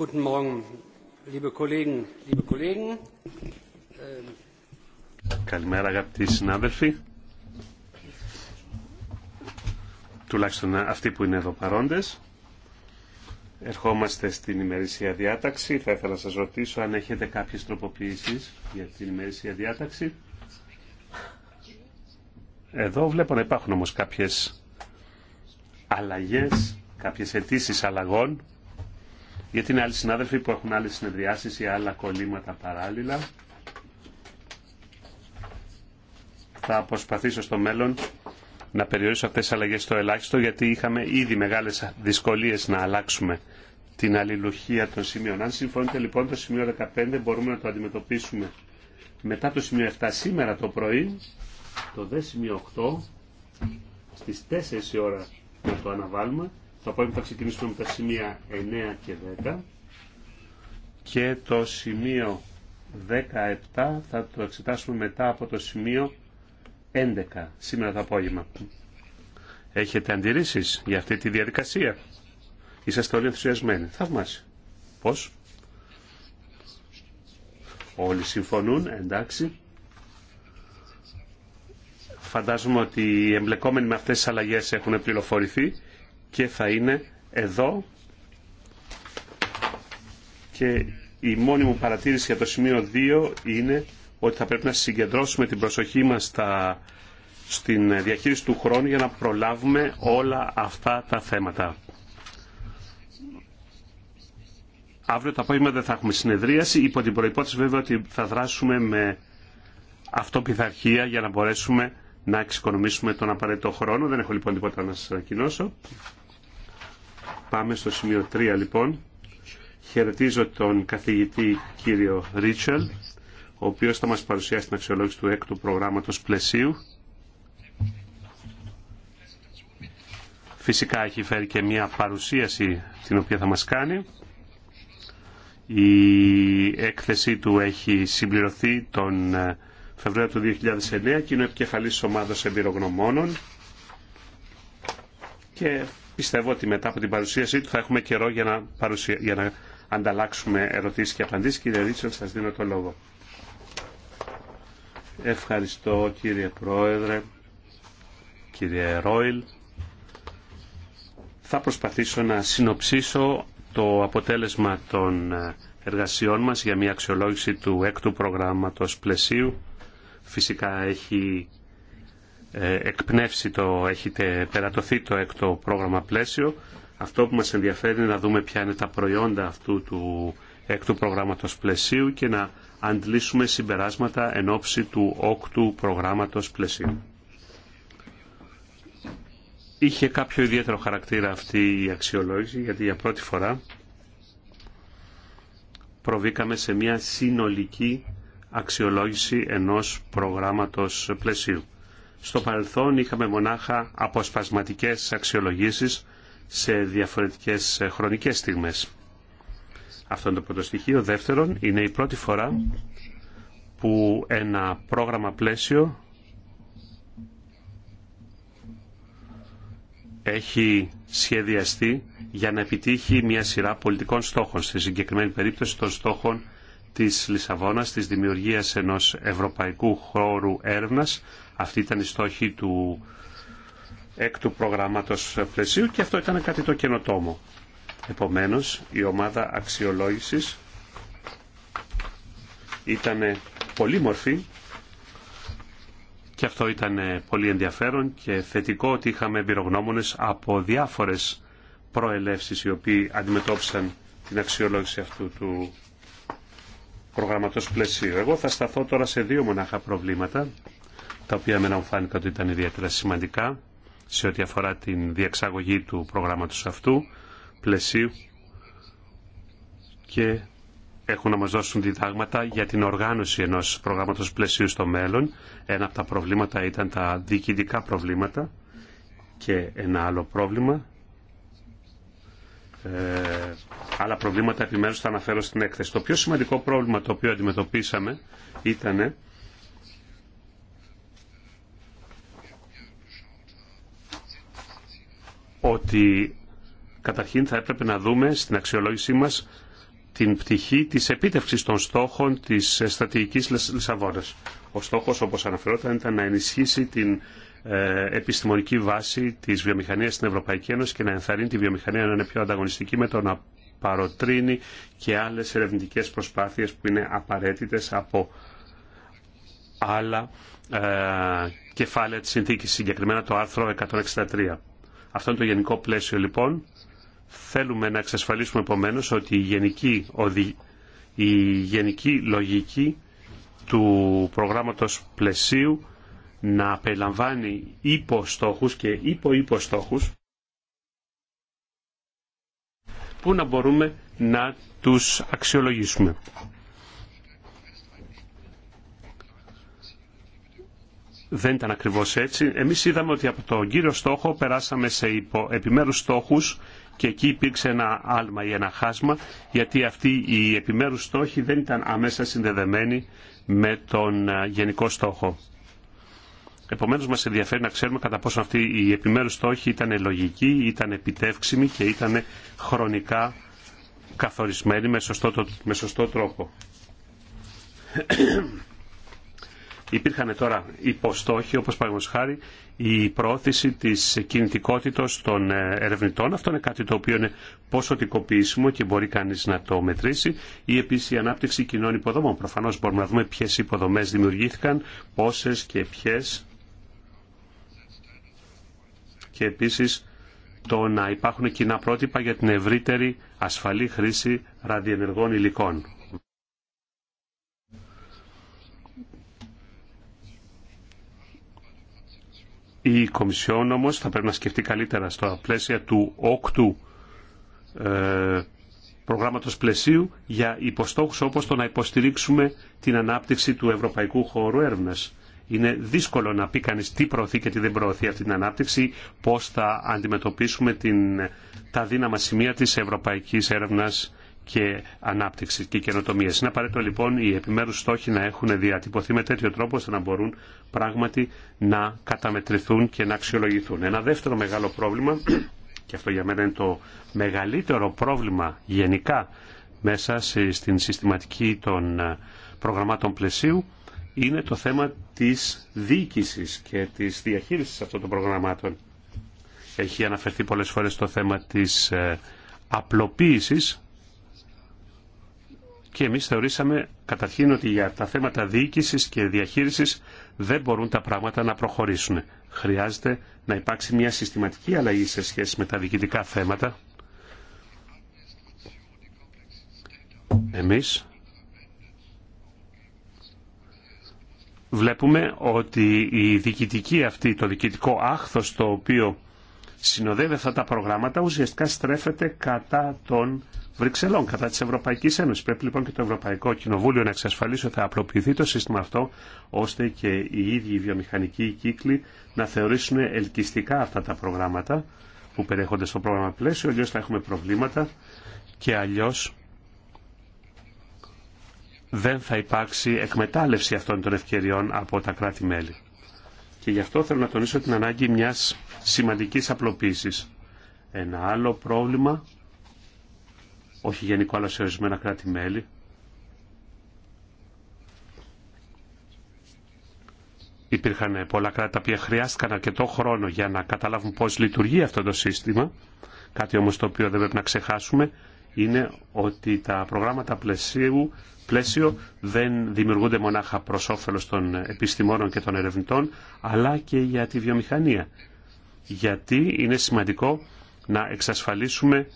liebe Καλημέρα αγαπητοί συνάδελφοι. Τουλάχιστον αυτοί που είναι εδώ παρόντες. Ερχόμαστε στην ημερήσια διάταξη. Θα ήθελα να σας ρωτήσω αν έχετε κάποιες τροποποιήσεις για την ημερήσια διάταξη. Εδώ βλέπω να υπάρχουν όμως κάποιες αλλαγές, κάποιες αιτήσει αλλαγών γιατί είναι άλλοι συνάδελφοι που έχουν άλλες συνεδριάσεις ή άλλα κολλήματα παράλληλα. Θα προσπαθήσω στο μέλλον να περιορίσω αυτές τις αλλαγές στο ελάχιστο, γιατί είχαμε ήδη μεγάλες δυσκολίες να αλλάξουμε την αλληλουχία των σημείων. Αν συμφωνείτε λοιπόν το σημείο 15 μπορούμε να το αντιμετωπίσουμε μετά το σημείο 7 σήμερα το πρωί, το δε σημείο 8, στις 4 η ώρα να το αναβάλουμε το απόγευμα θα ξεκινήσουμε με τα σημεία 9 και 10 και το σημείο 17 θα το εξετάσουμε μετά από το σημείο 11 σήμερα το απόγευμα. Έχετε αντιρρήσεις για αυτή τη διαδικασία. Είσαστε όλοι ενθουσιασμένοι. Θαυμάσαι. Πώς. Όλοι συμφωνούν. Εντάξει. Φαντάζομαι ότι οι εμπλεκόμενοι με αυτές τις αλλαγές έχουν πληροφορηθεί και θα είναι εδώ και η μόνη μου παρατήρηση για το σημείο 2 είναι ότι θα πρέπει να συγκεντρώσουμε την προσοχή μας στα, στην διαχείριση του χρόνου για να προλάβουμε όλα αυτά τα θέματα. Αύριο το απόγευμα δεν θα έχουμε συνεδρίαση, υπό την προϋπόθεση βέβαια ότι θα δράσουμε με αυτοπιθαρχία για να μπορέσουμε να εξοικονομήσουμε τον απαραίτητο χρόνο. Δεν έχω λοιπόν τίποτα να σας ανακοινώσω. Πάμε στο σημείο 3 λοιπόν. Χαιρετίζω τον καθηγητή κύριο Ρίτσελ, ο οποίος θα μας παρουσιάσει την αξιολόγηση του έκτου προγράμματος πλαισίου. Φυσικά έχει φέρει και μια παρουσίαση την οποία θα μας κάνει. Η έκθεσή του έχει συμπληρωθεί τον ε, Φεβρουάριο του 2009 και είναι επικεφαλής της ομάδας εμπειρογνωμόνων και Πιστεύω ότι μετά από την παρουσίασή του θα έχουμε καιρό για να, για να ανταλλάξουμε ερωτήσεις και απαντήσεις. Κύριε θα σας δίνω το λόγο. Ευχαριστώ κύριε Πρόεδρε, κύριε Ρόιλ. Θα προσπαθήσω να συνοψίσω το αποτέλεσμα των εργασιών μας για μια αξιολόγηση του έκτου προγράμματος πλαισίου. Φυσικά έχει ε, εκπνεύσει το, έχετε περατωθεί το έκτο πρόγραμμα πλαίσιο. Αυτό που μας ενδιαφέρει είναι να δούμε ποια είναι τα προϊόντα αυτού του έκτου προγράμματος πλαισίου και να αντλήσουμε συμπεράσματα εν ώψη του όκτου προγράμματος πλαισίου. Είχε κάποιο ιδιαίτερο χαρακτήρα αυτή η αξιολόγηση γιατί για πρώτη φορά προβήκαμε σε μια συνολική αξιολόγηση ενός προγράμματος πλαισίου. Στο παρελθόν είχαμε μονάχα αποσπασματικές αξιολογήσεις σε διαφορετικές ε, χρονικές στιγμές. Αυτό είναι το πρώτο στοιχείο. Δεύτερον, είναι η πρώτη φορά που ένα πρόγραμμα πλαίσιο έχει σχεδιαστεί για να επιτύχει μια σειρά πολιτικών στόχων. Στη συγκεκριμένη περίπτωση των στόχων της Λισαβόνας, της δημιουργίας ενός ευρωπαϊκού χώρου έρευνας. Αυτή ήταν η στόχη του έκτου προγράμματος πλαισίου και αυτό ήταν κάτι το καινοτόμο. Επομένως, η ομάδα αξιολόγησης ήταν πολύ μορφή και αυτό ήταν πολύ ενδιαφέρον και θετικό ότι είχαμε εμπειρογνώμονες από διάφορες προελεύσεις οι οποίοι αντιμετώπισαν την αξιολόγηση αυτού του εγώ θα σταθώ τώρα σε δύο μονάχα προβλήματα, τα οποία εμένα μου φάνηκα ότι ήταν ιδιαίτερα σημαντικά σε ό,τι αφορά την διεξαγωγή του προγράμματος αυτού, πλαισίου και έχουν να μας δώσουν διδάγματα για την οργάνωση ενός προγράμματος πλαισίου στο μέλλον. Ένα από τα προβλήματα ήταν τα διοικητικά προβλήματα και ένα άλλο πρόβλημα ε, άλλα προβλήματα επιμέρους θα αναφέρω στην έκθεση. Το πιο σημαντικό πρόβλημα το οποίο αντιμετωπίσαμε ήταν ότι καταρχήν θα έπρεπε να δούμε στην αξιολόγησή μας την πτυχή της επίτευξης των στόχων της στρατηγικής Λισαβόνας. Ο στόχος, όπως αναφερόταν, ήταν να ενισχύσει την ε, επιστημονική βάση της βιομηχανίας στην Ευρωπαϊκή Ένωση και να ενθαρρύνει τη βιομηχανία να είναι πιο ανταγωνιστική με το να παροτρύνει και άλλες ερευνητικέ προσπάθειες που είναι απαραίτητες από άλλα ε, κεφάλαια της συνθήκης, συγκεκριμένα το άρθρο 163. Αυτό είναι το γενικό πλαίσιο λοιπόν. Θέλουμε να εξασφαλίσουμε επομένω ότι η γενική, η γενική λογική του προγράμματος πλαισίου να περιλαμβάνει υποστόχους και υπο που να μπορούμε να τους αξιολογήσουμε. Δεν ήταν ακριβώς έτσι. Εμείς είδαμε ότι από τον κύριο στόχο περάσαμε σε υπο, επιμέρους στόχους και εκεί υπήρξε ένα άλμα ή ένα χάσμα γιατί αυτοί οι επιμέρους στόχοι δεν ήταν αμέσα συνδεδεμένοι με τον ε, γενικό στόχο. Επομένω, μα ενδιαφέρει να ξέρουμε κατά πόσο αυτή η επιμέρου στόχη ήταν λογική, ήταν επιτεύξιμη και ήταν χρονικά καθορισμένη με σωστό, με σωστό τρόπο. Υπήρχαν τώρα υποστόχοι, όπως παραδείγματος χάρη, η πρόθεση της κινητικότητας των ε, ερευνητών. Αυτό είναι κάτι το οποίο είναι ποσοτικοποιήσιμο και μπορεί κανείς να το μετρήσει. Ή επίσης η επιση η κοινών υποδομών. Προφανώς μπορούμε να δούμε ποιες υποδομές δημιουργήθηκαν, πόσες και ποιες και επίσης το να υπάρχουν κοινά πρότυπα για την ευρύτερη ασφαλή χρήση ραδιενεργών υλικών. Η Κομισιόν όμως θα πρέπει να σκεφτεί καλύτερα στο πλαίσια του όκτου ε, προγράμματος πλαισίου για υποστόχους όπως το να υποστηρίξουμε την ανάπτυξη του ευρωπαϊκού χώρου έρευνας είναι δύσκολο να πει κανεί τι προωθεί και τι δεν προωθεί αυτή την ανάπτυξη, πώς θα αντιμετωπίσουμε την, τα δύναμα σημεία τη ευρωπαϊκή έρευνα και ανάπτυξη και καινοτομία. Είναι απαραίτητο λοιπόν οι επιμέρου στόχοι να έχουν διατυπωθεί με τέτοιο τρόπο ώστε να μπορούν πράγματι να καταμετρηθούν και να αξιολογηθούν. Ένα δεύτερο μεγάλο πρόβλημα, και αυτό για μένα είναι το μεγαλύτερο πρόβλημα γενικά μέσα στην συστηματική των ε, προγραμμάτων πλαισίου, είναι το θέμα της διοίκησης και της διαχείρισης αυτών των προγραμμάτων. Έχει αναφερθεί πολλές φορές το θέμα της ε, απλοποίησης και εμείς θεωρήσαμε καταρχήν ότι για τα θέματα διοίκησης και διαχείρισης δεν μπορούν τα πράγματα να προχωρήσουν. Χρειάζεται να υπάρξει μια συστηματική αλλαγή σε σχέση με τα διοικητικά θέματα. Εμείς βλέπουμε ότι η διοικητική αυτή, το διοικητικό άχθος το οποίο συνοδεύει αυτά τα προγράμματα ουσιαστικά στρέφεται κατά των Βρυξελών, κατά της Ευρωπαϊκής Ένωσης. Πρέπει λοιπόν και το Ευρωπαϊκό Κοινοβούλιο να εξασφαλίσει ότι θα απλοποιηθεί το σύστημα αυτό, ώστε και οι ίδιοι οι βιομηχανικοί κύκλοι να θεωρήσουν ελκυστικά αυτά τα προγράμματα που περιέχονται στο πρόγραμμα πλαίσιο, αλλιώς θα έχουμε προβλήματα και αλλιώς δεν θα υπάρξει εκμετάλλευση αυτών των ευκαιριών από τα κράτη-μέλη. Και γι' αυτό θέλω να τονίσω την ανάγκη μιας σημαντικής απλοποίησης. Ένα άλλο πρόβλημα, όχι γενικό αλλά σε ορισμένα κράτη-μέλη, υπήρχαν πολλά κράτη τα οποία χρειάστηκαν αρκετό χρόνο για να καταλάβουν πώς λειτουργεί αυτό το σύστημα. Κάτι όμως το οποίο δεν πρέπει να ξεχάσουμε είναι ότι τα προγράμματα πλαισίου πλαίσιο δεν δημιουργούνται μονάχα προ όφελο των επιστημόνων και των ερευνητών, αλλά και για τη βιομηχανία. Γιατί είναι σημαντικό να εξασφαλίσουμε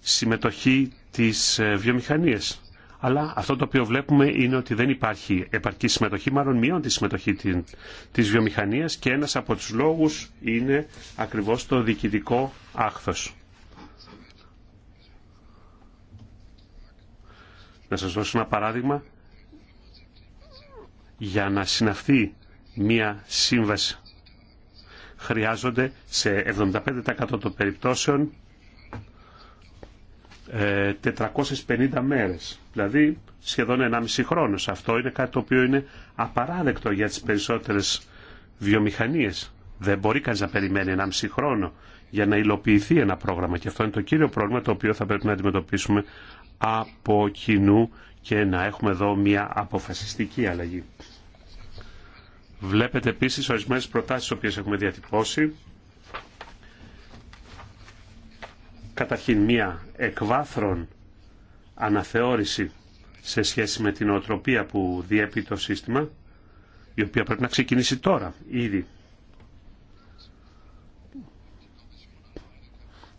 συμμετοχή της ε, βιομηχανίας. Αλλά αυτό το οποίο βλέπουμε είναι ότι δεν υπάρχει επαρκή συμμετοχή, μάλλον μειώνει τη συμμετοχή της βιομηχανίας και ένας από τους λόγους είναι ακριβώς το διοικητικό άχθος. Να σας δώσω ένα παράδειγμα. Για να συναυθεί μία σύμβαση χρειάζονται σε 75% των περιπτώσεων 450 ε, μέρες, δηλαδή σχεδόν 1,5 χρόνος. Αυτό είναι κάτι το οποίο είναι απαράδεκτο για τις περισσότερες βιομηχανίες. Δεν μπορεί κανείς να περιμένει 1,5 χρόνο για να υλοποιηθεί ένα πρόγραμμα και αυτό είναι το κύριο πρόβλημα το οποίο θα πρέπει να αντιμετωπίσουμε από κοινού και να έχουμε εδώ μια αποφασιστική αλλαγή. Βλέπετε επίσης ορισμένες προτάσεις οποίες έχουμε διατυπώσει. Καταρχήν μια εκβάθρον αναθεώρηση σε σχέση με την οτροπία που διέπει το σύστημα, η οποία πρέπει να ξεκινήσει τώρα ήδη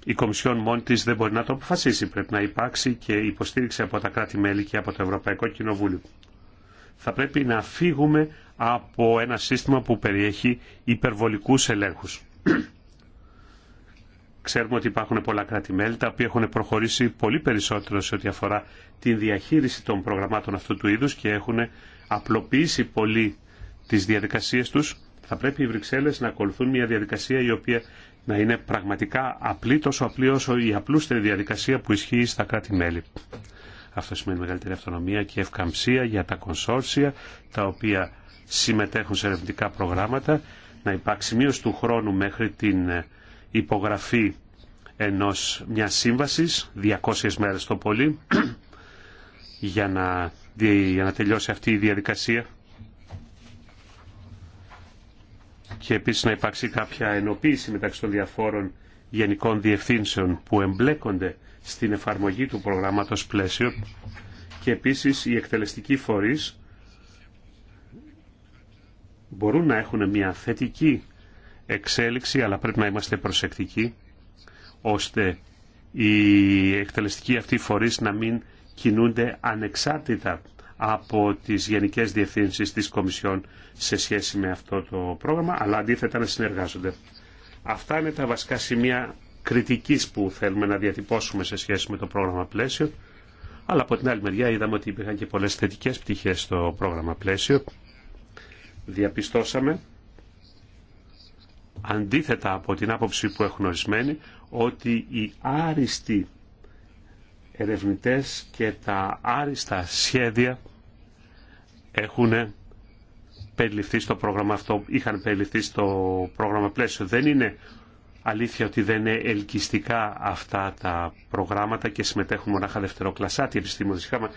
η Κομισιόν μόνη της δεν μπορεί να το αποφασίσει. Πρέπει να υπάρξει και υποστήριξη από τα κράτη-μέλη και από το Ευρωπαϊκό Κοινοβούλιο. Θα πρέπει να φύγουμε από ένα σύστημα που περιέχει υπερβολικούς ελέγχους. Ξέρουμε ότι υπάρχουν πολλά κράτη-μέλη τα οποία έχουν προχωρήσει πολύ περισσότερο σε ό,τι αφορά την διαχείριση των προγραμμάτων αυτού του είδους και έχουν απλοποιήσει πολύ τις διαδικασίες τους. Θα πρέπει οι Βρυξέλλες να ακολουθούν μια διαδικασία η οποία να είναι πραγματικά απλή, τόσο απλή όσο η απλούστερη διαδικασία που ισχύει στα κράτη-μέλη. Αυτό σημαίνει μεγαλύτερη αυτονομία και ευκαμψία για τα κονσόρσια τα οποία συμμετέχουν σε ερευνητικά προγράμματα, να υπάρξει μείωση του χρόνου μέχρι την ε, υπογραφή ενός μιας σύμβασης, 200 μέρες το πολύ, για να, για να τελειώσει αυτή η διαδικασία και επίσης να υπάρξει κάποια ενοποίηση μεταξύ των διαφόρων γενικών διευθύνσεων που εμπλέκονται στην εφαρμογή του προγράμματος πλαίσιο και επίσης οι εκτελεστικοί φορείς μπορούν να έχουν μια θετική εξέλιξη αλλά πρέπει να είμαστε προσεκτικοί ώστε οι εκτελεστικοί αυτοί φορείς να μην κινούνται ανεξάρτητα από τις γενικές διευθύνσεις της Κομισιόν σε σχέση με αυτό το πρόγραμμα, αλλά αντίθετα να συνεργάζονται. Αυτά είναι τα βασικά σημεία κριτικής που θέλουμε να διατυπώσουμε σε σχέση με το πρόγραμμα πλαίσιο, αλλά από την άλλη μεριά είδαμε ότι υπήρχαν και πολλές θετικές πτυχές στο πρόγραμμα πλαίσιο. Διαπιστώσαμε, αντίθετα από την άποψη που έχουν ορισμένοι, ότι οι άριστοι ερευνητές και τα άριστα σχέδια έχουν περιληφθεί στο πρόγραμμα αυτό, είχαν περιληφθεί στο πρόγραμμα πλαίσιο. Δεν είναι αλήθεια ότι δεν είναι ελκυστικά αυτά τα προγράμματα και συμμετέχουν μονάχα δευτεροκλασάτη επιστήμονες. Είχαμε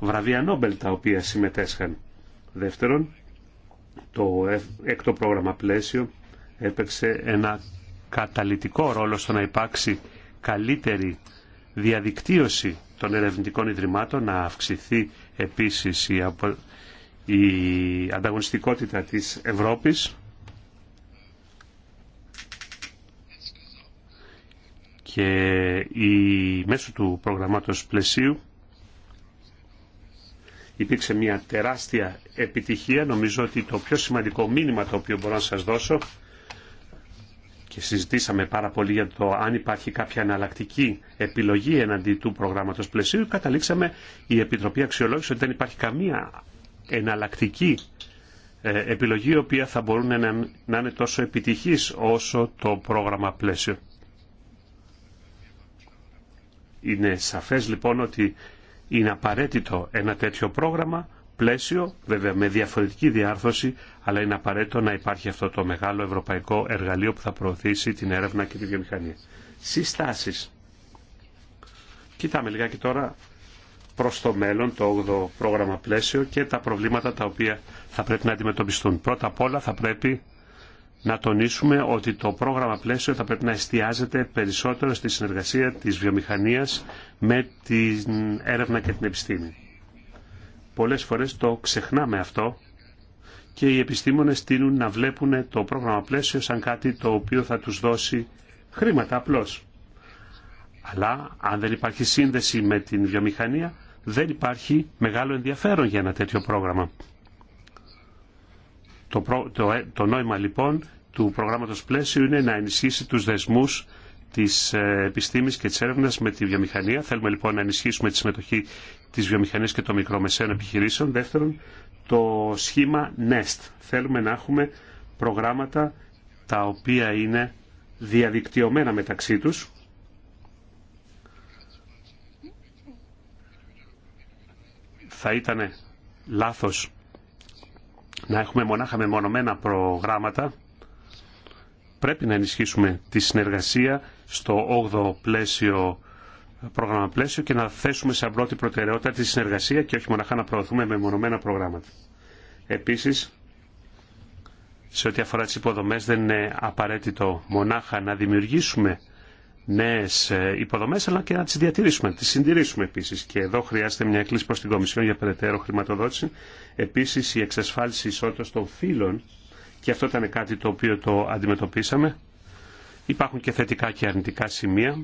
βραβεία Νόμπελ τα οποία συμμετέσχαν. Δεύτερον, το έκτο πρόγραμμα πλαίσιο έπαιξε ένα καταλητικό ρόλο στο να υπάρξει καλύτερη διαδικτύωση των ερευνητικών ιδρυμάτων, να αυξηθεί επίσης η, η ανταγωνιστικότητα της Ευρώπης και η, μέσω του προγραμμάτος πλαισίου υπήρξε μια τεράστια επιτυχία. Νομίζω ότι το πιο σημαντικό μήνυμα το οποίο μπορώ να σας δώσω και συζητήσαμε πάρα πολύ για το αν υπάρχει κάποια αναλλακτική επιλογή εναντί του προγράμματος πλαισίου, καταλήξαμε η Επιτροπή Αξιολόγηση ότι δεν υπάρχει καμία εναλλακτική ε, επιλογή η οποία θα μπορούν να είναι τόσο επιτυχής όσο το πρόγραμμα πλαίσιο. Είναι σαφές λοιπόν ότι είναι απαραίτητο ένα τέτοιο πρόγραμμα πλαίσιο, βέβαια με διαφορετική διάρθρωση, αλλά είναι απαραίτητο να υπάρχει αυτό το μεγάλο ευρωπαϊκό εργαλείο που θα προωθήσει την έρευνα και τη βιομηχανία. Συστάσεις. Κοιτάμε λιγάκι τώρα προς το μέλλον, το 8ο πρόγραμμα πλαίσιο και τα προβλήματα τα οποία θα πρέπει να αντιμετωπιστούν. Πρώτα απ' όλα θα πρέπει να τονίσουμε ότι το πρόγραμμα πλαίσιο θα πρέπει να εστιάζεται περισσότερο στη συνεργασία της βιομηχανίας με την έρευνα και την επιστήμη. Πολλές φορές το ξεχνάμε αυτό και οι επιστήμονες τείνουν να βλέπουν το πρόγραμμα πλαίσιο σαν κάτι το οποίο θα τους δώσει χρήματα απλώς. Αλλά αν δεν υπάρχει σύνδεση με την βιομηχανία δεν υπάρχει μεγάλο ενδιαφέρον για ένα τέτοιο πρόγραμμα. Ε, το, νόημα λοιπόν του προγράμματος πλαίσιο είναι να ενισχύσει τους δεσμούς της ε, επιστήμης και της έρευνας με τη βιομηχανία. Θέλουμε λοιπόν να ενισχύσουμε τη συμμετοχή της βιομηχανίας και των μικρομεσαίων επιχειρήσεων. Δεύτερον, το σχήμα NEST. Θέλουμε να έχουμε προγράμματα τα οποία είναι διαδικτυωμένα μεταξύ τους θα ήταν λάθος να έχουμε μονάχα μεμονωμένα προγράμματα. Πρέπει να ενισχύσουμε τη συνεργασία στο 8ο πλαίσιο πρόγραμμα πλαίσιο και να θέσουμε σαν πρώτη προτεραιότητα τη συνεργασία και όχι μοναχά να προωθούμε μεμονωμένα προγράμματα. Επίσης, σε ό,τι αφορά τις υποδομές δεν είναι απαραίτητο μονάχα να δημιουργήσουμε νέε υποδομέ, αλλά και να τι διατηρήσουμε, να τι συντηρήσουμε επίση. Και εδώ χρειάζεται μια κλίση προ την Κομισιόν για περαιτέρω χρηματοδότηση. Επίση, η εξασφάλιση ισότητα των φύλων, και αυτό ήταν κάτι το οποίο το αντιμετωπίσαμε. Υπάρχουν και θετικά και αρνητικά σημεία.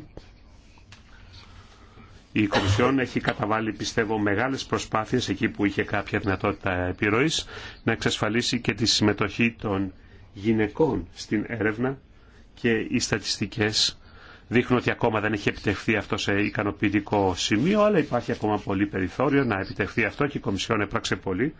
Η Κομισιόν έχει καταβάλει, πιστεύω, μεγάλε προσπάθειε εκεί που είχε κάποια δυνατότητα επιρροή να εξασφαλίσει και τη συμμετοχή των γυναικών στην έρευνα και οι στατιστικές δείχνουν ότι ακόμα δεν έχει επιτευχθεί αυτό σε ικανοποιητικό σημείο, αλλά υπάρχει ακόμα πολύ περιθώριο να επιτευχθεί αυτό και η Κομισιόν έπραξε πολύ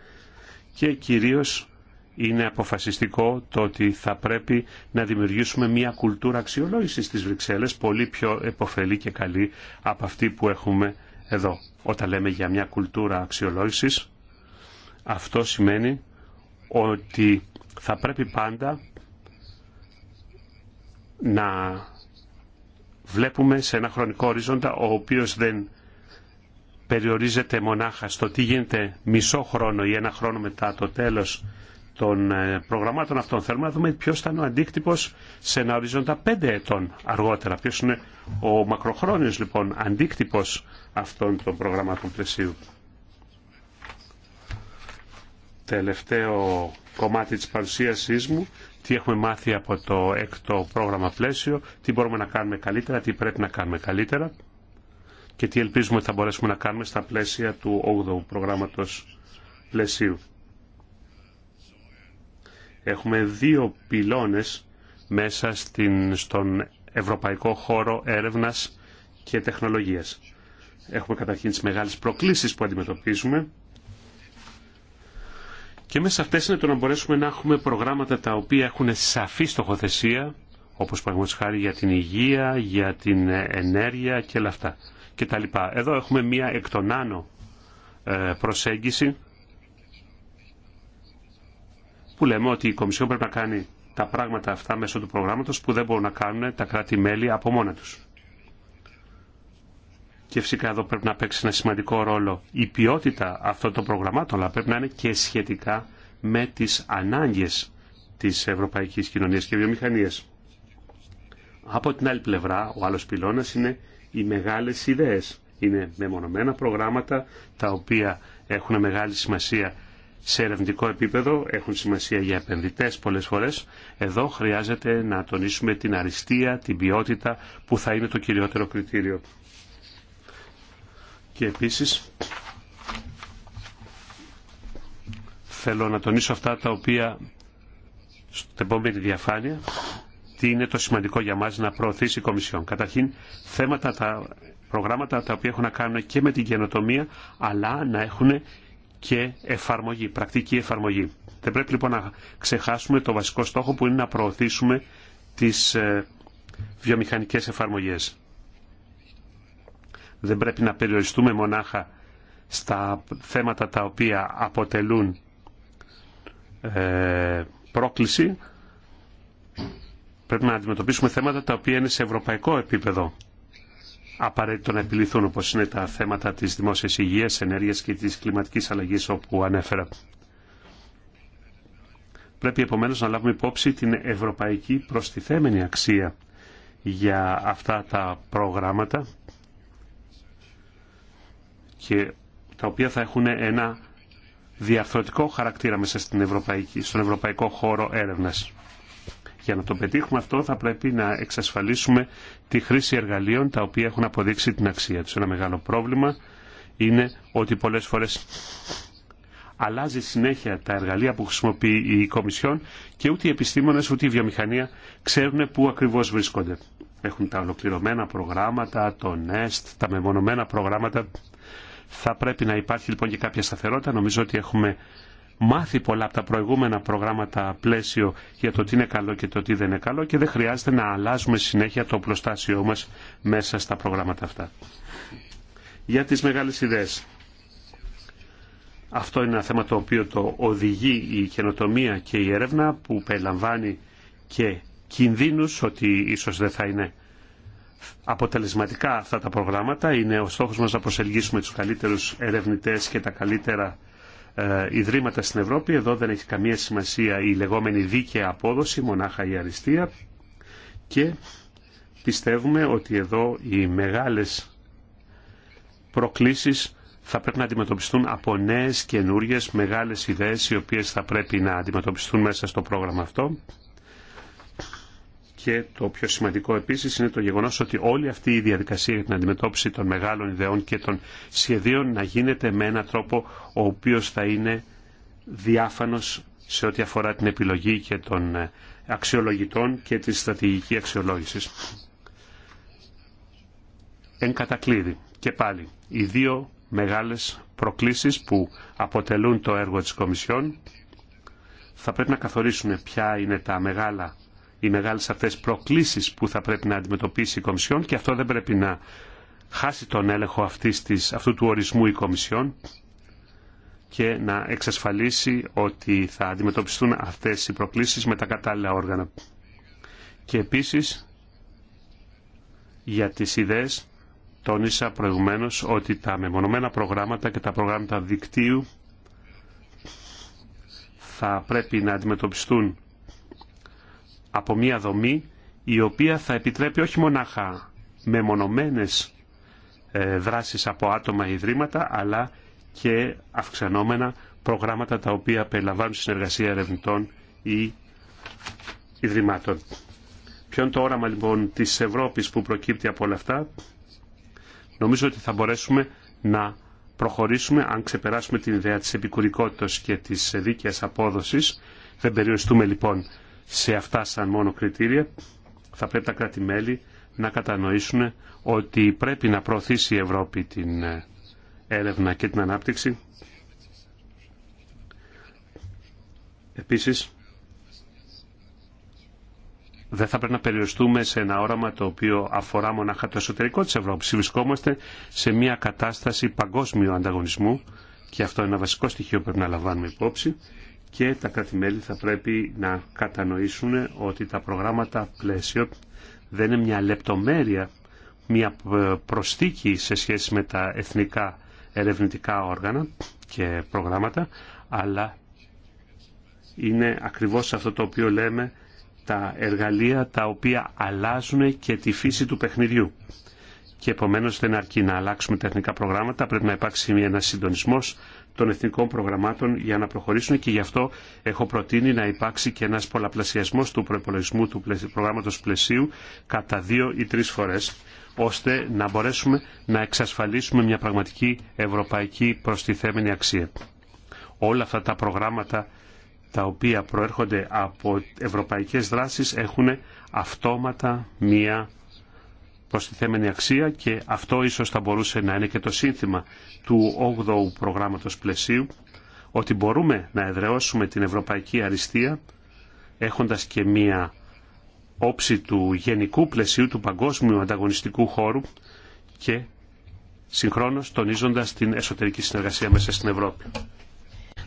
και κυρίως είναι αποφασιστικό το ότι θα πρέπει να δημιουργήσουμε μια κουλτούρα αξιολόγησης στι Βρυξέλλες πολύ πιο επωφελή και καλή από αυτή που έχουμε εδώ. Όταν λέμε για μια κουλτούρα αξιολόγηση, αυτό σημαίνει ότι θα πρέπει πάντα να βλέπουμε σε ένα χρονικό ορίζοντα ο οποίος δεν περιορίζεται μονάχα στο τι γίνεται μισό χρόνο ή ένα χρόνο μετά το τέλος των ε, προγραμμάτων αυτών. Θέλουμε να δούμε ποιος ήταν ο αντίκτυπος σε ένα ορίζοντα πέντε ετών αργότερα. Ποιος είναι ο μακροχρόνιος λοιπόν αντίκτυπος αυτών των προγραμμάτων πλαισίου. Τελευταίο κομμάτι της παρουσίασής μου τι έχουμε μάθει από το έκτο πρόγραμμα πλαίσιο, τι μπορούμε να κάνουμε καλύτερα, τι πρέπει να κάνουμε καλύτερα και τι ελπίζουμε ότι θα μπορέσουμε να κάνουμε στα πλαίσια του 8ου προγράμματος πλαισίου. Έχουμε δύο πυλώνες μέσα στην, στον ευρωπαϊκό χώρο έρευνας και τεχνολογίας. Έχουμε καταρχήν τις μεγάλες προκλήσεις που αντιμετωπίζουμε και μέσα σε αυτές είναι το να μπορέσουμε να έχουμε προγράμματα τα οποία έχουν σαφή στοχοθεσία, όπως παραδείγματος χάρη για την υγεία, για την ενέργεια και όλα Και τα λοιπά. Εδώ έχουμε μία εκ των άνω ε, προσέγγιση που λέμε ότι η Κομισιόν πρέπει να κάνει τα πράγματα αυτά μέσω του προγράμματος που δεν μπορούν να κάνουν τα κράτη-μέλη από μόνα τους. Και φυσικά εδώ πρέπει να παίξει ένα σημαντικό ρόλο η ποιότητα αυτών των προγραμμάτων, αλλά πρέπει να είναι και σχετικά με τις ανάγκες της ευρωπαϊκής κοινωνίας και βιομηχανίας. Από την άλλη πλευρά, ο άλλο πυλώνας είναι οι μεγάλες ιδέες. Είναι μεμονωμένα προγράμματα τα οποία έχουν μεγάλη σημασία σε ερευνητικό επίπεδο, έχουν σημασία για επενδυτές πολλές φορές. Εδώ χρειάζεται να τονίσουμε την αριστεία, την ποιότητα που θα είναι το κυριότερο κριτήριο. Και επίσης θέλω να τονίσω αυτά τα οποία στην επόμενη διαφάνεια τι είναι το σημαντικό για μας να προωθήσει η Κομισιόν. Καταρχήν θέματα τα προγράμματα τα οποία έχουν να κάνουν και με την καινοτομία αλλά να έχουν και εφαρμογή, πρακτική εφαρμογή. Δεν πρέπει λοιπόν να ξεχάσουμε το βασικό στόχο που είναι να προωθήσουμε τις ε, βιομηχανικές εφαρμογές. Δεν πρέπει να περιοριστούμε μονάχα στα θέματα τα οποία αποτελούν ε, πρόκληση. Πρέπει να αντιμετωπίσουμε θέματα τα οποία είναι σε ευρωπαϊκό επίπεδο απαραίτητο να επιληθούν όπως είναι τα θέματα της δημόσιας υγείας, ενέργειας και της κλιματικής αλλαγής όπου ανέφερα. Πρέπει επομένως να λάβουμε υπόψη την ευρωπαϊκή προστιθέμενη αξία για αυτά τα προγράμματα και τα οποία θα έχουν ένα διαφορετικό χαρακτήρα μέσα στην ευρωπαϊκή, στον ευρωπαϊκό χώρο έρευνας. Για να το πετύχουμε αυτό θα πρέπει να εξασφαλίσουμε τη χρήση εργαλείων τα οποία έχουν αποδείξει την αξία τους. Ένα μεγάλο πρόβλημα είναι ότι πολλές φορές αλλάζει συνέχεια τα εργαλεία που χρησιμοποιεί η Κομισιόν και ούτε οι επιστήμονες ούτε η βιομηχανία ξέρουν πού ακριβώς βρίσκονται. Έχουν τα ολοκληρωμένα προγράμματα, το NEST, τα μεμονωμένα προγράμματα θα πρέπει να υπάρχει λοιπόν και κάποια σταθερότητα. Νομίζω ότι έχουμε μάθει πολλά από τα προηγούμενα προγράμματα πλαίσιο για το τι είναι καλό και το τι δεν είναι καλό και δεν χρειάζεται να αλλάζουμε συνέχεια το προστάσιο μας μέσα στα προγράμματα αυτά. Για τις μεγάλες ιδέες. Αυτό είναι ένα θέμα το οποίο το οδηγεί η καινοτομία και η έρευνα που περιλαμβάνει και κινδύνους ότι ίσως δεν θα είναι αποτελεσματικά αυτά τα προγράμματα. Είναι ο στόχος μας να προσελγίσουμε τους καλύτερους ερευνητές και τα καλύτερα ε, ιδρύματα στην Ευρώπη. Εδώ δεν έχει καμία σημασία η λεγόμενη δίκαια απόδοση, μονάχα η αριστεία. Και πιστεύουμε ότι εδώ οι μεγάλες προκλήσεις θα πρέπει να αντιμετωπιστούν από νέες καινούριε μεγάλες ιδέες οι οποίες θα πρέπει να αντιμετωπιστούν μέσα στο πρόγραμμα αυτό και το πιο σημαντικό επίση είναι το γεγονό ότι όλη αυτή η διαδικασία για την αντιμετώπιση των μεγάλων ιδεών και των σχεδίων να γίνεται με έναν τρόπο ο οποίο θα είναι διάφανο σε ό,τι αφορά την επιλογή και των ε, αξιολογητών και τη στρατηγική αξιολόγηση. Εν κατακλείδη, και πάλι, οι δύο μεγάλες προκλήσεις που αποτελούν το έργο της Κομισιόν θα πρέπει να καθορίσουν ποια είναι τα μεγάλα οι μεγάλες αυτές προκλήσεις που θα πρέπει να αντιμετωπίσει η Κομισιόν και αυτό δεν πρέπει να χάσει τον έλεγχο αυτής της, αυτού του ορισμού η Κομισιόν και να εξασφαλίσει ότι θα αντιμετωπιστούν αυτές οι προκλήσεις με τα κατάλληλα όργανα. Και επίσης για τις ιδέες τόνισα προηγουμένως ότι τα μεμονωμένα προγράμματα και τα προγράμματα δικτύου θα πρέπει να αντιμετωπιστούν από μια δομή η οποία θα επιτρέπει όχι μονάχα μεμονωμένες ε, δράσεις από άτομα ή ιδρύματα, αλλά και αυξανόμενα προγράμματα τα οποία περιλαμβάνουν συνεργασία ερευνητών ή ιδρυμάτων. Ποιο είναι το όραμα λοιπόν της Ευρώπης που προκύπτει από όλα αυτά. Νομίζω ότι θα μπορέσουμε να προχωρήσουμε αν ξεπεράσουμε την ιδέα της επικουρικότητας και της δίκαιας απόδοσης. Δεν περιοριστούμε λοιπόν σε αυτά σαν μόνο κριτήρια, θα πρέπει τα κράτη-μέλη να κατανοήσουν ότι πρέπει να προωθήσει η Ευρώπη την ε, έρευνα και την ανάπτυξη. Επίσης, δεν θα πρέπει να περιοριστούμε σε ένα όραμα το οποίο αφορά μονάχα το εσωτερικό της Ευρώπης. Βρισκόμαστε σε μια κατάσταση παγκόσμιου ανταγωνισμού και αυτό είναι ένα βασικό στοιχείο που πρέπει να λαμβάνουμε υπόψη και τα κράτη-μέλη θα πρέπει να κατανοήσουν ότι τα προγράμματα πλαίσιο δεν είναι μια λεπτομέρεια, μια προστίκη σε σχέση με τα εθνικά ερευνητικά όργανα και προγράμματα, αλλά είναι ακριβώς αυτό το οποίο λέμε τα εργαλεία τα οποία αλλάζουν και τη φύση του παιχνιδιού. Και επομένως δεν αρκεί να αλλάξουμε τεχνικά προγράμματα, πρέπει να υπάρξει ένα συντονισμός των εθνικών προγραμμάτων για να προχωρήσουν και γι' αυτό έχω προτείνει να υπάρξει και ένας πολλαπλασιασμός του προπολογισμού του προγράμματος πλαισίου κατά δύο ή τρεις φορές ώστε να μπορέσουμε να εξασφαλίσουμε μια πραγματική ευρωπαϊκή προστιθέμενη αξία. Όλα αυτά τα προγράμματα τα οποία προέρχονται από ευρωπαϊκές δράσεις έχουν αυτόματα μία προστιθέμενη αξία και αυτό ίσως θα μπορούσε να είναι και το σύνθημα του 8ου προγράμματος πλαισίου ότι μπορούμε να εδραιώσουμε την ευρωπαϊκή αριστεία έχοντας και μία όψη του γενικού πλαισίου του παγκόσμιου ανταγωνιστικού χώρου και συγχρόνως τονίζοντας την εσωτερική συνεργασία μέσα στην Ευρώπη.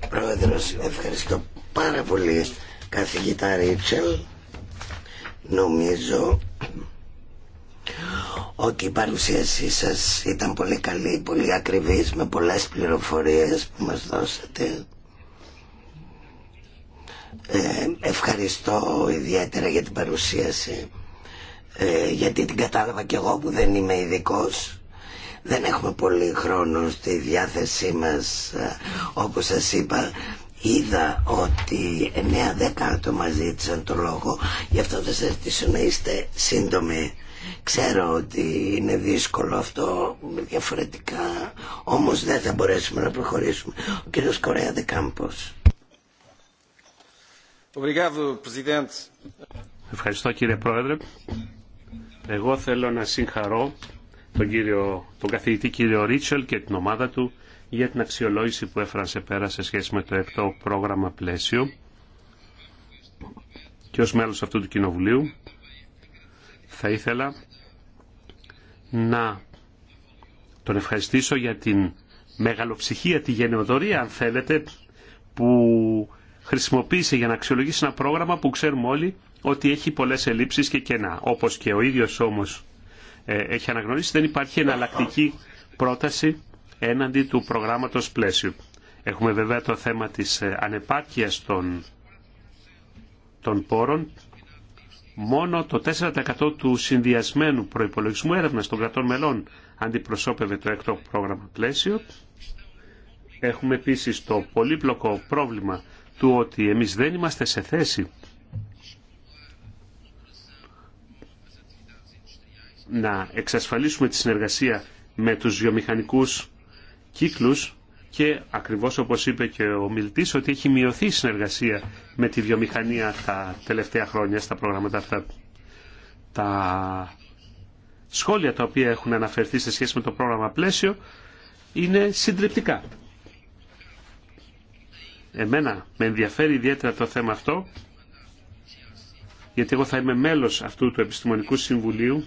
Πρόεδρος, ευχαριστώ πάρα πολύ καθηγητά Ρίτσελ. Νομίζω ότι η παρουσίασή σας ήταν πολύ καλή, πολύ ακριβής, με πολλές πληροφορίες που μας δώσατε. Ε, ευχαριστώ ιδιαίτερα για την παρουσίαση, ε, γιατί την κατάλαβα και εγώ που δεν είμαι ειδικό. Δεν έχουμε πολύ χρόνο στη διάθεσή μας, ε, όπως σας είπα, είδα ότι 9-10 άτομα ζήτησαν το λόγο, γι' αυτό θα σας ζητήσω να είστε σύντομοι. Ξέρω ότι είναι δύσκολο αυτό, διαφορετικά όμως δεν θα μπορέσουμε να προχωρήσουμε. Ο κύριος Κορέα Δεκάμπος. Ευχαριστώ κύριε Πρόεδρε. Εγώ θέλω να συγχαρώ τον, κύριο, τον καθηγητή κύριο Ρίτσελ και την ομάδα του για την αξιολόγηση που έφεραν πέρα σε σχέση με το εκτό πρόγραμμα πλαίσιο και ως μέλος αυτού του κοινοβουλίου θα ήθελα να τον ευχαριστήσω για την μεγαλοψυχία, τη γενεοδορία αν θέλετε, που χρησιμοποίησε για να αξιολογήσει ένα πρόγραμμα που ξέρουμε όλοι ότι έχει πολλές ελλείψεις και κενά. Όπως και ο ίδιος όμως ε, έχει αναγνωρίσει, δεν υπάρχει εναλλακτική πρόταση έναντι του προγράμματος πλαίσιου. Έχουμε βέβαια το θέμα της ε, ανεπάρκειας των, των πόρων μόνο το 4% του συνδυασμένου προϋπολογισμού έρευνας των κρατών μελών αντιπροσώπευε το έκτο πρόγραμμα πλαίσιο. Έχουμε επίσης το πολύπλοκο πρόβλημα του ότι εμείς δεν είμαστε σε θέση να εξασφαλίσουμε τη συνεργασία με τους βιομηχανικούς κύκλους και ακριβώς όπως είπε και ο μιλτής ότι έχει μειωθεί η συνεργασία με τη βιομηχανία τα τελευταία χρόνια στα προγράμματα αυτά. Τα σχόλια τα οποία έχουν αναφερθεί σε σχέση με το πρόγραμμα πλαίσιο είναι συντριπτικά. Εμένα με ενδιαφέρει ιδιαίτερα το θέμα αυτό γιατί εγώ θα είμαι μέλος αυτού του Επιστημονικού Συμβουλίου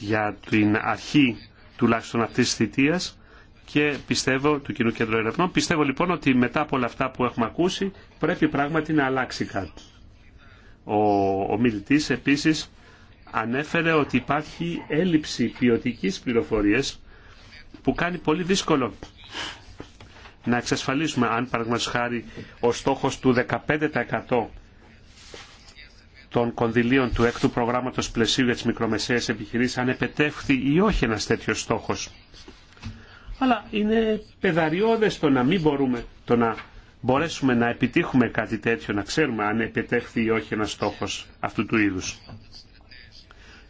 για την αρχή τουλάχιστον αυτής της θητείας και πιστεύω, του Κοινού Κέντρου Ερευνών. Πιστεύω λοιπόν ότι μετά από όλα αυτά που έχουμε ακούσει πρέπει πράγματι να αλλάξει κάτι. Ο, ο μιλητής επίσης ανέφερε ότι υπάρχει έλλειψη ποιοτική πληροφορίας που κάνει πολύ δύσκολο να εξασφαλίσουμε αν παραδείγματος χάρη ο στόχος του 15% των κονδυλίων του έκτου προγράμματος πλαισίου για τις μικρομεσαίες επιχειρήσεις αν επετεύχθη ή όχι ένας τέτοιος στόχος. Αλλά είναι πεδαριώδες το να μην μπορούμε, το να μπορέσουμε να επιτύχουμε κάτι τέτοιο, να ξέρουμε αν επιτεύχθη ή όχι ένας στόχος αυτού του είδους.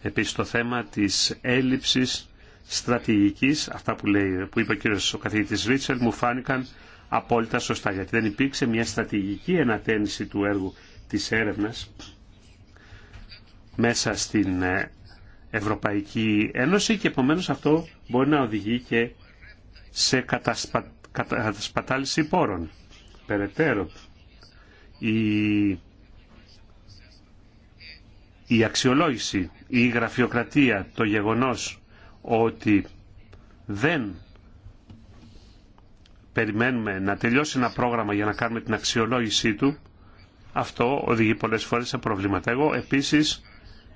Επίσης το θέμα της έλλειψης στρατηγικής, αυτά που, λέει, που είπε ο κύριος ο καθηγητής Ρίτσελ, μου φάνηκαν απόλυτα σωστά, γιατί δεν υπήρξε μια στρατηγική ενατένιση του έργου της έρευνας μέσα στην ε, Ευρωπαϊκή Ένωση και επομένως αυτό μπορεί να οδηγεί και σε κατασπα... κατασπατάληση πόρων. Περαιτέρω, η... η αξιολόγηση, η γραφειοκρατία, το γεγονός ότι δεν περιμένουμε να τελειώσει ένα πρόγραμμα για να κάνουμε την αξιολόγησή του, αυτό οδηγεί πολλές φορές σε προβλήματα. Εγώ επίσης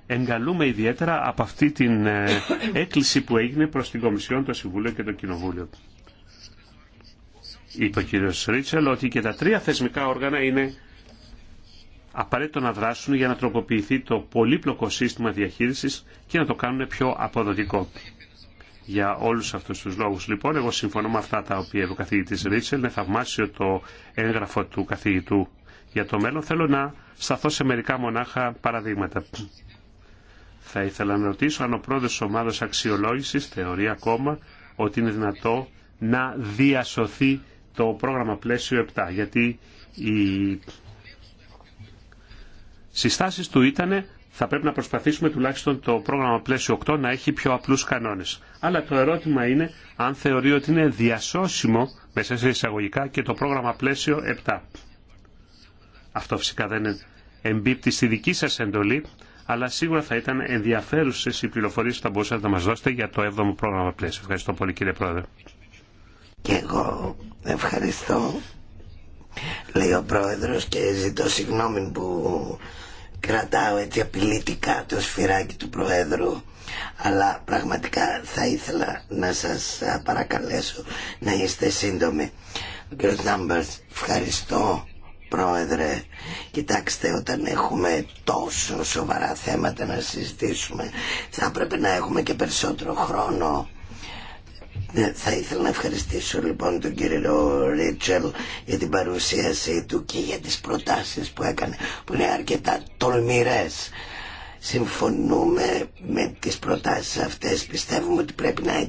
εγκαλούμε ιδιαίτερα από αυτή την ε, έκκληση που έγινε προς την Κομισιόν, το Συμβούλιο και το Κοινοβούλιο. Είπε ο κ. Ρίτσελ ότι και τα τρία θεσμικά όργανα είναι απαραίτητο να δράσουν για να τροποποιηθεί το πολύπλοκο σύστημα διαχείρισης και να το κάνουν πιο αποδοτικό. Για όλους αυτούς τους λόγους λοιπόν, εγώ συμφωνώ με αυτά τα οποία είπε ο καθηγητής Ρίτσελ, είναι θαυμάσιο το έγγραφο του καθηγητού για το μέλλον. Θέλω να σταθώ σε μερικά μονάχα παραδείγματα. Θα ήθελα να ρωτήσω αν ο πρόεδρος της ομάδας αξιολόγησης θεωρεί ακόμα ότι είναι δυνατό να διασωθεί το πρόγραμμα πλαίσιο 7, γιατί οι συστάσεις του ήταν θα πρέπει να προσπαθήσουμε τουλάχιστον το πρόγραμμα πλαίσιο 8 να έχει πιο απλούς κανόνες. Αλλά το ερώτημα είναι αν θεωρεί ότι είναι διασώσιμο μέσα σε εισαγωγικά και το πρόγραμμα πλαίσιο 7. Αυτό φυσικά δεν εμπίπτει στη δική σας εντολή, αλλά σίγουρα θα ήταν ενδιαφέρουσε οι πληροφορίε που θα μπορούσατε να μα δώσετε για το 7ο πρόγραμμα πλαίσιο. Ευχαριστώ πολύ κύριε Πρόεδρε. Και εγώ ευχαριστώ, λέει ο Πρόεδρος και ζητώ συγγνώμη που κρατάω έτσι απειλητικά το σφυράκι του Προέδρου αλλά πραγματικά θα ήθελα να σας παρακαλέσω να είστε σύντομοι. Κύριε Νάμπερς, ευχαριστώ Πρόεδρε, κοιτάξτε, όταν έχουμε τόσο σοβαρά θέματα να συζητήσουμε, θα πρέπει να έχουμε και περισσότερο χρόνο. Ναι, θα ήθελα να ευχαριστήσω λοιπόν τον κύριο Ρίτσελ για την παρουσίασή του και για τις προτάσεις που έκανε, που είναι αρκετά τολμηρές συμφωνούμε με τις προτάσεις αυτές πιστεύουμε ότι πρέπει να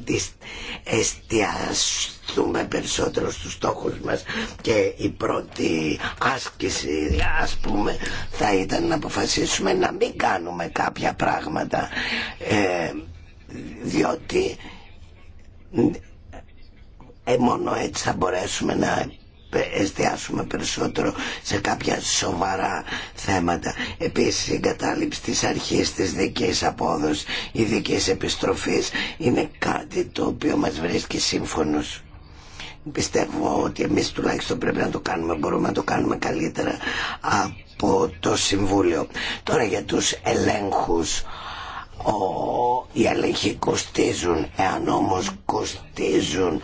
εστιαστούμε περισσότερο στους στόχους μας και η πρώτη άσκηση ας πούμε θα ήταν να αποφασίσουμε να μην κάνουμε κάποια πράγματα ε, διότι ε, μόνο έτσι θα μπορέσουμε να εστιάσουμε περισσότερο σε κάποια σοβαρά θέματα. Επίσης η εγκατάλειψη της αρχής της δικής απόδοσης, η δικής επιστροφής είναι κάτι το οποίο μας βρίσκει σύμφωνος. Πιστεύω ότι εμείς τουλάχιστον πρέπει να το κάνουμε, μπορούμε να το κάνουμε καλύτερα από το Συμβούλιο. Τώρα για τους ελέγχους οι έλεγχοι κοστίζουν εάν όμως κοστίζουν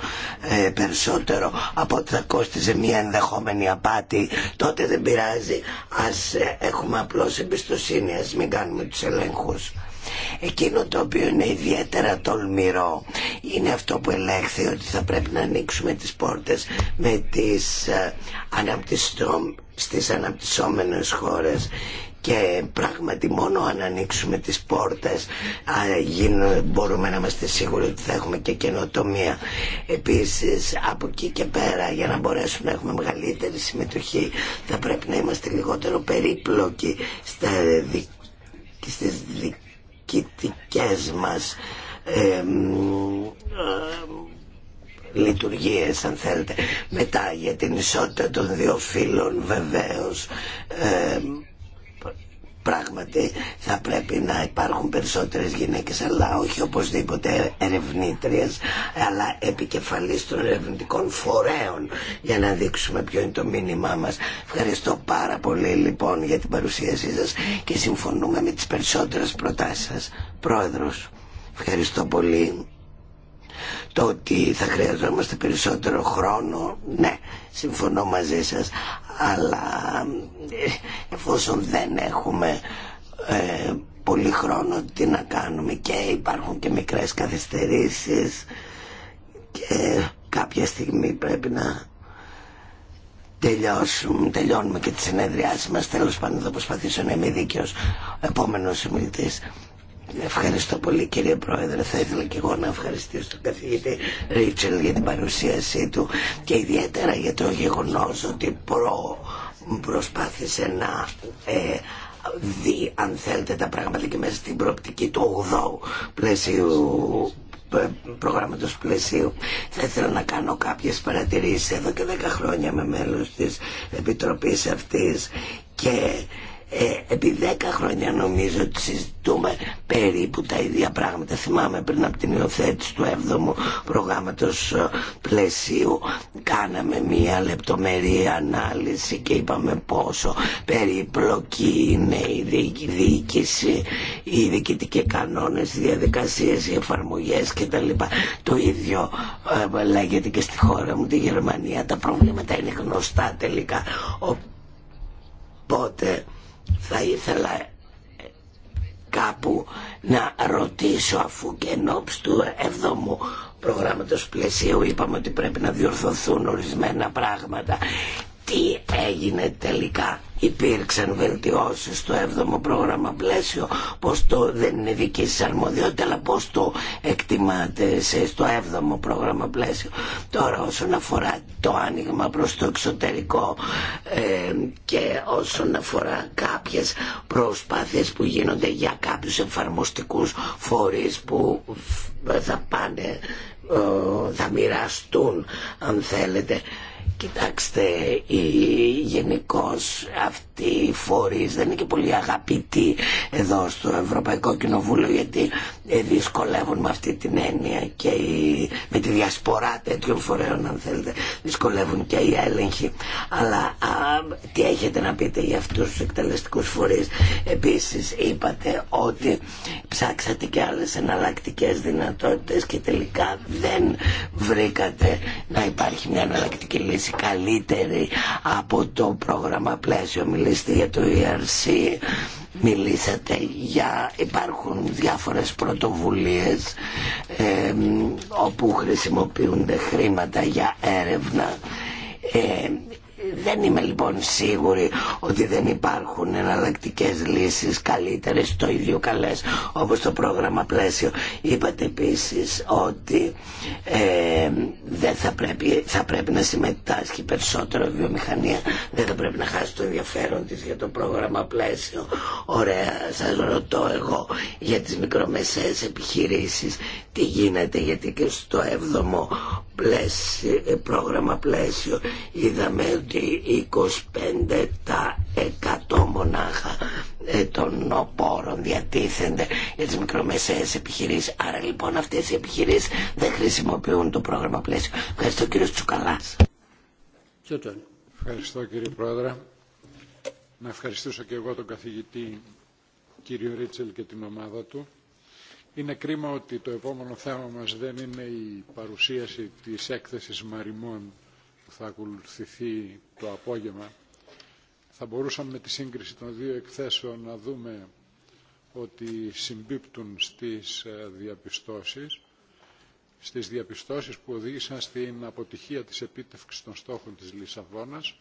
ε, περισσότερο από ότι θα κόστιζε μια ενδεχόμενη απάτη τότε δεν πειράζει ας ε, έχουμε απλώς εμπιστοσύνη ας μην κάνουμε τους ελέγχους Εκείνο το οποίο είναι ιδιαίτερα τολμηρό είναι αυτό που ελέγχθη ότι θα πρέπει να ανοίξουμε τις πόρτες με τις ε, στις αναπτυσσόμενες χώρες και πράγματι μόνο αν ανοίξουμε τις πόρτες μπορούμε να είμαστε σίγουροι ότι θα έχουμε και καινοτομία. Επίσης από εκεί και πέρα για να μπορέσουμε να έχουμε μεγαλύτερη συμμετοχή θα πρέπει να είμαστε λιγότερο περίπλοκοι στα δι... στις διοικητικές μας λειτουργίες αν θέλετε μετά για την ισότητα των δύο φίλων, βεβαίως Πράγματι θα πρέπει να υπάρχουν περισσότερες γυναίκες αλλά όχι οπωσδήποτε ερευνήτριες αλλά επικεφαλής των ερευνητικών φορέων για να δείξουμε ποιο είναι το μήνυμά μας. Ευχαριστώ πάρα πολύ λοιπόν για την παρουσίασή σας και συμφωνούμε με τις περισσότερες προτάσεις σας. Πρόεδρος, ευχαριστώ πολύ το ότι θα χρειαζόμαστε περισσότερο χρόνο, ναι, συμφωνώ μαζί σας, αλλά εφόσον δεν έχουμε ε, πολύ χρόνο, τι να κάνουμε και υπάρχουν και μικρές καθυστερήσεις και κάποια στιγμή πρέπει να τελειώσουμε, τελειώνουμε και τη συνέδριά μας. Τέλος πάντων θα προσπαθήσω να είμαι δίκαιος ο επόμενος Ευχαριστώ πολύ κύριε Πρόεδρε. Θα ήθελα και εγώ να ευχαριστήσω τον καθηγητή Ρίτσελ για την παρουσίασή του και ιδιαίτερα για το γεγονός ότι προ, προσπάθησε να ε, δει αν θέλετε τα πράγματα και μέσα στην προοπτική του 8ου πλαίσιου ε, προγράμματος πλαισίου. Θα ήθελα να κάνω κάποιες παρατηρήσεις εδώ και 10 χρόνια με μέλος της Επιτροπής αυτής και ε, επί δέκα χρόνια νομίζω ότι συζητούμε περίπου τα ίδια πράγματα. Θυμάμαι πριν από την υιοθέτηση του 7ου προγράμματος ε, πλαισίου κάναμε μία λεπτομερή ανάλυση και είπαμε πόσο περίπλοκη είναι η διοίκηση, οι διοικητικοί κανόνες, οι διαδικασίες, οι εφαρμογές κτλ. Το ίδιο ε, λέγεται και στη χώρα μου, τη Γερμανία. Τα προβλήματα είναι γνωστά τελικά. Οπότε θα ήθελα ε, κάπου να ρωτήσω αφού και ενώπιση του 7ου προγράμματος πλαισίου είπαμε ότι πρέπει να διορθωθούν ορισμένα πράγματα τι έγινε τελικά. Υπήρξαν βελτιώσεις στο 7ο πρόγραμμα πλαίσιο, πώς το δεν είναι δική σας αρμοδιότητα, αλλά πώς το εκτιμάτε εσείς στο 7ο πρόγραμμα πλαίσιο. Τώρα όσον αφορά το άνοιγμα προς το εξωτερικό ε, και όσον αφορά κάποιες προσπάθειες που γίνονται για κάποιους εφαρμοστικούς φορείς που θα πάνε ε, θα μοιραστούν αν θέλετε Κοιτάξτε, γενικώ αυτοί οι φορεί δεν είναι και πολύ αγαπητοί εδώ στο Ευρωπαϊκό Κοινοβούλιο γιατί ε, δυσκολεύουν με αυτή την έννοια και με τη διασπορά τέτοιων φορέων αν θέλετε δυσκολεύουν και οι έλεγχοι. Αλλά τι έχετε να πείτε για αυτούς τους εκτελεστικούς φορείς. Επίσης είπατε ότι ψάξατε και άλλες εναλλακτικέ δυνατότητες και τελικά δεν βρήκατε να υπάρχει μια εναλλακτική λύση οι καλύτερη από το πρόγραμμα πλαίσιο. Μιλήσατε για το ERC, μιλήσατε για υπάρχουν διάφορες πρωτοβουλίες ε, όπου χρησιμοποιούνται χρήματα για έρευνα. Ε, δεν είμαι λοιπόν σίγουρη ότι δεν υπάρχουν εναλλακτικέ λύσεις καλύτερες, το ίδιο καλές όπως το πρόγραμμα πλαίσιο. Είπατε επίσης ότι ε, δεν θα πρέπει, θα να συμμετάσχει περισσότερο η βιομηχανία, δεν θα πρέπει να χάσει το ενδιαφέρον της για το πρόγραμμα πλαίσιο. Ωραία, σας ρωτώ εγώ για τις μικρομεσαίες επιχειρήσεις τι γίνεται γιατί και στο 7ο ε, πρόγραμμα πλαίσιο είδαμε ότι και 25% μονάχα ε, των πόρων διατίθενται για τις μικρομεσαίες επιχειρήσεις. Άρα λοιπόν αυτές οι επιχειρήσεις δεν χρησιμοποιούν το πρόγραμμα πλαίσιο. Ευχαριστώ κύριο Τσουκαλάς. Ευχαριστώ κύριε Πρόεδρε. Να ευχαριστήσω και εγώ τον καθηγητή κύριο Ρίτσελ και την ομάδα του. Είναι κρίμα ότι το επόμενο θέμα μας δεν είναι η παρουσίαση της έκθεσης Μαριμών θα ακολουθηθεί το απόγευμα, θα μπορούσαμε με τη σύγκριση των δύο εκθέσεων να δούμε ότι συμπίπτουν στις ε, διαπιστώσεις, στις διαπιστώσεις που οδήγησαν στην αποτυχία της επίτευξης των στόχων της Λισαβόνας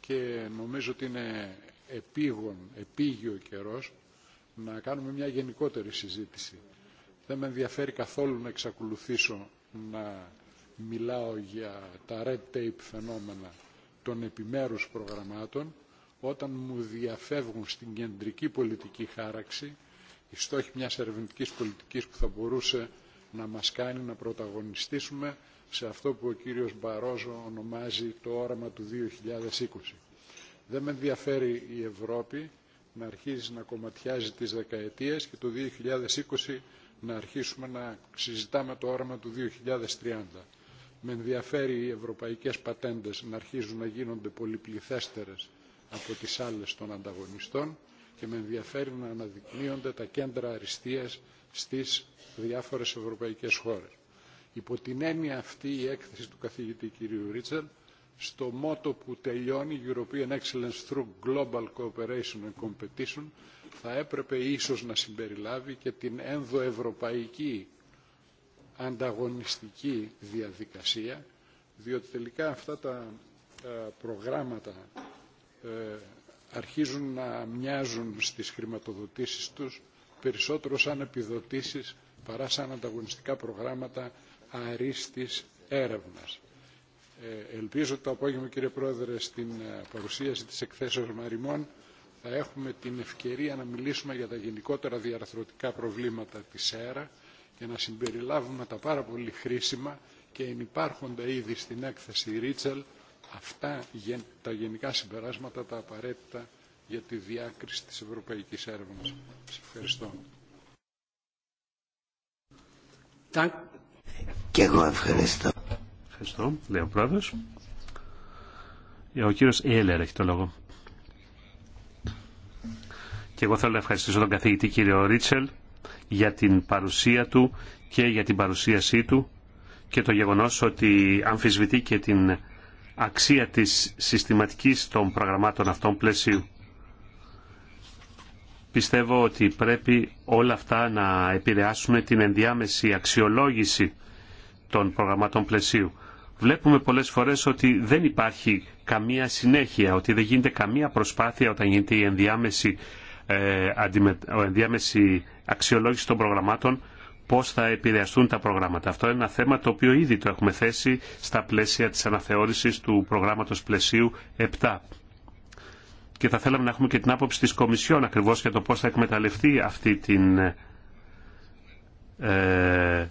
και νομίζω ότι είναι επίγον, επίγειο καιρός να κάνουμε μια γενικότερη συζήτηση. Δεν με ενδιαφέρει καθόλου να εξακολουθήσω να μιλάω για τα red tape φαινόμενα των επιμέρους προγραμμάτων, όταν μου διαφεύγουν στην κεντρική πολιτική χάραξη οι στόχοι μιας ερευνητικής πολιτικής που θα μπορούσε να μας κάνει να πρωταγωνιστήσουμε σε αυτό που ο κύριος Μπαρόζο ονομάζει το όραμα του 2020. Δεν με ενδιαφέρει η Ευρώπη να αρχίζει να κομματιάζει τις δεκαετίες και το 2020 να αρχίσουμε να συζητάμε το όραμα του 2030 με ενδιαφέρει οι ευρωπαϊκές πατέντες να αρχίζουν να γίνονται πολυπληθέστερες από τις άλλες των ανταγωνιστών και με ενδιαφέρει να αναδεικνύονται τα κέντρα αριστείας στις διάφορες ευρωπαϊκές χώρες. Υπό την έννοια αυτή η έκθεση του καθηγητή κ. Ρίτσελ στο μότο που τελειώνει European Excellence through Global Cooperation and Competition θα έπρεπε ίσως να συμπεριλάβει και την ενδοευρωπαϊκή ανταγωνιστική διαδικασία, διότι τελικά αυτά τα ε, προγράμματα ε, αρχίζουν να μοιάζουν στις χρηματοδοτήσεις τους περισσότερο σαν επιδοτήσεις παρά σαν ανταγωνιστικά προγράμματα αρίστης έρευνας. Ε, ελπίζω ότι το απόγευμα, κύριε Πρόεδρε, στην παρουσίαση της εκθέσεως Μαριμών θα έχουμε την ευκαιρία να μιλήσουμε για τα γενικότερα διαρθρωτικά προβλήματα της ΕΡΑ και να συμπεριλάβουμε τα πάρα πολύ χρήσιμα και υπάρχοντα ήδη στην έκθεση Ρίτσελ αυτά τα γενικά συμπεράσματα τα απαραίτητα για τη διάκριση της ευρωπαϊκής έρευνας. Σας ευχαριστώ. Και εγώ ευχαριστώ. Ευχαριστώ, λέω πρόεδρος. Ο κύριος Έλερ έχει το λόγο. Και εγώ θέλω να ευχαριστήσω τον καθηγητή κύριο Ρίτσελ για την παρουσία του και για την παρουσίασή του και το γεγονός ότι αμφισβητεί και την αξία της συστηματικής των προγραμμάτων αυτών πλαισίου. Πιστεύω ότι πρέπει όλα αυτά να επηρεάσουν την ενδιάμεση αξιολόγηση των προγραμμάτων πλαισίου. Βλέπουμε πολλές φορές ότι δεν υπάρχει καμία συνέχεια, ότι δεν γίνεται καμία προσπάθεια όταν γίνεται η ενδιάμεση ε, ενδιάμεση αξιολόγηση των προγραμμάτων πώς θα επηρεαστούν τα προγράμματα. Αυτό είναι ένα θέμα το οποίο ήδη το έχουμε θέσει στα πλαίσια της αναθεώρησης του προγράμματος πλαισίου 7. Και θα θέλαμε να έχουμε και την άποψη της Κομισιόν ακριβώς για το πώς θα εκμεταλλευτεί αυτή την, ε,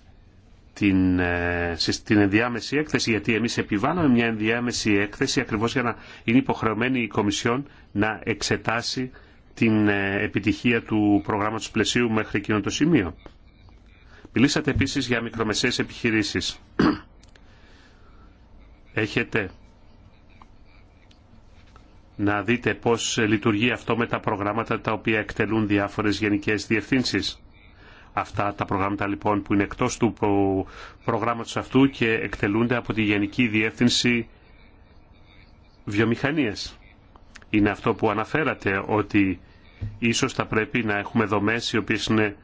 την, ε, την ενδιάμεση έκθεση, γιατί εμείς επιβάλλουμε μια ενδιάμεση έκθεση ακριβώς για να είναι υποχρεωμένη η Κομισιόν να εξετάσει την ε, επιτυχία του προγράμματος πλαισίου μέχρι εκείνο το σημείο. Μιλήσατε επίσης για μικρομεσαίες επιχειρήσεις. Έχετε να δείτε πώς λειτουργεί αυτό με τα προγράμματα τα οποία εκτελούν διάφορες γενικές διευθύνσεις. Αυτά τα προγράμματα λοιπόν που είναι εκτός του προγράμματος αυτού και εκτελούνται από τη Γενική Διεύθυνση Βιομηχανίες είναι αυτό που αναφέρατε, ότι ίσως θα πρέπει να έχουμε δομές οι οποίες, είναι,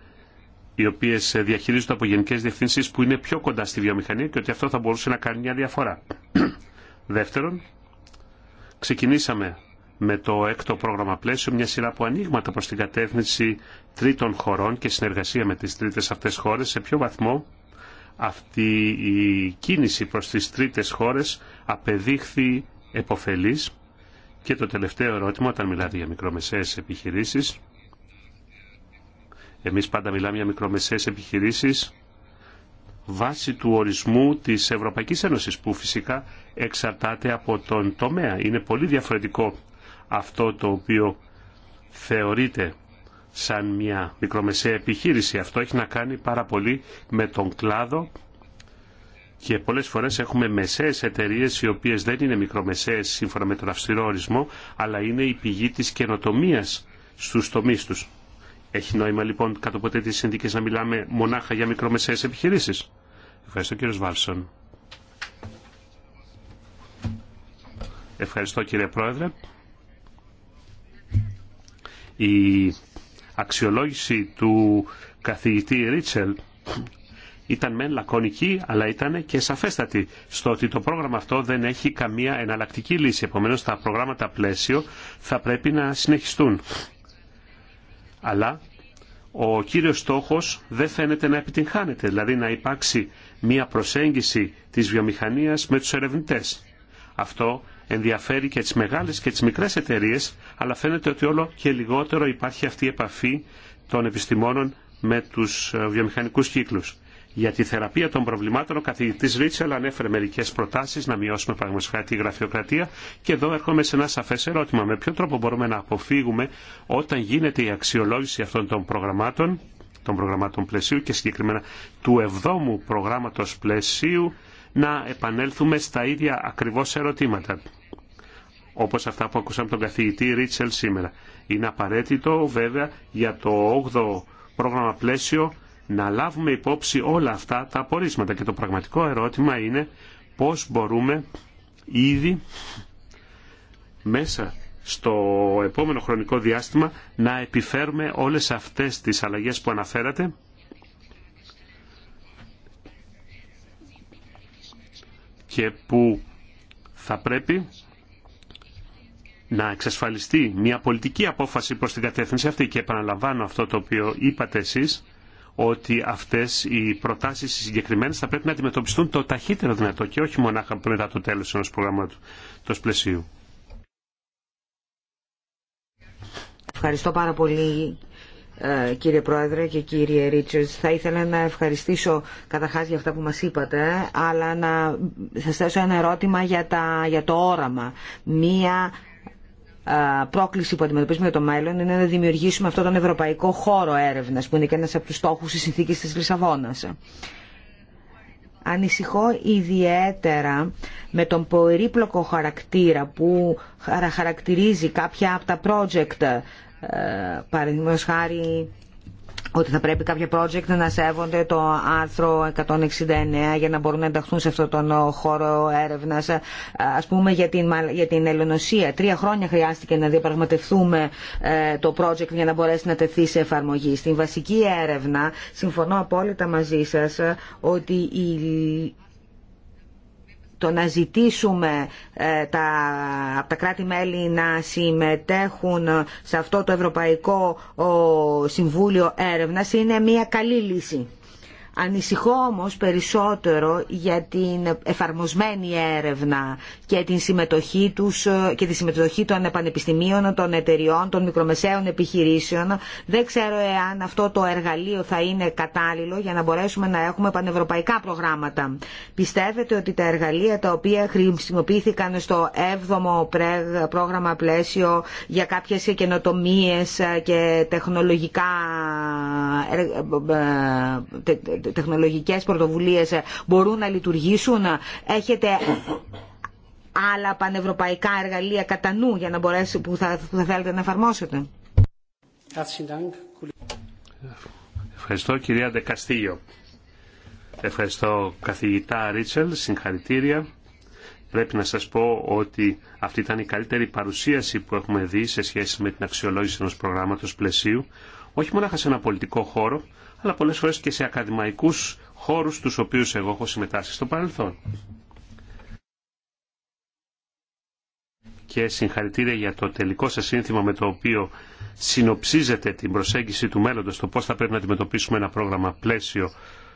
οι οποίες διαχειρίζονται από γενικές διευθύνσεις που είναι πιο κοντά στη βιομηχανία και ότι αυτό θα μπορούσε να κάνει μια διαφορά. Δεύτερον, ξεκινήσαμε με το έκτο πρόγραμμα πλαίσιο μια σειρά από ανοίγματα προς την κατεύθυνση τρίτων χωρών και συνεργασία με τις τρίτες αυτές χώρες σε ποιο βαθμό αυτή η κίνηση προς τις τρίτες χώρες απεδείχθη εποφελής και το τελευταίο ερώτημα, όταν μιλάτε για μικρομεσαίες επιχειρήσεις, εμείς πάντα μιλάμε για μικρομεσαίες επιχειρήσεις βάσει του ορισμού της Ευρωπαϊκής Ένωσης, που φυσικά εξαρτάται από τον τομέα. Είναι πολύ διαφορετικό αυτό το οποίο θεωρείται σαν μια μικρομεσαία επιχείρηση. Αυτό έχει να κάνει πάρα πολύ με τον κλάδο και πολλές φορές έχουμε μεσαίες εταιρείες οι οποίες δεν είναι μικρομεσαίες σύμφωνα με τον αυστηρό ορισμό αλλά είναι η πηγή της καινοτομίας στους τομείς τους. Έχει νόημα λοιπόν κάτω οπότε τις συνδίκες να μιλάμε μονάχα για μικρομεσαίες επιχειρήσεις. Ευχαριστώ κύριος Βάλσον. Ευχαριστώ κύριε Πρόεδρε. Η αξιολόγηση του καθηγητή Ρίτσελ ήταν μεν λακωνική, αλλά ήταν και σαφέστατη στο ότι το πρόγραμμα αυτό δεν έχει καμία εναλλακτική λύση. Επομένω, τα προγράμματα πλαίσιο θα πρέπει να συνεχιστούν. Αλλά ο κύριος στόχος δεν φαίνεται να επιτυγχάνεται, δηλαδή να υπάρξει μία προσέγγιση της βιομηχανίας με τους ερευνητές. Αυτό ενδιαφέρει και τις μεγάλες και τις μικρές εταιρείες, αλλά φαίνεται ότι όλο και λιγότερο υπάρχει αυτή η επαφή των επιστημόνων με τους ε, βιομηχανικούς κύκλους για τη θεραπεία των προβλημάτων, ο καθηγητή Ρίτσελ ανέφερε μερικέ προτάσει να μειώσουμε πραγματικά τη γραφειοκρατία. Και εδώ έρχομαι σε ένα σαφέ ερώτημα. Με ποιο τρόπο μπορούμε να αποφύγουμε όταν γίνεται η αξιολόγηση αυτών των προγραμμάτων, των προγραμμάτων πλαισίου και συγκεκριμένα του 7ου προγράμματο πλαισίου, να επανέλθουμε στα ίδια ακριβώ ερωτήματα. Όπω αυτά που ακούσαμε τον καθηγητή Ρίτσελ σήμερα. Είναι απαραίτητο βέβαια για το 8ο πρόγραμμα πλαίσιο να λάβουμε υπόψη όλα αυτά τα απορίσματα. Και το πραγματικό ερώτημα είναι πώς μπορούμε ήδη μέσα στο επόμενο χρονικό διάστημα να επιφέρουμε όλες αυτές τις αλλαγές που αναφέρατε και που θα πρέπει να εξασφαλιστεί μια πολιτική απόφαση προς την κατεύθυνση αυτή και επαναλαμβάνω αυτό το οποίο είπατε εσείς ότι αυτές οι προτάσεις συγκεκριμένε θα πρέπει να αντιμετωπιστούν το ταχύτερο δυνατό και όχι μονάχα μετά το τέλος ενός προγράμματος πλαισίου. Ευχαριστώ πάρα πολύ ε, κύριε Πρόεδρε και κύριε Ρίτσερς. Θα ήθελα να ευχαριστήσω καταρχάς για αυτά που μας είπατε, αλλά να σας θέσω ένα ερώτημα για, τα, για το όραμα. Μία πρόκληση που αντιμετωπίζουμε για το μέλλον είναι να δημιουργήσουμε αυτόν τον ευρωπαϊκό χώρο έρευνα, που είναι και ένα από του στόχου τη συνθήκη τη Λισαβόνας. Ανησυχώ ιδιαίτερα με τον περίπλοκο χαρακτήρα που χαρακτηρίζει κάποια από τα project, ε, παραδείγματο χάρη ότι θα πρέπει κάποια project να σέβονται το άρθρο 169 για να μπορούν να ενταχθούν σε αυτόν τον χώρο έρευνα. Α πούμε για την, για την Ελληνοσία. Τρία χρόνια χρειάστηκε να διαπραγματευτούμε ε, το project για να μπορέσει να τεθεί σε εφαρμογή. Στην βασική έρευνα συμφωνώ απόλυτα μαζί σα ε, ότι η το να ζητήσουμε ε, τα, από τα κράτη-μέλη να συμμετέχουν σε αυτό το Ευρωπαϊκό Συμβούλιο Έρευνας είναι μια καλή λύση. Ανησυχώ όμως περισσότερο για την εφαρμοσμένη έρευνα και, την συμμετοχή τους, ε, και τη συμμετοχή των πανεπιστημίων, των εταιριών, των μικρομεσαίων επιχειρήσεων. Δεν ξέρω εάν αυτό το εργαλείο θα είναι κατάλληλο για να μπορέσουμε να έχουμε πανευρωπαϊκά προγράμματα. Πιστεύετε ότι τα εργαλεία τα οποία χρησιμοποιήθηκαν στο 7ο πρόγραμμα πλαίσιο για κάποιες καινοτομίε ε, και τεχνολογικά ε, τεχνολογικές πρωτοβουλίες μπορούν να λειτουργήσουν. Έχετε άλλα πανευρωπαϊκά εργαλεία κατά νου για να μπορέσει, που, θα, θέλετε να εφαρμόσετε. Ευχαριστώ κυρία Ντεκαστήγιο. Ευχαριστώ καθηγητά Ρίτσελ, συγχαρητήρια. Πρέπει να σας πω ότι αυτή ήταν η καλύτερη παρουσίαση που έχουμε δει σε σχέση με την αξιολόγηση ενός προγράμματος πλαισίου, όχι μόνο σε ένα πολιτικό χώρο, αλλά πολλές φορές και σε ακαδημαϊκούς χώρους τους οποίους εγώ έχω συμμετάσχει στο παρελθόν. Και συγχαρητήρια για το τελικό σας σύνθημα με το οποίο συνοψίζεται την προσέγγιση του μέλλοντος, το πώς θα πρέπει να αντιμετωπίσουμε ένα πρόγραμμα πλαίσιο,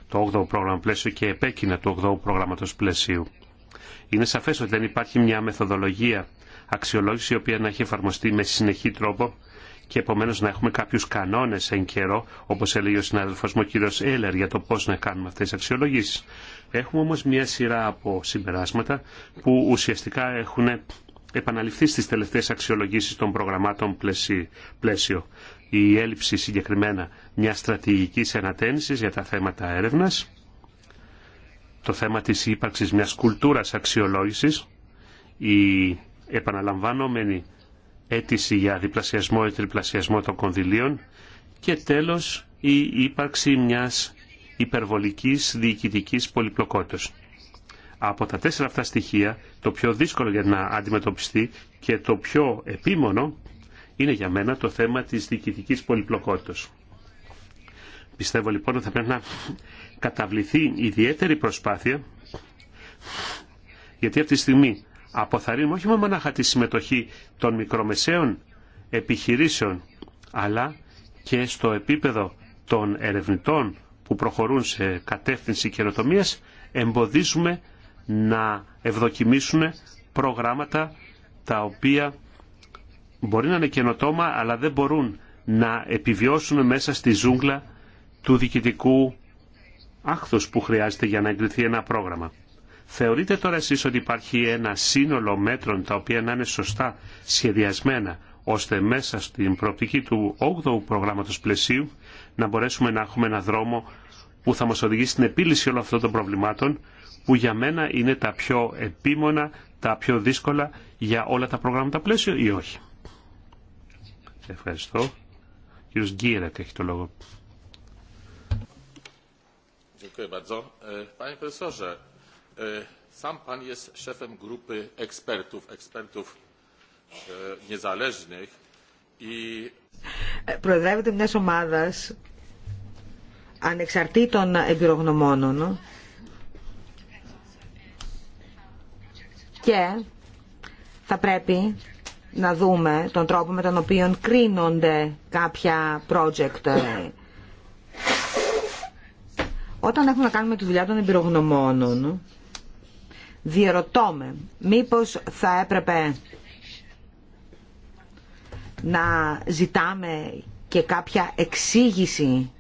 το 8ο πρόγραμμα πλαίσιο και επέκεινα του 8ου πρόγραμματος πλαίσιου. Είναι σαφές ότι δεν υπάρχει μια μεθοδολογία αξιολόγηση η οποία να έχει εφαρμοστεί με συνεχή τρόπο και επομένως να έχουμε κάποιους κανόνες εν καιρό, όπως έλεγε ο συνάδελφος μου ο κύριος Έλερ για το πώς να κάνουμε αυτές τις αξιολογήσεις. Έχουμε όμως μια σειρά από συμπεράσματα που ουσιαστικά έχουν επαναληφθεί στις τελευταίες αξιολογήσεις των προγραμμάτων πλαίσιο. Η έλλειψη συγκεκριμένα μια στρατηγικής ανατένισης για τα θέματα έρευνας, το θέμα της ύπαρξης μιας κουλτούρας αξιολόγησης, η επαναλαμβανόμενη αίτηση για διπλασιασμό ή τριπλασιασμό των κονδυλίων και τέλος η ύπαρξη μιας υπερβολικής διοικητικής πολυπλοκότητας. Από τα τέσσερα αυτά στοιχεία, το πιο δύσκολο για να αντιμετωπιστεί και το πιο επίμονο είναι για μένα το θέμα της διοικητικής πολυπλοκότητας. Πιστεύω λοιπόν ότι θα πρέπει να καταβληθεί ιδιαίτερη προσπάθεια γιατί αυτή τη στιγμή αποθαρρύνουμε όχι μόνο να τη συμμετοχή των μικρομεσαίων επιχειρήσεων, αλλά και στο επίπεδο των ερευνητών που προχωρούν σε κατεύθυνση καινοτομίας, εμποδίζουμε να ευδοκιμήσουν προγράμματα τα οποία μπορεί να είναι καινοτόμα, αλλά δεν μπορούν να επιβιώσουν μέσα στη ζούγκλα του διοικητικού άχθους που χρειάζεται για να εγκριθεί ένα πρόγραμμα. Θεωρείτε τώρα εσείς ότι υπάρχει ένα σύνολο μέτρων τα οποία να είναι σωστά σχεδιασμένα ώστε μέσα στην προοπτική του 8ου προγράμματος πλαισίου να μπορέσουμε να έχουμε ένα δρόμο που θα μας οδηγήσει στην επίλυση όλων αυτών των προβλημάτων που για μένα είναι τα πιο επίμονα, τα πιο δύσκολα για όλα τα προγράμματα πλαίσιο ή όχι. Ευχαριστώ. Κύριος Γκίρετ έχει το λόγο. Sam Προεδρεύεται μια ομάδα ανεξαρτήτων εμπειρογνωμόνων και θα πρέπει να δούμε τον τρόπο με τον οποίο κρίνονται κάποια project. Όταν έχουμε να κάνουμε τη δουλειά των εμπειρογνωμόνων, Διερωτώμε μήπως θα έπρεπε να ζητάμε και κάποια εξήγηση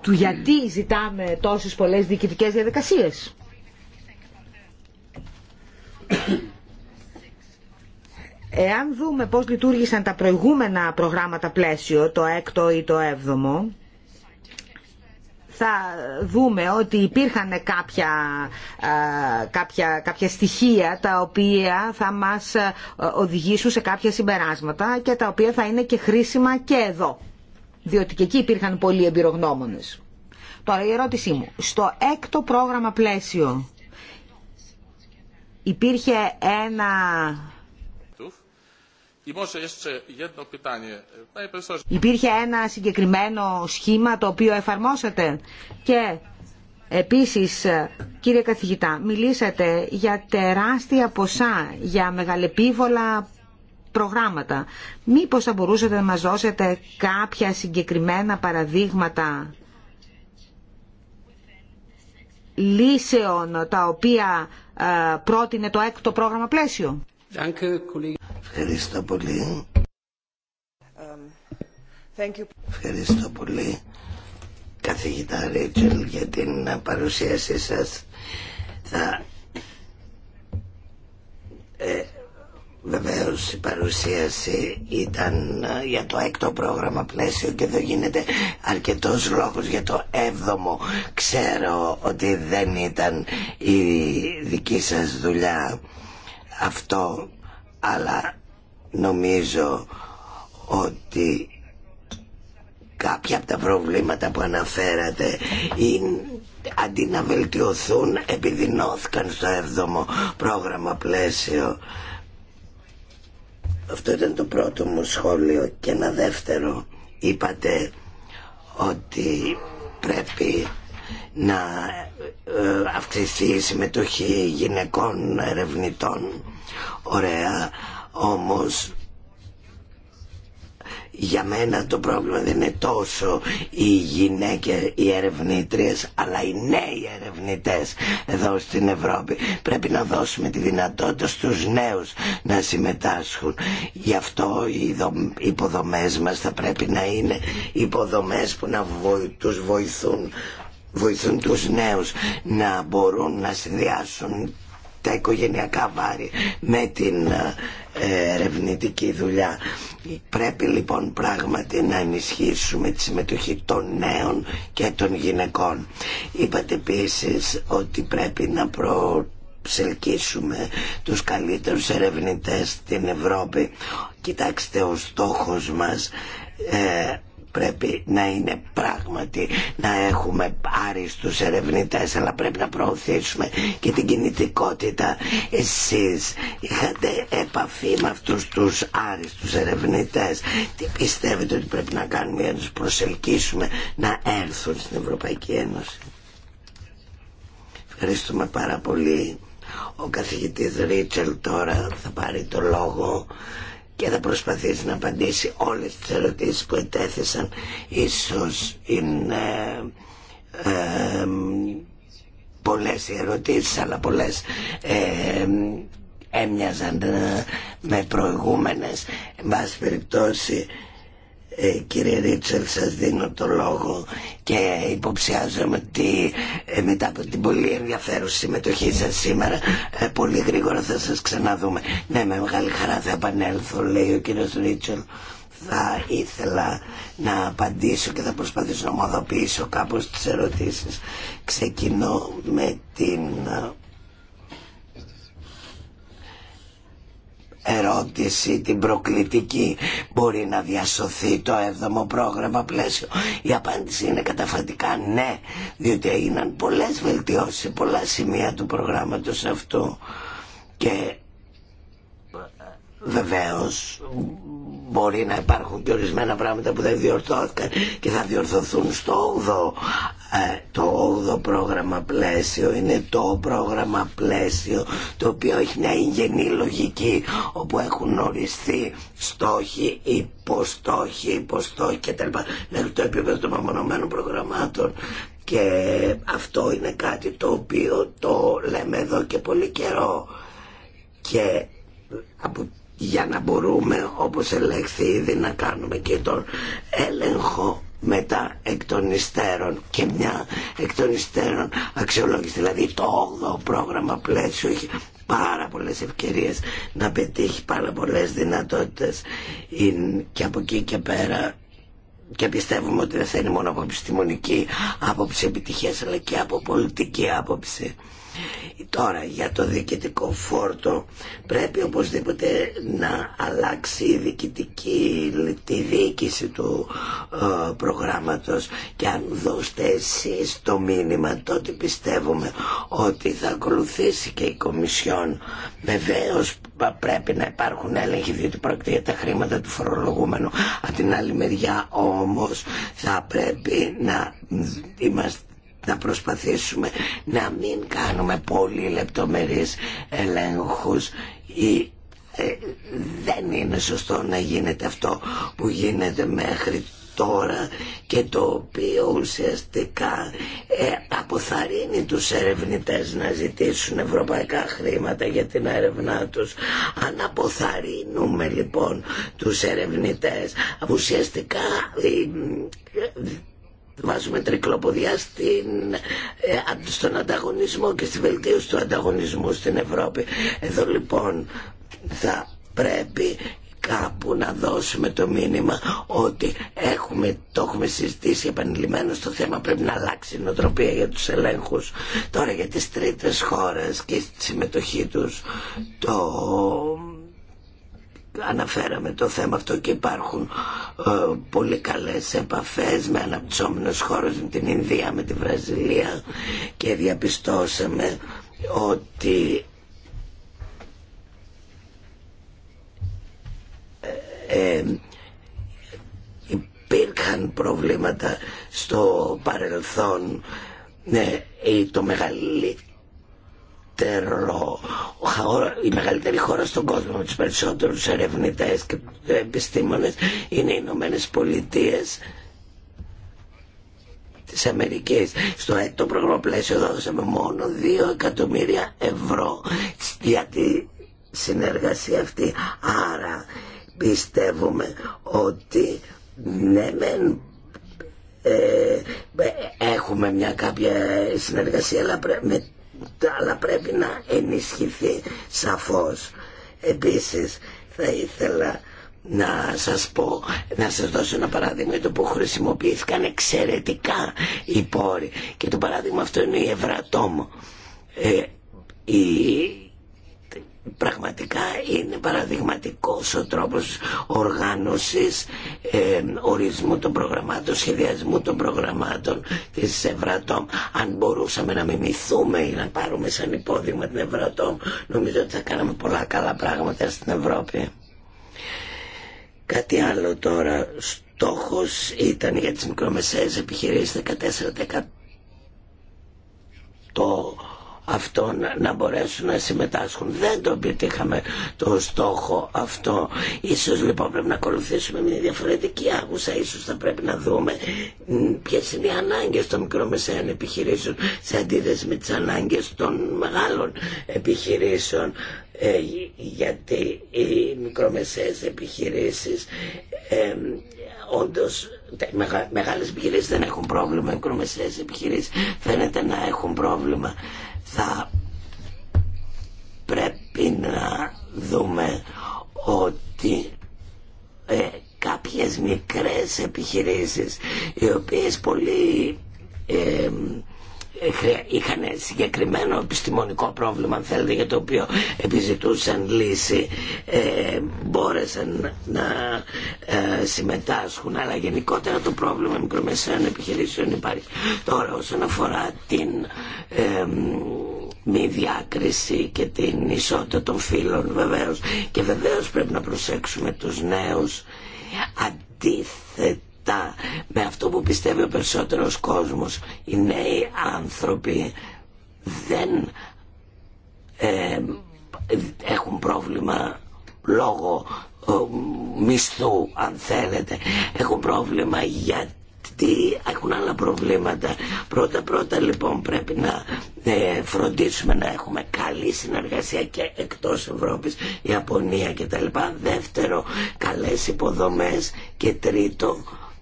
του γιατί ζητάμε τόσες πολλές διοικητικές διαδικασίες. Εάν δούμε πώς λειτουργήσαν τα προηγούμενα προγράμματα πλαίσιο, το έκτο ή το έβδομο, θα δούμε ότι υπήρχαν κάποια, ε, κάποια, κάποια στοιχεία τα οποία θα μας ε, οδηγήσουν σε κάποια συμπεράσματα και τα οποία θα είναι και χρήσιμα και εδώ. Διότι και εκεί υπήρχαν πολλοί εμπειρογνώμονες. Τώρα η ερώτησή μου. Στο έκτο πρόγραμμα πλαίσιο υπήρχε ένα Υπήρχε ένα συγκεκριμένο σχήμα το οποίο εφαρμόσατε και Επίσης, κύριε καθηγητά, μιλήσατε για τεράστια ποσά, για μεγαλεπίβολα προγράμματα. Μήπως θα μπορούσατε να μας δώσετε κάποια συγκεκριμένα παραδείγματα λύσεων τα οποία ε, πρότεινε το έκτο πρόγραμμα πλαίσιο. Ευχαριστώ πολύ. Um, Ευχαριστώ πολύ καθηγητά Ρίτσελ για την παρουσίασή σας. Θα... Ε, η παρουσίαση ήταν ε, για το έκτο πρόγραμμα πλαίσιο και δεν γίνεται αρκετός λόγος για το έβδομο. Ξέρω ότι δεν ήταν η δική σας δουλειά αυτό αλλά νομίζω ότι κάποια από τα προβλήματα που αναφέρατε είναι αντί να βελτιωθούν επιδεινώθηκαν στο 7 πρόγραμμα πλαίσιο αυτό ήταν το πρώτο μου σχόλιο και ένα δεύτερο είπατε ότι πρέπει να ε, αυξηθεί η συμμετοχή γυναικών ερευνητών. Ωραία, όμως για μένα το πρόβλημα δεν είναι τόσο οι γυναίκες, οι ερευνήτριες, αλλά οι νέοι ερευνητές εδώ στην Ευρώπη. Πρέπει να δώσουμε τη δυνατότητα στους νέους να συμμετάσχουν. Γι' αυτό οι υποδομές μας θα πρέπει να είναι υποδομές που να τους βοηθούν βοηθούν τους νέους να μπορούν να συνδυάσουν τα οικογενειακά βάρη με την ε, ερευνητική δουλειά. Πρέπει λοιπόν πράγματι να ενισχύσουμε τη συμμετοχή των νέων και των γυναικών. Είπατε επίση ότι πρέπει να προσελκύσουμε τους καλύτερους ερευνητές στην Ευρώπη. Κοιτάξτε, ο στόχος μας ε, πρέπει να είναι πράγματι να έχουμε άριστους ερευνητές αλλά πρέπει να προωθήσουμε και την κινητικότητα εσείς είχατε επαφή με αυτούς τους άριστους ερευνητές τι πιστεύετε ότι πρέπει να κάνουμε για να τους προσελκύσουμε να έρθουν στην Ευρωπαϊκή Ένωση Ευχαριστούμε πάρα πολύ ο καθηγητής Ρίτσελ τώρα θα πάρει το λόγο και θα προσπαθήσει να απαντήσει όλες τις ερωτήσεις που ετέθησαν ίσως είναι ε, ε, πολλές οι ερωτήσεις αλλά πολλές ε, έμοιαζαν με προηγούμενες εν περιπτώσει ε, κύριε Ρίτσελ σας δίνω το λόγο και υποψιάζομαι ότι ε, μετά από την πολύ ενδιαφέρουσα συμμετοχή σας σήμερα ε, πολύ γρήγορα θα σας ξαναδούμε ναι με μεγάλη χαρά θα επανέλθω λέει ο κύριος Ρίτσελ θα ήθελα να απαντήσω και θα προσπαθήσω να ομοδοποιήσω κάπως τις ερωτήσεις ξεκινώ με την ερώτηση την προκλητική μπορεί να διασωθεί το 7ο πρόγραμμα πλαίσιο η απάντηση είναι καταφατικά ναι διότι έγιναν πολλές βελτιώσεις σε πολλά σημεία του προγράμματος αυτού και ε, βεβαίως μπορεί να υπάρχουν και ορισμένα πράγματα που δεν διορθώθηκαν και θα διορθωθούν στο 8 ε, το 8ο πρόγραμμα πλαίσιο είναι το πρόγραμμα πλαίσιο το οποίο έχει μια υγιεινή λογική όπου έχουν οριστεί στόχοι, υποστόχοι, υποστόχοι κτλ. μέχρι δηλαδή το επίπεδο των μεμονωμένων προγραμμάτων και αυτό είναι κάτι το οποίο το λέμε εδώ και πολύ καιρό και από για να μπορούμε όπως ελέγχθη ήδη να κάνουμε και τον έλεγχο μετά εκ των υστέρων και μια εκ των υστέρων αξιολόγηση. Δηλαδή το πρόγραμμα πλαίσιο έχει πάρα πολλές ευκαιρίες να πετύχει πάρα πολλές δυνατότητες και από εκεί και πέρα και πιστεύουμε ότι δεν θα είναι μόνο από επιστημονική άποψη επιτυχίας αλλά και από πολιτική άποψη. Τώρα για το διοικητικό φόρτο πρέπει οπωσδήποτε να αλλάξει η διοικητική, τη διοίκηση του ε, προγράμματος και αν δώστε εσείς το μήνυμα τότε πιστεύουμε ότι θα ακολουθήσει και η Κομισιόν βεβαίω πρέπει να υπάρχουν έλεγχοι διότι πρόκειται για τα χρήματα του φορολογούμενου από την άλλη μεριά όμως θα πρέπει να είμαστε να προσπαθήσουμε να μην κάνουμε πολύ λεπτομερείς ελέγχους ή ε, δεν είναι σωστό να γίνεται αυτό που γίνεται μέχρι τώρα και το οποίο ουσιαστικά ε, αποθαρρύνει τους ερευνητές να ζητήσουν ευρωπαϊκά χρήματα για την έρευνά τους. Αν αποθαρρύνουμε λοιπόν τους ερευνητές ουσιαστικά ε, βάζουμε τρικλοποδιά ε, στον ανταγωνισμό και στη βελτίωση του ανταγωνισμού στην Ευρώπη. Εδώ λοιπόν θα πρέπει κάπου να δώσουμε το μήνυμα ότι έχουμε, το έχουμε συζητήσει επανειλημμένο στο θέμα πρέπει να αλλάξει η νοοτροπία για τους ελέγχους τώρα για τις τρίτες χώρες και τη συμμετοχή τους το αναφέραμε το θέμα αυτό και υπάρχουν ε, πολύ καλές επαφές με αναπτυσσόμενους χώρους με την Ινδία, με τη Βραζιλία και διαπιστώσαμε ότι ε, ε υπήρχαν προβλήματα στο παρελθόν ναι, το μεγαλύτερο η μεγαλύτερη χώρα στον κόσμο με τους περισσότερους ερευνητές και επιστήμονες είναι οι Ηνωμένε Πολιτείε της Αμερικής. Στο έτο πρόγραμμα πλαίσιο δώσαμε μόνο 2 εκατομμύρια ευρώ για τη συνεργασία αυτή. Άρα πιστεύουμε ότι ναι μεν ε, έχουμε μια κάποια συνεργασία αλλά με αλλά πρέπει να ενισχυθεί σαφώς. Επίσης θα ήθελα να σας πω, να σας δώσω ένα παράδειγμα το που χρησιμοποιήθηκαν εξαιρετικά οι πόροι και το παράδειγμα αυτό είναι η ευρατόμο. Ε, πραγματικά είναι παραδειγματικός ο τρόπος οργάνωσης ε, ορισμού των προγραμμάτων, σχεδιασμού των προγραμμάτων της Ευρατόμ. Αν μπορούσαμε να μιμηθούμε ή να πάρουμε σαν υπόδειγμα την Ευρατόμ, νομίζω ότι θα κάναμε πολλά καλά πράγματα στην Ευρώπη. Κάτι άλλο τώρα, στόχος ήταν για τις μικρομεσαίες επιχειρήσεις 14% το αυτό να μπορέσουν να συμμετάσχουν. Δεν το επιτύχαμε το στόχο αυτό. Ίσως λοιπόν πρέπει να ακολουθήσουμε μια διαφορετική άγουσα. Ίσως θα πρέπει να δούμε ποιε είναι οι ανάγκες των μικρομεσαίων επιχειρήσεων σε αντίθεση με τις ανάγκες των μεγάλων επιχειρήσεων. Ε, γιατί οι μικρομεσαίες επιχειρήσεις ε, όντως μεγάλες επιχειρήσεις δεν έχουν πρόβλημα, οι μικρομεσαίες επιχειρήσεις φαίνεται να έχουν πρόβλημα θα πρέπει να δούμε ότι ε, κάποιες μικρές επιχειρήσεις οι οποίες πολύ ε, ε, είχαν συγκεκριμένο επιστημονικό πρόβλημα αν θέλετε για το οποίο επιζητούσαν λύση ε, μπόρεσαν να ε, συμμετάσχουν αλλά γενικότερα το πρόβλημα μικρομεσαίων επιχειρήσεων υπάρχει τώρα όσον αφορά την μη διάκριση και την ισότητα των φύλων βεβαίως και βεβαίως πρέπει να προσέξουμε τους νέους αντίθετα με αυτό που πιστεύει ο περισσότερος κόσμος. Οι νέοι άνθρωποι δεν ε, έχουν πρόβλημα λόγω ε, μισθού αν θέλετε. Έχουν πρόβλημα γιατί έχουν άλλα προβλήματα. Πρώτα πρώτα λοιπόν πρέπει να ε, φροντίσουμε να έχουμε καλή συνεργασία και εκτός Ευρώπης, Ιαπωνία κτλ. Δεύτερο, καλές υποδομές και τρίτο,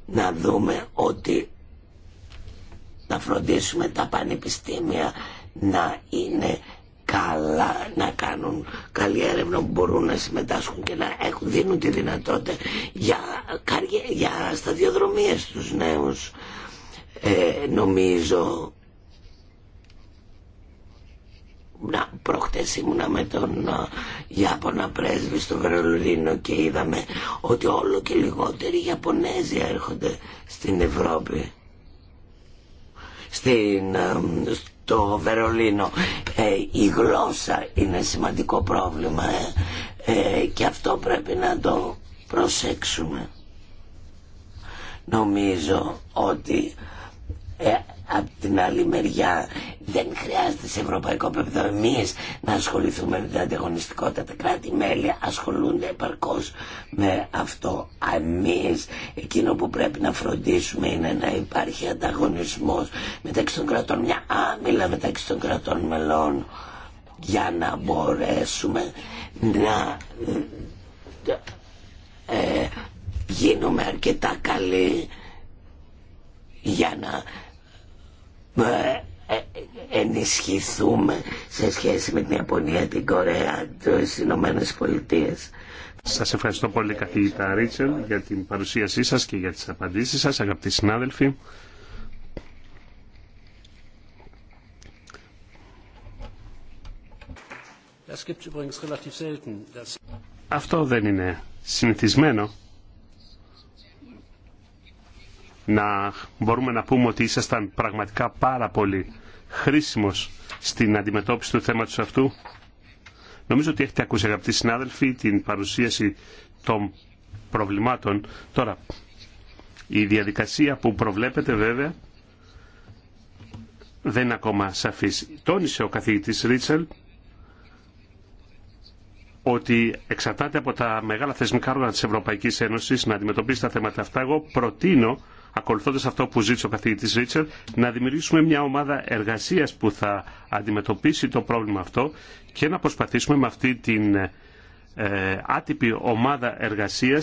να δούμε ότι να φροντίσουμε τα πανεπιστήμια να είναι καλά, να κάνουν καλή έρευνα που μπορούν να συμμετάσχουν και να έχουν, δίνουν τη δυνατότητα για, για σταδιοδρομίες στους νέους. Ε, νομίζω να, προχτές ήμουνα με τον Ιάπωνα πρέσβη στο Βερολίνο και είδαμε ότι όλο και λιγότεροι Ιαπωνέζοι έρχονται στην Ευρώπη. Στην, στο Βερολίνο ε, η γλώσσα είναι σημαντικό πρόβλημα ε. Ε, και αυτό πρέπει να το προσέξουμε. Νομίζω ότι Απ' την άλλη μεριά δεν χρειάζεται σε ευρωπαϊκό επίπεδο να ασχοληθούμε με την ανταγωνιστικότητα. Τα κράτη-μέλη ασχολούνται επαρκώς με αυτό. Εμείς εκείνο που πρέπει να φροντίσουμε είναι να υπάρχει ανταγωνισμός μεταξύ των κρατών, μια άμυλα μεταξύ των κρατών μελών για να μπορέσουμε να ε, γίνουμε αρκετά καλοί για να ε, ε, ενισχυθούμε σε σχέση με την Ιαπωνία, την Κορέα, τις Ηνωμένε Πολιτείε. Σας ευχαριστώ πολύ καθηγητά Ρίτσελ για την παρουσίασή σας και για τις απαντήσεις σας αγαπητοί συνάδελφοι. Αυτό δεν είναι συνηθισμένο να μπορούμε να πούμε ότι ήσασταν πραγματικά πάρα πολύ χρήσιμος στην αντιμετώπιση του θέματος αυτού. Νομίζω ότι έχετε ακούσει αγαπητοί συνάδελφοι την παρουσίαση των προβλημάτων. Τώρα, η διαδικασία που προβλέπετε βέβαια δεν είναι ακόμα σαφής. Τόνισε ο καθηγητής Ρίτσελ ότι εξαρτάται από τα μεγάλα θεσμικά όργανα της Ευρωπαϊκής Ένωσης να αντιμετωπίσει τα θέματα αυτά. Εγώ προτείνω Ακολουθώντα αυτό που ζήτησε ο καθηγητής Ρίτσερ, να δημιουργήσουμε μια ομάδα εργασίας που θα αντιμετωπίσει το πρόβλημα αυτό και να προσπαθήσουμε με αυτή την ε, άτυπη ομάδα εργασία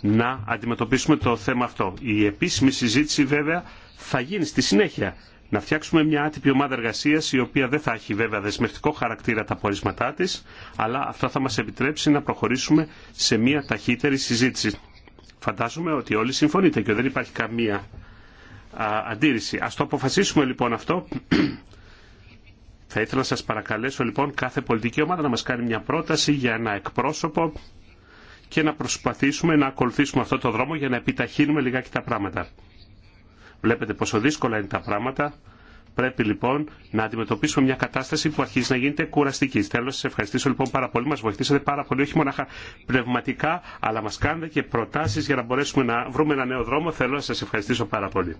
να αντιμετωπίσουμε το θέμα αυτό. Η επίσημη συζήτηση βέβαια θα γίνει στη συνέχεια. Να φτιάξουμε μια άτυπη ομάδα εργασία η οποία δεν θα έχει βέβαια δεσμευτικό χαρακτήρα τα πορίσματά τη, αλλά αυτό θα μα επιτρέψει να προχωρήσουμε σε μια ταχύτερη συζήτηση. Φαντάζομαι ότι όλοι συμφωνείτε και δεν υπάρχει καμία αντίρρηση. Ας το αποφασίσουμε λοιπόν αυτό. Θα ήθελα να σας παρακαλέσω λοιπόν κάθε πολιτική ομάδα να μας κάνει μια πρόταση για ένα εκπρόσωπο και να προσπαθήσουμε να ακολουθήσουμε αυτό το δρόμο για να επιταχύνουμε λιγάκι τα πράγματα. Βλέπετε πόσο δύσκολα είναι τα πράγματα. Πρέπει λοιπόν να αντιμετωπίσουμε μια κατάσταση που αρχίζει να γίνεται κουραστική. Θέλω να σα ευχαριστήσω λοιπόν πάρα πολύ. Μα βοηθήσατε πάρα πολύ, όχι μόνο πνευματικά, αλλά μα κάνετε και προτάσει για να μπορέσουμε να βρούμε ένα νέο δρόμο. Θέλω να σα ευχαριστήσω πάρα πολύ.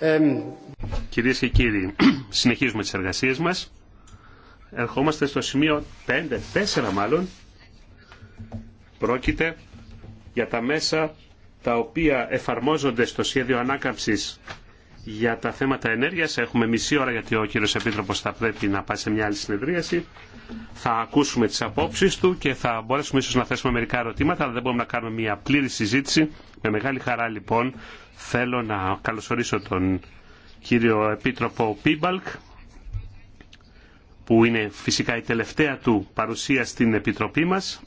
Ähm, Κυρίες και κύριοι, συνεχίζουμε τις εργασίες μας. Ερχόμαστε στο σημείο 5, 4 μάλλον. Πρόκειται για τα μέσα τα οποία εφαρμόζονται στο σχέδιο ανάκαμψης για τα θέματα ενέργειας. Έχουμε μισή ώρα γιατί ο κύριος Επίτροπος θα πρέπει να πάει σε μια άλλη συνεδρίαση. Θα ακούσουμε τις απόψει του και θα μπορέσουμε ίσως να θέσουμε μερικά ερωτήματα, αλλά δεν μπορούμε να κάνουμε μια πλήρη συζήτηση. Με μεγάλη χαρά λοιπόν θέλω να καλωσορίσω τον κύριο Επίτροπο Πίμπαλκ, που είναι φυσικά η τελευταία του παρουσία στην Επιτροπή μας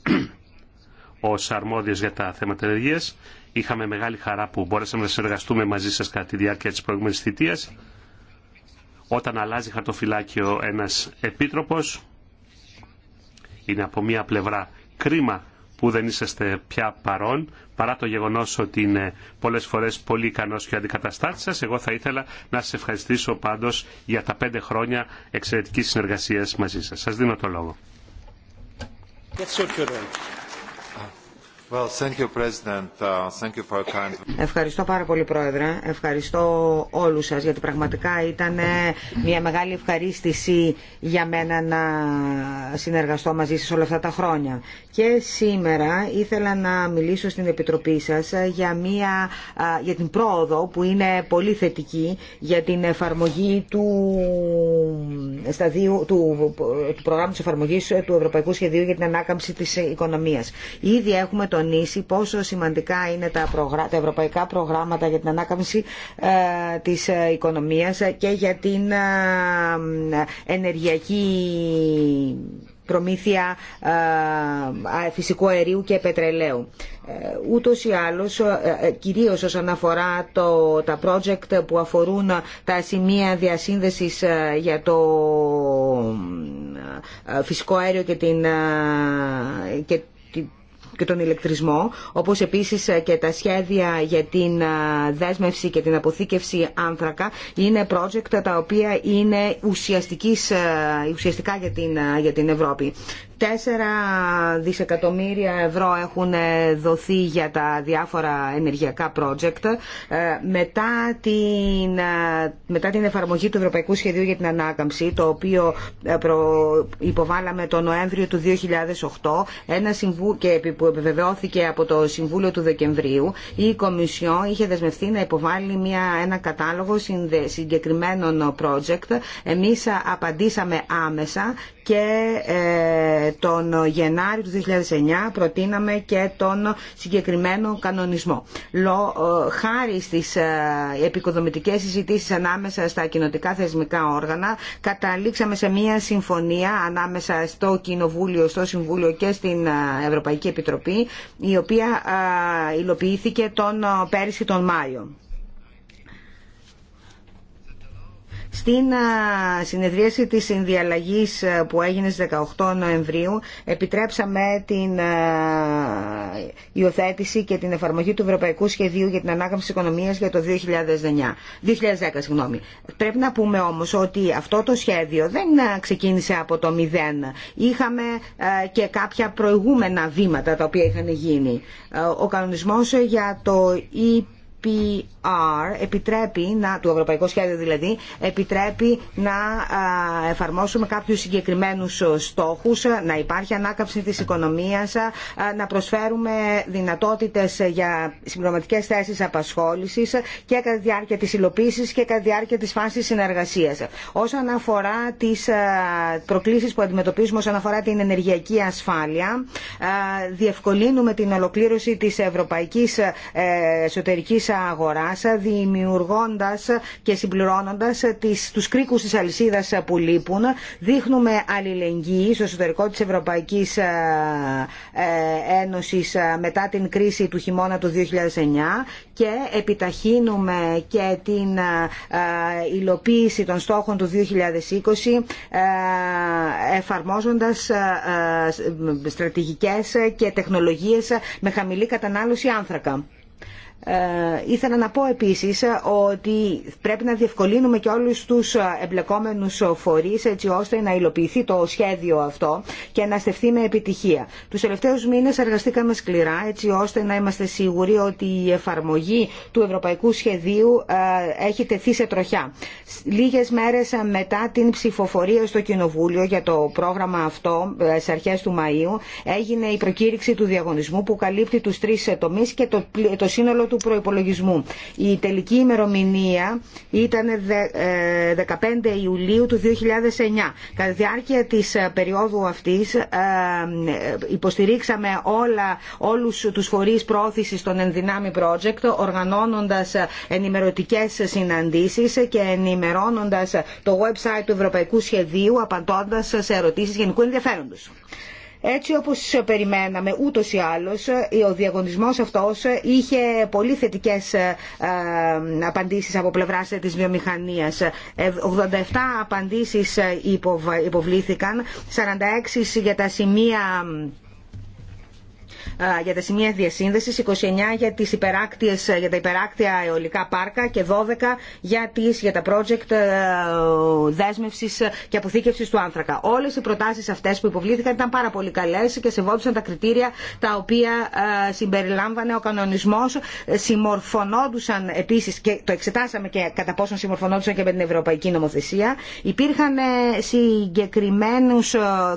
ως αρμόδιος για τα θέματα ενεργείας είχαμε μεγάλη χαρά που μπορέσαμε να συνεργαστούμε μαζί σας κατά τη διάρκεια της προηγούμενης θητείας. Όταν αλλάζει χαρτοφυλάκιο ένας επίτροπος, είναι από μία πλευρά κρίμα που δεν είσαστε πια παρόν, παρά το γεγονός ότι είναι πολλές φορές πολύ ικανός και ο αντικαταστάτης σας. Εγώ θα ήθελα να σας ευχαριστήσω πάντως για τα πέντε χρόνια εξαιρετικής συνεργασίας μαζί σας. Σας δίνω το λόγο. Uh, ευχαριστώ πάρα πολύ Πρόεδρε, ευχαριστώ όλους σας γιατί πραγματικά ήταν ε, μια μεγάλη ευχαρίστηση για μένα να συνεργαστώ μαζί σας όλα αυτά τα χρόνια. Και σήμερα ήθελα να μιλήσω στην Επιτροπή σας ε, για, μια, για την πρόοδο που είναι πολύ θετική για την εφαρμογή του, σταδίου, του, του προγράμματος εφαρμογής του Ευρωπαϊκού Σχεδίου για την Ανάκαμψη της Οικονομίας. Ήδη έχουμε το πόσο σημαντικά είναι τα, ευρωπαϊκά προγράμματα για την ανάκαμψη ε, της ε, οικονομίας και για την ε, ενεργειακή προμήθεια φυσικού αερίου και πετρελαίου. Ούτως ή άλλως, κυρίως όσον αφορά το, τα project που αφορούν τα σημεία διασύνδεσης για το φυσικό αέριο και, την, και και τον ηλεκτρισμό, όπως επίσης ε, και τα σχέδια για την ε, δέσμευση και την αποθήκευση άνθρακα, είναι project τα οποία είναι ε, ουσιαστικά για την, για την Ευρώπη. Τέσσερα δισεκατομμύρια ευρώ έχουν ε, δοθεί για τα διάφορα ενεργειακά project. Ε, μετά την, ε, μετά την εφαρμογή του Ευρωπαϊκού Σχεδίου για την Ανάκαμψη, το οποίο υποβάλαμε τον Νοέμβριο του 2008 ένα συμβου... και που επιβεβαιώθηκε από το Συμβούλιο του Δεκεμβρίου, η Κομισιό είχε δεσμευτεί να υποβάλει μια, ένα κατάλογο συγκεκριμένων project. Εμείς απαντήσαμε άμεσα και ε, τον Γενάρη του 2009 προτείναμε και τον συγκεκριμένο κανονισμό. Ε, χάρη στις ε, επικοδομητικές συζητήσεις ανάμεσα στα κοινοτικά θεσμικά όργανα καταλήξαμε σε μια συμφωνία ανάμεσα στο Κοινοβούλιο, στο Συμβούλιο και στην Ευρωπαϊκή Επιτροπή η οποία υλοποιήθηκε τον πέρυσι τον Μάιο. Στην συνεδρίαση της συνδιαλλαγής που έγινε στις 18 Νοεμβρίου επιτρέψαμε την υιοθέτηση και την εφαρμογή του Ευρωπαϊκού Σχεδίου για την Ανάκαμψη της Οικονομίας για το 2009, 2010. Συγγνώμη. Πρέπει να πούμε όμως ότι αυτό το σχέδιο δεν ξεκίνησε από το μηδέν. Είχαμε και κάποια προηγούμενα βήματα τα οποία είχαν γίνει. Ο κανονισμός για το EP επιτρέπει να, του Ευρωπαϊκού Σχέδιου δηλαδή, επιτρέπει να εφαρμόσουμε κάποιους συγκεκριμένους στόχους, να υπάρχει ανάκαμψη της οικονομίας, να προσφέρουμε δυνατότητες για συμπληρωματικές θέσεις απασχόλησης και κατά τη διάρκεια της υλοποίησης και κατά τη διάρκεια της φάσης συνεργασίας. Όσον αφορά τις προκλήσεις που αντιμετωπίζουμε όσον αφορά την ενεργειακή ασφάλεια, διευκολύνουμε την ολοκλήρωση της ευρωπαϊκής ε, εσωτερικής αγοράς Δημιουργώντα δημιουργώντας και συμπληρώνοντας τις, τους κρίκους της αλυσίδας που λείπουν. Δείχνουμε αλληλεγγύη στο εσωτερικό της Ευρωπαϊκής ε, ε, Ένωσης ε, μετά την κρίση του χειμώνα του 2009 και επιταχύνουμε και την υλοποίηση των στόχων του 2020 εφαρμόζοντας στρατηγικές και τεχνολογίες με χαμηλή κατανάλωση άνθρακα. Ε, ήθελα να πω επίσης ότι πρέπει να διευκολύνουμε και όλους τους εμπλεκόμενους φορείς έτσι ώστε να υλοποιηθεί το σχέδιο αυτό και να στεφθεί με επιτυχία. Τους τελευταίους μήνες εργαστήκαμε σκληρά έτσι ώστε να είμαστε σίγουροι ότι η εφαρμογή του ευρωπαϊκού σχεδίου ε, έχει τεθεί σε τροχιά. Λίγες μέρες μετά την ψηφοφορία στο Κοινοβούλιο για το πρόγραμμα αυτό ε, σε αρχές του Μαΐου έγινε η προκήρυξη του διαγωνισμού που καλύπτει τους τρεις τομείς και το σύνολο του του προϋπολογισμού. Η τελική ημερομηνία ήταν 15 ε, Ιουλίου του 2009. Κατά τη διάρκεια της ε, περίοδου αυτής ε, υποστηρίξαμε όλα, όλους τους φορείς πρόθεσης των ενδυνάμει project οργανώνοντας ενημερωτικές συναντήσεις και ενημερώνοντας το website του Ευρωπαϊκού Σχεδίου απαντώντας σε ερωτήσεις γενικού ενδιαφέροντος. Έτσι όπως περιμέναμε ούτως ή άλλως, ο διαγωνισμός αυτός είχε πολύ θετικές ε, ε, απαντήσεις από πλευράς της βιομηχανίας. 87 ε, απαντήσεις υποβλήθηκαν, 46 για τα σημεία για τα σημεία διασύνδεση, 29 για, τις υπεράκτιες, ε, για τα υπεράκτια αεολικά πάρκα και 12 για, τις, για τα project ε, δέσμευση και αποθήκευση του άνθρακα. Όλε οι προτάσει αυτέ που υποβλήθηκαν ήταν πάρα πολύ καλέ και σεβόντουσαν τα κριτήρια τα οποία ε, συμπεριλάμβανε ο κανονισμό συμμορφωνόντουσαν επίση και το εξετάσαμε και κατά πόσο συμμορφωνόντουσαν και με την Ευρωπαϊκή Νομοθεσία. Υπήρχαν συγκεκριμένου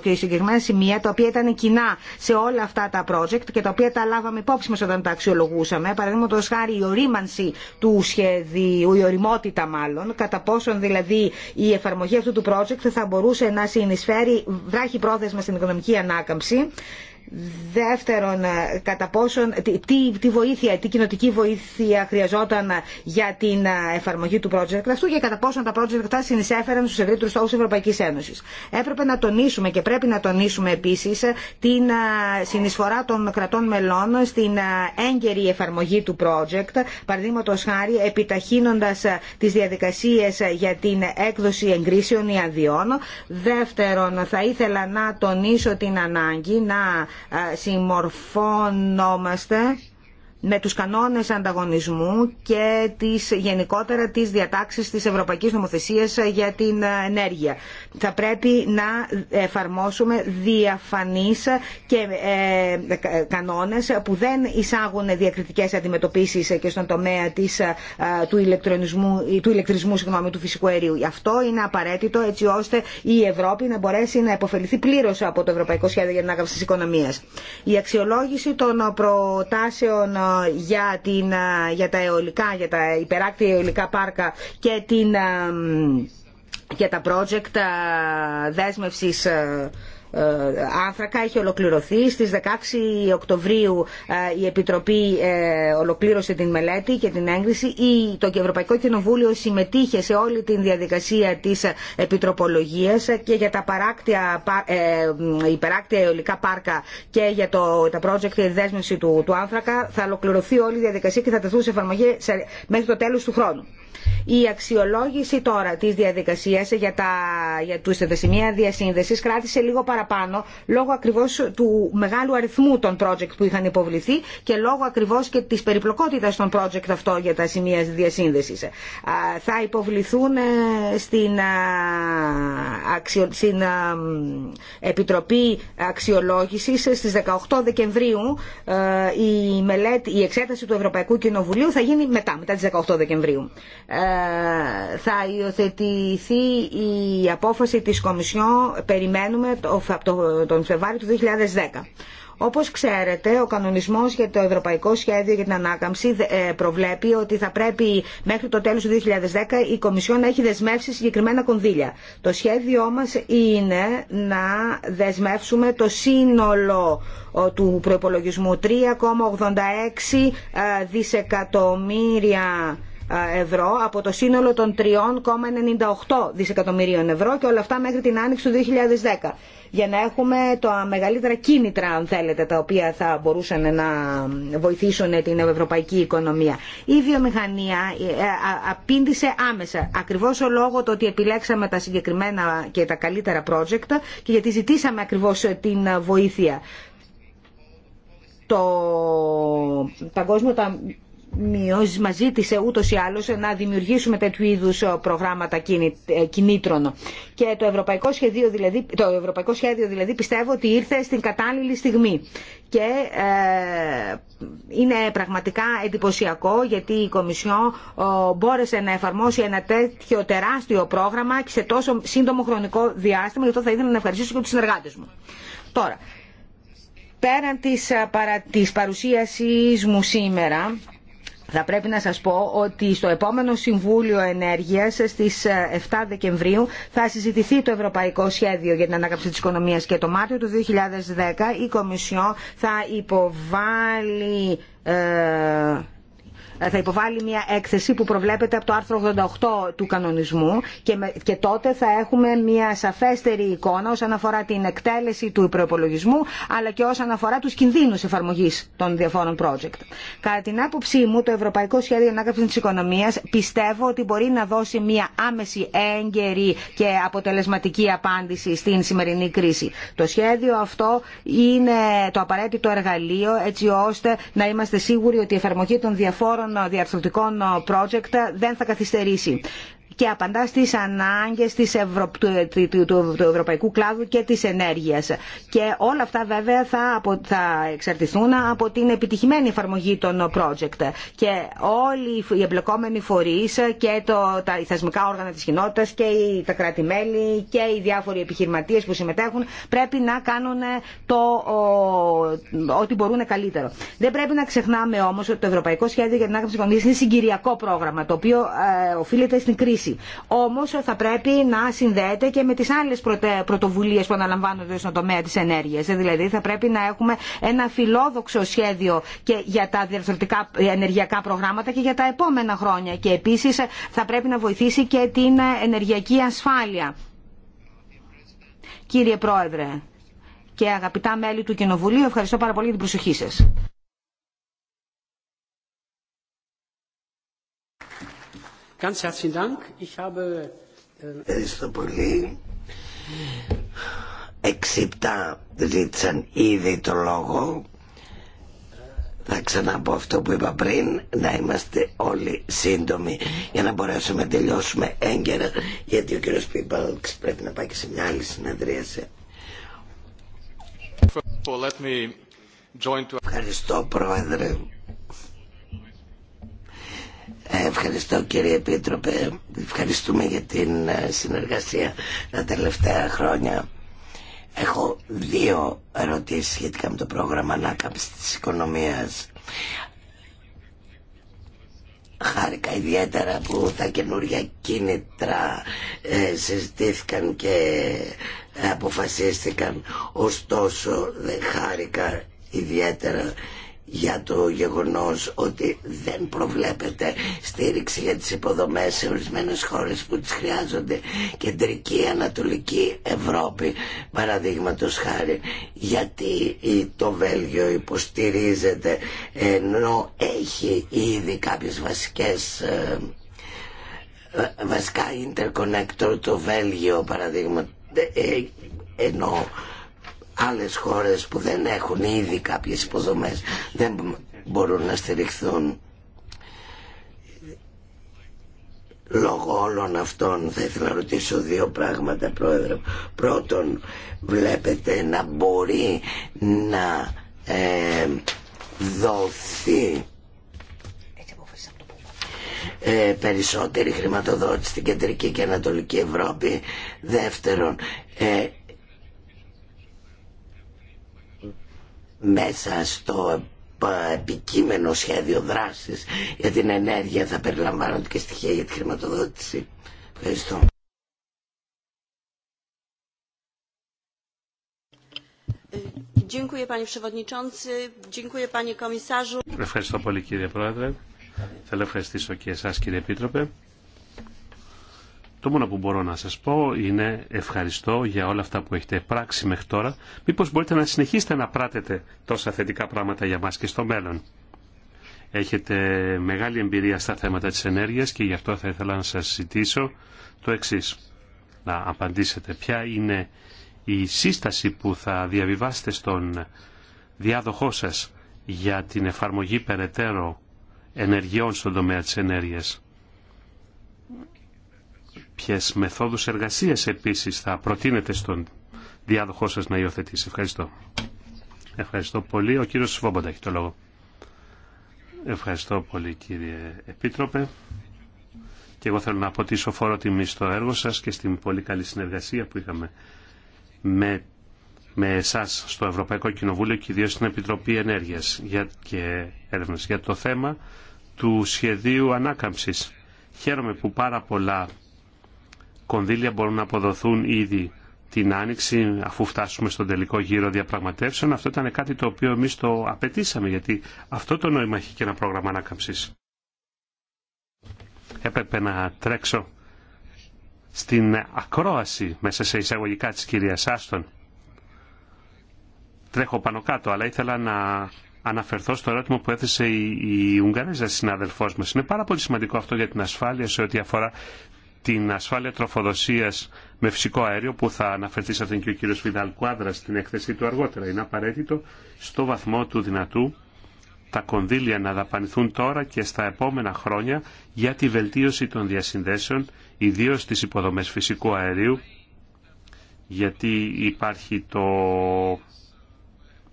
και συγκεκριμένα σημεία τα οποία ήταν κοινά σε όλα αυτά τα project και τα οποία τα λάβαμε υπόψη μα όταν τα αξιολογούσαμε. Παραδείγματο χάρη η ορίμανση του σχεδίου, η οριμότητα μάλλον, κατά πόσον δηλαδή η εφαρμογή αυτού του project θα μπορούσε να συνεισφέρει βράχη πρόθεσμα στην οικονομική ανάκαμψη Δεύτερον, ε, κατά πόσον, τι, τι βοήθεια, τι κοινοτική βοήθεια χρειαζόταν για την ε, εφαρμογή του project αυτού και κατά πόσον τα project αυτά συνεισέφεραν στους ευρύτερους στόχους της Ευρωπαϊκής Ένωσης. Έπρεπε να τονίσουμε και πρέπει να τονίσουμε επίσης ε, την συνεισφορά των κρατών μελών στην έγκαιρη εφαρμογή του project, παραδείγματο χάρη επιταχύνοντας τις διαδικασίες για την έκδοση εγκρίσεων ή αδειών. Δεύτερον, θα ήθελα να τονίσω την ανάγκη να συμμορφώνομαστε με τους κανόνες ανταγωνισμού και τις, γενικότερα τις διατάξεις της Ευρωπαϊκής Νομοθεσίας ε, για την ε, ενέργεια. Θα πρέπει να εφαρμόσουμε διαφανείς ε, και κανόνες που δεν εισάγουν διακριτικές αντιμετωπίσεις και στον τομέα της, του, ηλεκτρονισμού, του ηλεκτρισμού του φυσικού αερίου. Αυτό είναι απαραίτητο έτσι ώστε η Ευρώπη να μπορέσει να υποφεληθεί πλήρως από το Ευρωπαϊκό Σχέδιο για την Άγραψη της Οικονομίας. Η αξιολόγηση των προτάσεων για, την, για τα αιωλικά, για τα υπεράκτια αιωλικά πάρκα και την για τα project δέσμευσης ε, άνθρακα έχει ολοκληρωθεί. Στις 16 Οκτωβρίου ε, η Επιτροπή ε, ολοκλήρωσε την μελέτη και την έγκριση. Το Ευρωπαϊκό Κοινοβούλιο συμμετείχε σε όλη την διαδικασία της επιτροπολογίας και για τα παράκτια, υπεράκτια αιωλικά πάρκα και για το, τα project δέσμευση του, του άνθρακα θα ολοκληρωθεί όλη η διαδικασία και θα τεθούν σε εφαρμογή μέχρι το τέλος του χρόνου. Η αξιολόγηση τώρα της διαδικασίας για, τα, για τους σημεία διασύνδεσης κράτησε λίγο παραπάνω λόγω ακριβώς του μεγάλου αριθμού των project που είχαν υποβληθεί και λόγω ακριβώς και της περιπλοκότητας των project αυτό για τα σημεία διασύνδεσης. Θα υποβληθούν ε, στην, αξιο, στην Επιτροπή Αξιολόγησης στις 18 Δεκεμβρίου ε, η, μελέτη, η εξέταση του Ευρωπαϊκού Κοινοβουλίου θα γίνει μετά, μετά τις 18 Δεκεμβρίου. Ε, θα υιοθετηθεί η απόφαση της Κομισιόν, περιμένουμε, τον Φεβάριο του 2010. Όπως ξέρετε, ο κανονισμός για το Ευρωπαϊκό Σχέδιο για την Ανάκαμψη ε, προβλέπει ότι θα πρέπει μέχρι το τέλος του 2010 η Κομισιόν να έχει δεσμεύσει συγκεκριμένα κονδύλια. Το σχέδιό μας είναι να δεσμεύσουμε το σύνολο του προϋπολογισμού 3,86 ε, δισεκατομμύρια ευρώ από το σύνολο των 3,98 δισεκατομμυρίων ευρώ και όλα αυτά μέχρι την άνοιξη του 2010 για να έχουμε τα μεγαλύτερα κίνητρα αν θέλετε τα οποία θα μπορούσαν να βοηθήσουν την ευρωπαϊκή οικονομία. Η βιομηχανία ε, ε, απήντησε άμεσα ακριβώς ο λόγο το ότι επιλέξαμε τα συγκεκριμένα και τα καλύτερα project και γιατί ζητήσαμε ακριβώ την βοήθεια. Το Παγκόσμιο μειώσει, μας ζήτησε ούτως ή άλλως να δημιουργήσουμε τέτοιου είδους ε, προγράμματα ε, κινήτρων. Και το ευρωπαϊκό, σχεδίο, δηλαδή, το ευρωπαϊκό σχέδιο δηλαδή πιστεύω ότι ήρθε στην κατάλληλη στιγμή. Και ε, είναι πραγματικά εντυπωσιακό γιατί η Κομισιό ε, μπόρεσε να εφαρμόσει ένα τέτοιο τεράστιο πρόγραμμα σε τόσο σύντομο χρονικό διάστημα. Γι' αυτό θα ήθελα να ευχαριστήσω και τους συνεργάτες μου. Τώρα, πέραν της, ε, παρα, της παρουσίασής μου σήμερα θα πρέπει να σας πω ότι στο επόμενο Συμβούλιο Ενέργειας στις 7 ε, Δεκεμβρίου θα συζητηθεί το Ευρωπαϊκό Σχέδιο για την Ανάκαμψη της Οικονομίας και το Μάρτιο του 2010 η Κομισιό θα υποβάλει ε, ε, θα υποβάλει μια έκθεση που προβλέπεται από το άρθρο 88 του κανονισμού και, και τότε θα έχουμε μια σαφέστερη εικόνα όσον αφορά την εκτέλεση του προπολογισμού αλλά και όσον αφορά του κινδύνους εφαρμογής των διαφόρων project. Κατά την άποψή μου το Ευρωπαϊκό Σχέδιο Ανάκαμψης της Οικονομίας πιστεύω ότι μπορεί να δώσει μια άμεση έγκαιρη και αποτελεσματική απάντηση στην σημερινή κρίση. Το σχέδιο αυτό είναι το απαραίτητο εργαλείο έτσι ώστε να είμαστε σίγουροι ότι η εφαρμογή των διαφόρων ε, διαρθρωτικών ε, project ε, δεν θα καθυστερήσει και απαντά στις ανάγκες του... Του... ευρωπαϊκού κλάδου και της ενέργειας. Και όλα αυτά βέβαια θα, θα εξαρτηθούν από την επιτυχημένη εφαρμογή των project. Και όλοι οι εμπλεκόμενοι φορείς και το... τα θεσμικά όργανα της κοινότητας και οι... τα κράτη-μέλη και οι διάφοροι επιχειρηματίες που συμμετέχουν πρέπει να κάνουν το ό,τι μπορούν καλύτερο. Δεν πρέπει να ξεχνάμε όμως ότι το Ευρωπαϊκό Σχέδιο για την Άκρη Ψυχονής είναι συγκυριακό πρόγραμμα το οποίο ε, οφείλεται στην κρίση λύση. Όμως θα πρέπει να συνδέεται και με τις άλλε πρωτοβουλίε που αναλαμβάνονται στον τομέα της ενέργειας. Δηλαδή θα πρέπει να έχουμε ένα φιλόδοξο σχέδιο και για τα διαρθρωτικά ενεργειακά προγράμματα και για τα επόμενα χρόνια. Και επίσης θα πρέπει να βοηθήσει και την ενεργειακή ασφάλεια. Κύριε Πρόεδρε και αγαπητά μέλη του Κοινοβουλίου, ευχαριστώ πάρα πολύ για την προσοχή σας. Äh, Ευχαριστώ πολύ. Εξυπτά ζήτησαν ήδη το λόγο. Θα ξαναπώ αυτό που είπα πριν, να είμαστε όλοι σύντομοι για να μπορέσουμε να τελειώσουμε έγκαιρα, γιατί ο κύριος Πίπαλξ πρέπει να πάει και σε μια άλλη συνεδρία. Ευχαριστώ, Πρόεδρε. Ευχαριστώ κύριε Επίτροπε. Ευχαριστούμε για την ε, συνεργασία τα τελευταία χρόνια. Έχω δύο ερωτήσεις σχετικά με το πρόγραμμα ανάκαμψης της οικονομίας. Χάρηκα ιδιαίτερα που τα καινούργια κίνητρα ε, συζητήθηκαν και ε, αποφασίστηκαν. Ωστόσο δεν χάρηκα ιδιαίτερα για το γεγονός ότι δεν προβλέπεται στήριξη για τις υποδομές σε ορισμένες χώρες που τις χρειάζονται κεντρική Ανατολική Ευρώπη παραδείγματος χάρη γιατί το Βέλγιο υποστηρίζεται ενώ έχει ήδη κάποιες βασικές ε, βασικά interconnector το Βέλγιο παραδείγμα ε, ε, ενώ άλλες χώρες που δεν έχουν ήδη κάποιες υποδομέ δεν μπορούν να στηριχθούν λόγω όλων αυτών θα ήθελα να ρωτήσω δύο πράγματα πρόεδρε πρώτον βλέπετε να μπορεί να ε, δοθεί ε, περισσότερη χρηματοδότηση στην κεντρική και ανατολική Ευρώπη δεύτερον ε, μέσα στο ε, επικείμενο σχέδιο δράσης για την ενέργεια θα περιλαμβάνονται και στοιχεία για τη χρηματοδότηση. Ευχαριστώ. Ευχαριστώ πολύ κύριε Πρόεδρε. Θέλω να ευχαριστήσω και εσάς κύριε Επίτροπε. Το μόνο που μπορώ να σας πω είναι ευχαριστώ για όλα αυτά που έχετε πράξει μέχρι τώρα. Μήπως μπορείτε να συνεχίσετε να πράτετε τόσα θετικά πράγματα για μας και στο μέλλον. Έχετε μεγάλη εμπειρία στα θέματα της ενέργειας και γι' αυτό θα ήθελα να σας ζητήσω το εξής. Να απαντήσετε ποια είναι η σύσταση που θα διαβιβάσετε στον διάδοχό σας για την εφαρμογή περαιτέρω ενεργειών στον τομέα της ενέργειας ποιες μεθόδους εργασίας επίσης θα προτείνετε στον διάδοχό σας να υιοθετήσει. Ευχαριστώ. Ευχαριστώ πολύ. Ο κύριος Σφόμποντα έχει το λόγο. Ευχαριστώ πολύ κύριε Επίτροπε. Και εγώ θέλω να αποτίσω φόρο τιμή στο έργο σας και στην πολύ καλή συνεργασία που είχαμε με, με εσάς στο Ευρωπαϊκό Κοινοβούλιο και ιδίως στην Επιτροπή Ενέργειας και Έρευνας για το θέμα του σχεδίου ανάκαμψης. Χαίρομαι που πάρα πολλά κονδύλια μπορούν να αποδοθούν ήδη την άνοιξη αφού φτάσουμε στον τελικό γύρο διαπραγματεύσεων. Αυτό ήταν κάτι το οποίο εμείς το απαιτήσαμε γιατί αυτό το νόημα έχει και ένα πρόγραμμα ανάκαμψης. Έπρεπε να τρέξω στην ακρόαση μέσα σε εισαγωγικά της κυρίας Άστον. Τρέχω πάνω κάτω, αλλά ήθελα να αναφερθώ στο ερώτημα που έθεσε η, η Ουγγαρέζα συνάδελφός μας. Είναι πάρα πολύ σημαντικό αυτό για την ασφάλεια σε ό,τι αφορά την ασφάλεια τροφοδοσίας με φυσικό αέριο που θα αναφερθεί σε αυτήν και ο κύριος Φιδάλ Κουάδρα στην έκθεσή του αργότερα. Είναι απαραίτητο στο βαθμό του δυνατού τα κονδύλια να δαπανηθούν τώρα και στα επόμενα χρόνια για τη βελτίωση των διασυνδέσεων, ιδίως στις υποδομέ φυσικού αερίου, γιατί υπάρχει το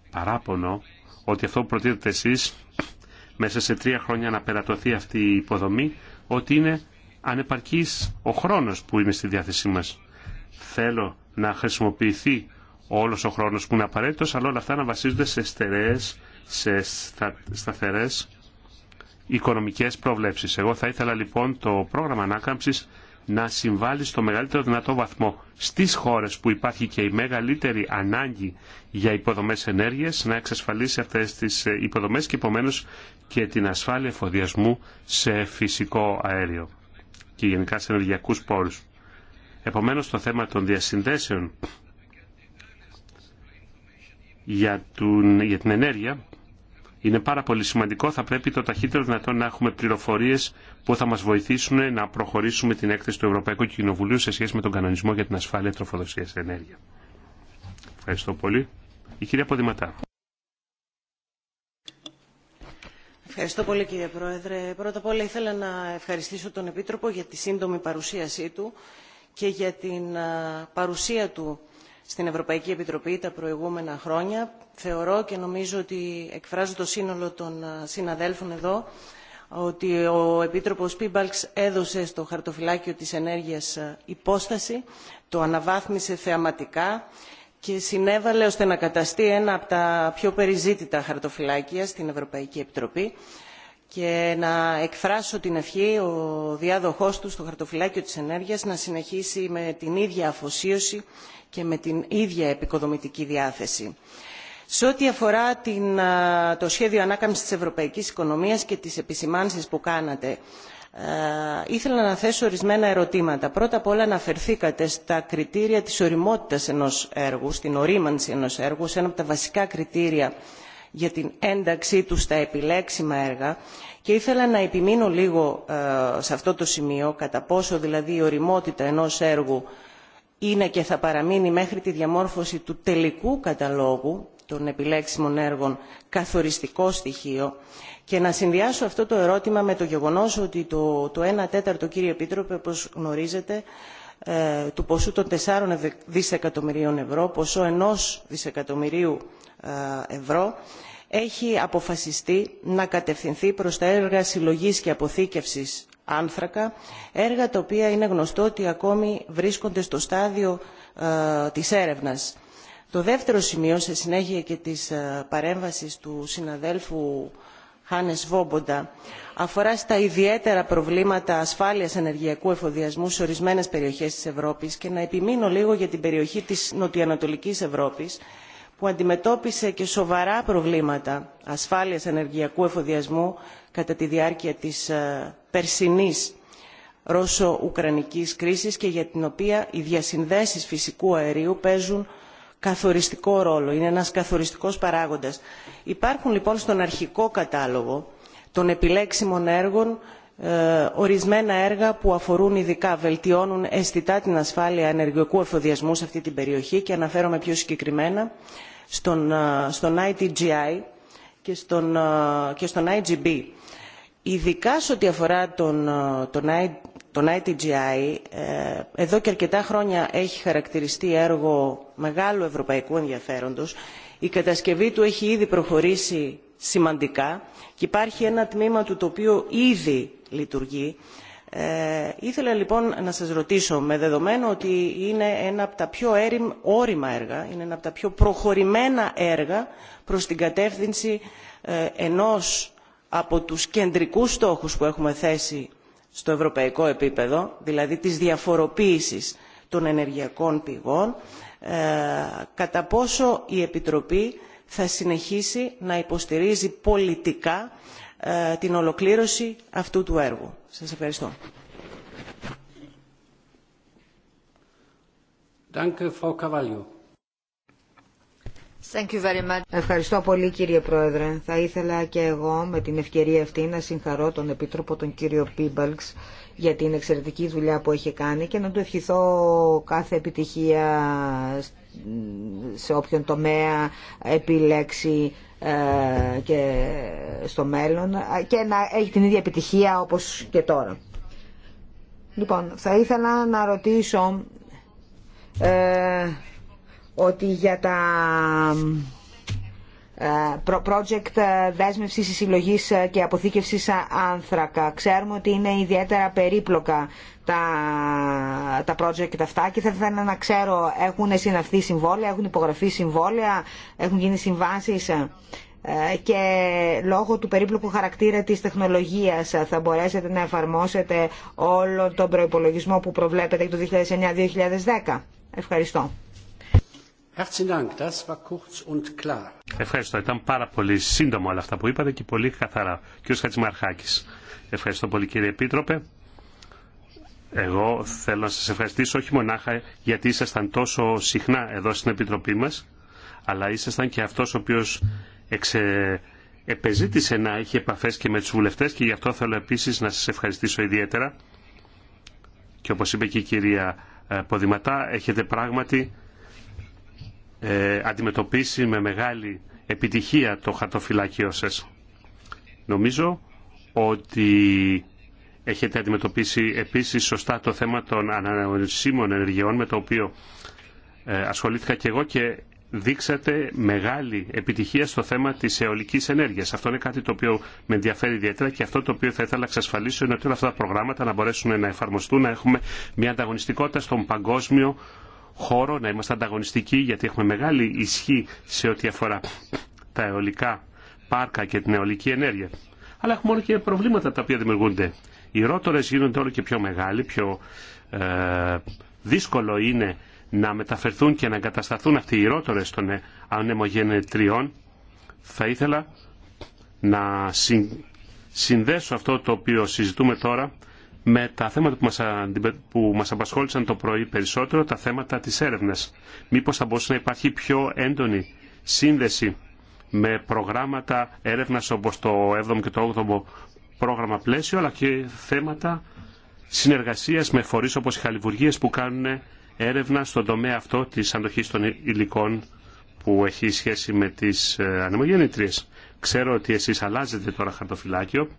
παράπονο ότι αυτό που προτείνετε εσεί μέσα σε τρία χρόνια να περατωθεί αυτή η υποδομή, ότι είναι ανεπαρκής ο χρόνος που είναι στη διάθεσή μας. Θέλω να χρησιμοποιηθεί όλος ο χρόνος που είναι απαραίτητος, αλλά όλα αυτά να βασίζονται σε στερεές, σε στα, σταθερές οικονομικές προβλέψεις. Εγώ θα ήθελα λοιπόν το πρόγραμμα ανάκαμψης να συμβάλλει στο μεγαλύτερο δυνατό βαθμό στις χώρες που υπάρχει και η μεγαλύτερη ανάγκη για υποδομές ενέργειας να εξασφαλίσει αυτές τις ε, υποδομές και επομένω και την ασφάλεια εφοδιασμού σε φυσικό αέριο και γενικά σε ενεργειακούς πόρους. Επομένως το θέμα των διασυνδέσεων για, για την ενέργεια είναι πάρα πολύ σημαντικό. Θα πρέπει το ταχύτερο δυνατόν να έχουμε πληροφορίε που θα μα βοηθήσουν να προχωρήσουμε την έκθεση του Ευρωπαϊκού Κοινοβουλίου σε σχέση με τον κανονισμό για την ασφάλεια τροφοδοσία ενέργεια. Ευχαριστώ πολύ. Η κυρία Ποδηματά. Ευχαριστώ πολύ κύριε Πρόεδρε. Πρώτα απ' όλα ήθελα να ευχαριστήσω τον Επίτροπο για τη σύντομη παρουσίασή του και για την παρουσία του στην Ευρωπαϊκή Επιτροπή τα προηγούμενα χρόνια. Θεωρώ και νομίζω ότι εκφράζω το σύνολο των συναδέλφων εδώ ότι ο Επίτροπος Πίμπαλξ έδωσε στο χαρτοφυλάκιο της ενέργειας υπόσταση, το αναβάθμισε θεαματικά και συνέβαλε ώστε να καταστεί ένα από τα πιο περιζήτητα χαρτοφυλάκια στην Ευρωπαϊκή Επιτροπή και να εκφράσω την ευχή ο διάδοχός του στο χαρτοφυλάκιο της ενέργειας να συνεχίσει με την ίδια αφοσίωση και με την ίδια επικοδομητική διάθεση. Σε ό,τι αφορά την, το σχέδιο ανάκαμψης της ευρωπαϊκής οικονομίας και τις επισημάνσεις που κάνατε, ε, ήθελα να θέσω ορισμένα ερωτήματα. Πρώτα απ' όλα αναφερθήκατε στα κριτήρια της οριμότητας ενός έργου, στην ορίμανση ενός έργου, σε ένα από τα βασικά κριτήρια για την ένταξή του στα επιλέξιμα έργα και ήθελα να επιμείνω λίγο ε, σε αυτό το σημείο κατά πόσο δηλαδή η οριμότητα ενός έργου είναι και θα παραμείνει μέχρι τη διαμόρφωση του τελικού καταλόγου των επιλέξιμων έργων καθοριστικό στοιχείο και να συνδυάσω αυτό το ερώτημα με το γεγονός ότι το, το 1 τέταρτο κύριε επίτροπε όπως γνωρίζετε ε, του ποσού των 4 δισεκατομμυρίων ευρώ ποσό ενός δισεκατομμυρίου ε, ευρώ έχει αποφασιστεί να κατευθυνθεί προς τα έργα συλλογής και αποθήκευσης άνθρακα έργα τα οποία είναι γνωστό ότι ακόμη βρίσκονται στο στάδιο ε, της έρευνας. Το δεύτερο σημείο, σε συνέχεια και της παρέμβασης του συναδέλφου Χάνες Βόμποντα αφορά στα ιδιαίτερα προβλήματα ασφάλειας ενεργειακού εφοδιασμού σε ορισμένες περιοχές της Ευρώπης και να επιμείνω λίγο για την περιοχή της Νοτιοανατολικής Ευρώπης που αντιμετώπισε και σοβαρά προβλήματα ασφάλειας ενεργειακού εφοδιασμού κατά τη διάρκεια της ε, περσινής ρώσο ουκρανικής κρίσης και για την οποία οι διασυνδέσεις φυσικού αερίου παίζουν καθοριστικό ρόλο είναι ένας καθοριστικός παράγοντας. υπάρχουν λοιπόν στον αρχικό κατάλογο των επιλέξιμων έργων ε, ορισμένα έργα που αφορούν ειδικά βελτιώνουν αισθητά την ασφάλεια ενεργειακού εφοδιασμού σε αυτή την περιοχή και αναφέρομαι πιο συγκεκριμένα στον, ε, στον itgi και στον, ε, και στον igb. ειδικά σε ό,τι αφορά τον, τον τον ITGI ε, εδώ και αρκετά χρόνια έχει χαρακτηριστεί έργο μεγάλου ευρωπαϊκού ενδιαφέροντος. Η κατασκευή του έχει ήδη προχωρήσει σημαντικά και υπάρχει ένα τμήμα του το οποίο ήδη λειτουργεί. Ε, ήθελα λοιπόν να σας ρωτήσω, με δεδομένο ότι είναι ένα από τα πιο ώριμα έργα, είναι ένα από τα πιο προχωρημένα έργα προς την κατεύθυνση ε, ενός από τους κεντρικούς στόχους που έχουμε θέσει στο ευρωπαϊκό επίπεδο, δηλαδή της διαφοροποίησης των ενεργειακών πηγών, ε, κατά πόσο η Επιτροπή θα συνεχίσει να υποστηρίζει πολιτικά ε, την ολοκλήρωση αυτού του έργου. Σας ευχαριστώ. Ευχαριστώ πολύ κύριε Πρόεδρε. Θα ήθελα και εγώ με την ευκαιρία αυτή να συγχαρώ τον Επίτροπο τον κύριο Πίμπαλξ για την εξαιρετική δουλειά που έχει κάνει και να του ευχηθώ κάθε επιτυχία σε όποιον τομέα επιλέξει ε, και στο μέλλον και να έχει την ίδια επιτυχία όπως και τώρα. Λοιπόν, θα ήθελα να ρωτήσω... Ε, ότι για τα ε, project δέσμευση συλλογή και αποθήκευση άνθρακα. Ξέρουμε ότι είναι ιδιαίτερα περίπλοκα τα, τα project αυτά και θα ήθελα να ξέρω έχουν συναυθεί συμβόλαια, έχουν υπογραφεί συμβόλαια, έχουν γίνει συμβάσει ε, και λόγω του περίπλοκου χαρακτήρα της τεχνολογίας θα μπορέσετε να εφαρμόσετε όλο τον προϋπολογισμό που προβλέπετε για το 2009-2010. Ευχαριστώ. Ευχαριστώ. Ήταν πάρα πολύ σύντομα όλα αυτά που είπατε και πολύ καθαρά. Κύριος Χατζημαρχάκης. Ευχαριστώ πολύ κύριε Επίτροπε. Εγώ θέλω να σας ευχαριστήσω όχι μονάχα γιατί ήσασταν τόσο συχνά εδώ στην Επιτροπή μας, αλλά ήσασταν και αυτός ο οποίος εξε... επεζήτησε να έχει επαφές και με τους βουλευτές και γι' αυτό θέλω επίσης να σας ευχαριστήσω ιδιαίτερα. Και όπως είπε και η κυρία ε, Ποδηματά, έχετε πράγματι ε, αντιμετωπίσει με μεγάλη επιτυχία το χαρτοφυλάκιό σας. Νομίζω ότι έχετε αντιμετωπίσει επίσης σωστά το θέμα των ανανεωσίμων ενεργειών με το οποίο ε, ασχολήθηκα και εγώ και δείξατε μεγάλη επιτυχία στο θέμα της αιωλικής ενέργειας. Αυτό είναι κάτι το οποίο με ενδιαφέρει ιδιαίτερα και αυτό το οποίο θα ήθελα να εξασφαλίσω είναι ότι όλα αυτά τα προγράμματα να μπορέσουν να εφαρμοστούν, να έχουμε μια ανταγωνιστικότητα στον παγκόσμιο χώρο, να είμαστε ανταγωνιστικοί γιατί έχουμε μεγάλη ισχύ σε ό,τι αφορά τα αιωλικά πάρκα και την αιωλική ενέργεια. Αλλά έχουμε όλο και προβλήματα τα οποία δημιουργούνται. Οι ρότορες γίνονται όλο και πιο μεγάλοι, πιο ε, δύσκολο είναι να μεταφερθούν και να εγκατασταθούν αυτοί οι ρότορες των ανεμογενετριών. Θα ήθελα να συνδέσω αυτό το οποίο συζητούμε τώρα με τα θέματα που μας, που μας απασχόλησαν το πρωί περισσότερο, τα θέματα της έρευνας. Μήπως θα μπορούσε να υπάρχει πιο έντονη σύνδεση με προγράμματα έρευνας όπως το 7ο και το 8ο πρόγραμμα πλαίσιο, αλλά και θέματα συνεργασίας με φορείς όπως οι χαλιβουργίες που κάνουν έρευνα στον τομέα αυτό της αντοχής των υλικών που έχει σχέση με τις ε, ανεμογεννητρίες. Ξέρω ότι εσείς αλλάζετε τώρα χαρτοφυλάκιο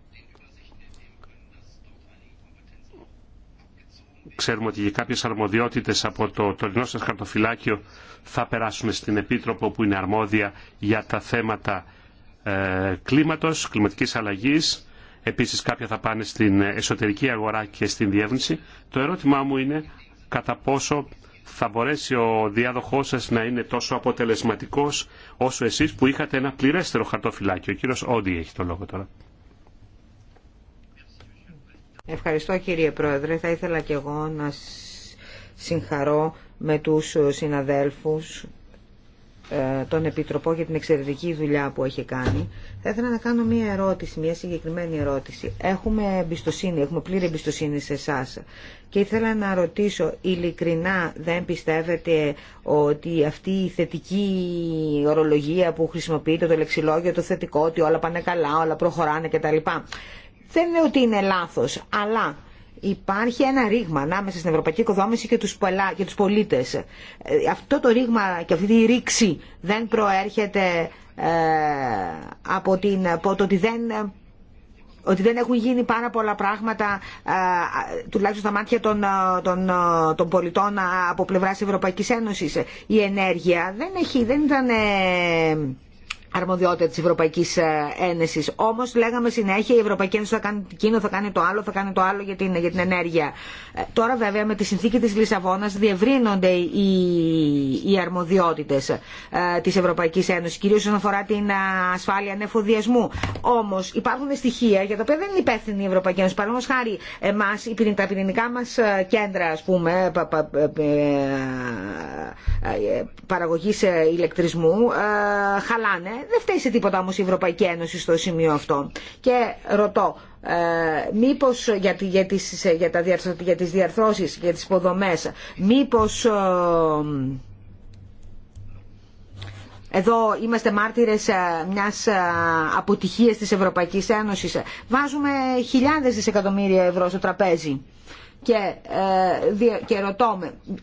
Ξέρουμε ότι για κάποιες αρμοδιότητες από το τωρινό σας χαρτοφυλάκιο θα περάσουμε στην Επίτροπο που είναι αρμόδια για τα θέματα ε, κλίματος, κλιματικής αλλαγής. Επίσης κάποια θα πάνε στην εσωτερική αγορά και στην διεύνηση. Το ερώτημά μου είναι κατά πόσο θα μπορέσει ο διάδοχός σας να είναι τόσο αποτελεσματικός όσο εσείς που είχατε ένα πληρέστερο χαρτοφυλάκιο. Ο κύριος Όντι έχει το λόγο τώρα. Ευχαριστώ κύριε Πρόεδρε. Θα ήθελα και εγώ να συγχαρώ με τους συναδέλφους ε, τον Επιτροπό για την εξαιρετική δουλειά που έχει κάνει. Θα ήθελα να κάνω μία ερώτηση, μία συγκεκριμένη ερώτηση. Έχουμε εμπιστοσύνη, έχουμε πλήρη εμπιστοσύνη σε εσά. Και ήθελα να ρωτήσω, ειλικρινά δεν πιστεύετε ότι αυτή η θετική ορολογία που χρησιμοποιείτε, το λεξιλόγιο, το θετικό, ότι όλα πάνε καλά, όλα προχωράνε κτλ. Δεν είναι ότι είναι λάθος, αλλά υπάρχει ένα ρήγμα ανάμεσα στην ευρωπαϊκή οικοδόμηση και τους, πολίτες. Ε, αυτό το ρήγμα και αυτή η ρήξη δεν προέρχεται ε, από, την, το ότι δεν ότι δεν έχουν γίνει πάρα πολλά πράγματα, ε, τουλάχιστον στα μάτια των, των πολιτών από πλευράς Ευρωπαϊκής Ένωσης. Η ενέργεια δεν, έχει, δεν ήταν αρμοδιότητα της Ευρωπαϊκής ε, Ένωσης. Όμως λέγαμε συνέχεια η Ευρωπαϊκή Ένωση θα κάνει εκείνο, θα κάνει το άλλο, θα κάνει το άλλο για την, για την ενέργεια. Ε, τώρα βέβαια με τη συνθήκη της Λισαβόνας διευρύνονται οι, οι αρμοδιότητες ε, της Ευρωπαϊκής Ένωσης, κυρίως όσον αφορά την ε, ασφάλεια ανεφοδιασμού. Όμως υπάρχουν στοιχεία για τα οποία δεν είναι υπεύθυνη η Ευρωπαϊκή Ένωση. Παραδείγματο χάρη εμάς, τα πυρηνικά μας κέντρα ας πούμε, πα, παραγωγής ηλεκτρισμού χαλάνε δεν φταίει σε τίποτα όμως η Ευρωπαϊκή Ένωση στο σημείο αυτό. Και ρωτώ, ε, μήπως για, για, τις, για, τα, για τις διαρθρώσεις, για τις υποδομές, μήπως... Ε, εδώ είμαστε μάρτυρες ε, μιας ε, αποτυχίας της Ευρωπαϊκής Ένωσης. Βάζουμε χιλιάδες δισεκατομμύρια ευρώ στο τραπέζι. Ε, και, ρωτώ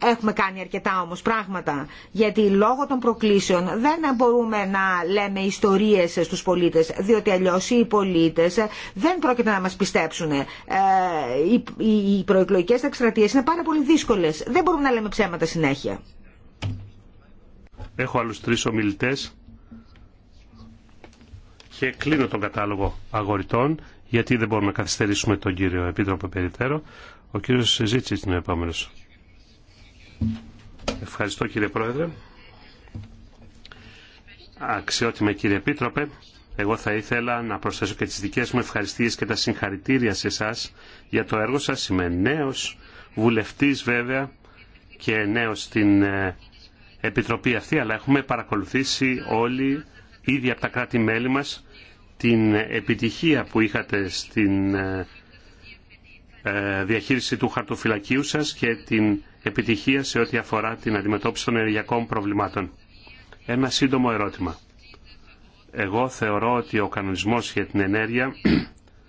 έχουμε κάνει αρκετά όμως πράγματα, γιατί λόγω των προκλήσεων δεν μπορούμε να λέμε ιστορίες στους πολίτες, διότι αλλιώς οι πολίτες δεν πρόκειται να μας πιστέψουν. Ε, οι, οι προεκλογικές εκστρατείες είναι πάρα πολύ δύσκολες. Δεν μπορούμε να λέμε ψέματα συνέχεια. Έχω άλλους τρεις ομιλητές και κλείνω τον κατάλογο αγοριτών γιατί δεν μπορούμε να καθυστερήσουμε τον κύριο Επίτροπο Περιτέρο. Ο κύριος είναι επόμενος. Ευχαριστώ κύριε Πρόεδρε. Αξιότιμε κύριε Επίτροπε, εγώ θα ήθελα να προσθέσω και τις δικές μου ευχαριστίες και τα συγχαρητήρια σε εσά για το έργο σας. Είμαι νέος βουλευτής βέβαια και νέος στην ε, Επιτροπή αυτή, αλλά έχουμε παρακολουθήσει όλοι ήδη από τα κράτη-μέλη μας την επιτυχία που είχατε στην ε, ε, διαχείριση του χαρτοφυλακίου σας και την επιτυχία σε ό,τι αφορά την αντιμετώπιση των ενεργειακών προβλημάτων. Ένα σύντομο ερώτημα. Εγώ θεωρώ ότι ο κανονισμός για την ενέργεια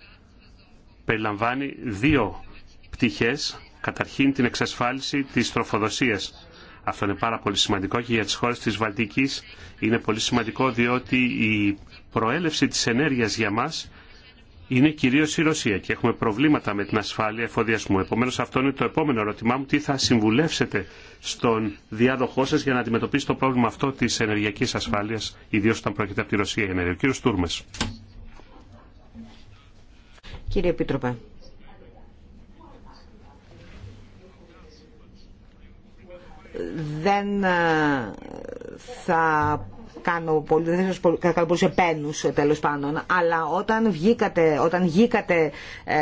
περιλαμβάνει δύο πτυχές. Καταρχήν την εξασφάλιση της τροφοδοσίας. Αυτό είναι πάρα πολύ σημαντικό και για τις χώρες της Βαλτικής είναι πολύ σημαντικό διότι η προέλευση της ενέργειας για μας είναι κυρίως η Ρωσία και έχουμε προβλήματα με την ασφάλεια εφοδιασμού. Επομένως αυτό είναι το επόμενο ερώτημά μου, τι θα συμβουλεύσετε στον διάδοχό σας για να αντιμετωπίσει το πρόβλημα αυτό της ενεργειακής ασφάλειας, ιδίως όταν πρόκειται από τη Ρωσία η ενέργεια. Κύριος Τούρμες. Κύριε Επίτροπε. Δεν ε, θα κάνω πολύ, δεν σας κάνω πολύ σε τέλος πάντων, αλλά όταν βγήκατε, όταν βγήκατε ε,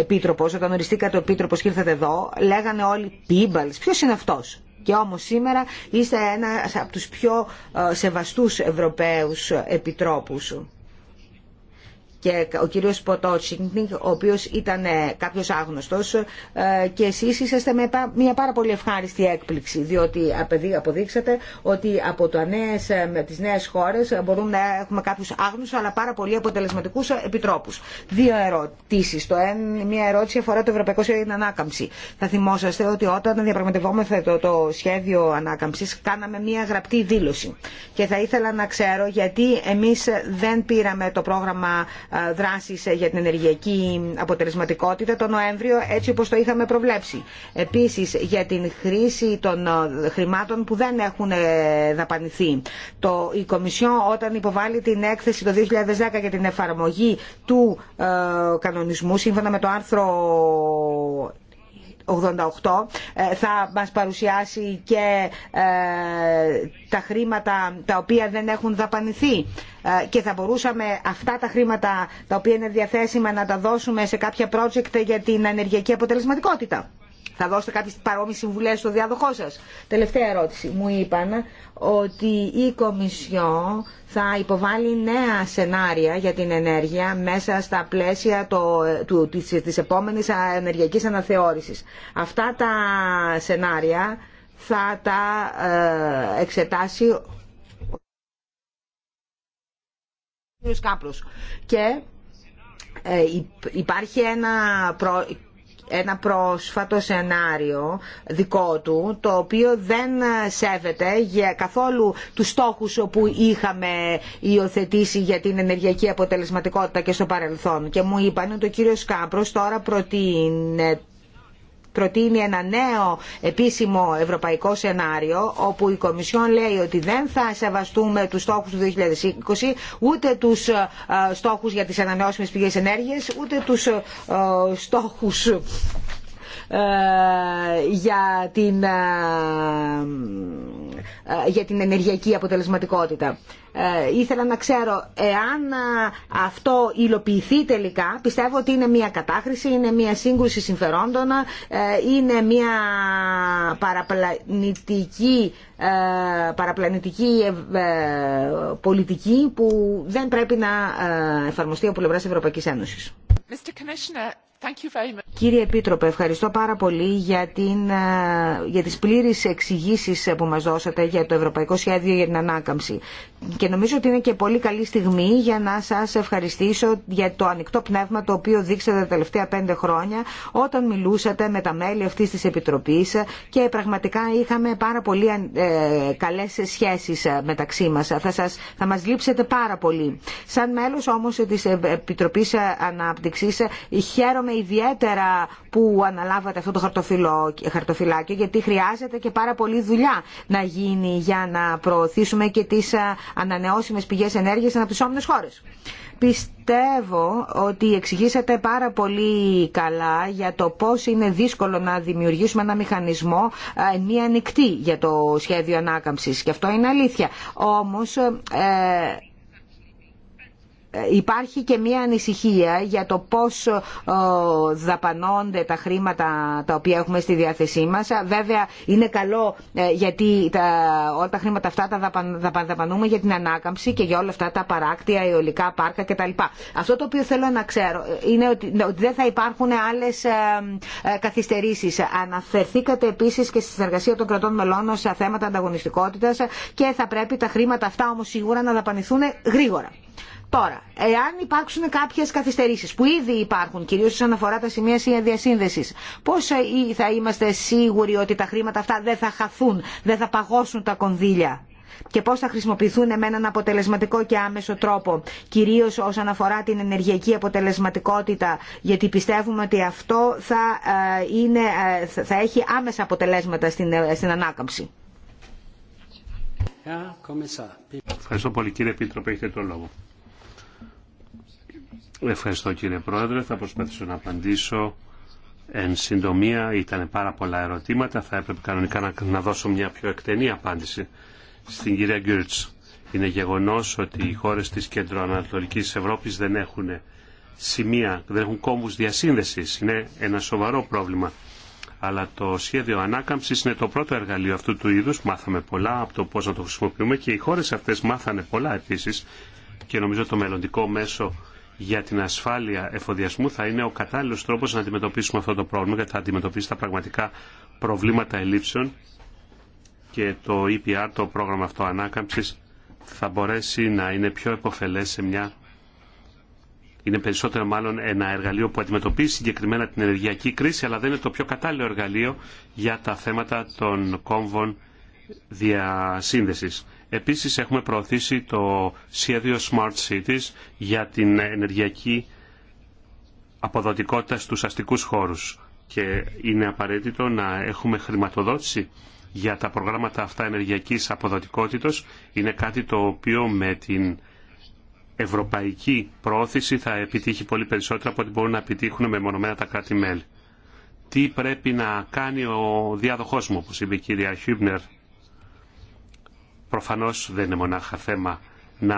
επίτροπος, όταν οριστήκατε ο επίτροπος και ήρθατε εδώ, λέγανε όλοι πίμπαλς, ποιος είναι αυτός. Και όμως σήμερα είστε ένα από τους πιο ε, σεβαστούς Ευρωπαίους επιτρόπους και ο κύριος Ποτότσινγκ, ο οποίος ήταν ε, κάποιος άγνωστος ε, και εσείς είσαστε με μια πάρα πολύ ευχάριστη έκπληξη, διότι αποδείξατε ότι από το νέες, ε, με τις νέες χώρες μπορούμε να έχουμε κάποιους άγνωστους αλλά πάρα πολύ αποτελεσματικούς επιτρόπους. Δύο ερωτήσεις. Το εν, μια ερώτηση αφορά το Ευρωπαϊκό Σχέδιο Ανάκαμψη. Θα θυμόσαστε ότι όταν διαπραγματευόμεθα το, το σχέδιο ανάκαμψης κάναμε μια γραπτή δήλωση και θα ήθελα να ξέρω γιατί εμείς δεν πήραμε το πρόγραμμα ε, δράσεις για την ενεργειακή αποτελεσματικότητα το Νοέμβριο έτσι όπως το είχαμε προβλέψει. Επίσης για την χρήση των ε, χρημάτων που δεν έχουν ε, δαπανηθεί. Το, η Κομισιό όταν υποβάλλει την έκθεση το 2010 για την εφαρμογή του κανονισμού σύμφωνα με το άρθρο 88 ε, θα μας παρουσιάσει και ε, τα χρήματα τα οποία δεν έχουν δαπανηθεί ε, και θα μπορούσαμε αυτά τα χρήματα τα οποία είναι διαθέσιμα να τα δώσουμε σε κάποια project για την ενεργειακή αποτελεσματικότητα. Θα δώσετε κάποιε παρόμοιε συμβουλέ στο διάδοχό σας. Τελευταία ερώτηση. Μου είπαν ότι η Κομισιό θα υποβάλει νέα σενάρια για την ενέργεια μέσα στα πλαίσια το, του, της, της επόμενης ενεργειακής αναθεώρησης. Αυτά τα σενάρια θα τα ε, εξετάσει ο κ. Και ε, υπάρχει ένα ένα πρόσφατο σενάριο δικό του, το οποίο δεν σέβεται για καθόλου τους στόχους που είχαμε υιοθετήσει για την ενεργειακή αποτελεσματικότητα και στο παρελθόν. Και μου είπαν ότι ο κύριος Κάμπρος τώρα προτείνεται προτείνει ένα νέο επίσημο ευρωπαϊκό σενάριο όπου η Κομισιόν λέει ότι δεν θα σεβαστούμε τους στόχους του 2020 ούτε τους ε, στόχους για τις ανανεώσιμες πηγές ενέργειας ούτε τους ε, στόχους ε, για την, για την ενεργειακή αποτελεσματικότητα. Ε, ήθελα να ξέρω εάν ε, αυτό υλοποιηθεί τελικά. Πιστεύω ότι είναι μια κατάχρηση, είναι μια σύγκρουση συμφερόντων, ε, είναι μια παραπλανητική, πολιτική που δεν πρέπει να εφαρμοστεί από πλευρά Ευρωπαϊκή Ένωση. Κύριε Επίτροπε, ευχαριστώ πάρα πολύ για, την, για τις πλήρεις εξηγήσεις που μας δώσατε για το Ευρωπαϊκό Σχέδιο για την Ανάκαμψη και νομίζω ότι είναι και πολύ καλή στιγμή για να σας ευχαριστήσω για το ανοιχτό πνεύμα το οποίο δείξατε τα τελευταία πέντε χρόνια όταν μιλούσατε με τα μέλη αυτής της Επιτροπής και πραγματικά είχαμε πάρα πολύ ε, καλές σχέσεις ε, μεταξύ μας. Θα, σας, θα μας λείψετε πάρα πολύ. Σαν μέλος όμως της Επιτροπής ε, Ανάπτυξης χαίρομαι ιδιαίτερα που αναλάβατε αυτό το χαρτοφυλάκιο γιατί χρειάζεται και πάρα πολύ δουλειά να γίνει για να προωθήσουμε και τις αναπτύξει ανανεώσιμε πηγές ενέργειας σε αναπτυσσόμενες χώρες. Πιστεύω ότι εξηγήσατε πάρα πολύ καλά για το πώς είναι δύσκολο να δημιουργήσουμε ένα μηχανισμό ε, μία ανοιχτή για το σχέδιο ανάκαμψη. και αυτό είναι αλήθεια. Όμως ε, ε, υπάρχει και μια ανησυχία για το πώς ε, δαπανώνται τα χρήματα τα οποία έχουμε στη διάθεσή μας. Βέβαια είναι καλό ε, γιατί τα, όλα τα χρήματα αυτά τα δαπανούμε για την ανάκαμψη και για όλα αυτά τα παράκτια, αιωλικά πάρκα κτλ. Αυτό το οποίο θέλω να ξέρω είναι ναι, ότι, δεν θα υπάρχουν άλλες καθυστερήσεις. Αναφερθήκατε επίσης και στη συνεργασία των κρατών μελών σε θέματα ανταγωνιστικότητας και θα πρέπει τα χρήματα αυτά όμως σίγουρα να δαπανηθούν γρήγορα. Τώρα, εάν υπάρξουν κάποιες καθυστερήσεις που ήδη υπάρχουν, κυρίως όσον αφορά τα σημεία διασύνδεσης, πώς ε, θα είμαστε σίγουροι ότι τα χρήματα αυτά δεν θα χαθούν, δεν θα παγώσουν τα κονδύλια και πώς θα χρησιμοποιηθούν με έναν αποτελεσματικό και άμεσο τρόπο, κυρίως όσον αφορά την ενεργειακή αποτελεσματικότητα, γιατί πιστεύουμε ότι αυτό θα, ε, είναι, ε, θα έχει άμεσα αποτελέσματα στην, στην ανάκαμψη. Ευχαριστώ πολύ κύριε Επίτροπε, έχετε το λόγο. Ευχαριστώ κύριε Πρόεδρε. Θα προσπαθήσω να απαντήσω εν συντομία. Ήταν πάρα πολλά ερωτήματα. Θα έπρεπε κανονικά να, να δώσω μια πιο εκτενή απάντηση στην κυρία Γκιούρτς. Είναι γεγονός ότι οι χώρες της κεντροανατολικής Ευρώπης δεν έχουν σημεία, δεν έχουν κόμβους διασύνδεσης. Είναι ένα σοβαρό πρόβλημα. Αλλά το σχέδιο ανάκαμψης είναι το πρώτο εργαλείο αυτού του είδους. Μάθαμε πολλά από το πώς να το χρησιμοποιούμε και οι χώρες αυτές μάθανε πολλά επίσης και νομίζω το μελλοντικό μέσο για την ασφάλεια εφοδιασμού θα είναι ο κατάλληλος τρόπος να αντιμετωπίσουμε αυτό το πρόβλημα γιατί θα αντιμετωπίσει τα πραγματικά προβλήματα ελλείψεων και το EPR, το πρόγραμμα αυτό ανάκαμψης, θα μπορέσει να είναι πιο επωφελές σε μια είναι περισσότερο μάλλον ένα εργαλείο που αντιμετωπίζει συγκεκριμένα την ενεργειακή κρίση, αλλά δεν είναι το πιο κατάλληλο εργαλείο για τα θέματα των κόμβων διασύνδεσης. Επίσης έχουμε προωθήσει το σχέδιο Smart Cities για την ενεργειακή αποδοτικότητα στους αστικούς χώρους και είναι απαραίτητο να έχουμε χρηματοδότηση για τα προγράμματα αυτά ενεργειακής αποδοτικότητας. Είναι κάτι το οποίο με την ευρωπαϊκή προώθηση θα επιτύχει πολύ περισσότερο από ό,τι μπορούν να επιτύχουν μεμονωμένα τα κράτη-μέλη. Τι πρέπει να κάνει ο διάδοχός μου, όπως είπε η κυρία Χίμπνερ, Προφανώς δεν είναι μονάχα θέμα να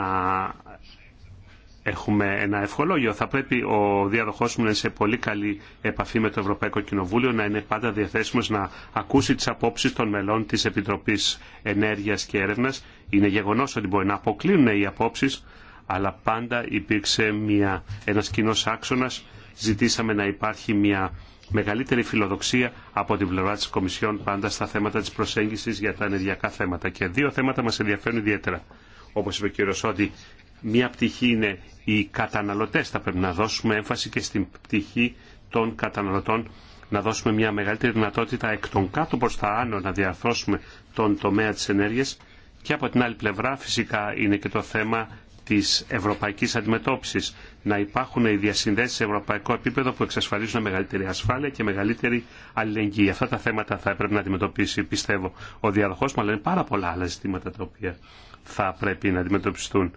έχουμε ένα ευχολόγιο. Θα πρέπει ο διαδοχός μου να είναι σε πολύ καλή επαφή με το Ευρωπαϊκό Κοινοβούλιο, να είναι πάντα διαθέσιμος να ακούσει τις απόψεις των μελών της Επιτροπής Ενέργειας και Έρευνας. Είναι γεγονός ότι μπορεί να αποκλίνουν οι απόψεις, αλλά πάντα υπήρξε μια, ένας κοινός άξονας. Ζητήσαμε να υπάρχει μια μεγαλύτερη φιλοδοξία από την πλευρά της Κομισιόν πάντα στα θέματα της προσέγγισης για τα ενεργειακά θέματα. Και δύο θέματα μας ενδιαφέρουν ιδιαίτερα. Όπως είπε ο κ. Σόντι, μία πτυχή είναι οι καταναλωτές. Θα πρέπει να δώσουμε έμφαση και στην πτυχή των καταναλωτών να δώσουμε μια μεγαλύτερη δυνατότητα εκ των κάτω προς τα άνω να διαρθώσουμε τον τομέα της ενέργειας και από την άλλη πλευρά φυσικά είναι και το θέμα της ευρωπαϊκής αντιμετώπισης. Να υπάρχουν οι διασυνδέσεις σε ευρωπαϊκό επίπεδο που εξασφαλίζουν μεγαλύτερη ασφάλεια και μεγαλύτερη αλληλεγγύη. Αυτά τα θέματα θα πρέπει να αντιμετωπίσει, πιστεύω, ο διαδοχός μου, αλλά είναι πάρα πολλά άλλα ζητήματα τα οποία θα πρέπει να αντιμετωπιστούν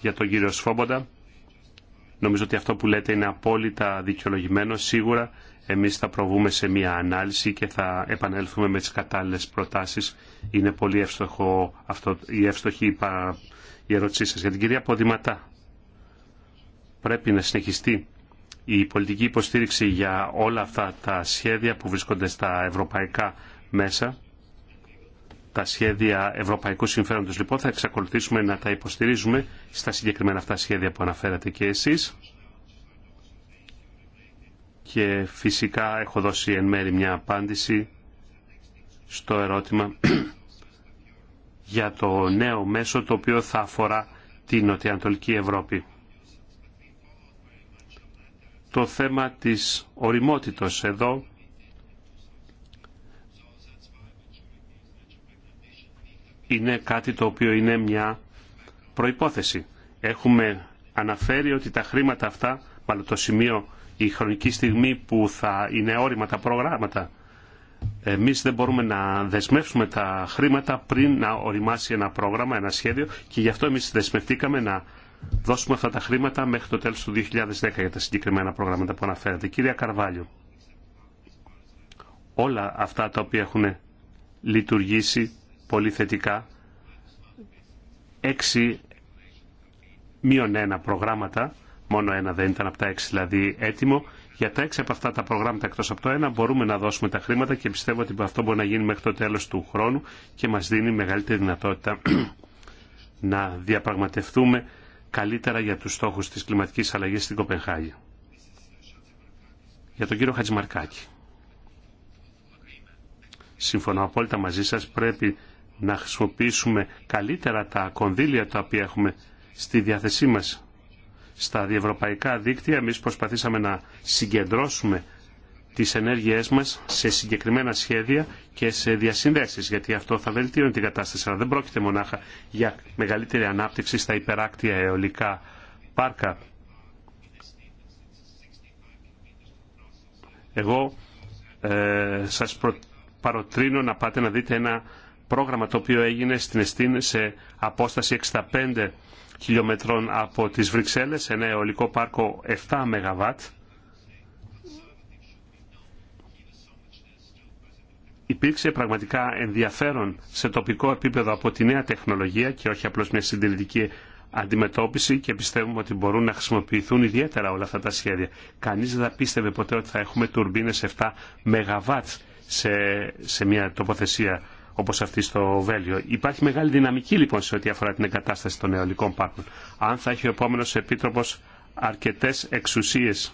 για τον κύριο Σφόμποντα. Νομίζω ότι αυτό που λέτε είναι απόλυτα δικαιολογημένο. Σίγουρα εμείς θα προβούμε σε μια ανάλυση και θα επανέλθουμε με τις κατάλληλες προτάσεις. Είναι πολύ εύστοχο αυτό, η εύστοχη η ερώτησή σας για την κυρία Ποδηματά. Πρέπει να συνεχιστεί η πολιτική υποστήριξη για όλα αυτά τα σχέδια που βρίσκονται στα ευρωπαϊκά μέσα. Τα σχέδια ευρωπαϊκού συμφέροντος λοιπόν θα εξακολουθήσουμε να τα υποστηρίζουμε στα συγκεκριμένα αυτά σχέδια που αναφέρατε και εσείς. Και φυσικά έχω δώσει εν μέρη μια απάντηση στο ερώτημα για το νέο μέσο το οποίο θα αφορά την Νοτιοανατολική Ευρώπη. Το θέμα της οριμότητος εδώ είναι κάτι το οποίο είναι μια προϋπόθεση. Έχουμε αναφέρει ότι τα χρήματα αυτά, μάλλον το σημείο, η χρονική στιγμή που θα είναι όριμα τα προγράμματα, εμείς δεν μπορούμε να δεσμεύσουμε τα χρήματα πριν να οριμάσει ένα πρόγραμμα, ένα σχέδιο και γι' αυτό εμείς δεσμευτήκαμε να δώσουμε αυτά τα χρήματα μέχρι το τέλος του 2010 για τα συγκεκριμένα προγράμματα που αναφέρατε. Κυρία Καρβάλιο, όλα αυτά τα οποία έχουν λειτουργήσει πολύ θετικά, έξι μείον ένα προγράμματα, μόνο ένα δεν ήταν από τα έξι δηλαδή έτοιμο, για τα έξι από αυτά τα προγράμματα εκτό από το ένα μπορούμε να δώσουμε τα χρήματα και πιστεύω ότι αυτό μπορεί να γίνει μέχρι το τέλος του χρόνου και μας δίνει μεγαλύτερη δυνατότητα να διαπραγματευτούμε καλύτερα για τους στόχους της κλιματικής αλλαγής στην Κοπενχάγη. Για τον κύριο Χατζημαρκάκη. Συμφωνώ απόλυτα μαζί σας, πρέπει να χρησιμοποιήσουμε καλύτερα τα κονδύλια τα οποία έχουμε στη διάθεσή μας στα διευρωπαϊκά δίκτυα. Εμείς προσπαθήσαμε να συγκεντρώσουμε τις ενέργειές μας σε συγκεκριμένα σχέδια και σε διασυνδέσεις, γιατί αυτό θα βελτιώνει την κατάσταση. Αλλά δεν πρόκειται μονάχα για μεγαλύτερη ανάπτυξη στα υπεράκτια αεολικά πάρκα. Εγώ ε, σας παροτρύνω να πάτε να δείτε ένα πρόγραμμα το οποίο έγινε στην Εστίν σε απόσταση 65 χιλιόμετρων από τις Βρυξέλλες, ένα αιωλικό πάρκο 7 ΜΒ. Υπήρξε πραγματικά ενδιαφέρον σε τοπικό επίπεδο από τη νέα τεχνολογία και όχι απλώς μια συντηρητική αντιμετώπιση και πιστεύουμε ότι μπορούν να χρησιμοποιηθούν ιδιαίτερα όλα αυτά τα σχέδια. Κανείς δεν θα πίστευε ποτέ ότι θα έχουμε τουρμπίνες 7 ΜΒ σε, σε μια τοποθεσία όπως αυτή στο Βέλγιο. Υπάρχει μεγάλη δυναμική λοιπόν σε ό,τι αφορά την εγκατάσταση των αιωλικών πάρκων. Αν θα έχει ο επόμενος επίτροπος αρκετές εξουσίες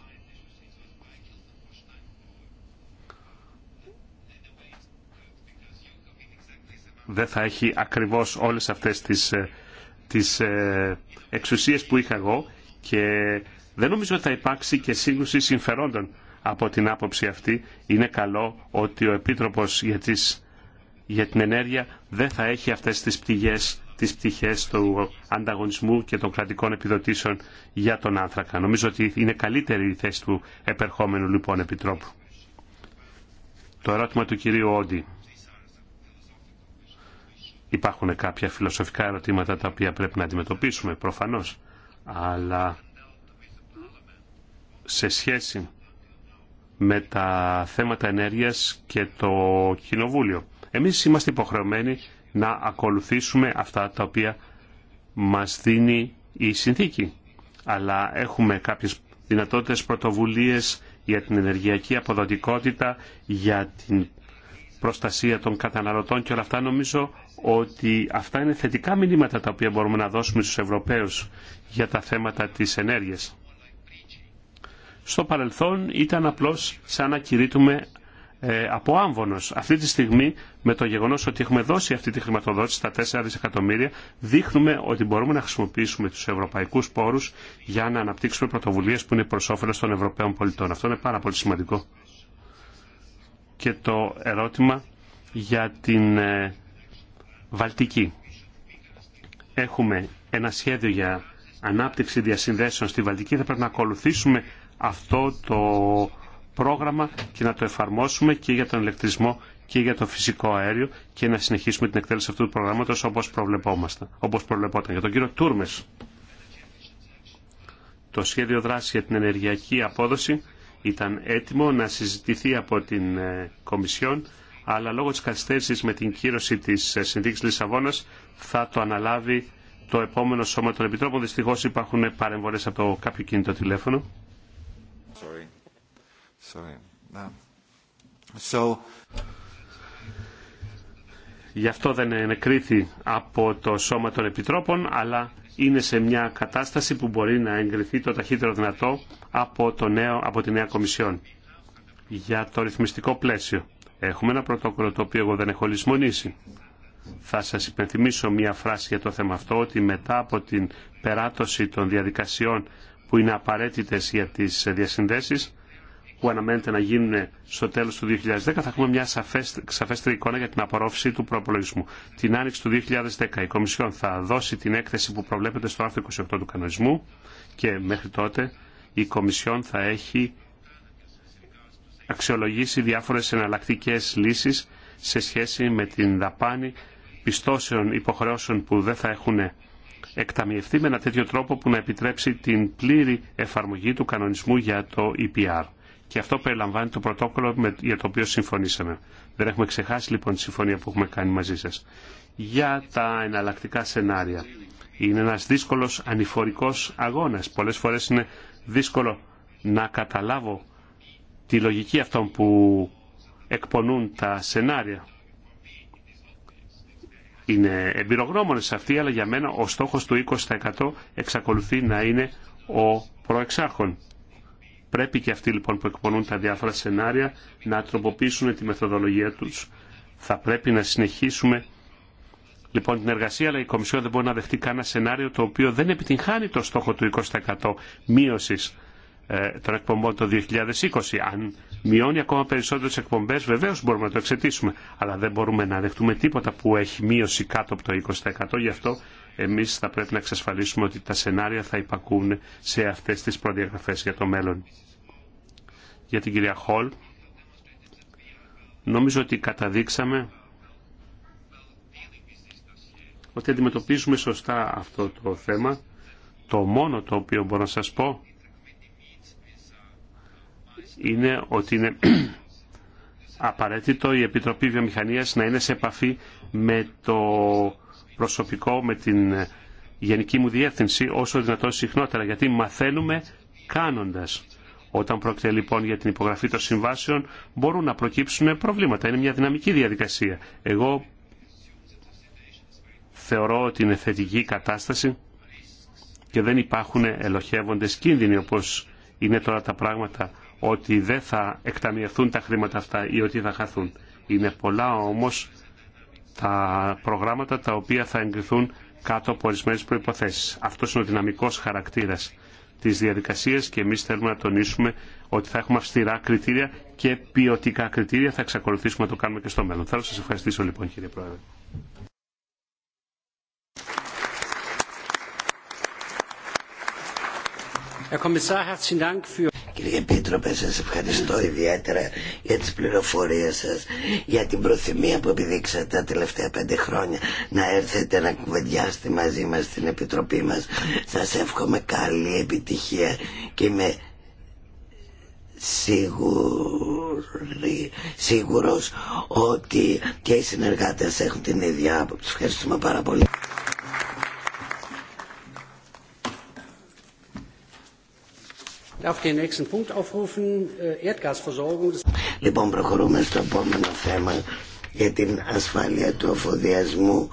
δεν θα έχει ακριβώς όλες αυτές τις, ε, τις ε, εξουσίες που είχα εγώ και δεν νομίζω ότι θα υπάρξει και σύγκρουση συμφερόντων από την άποψη αυτή. Είναι καλό ότι ο Επίτροπος για τις για την ενέργεια δεν θα έχει αυτές τις πτυχές, τις πτυχές του ανταγωνισμού και των κρατικών επιδοτήσεων για τον άνθρακα. Νομίζω ότι είναι καλύτερη η θέση του επερχόμενου λοιπόν επιτρόπου. Το ερώτημα του κυρίου Όντι. Υπάρχουν κάποια φιλοσοφικά ερωτήματα τα οποία πρέπει να αντιμετωπίσουμε προφανώς, αλλά σε σχέση με τα θέματα ενέργειας και το Κοινοβούλιο. Εμείς είμαστε υποχρεωμένοι να ακολουθήσουμε αυτά τα οποία μας δίνει η συνθήκη. Αλλά έχουμε κάποιες δυνατότητες πρωτοβουλίες για την ενεργειακή αποδοτικότητα, για την προστασία των καταναλωτών και όλα αυτά νομίζω ότι αυτά είναι θετικά μηνύματα τα οποία μπορούμε να δώσουμε στους Ευρωπαίους για τα θέματα της ενέργειας. Στο παρελθόν ήταν απλώς σαν να κηρύττουμε ε, από άμβονος. Αυτή τη στιγμή με το γεγονός ότι έχουμε δώσει αυτή τη χρηματοδότηση στα 4 δισεκατομμύρια δείχνουμε ότι μπορούμε να χρησιμοποιήσουμε τους ευρωπαϊκούς πόρους για να αναπτύξουμε πρωτοβουλίες που είναι προς όφελος των Ευρωπαίων πολιτών. Αυτό είναι πάρα πολύ σημαντικό. Και το ερώτημα για την ε, Βαλτική. Έχουμε ένα σχέδιο για ανάπτυξη διασυνδέσεων στη Βαλτική. Θα πρέπει να ακολουθήσουμε αυτό το πρόγραμμα και να το εφαρμόσουμε και για τον ηλεκτρισμό και για το φυσικό αέριο και να συνεχίσουμε την εκτέλεση αυτού του προγράμματος όπως όπως προβλεπόταν. Για τον κύριο Τούρμες, το σχέδιο δράση για την ενεργειακή απόδοση ήταν έτοιμο να συζητηθεί από την ε, Κομισιόν, αλλά λόγω της καθυστέρησης με την κύρωση της ε, Συνθήκης Λισαβόνας θα το αναλάβει το επόμενο σώμα των Επιτρόπων. Δυστυχώς υπάρχουν παρεμβολές από κάποιο κινητό τηλέφωνο. Γι' αυτό δεν ενεκρίθη από το Σώμα των Επιτρόπων, αλλά είναι σε μια κατάσταση που μπορεί να εγκριθεί το ταχύτερο δυνατό από, το νέο, από τη νέα Κομισιόν. Για το ρυθμιστικό πλαίσιο. Έχουμε ένα πρωτόκολλο το οποίο εγώ δεν έχω λησμονήσει. Θα σας υπενθυμίσω μια φράση για το θέμα αυτό, ότι μετά από την περάτωση των διαδικασιών που είναι απαραίτητες για τις διασυνδέσεις, που αναμένεται να γίνουν στο τέλος του 2010 θα έχουμε μια σαφέστερη εικόνα για την απορρόφηση του προπολογισμού. Την άνοιξη του 2010 η Κομισιόν θα δώσει την έκθεση που προβλέπεται στο άρθρο 28 του κανονισμού και μέχρι τότε η Κομισιόν θα έχει αξιολογήσει διάφορες εναλλακτικέ λύσεις σε σχέση με την δαπάνη πιστώσεων υποχρεώσεων που δεν θα έχουν εκταμιευτεί με ένα τέτοιο τρόπο που να επιτρέψει την πλήρη εφαρμογή του κανονισμού για το EPR. Και αυτό περιλαμβάνει το πρωτόκολλο για το οποίο συμφωνήσαμε. Δεν έχουμε ξεχάσει λοιπόν τη συμφωνία που έχουμε κάνει μαζί σας. Για τα εναλλακτικά σενάρια. Είναι ένας δύσκολος ανηφορικός αγώνας. Πολλές φορές είναι δύσκολο να καταλάβω τη λογική αυτών που εκπονούν τα σενάρια. Είναι εμπειρογνώμονες αυτοί, αλλά για μένα ο στόχος του 20% εξακολουθεί να είναι ο προεξάρχων. Πρέπει και αυτοί λοιπόν που εκπονούν τα διάφορα σενάρια να τροποποιήσουν τη μεθοδολογία τους. Θα πρέπει να συνεχίσουμε λοιπόν την εργασία, αλλά η Κομισιόν δεν μπορεί να δεχτεί κανένα σενάριο το οποίο δεν επιτυγχάνει το στόχο του 20% μείωσης ε, των εκπομπών το 2020. Αν μειώνει ακόμα περισσότερε εκπομπέ, βεβαίω μπορούμε να το εξετήσουμε. Αλλά δεν μπορούμε να δεχτούμε τίποτα που έχει μείωση κάτω από το 20%. Γι' αυτό εμείς θα πρέπει να εξασφαλίσουμε ότι τα σενάρια θα υπακούν σε αυτές τις προδιαγραφές για το μέλλον. Για την κυρία Χολ, νομίζω ότι καταδείξαμε ότι αντιμετωπίζουμε σωστά αυτό το θέμα. Το μόνο το οποίο μπορώ να σας πω είναι ότι είναι απαραίτητο η Επιτροπή Βιομηχανίας να είναι σε επαφή με το προσωπικό, με την ε, γενική μου διεύθυνση όσο δυνατόν συχνότερα, γιατί μαθαίνουμε κάνοντας. Όταν πρόκειται λοιπόν για την υπογραφή των συμβάσεων, μπορούν να προκύψουν προβλήματα. Είναι μια δυναμική διαδικασία. Εγώ θεωρώ ότι είναι θετική κατάσταση και δεν υπάρχουν ελοχεύοντες κίνδυνοι όπως είναι τώρα τα πράγματα ότι δεν θα εκταμιευθούν τα χρήματα αυτά ή ότι θα χαθούν. Είναι πολλά όμως τα προγράμματα τα οποία θα εγκριθούν κάτω από ορισμένε προποθέσει. Αυτό είναι ο δυναμικό χαρακτήρα τη διαδικασία και εμεί θέλουμε να τονίσουμε ότι θα έχουμε αυστηρά κριτήρια και ποιοτικά κριτήρια. Θα εξακολουθήσουμε να το κάνουμε και στο μέλλον. Θέλω να σα ευχαριστήσω λοιπόν κύριε Πρόεδρε. Κύριε Επίτροπε, σας ευχαριστώ ιδιαίτερα για τι πληροφορίε σας, για την προθυμία που επιδείξατε τα τελευταία πέντε χρόνια να έρθετε να κουβεντιάστε μαζί μας στην Επιτροπή μας. Σας εύχομαι καλή επιτυχία και είμαι σίγουρη, σίγουρος ότι και οι συνεργάτες έχουν την ίδια άποψη. Ευχαριστούμε πάρα πολύ. Äh, λοιπόν, προχωρούμε στο επόμενο θέμα για την ασφάλεια του αφοδιασμού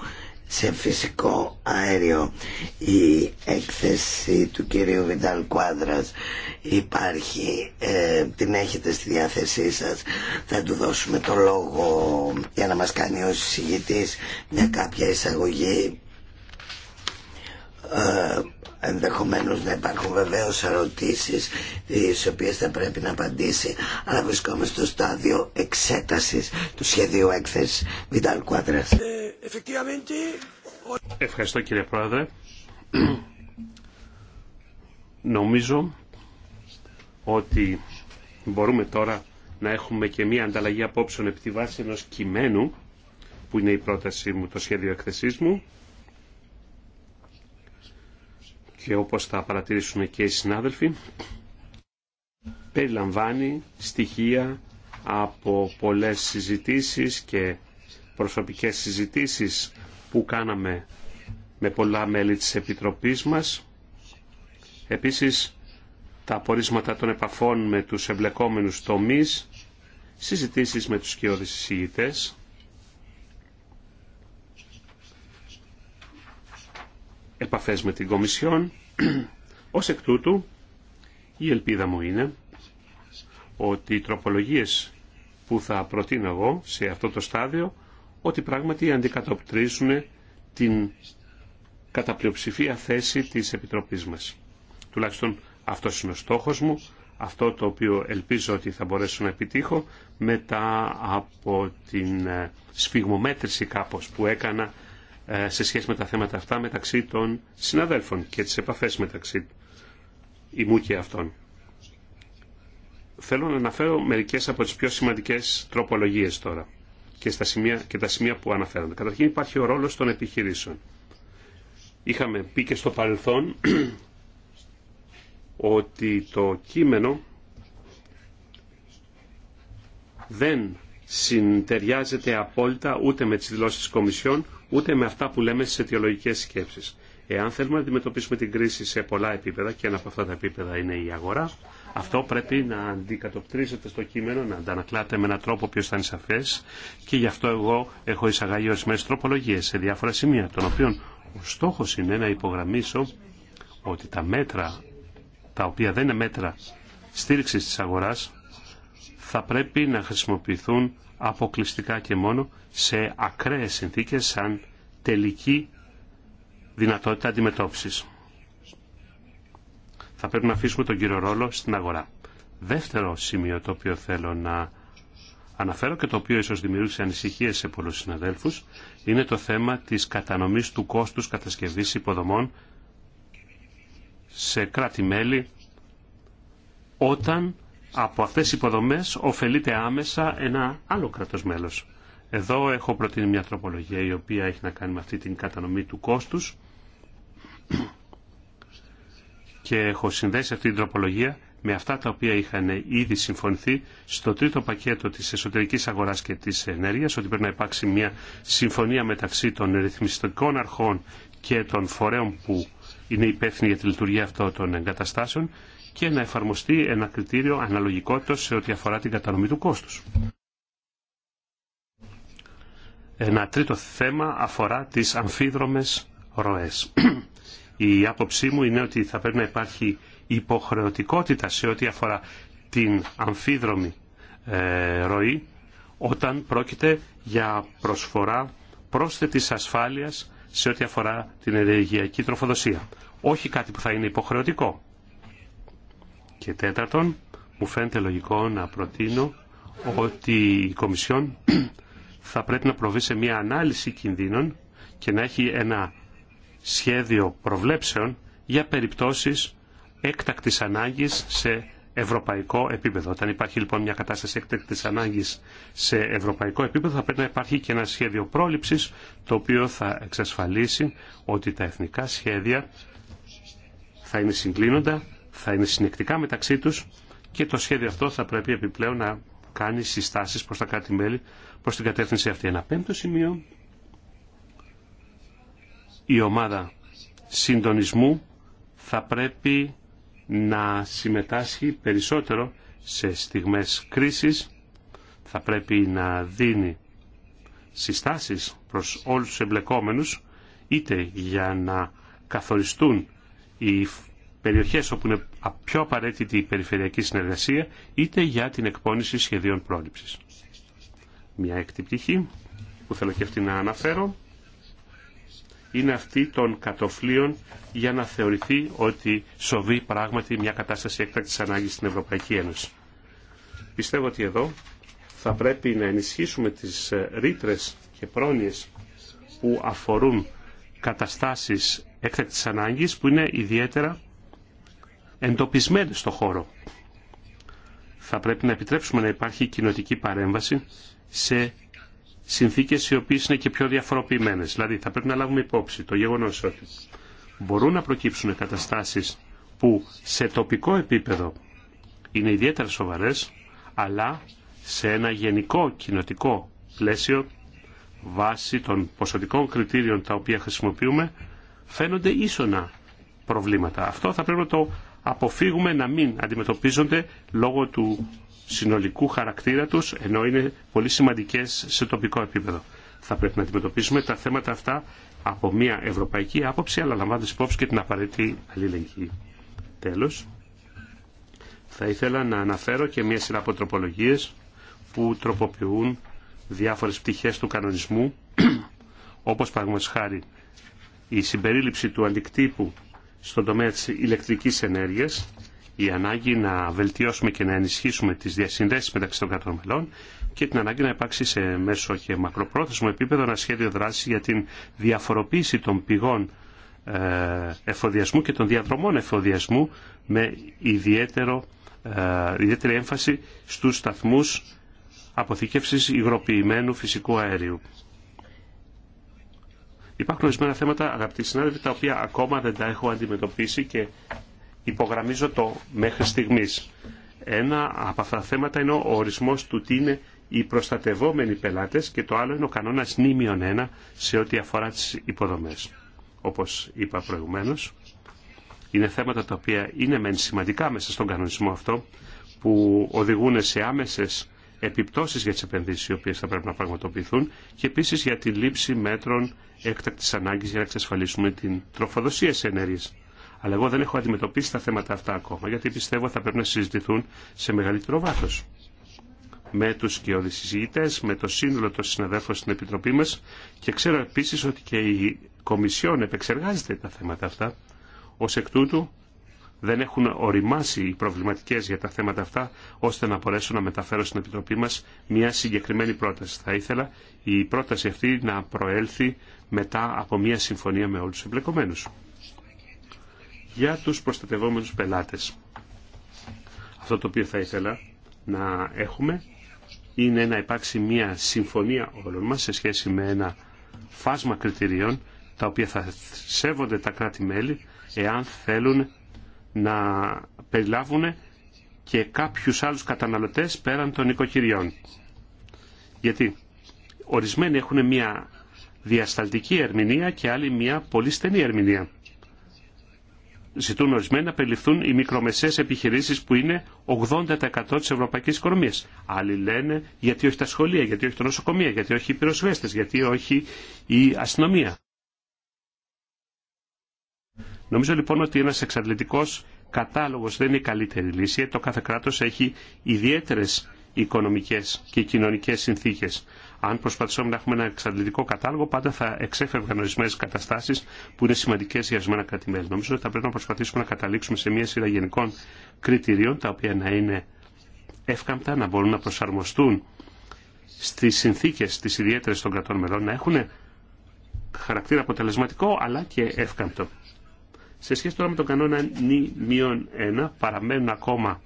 σε φυσικό αέριο. Η έκθεση του κυρίου Βιντάλ Κουάδρας υπάρχει, ε, την έχετε στη διάθεσή σας. Θα του δώσουμε το λόγο για να μας κάνει ως συγητής μια κάποια εισαγωγή. Ε, ενδεχομένως να υπάρχουν βεβαίως ερωτήσεις τις οποίες θα πρέπει να απαντήσει αλλά βρισκόμαστε στο στάδιο εξέτασης του σχεδίου έκθεσης Βιντάλ Κουάδρας. Ε, Ευχαριστώ κύριε Πρόεδρε. Νομίζω ότι μπορούμε τώρα να έχουμε και μία ανταλλαγή απόψεων επί τη βάση ενός κειμένου που είναι η πρότασή μου, το σχέδιο εκθεσής μου και όπως θα παρατηρήσουν και οι συνάδελφοι, περιλαμβάνει στοιχεία από πολλές συζητήσεις και προσωπικές συζητήσεις που κάναμε με πολλά μέλη της Επιτροπής μας. Επίσης, τα απορίσματα των επαφών με τους εμπλεκόμενους τομείς, συζητήσεις με τους κοιόδης εισηγητές επαφές με την Κομισιόν. Ως εκ τούτου, η ελπίδα μου είναι ότι οι τροπολογίες που θα προτείνω εγώ σε αυτό το στάδιο, ότι πράγματι αντικατοπτρίζουν την καταπλειοψηφία θέση της Επιτροπής μας. Τουλάχιστον αυτός είναι ο στόχος μου, αυτό το οποίο ελπίζω ότι θα μπορέσω να επιτύχω μετά από την ε, σφιγμομέτρηση κάπως που έκανα ε, σε σχέση με τα θέματα αυτά μεταξύ των συναδέλφων και τις επαφές μεταξύ ημού και αυτών. Θέλω να αναφέρω μερικές από τις πιο σημαντικές τροπολογίες τώρα και, στα σημεία, και τα σημεία που αναφέρονται. Καταρχήν υπάρχει ο ρόλος των επιχειρήσεων. Είχαμε πει και στο παρελθόν ότι το κείμενο δεν συντεριάζεται απόλυτα ούτε με τις δηλώσεις της Κομισιόν ούτε με αυτά που λέμε στι αιτιολογικέ σκέψει. Εάν θέλουμε να αντιμετωπίσουμε την κρίση σε πολλά επίπεδα, και ένα από αυτά τα επίπεδα είναι η αγορά, αυτό πρέπει να αντικατοπτρίζεται στο κείμενο, να αντανακλάται με έναν τρόπο που θα είναι σαφέ και γι' αυτό εγώ έχω εισαγάγει ορισμένε τροπολογίε σε διάφορα σημεία, των οποίων ο στόχο είναι να υπογραμμίσω ότι τα μέτρα τα οποία δεν είναι μέτρα στήριξη τη αγορά θα πρέπει να χρησιμοποιηθούν αποκλειστικά και μόνο σε ακραίες συνθήκες σαν τελική δυνατότητα αντιμετώπισης. Θα πρέπει να αφήσουμε τον κύριο ρόλο στην αγορά. Δεύτερο σημείο το οποίο θέλω να αναφέρω και το οποίο ίσως δημιούργησε ανησυχίες σε πολλούς συναδέλφους είναι το θέμα της κατανομής του κόστους κατασκευής υποδομών σε κράτη-μέλη όταν από αυτές τις υποδομές ωφελείται άμεσα ένα άλλο κράτος μέλος. Εδώ έχω προτείνει μια τροπολογία η οποία έχει να κάνει με αυτή την κατανομή του κόστους και έχω συνδέσει αυτή την τροπολογία με αυτά τα οποία είχαν ήδη συμφωνηθεί στο τρίτο πακέτο της εσωτερικής αγοράς και της ενέργειας, ότι πρέπει να υπάρξει μια συμφωνία μεταξύ των ρυθμιστικών αρχών και των φορέων που είναι υπεύθυνοι για τη λειτουργία αυτών των εγκαταστάσεων και να εφαρμοστεί ένα κριτήριο αναλογικότητας σε ό,τι αφορά την κατανομή του κόστους. Ένα τρίτο θέμα αφορά τις αμφίδρομες ροές. Η άποψή μου είναι ότι θα πρέπει να υπάρχει υποχρεωτικότητα σε ό,τι αφορά την αμφίδρομη ε, ροή όταν πρόκειται για προσφορά πρόσθετης ασφάλειας σε ό,τι αφορά την ενεργειακή τροφοδοσία. Όχι κάτι που θα είναι υποχρεωτικό. Και τέταρτον, μου φαίνεται λογικό να προτείνω ότι η Κομισιόν θα πρέπει να προβεί σε μια ανάλυση κινδύνων και να έχει ένα σχέδιο προβλέψεων για περιπτώσεις έκτακτης ανάγκης σε ευρωπαϊκό επίπεδο. Όταν υπάρχει λοιπόν μια κατάσταση έκτακτης ανάγκης σε ευρωπαϊκό επίπεδο θα πρέπει να υπάρχει και ένα σχέδιο πρόληψης το οποίο θα εξασφαλίσει ότι τα εθνικά σχέδια θα είναι συγκλίνοντα θα είναι συνεκτικά μεταξύ τους και το σχέδιο αυτό θα πρέπει επιπλέον να κάνει συστάσεις προς τα κάτι μελη προς την κατεύθυνση αυτή. Ένα πέμπτο σημείο, η ομάδα συντονισμού θα πρέπει να συμμετάσχει περισσότερο σε στιγμές κρίσης, θα πρέπει να δίνει συστάσεις προς όλους τους εμπλεκόμενους, είτε για να καθοριστούν οι περιοχές όπου είναι πιο απαραίτητη η περιφερειακή συνεργασία, είτε για την εκπόνηση σχεδίων πρόληψης. Μια έκτη πτυχή που θέλω και αυτή να αναφέρω είναι αυτή των κατοφλίων για να θεωρηθεί ότι σοβεί πράγματι μια κατάσταση έκτακτης ανάγκης στην Ευρωπαϊκή Ένωση. Πιστεύω ότι εδώ θα πρέπει να ενισχύσουμε τις ρήτρε και πρόνοιες που αφορούν καταστάσεις έκτακτης ανάγκης που είναι ιδιαίτερα εντοπισμένες στο χώρο. Θα πρέπει να επιτρέψουμε να υπάρχει κοινοτική παρέμβαση σε συνθήκες οι οποίες είναι και πιο διαφοροποιημένες. Δηλαδή θα πρέπει να λάβουμε υπόψη το γεγονός ότι μπορούν να προκύψουν καταστάσεις που σε τοπικό επίπεδο είναι ιδιαίτερα σοβαρές, αλλά σε ένα γενικό κοινοτικό πλαίσιο βάσει των ποσοτικών κριτήριων τα οποία χρησιμοποιούμε φαίνονται ίσονα προβλήματα. Αυτό θα πρέπει να το αποφύγουμε να μην αντιμετωπίζονται λόγω του συνολικού χαρακτήρα τους, ενώ είναι πολύ σημαντικές σε τοπικό επίπεδο. Θα πρέπει να αντιμετωπίσουμε τα θέματα αυτά από μια ευρωπαϊκή άποψη, αλλά λαμβάνοντας υπόψη και την απαραίτητη αλληλεγγύη. Τέλος, θα ήθελα να αναφέρω και μια σειρά από τροπολογίες που τροποποιούν διάφορες πτυχές του κανονισμού, όπως παραδείγματος χάρη η συμπερίληψη του αντικτύπου στον τομέα της ηλεκτρικής ενέργειας, η ανάγκη να βελτιώσουμε και να ενισχύσουμε τις διασυνδέσεις μεταξύ των κρατών μελών και την ανάγκη να υπάρξει σε μέσο και μακροπρόθεσμο επίπεδο ένα σχέδιο δράσης για την διαφοροποίηση των πηγών ε, εφοδιασμού και των διαδρομών εφοδιασμού με ιδιαίτερο, ε, ιδιαίτερη έμφαση στους σταθμούς αποθήκευσης υγροποιημένου φυσικού αερίου. Υπάρχουν ορισμένα θέματα, αγαπητοί συνάδελφοι, τα οποία ακόμα δεν τα έχω αντιμετωπίσει και υπογραμμίζω το μέχρι στιγμής. Ένα από αυτά τα θέματα είναι ο ορισμός του τι είναι οι προστατευόμενοι πελάτε και το άλλο είναι ο κανόνας νήμιον ένα σε ό,τι αφορά τις υποδομές. Όπως είπα προηγουμένως, είναι θέματα τα οποία είναι μεν σημαντικά μέσα στον κανονισμό αυτό που οδηγούν σε άμεσες επιπτώσεις για τις επενδύσεις οι οποίες θα πρέπει να πραγματοποιηθούν και επίσης για τη λήψη μέτρων έκτακτης ανάγκης για να εξασφαλίσουμε την τροφοδοσία σε ενέργειες. Αλλά εγώ δεν έχω αντιμετωπίσει τα θέματα αυτά ακόμα γιατί πιστεύω θα πρέπει να συζητηθούν σε μεγαλύτερο βάθος. Με τους και με το σύνολο των συναδέλφων στην Επιτροπή μας και ξέρω επίσης ότι και η Κομισιόν επεξεργάζεται τα θέματα αυτά. Ως εκ τούτου δεν έχουν οριμάσει οι προβληματικές για τα θέματα αυτά, ώστε να μπορέσω να μεταφέρω στην Επιτροπή μας μια συγκεκριμένη πρόταση. Θα ήθελα η πρόταση αυτή να προέλθει μετά από μια συμφωνία με όλους τους εμπλεκομένους. Για τους προστατευόμενους πελάτες. Αυτό το οποίο θα ήθελα να έχουμε είναι να υπάρξει μια συμφωνία όλων μας σε σχέση με ένα φάσμα κριτηρίων τα οποία θα σέβονται τα κράτη-μέλη εάν θέλουν να περιλάβουν και κάποιους άλλους καταναλωτές πέραν των οικοκυριών. Γιατί ορισμένοι έχουν μια διασταλτική ερμηνεία και άλλοι μια πολύ στενή ερμηνεία. Ζητούν ορισμένοι να περιληφθούν οι μικρομεσαίες επιχειρήσεις που είναι 80% της ευρωπαϊκής οικονομίας. Άλλοι λένε γιατί όχι τα σχολεία, γιατί όχι τα νοσοκομεία, γιατί όχι οι πυροσβέστες, γιατί όχι η αστυνομία. Νομίζω λοιπόν ότι ένας εξαντλητικός κατάλογος δεν είναι η καλύτερη λύση, γιατί το κάθε κράτος έχει ιδιαίτερες οικονομικές και κοινωνικές συνθήκες. Αν προσπαθήσουμε να έχουμε ένα εξαντλητικό κατάλογο, πάντα θα εξέφευγαν ορισμένε καταστάσει που είναι σημαντικέ για ορισμένα κρατημέλη. Νομίζω ότι θα πρέπει να προσπαθήσουμε να καταλήξουμε σε μια σειρά γενικών κριτηρίων, τα οποία να είναι εύκαμπτα, να μπορούν να προσαρμοστούν στι συνθήκε τι ιδιαίτερε των κρατών μελών, να έχουν χαρακτήρα αποτελεσματικό αλλά και εύκαμπτο. Σε σχέση τώρα με τον κανόνα νη 1 παραμένουν ακόμα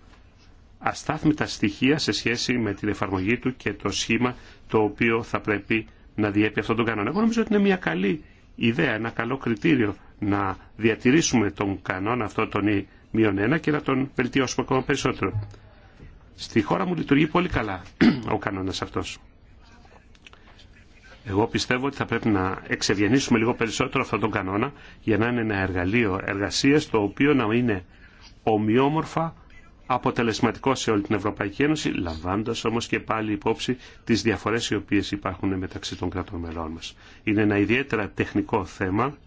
αστάθμητα στοιχεία σε σχέση με την εφαρμογή του και το σχήμα το οποίο θα πρέπει να διέπει αυτόν τον κανόνα. Εγώ νομίζω ότι είναι μια καλή ιδέα, ένα καλό κριτήριο να διατηρήσουμε τον κανόνα αυτό τον νη 1 και να τον βελτιώσουμε ακόμα περισσότερο. Στη χώρα μου λειτουργεί πολύ καλά ο κανόνας αυτός. Εγώ πιστεύω ότι θα πρέπει να εξευγενήσουμε λίγο περισσότερο αυτόν τον κανόνα για να είναι ένα εργαλείο εργασία το οποίο να είναι ομοιόμορφα αποτελεσματικό σε όλη την Ευρωπαϊκή Ένωση, λαμβάνοντα όμω και πάλι υπόψη τι διαφορέ οι οποίε υπάρχουν μεταξύ των κρατών μελών μα. Είναι ένα ιδιαίτερα τεχνικό θέμα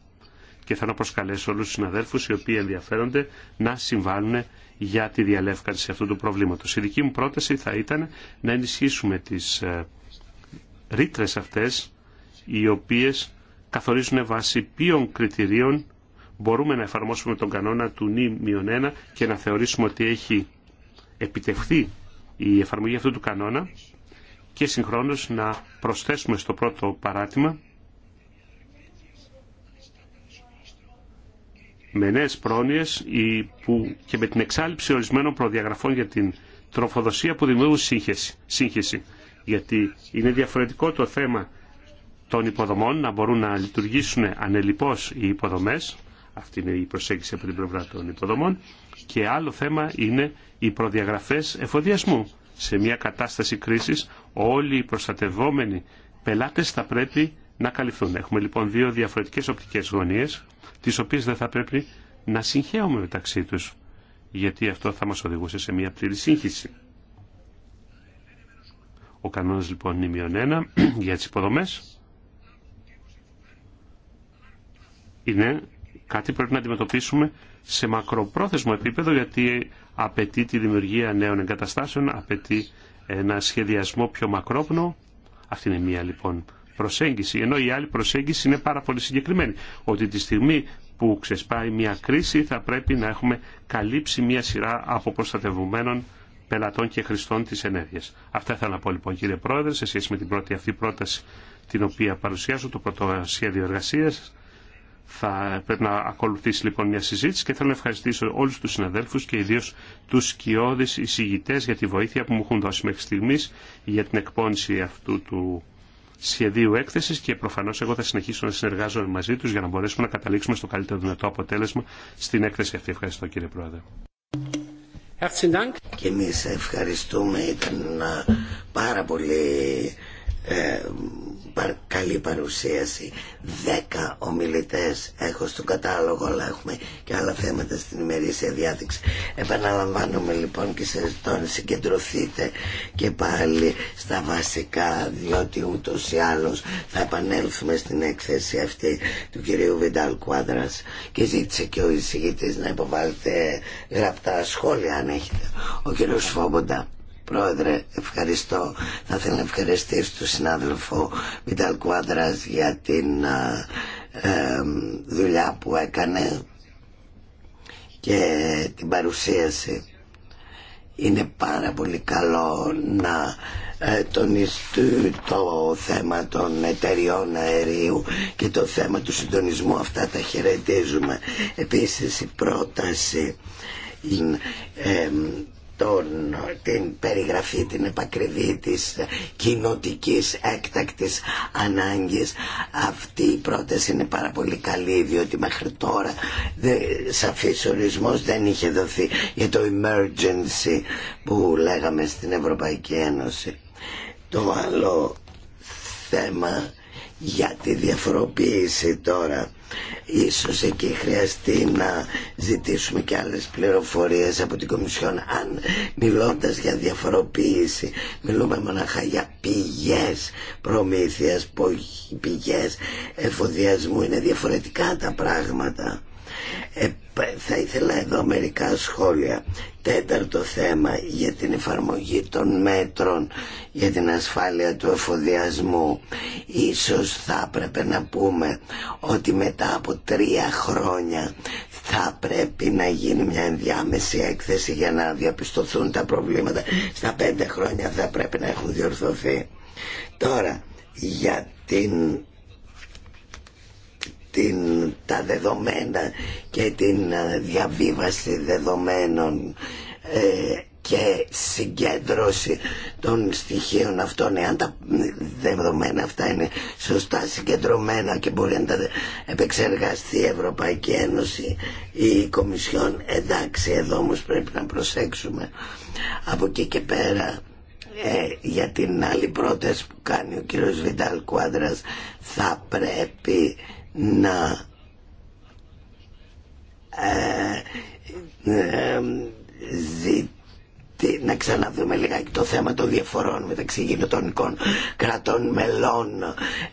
και θα να προσκαλέσω όλου του συναδέλφου οι οποίοι ενδιαφέρονται να συμβάλλουν για τη διαλεύκανση αυτού του προβλήματο. Η δική μου πρόταση θα ήταν να ενισχύσουμε τι ε, ρήτρες αυτές οι οποίες καθορίζουν βάσει ποιων κριτηρίων μπορούμε να εφαρμόσουμε τον κανόνα του νη και να θεωρήσουμε ότι έχει επιτευχθεί η εφαρμογή αυτού του κανόνα και συγχρόνως να προσθέσουμε στο πρώτο παράτημα με νέες πρόνοιες που και με την εξάλληψη ορισμένων προδιαγραφών για την τροφοδοσία που δημιουργούν σύγχυση γιατί είναι διαφορετικό το θέμα των υποδομών, να μπορούν να λειτουργήσουν ανελιπώς οι υποδομές, αυτή είναι η προσέγγιση από την πλευρά των υποδομών, και άλλο θέμα είναι οι προδιαγραφές εφοδιασμού. Σε μια κατάσταση κρίσης όλοι οι προστατευόμενοι πελάτες θα πρέπει να καλυφθούν. Έχουμε λοιπόν δύο διαφορετικές οπτικές γωνίες, τις οποίες δεν θα πρέπει να συγχαίουμε μεταξύ τους, γιατί αυτό θα μας οδηγούσε σε μια πλήρη σύγχυση. Ο κανόνας λοιπόν είναι μειον για τις υποδομές. Είναι κάτι που πρέπει να αντιμετωπίσουμε σε μακροπρόθεσμο επίπεδο γιατί απαιτεί τη δημιουργία νέων εγκαταστάσεων, απαιτεί ένα σχεδιασμό πιο μακρόπνο. Αυτή είναι μία λοιπόν προσέγγιση. Ενώ η άλλη προσέγγιση είναι πάρα πολύ συγκεκριμένη. Ότι τη στιγμή που ξεσπάει μια κρίση θα πρέπει να έχουμε καλύψει μια σειρά από προστατευμένων πελατών και χρηστών τη ενέργεια. Αυτά ήθελα να πω λοιπόν κύριε Πρόεδρε σε σχέση με την πρώτη αυτή πρόταση την οποία παρουσιάζω, το πρώτο σχέδιο εργασία. Θα πρέπει να ακολουθήσει λοιπόν μια συζήτηση και θέλω να ευχαριστήσω όλους τους συναδέλφους και ιδίως τους σκιώδεις εισηγητές για τη βοήθεια που μου έχουν δώσει μέχρι στιγμής για την εκπόνηση αυτού του σχεδίου έκθεση και προφανώ εγώ θα συνεχίσω να συνεργάζομαι μαζί του για να μπορέσουμε να καταλήξουμε στο καλύτερο δυνατό αποτέλεσμα στην έκθεση αυτή. Ευχαριστώ κύριε Πρόεδρε. Και εμείς ευχαριστούμε, ήταν ε, πάρα πολύ ε, καλή παρουσίαση. Δέκα ομιλητές έχω στο κατάλογο, αλλά έχουμε και άλλα θέματα στην ημερήσια διάδειξη. Επαναλαμβάνομαι λοιπόν και σε ζητώ συγκεντρωθείτε και πάλι στα βασικά, διότι ούτως ή άλλως θα επανέλθουμε στην έκθεση αυτή του κυρίου Βιντάλ Κουάδρας και ζήτησε και ο εισηγητής να υποβάλλετε γραπτά σχόλια αν έχετε. Ο κύριος Φόμποντα. Πρόεδρε, ευχαριστώ. Θα ήθελα να ευχαριστήσω τον συνάδελφο Βινταλ για την ε, δουλειά που έκανε και την παρουσίαση. Είναι πάρα πολύ καλό να ε, τονιστεί το θέμα των εταιριών αερίου και το θέμα του συντονισμού. Αυτά τα χαιρετίζουμε. Επίσης η πρόταση ε, τον, την περιγραφή την επακριβή της κοινοτικής έκτακτης ανάγκης αυτή η πρόταση είναι πάρα πολύ καλή διότι μέχρι τώρα δε, σαφής ορισμός δεν είχε δοθεί για το emergency που λέγαμε στην Ευρωπαϊκή Ένωση το άλλο θέμα για τη διαφοροποίηση τώρα Ίσως εκεί χρειαστεί να ζητήσουμε και άλλες πληροφορίες από την Κομισιόν αν μιλώντας για διαφοροποίηση μιλούμε μονάχα για πηγές προμήθειας, πηγές εφοδιασμού είναι διαφορετικά τα πράγματα ε, θα ήθελα εδώ μερικά σχόλια. Τέταρτο θέμα για την εφαρμογή των μέτρων για την ασφάλεια του εφοδιασμού. Ίσως θα έπρεπε να πούμε ότι μετά από τρία χρόνια θα πρέπει να γίνει μια ενδιάμεση έκθεση για να διαπιστωθούν τα προβλήματα. Στα πέντε χρόνια θα πρέπει να έχουν διορθωθεί. Τώρα, για την την, τα δεδομένα και την ε, διαβίβαση δεδομένων ε, και συγκέντρωση των στοιχείων αυτών εάν τα δεδομένα αυτά είναι σωστά συγκεντρωμένα και μπορεί να τα επεξεργαστεί η Ευρωπαϊκή Ένωση ή η Κομισιόν εντάξει εδώ όμως πρέπει να προσέξουμε από εκεί και πέρα ε, για την άλλη πρόταση που κάνει ο κύριος Βιντάλ Κουάντρας θα πρέπει να ε, ε, να ξαναδούμε λιγάκι το θέμα των διαφορών μεταξύ γενοτονικών κρατών μελών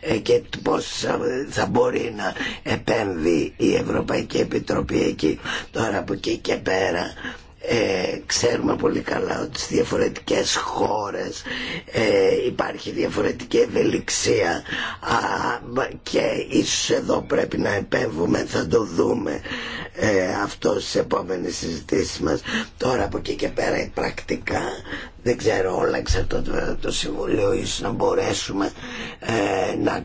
ε, και πώς θα μπορεί να επέμβει η Ευρωπαϊκή Επιτροπή εκεί τώρα από εκεί και πέρα ε, ξέρουμε πολύ καλά ότι στις διαφορετικές χώρες ε, υπάρχει διαφορετική ευελιξία και ίσως εδώ πρέπει να επέμβουμε, θα το δούμε ε, αυτό στις επόμενες συζητήσεις μας. Τώρα από εκεί και πέρα ε, πρακτικά, δεν ξέρω όλα Ξέρω από το Συμβουλίο, ίσως να μπορέσουμε ε, να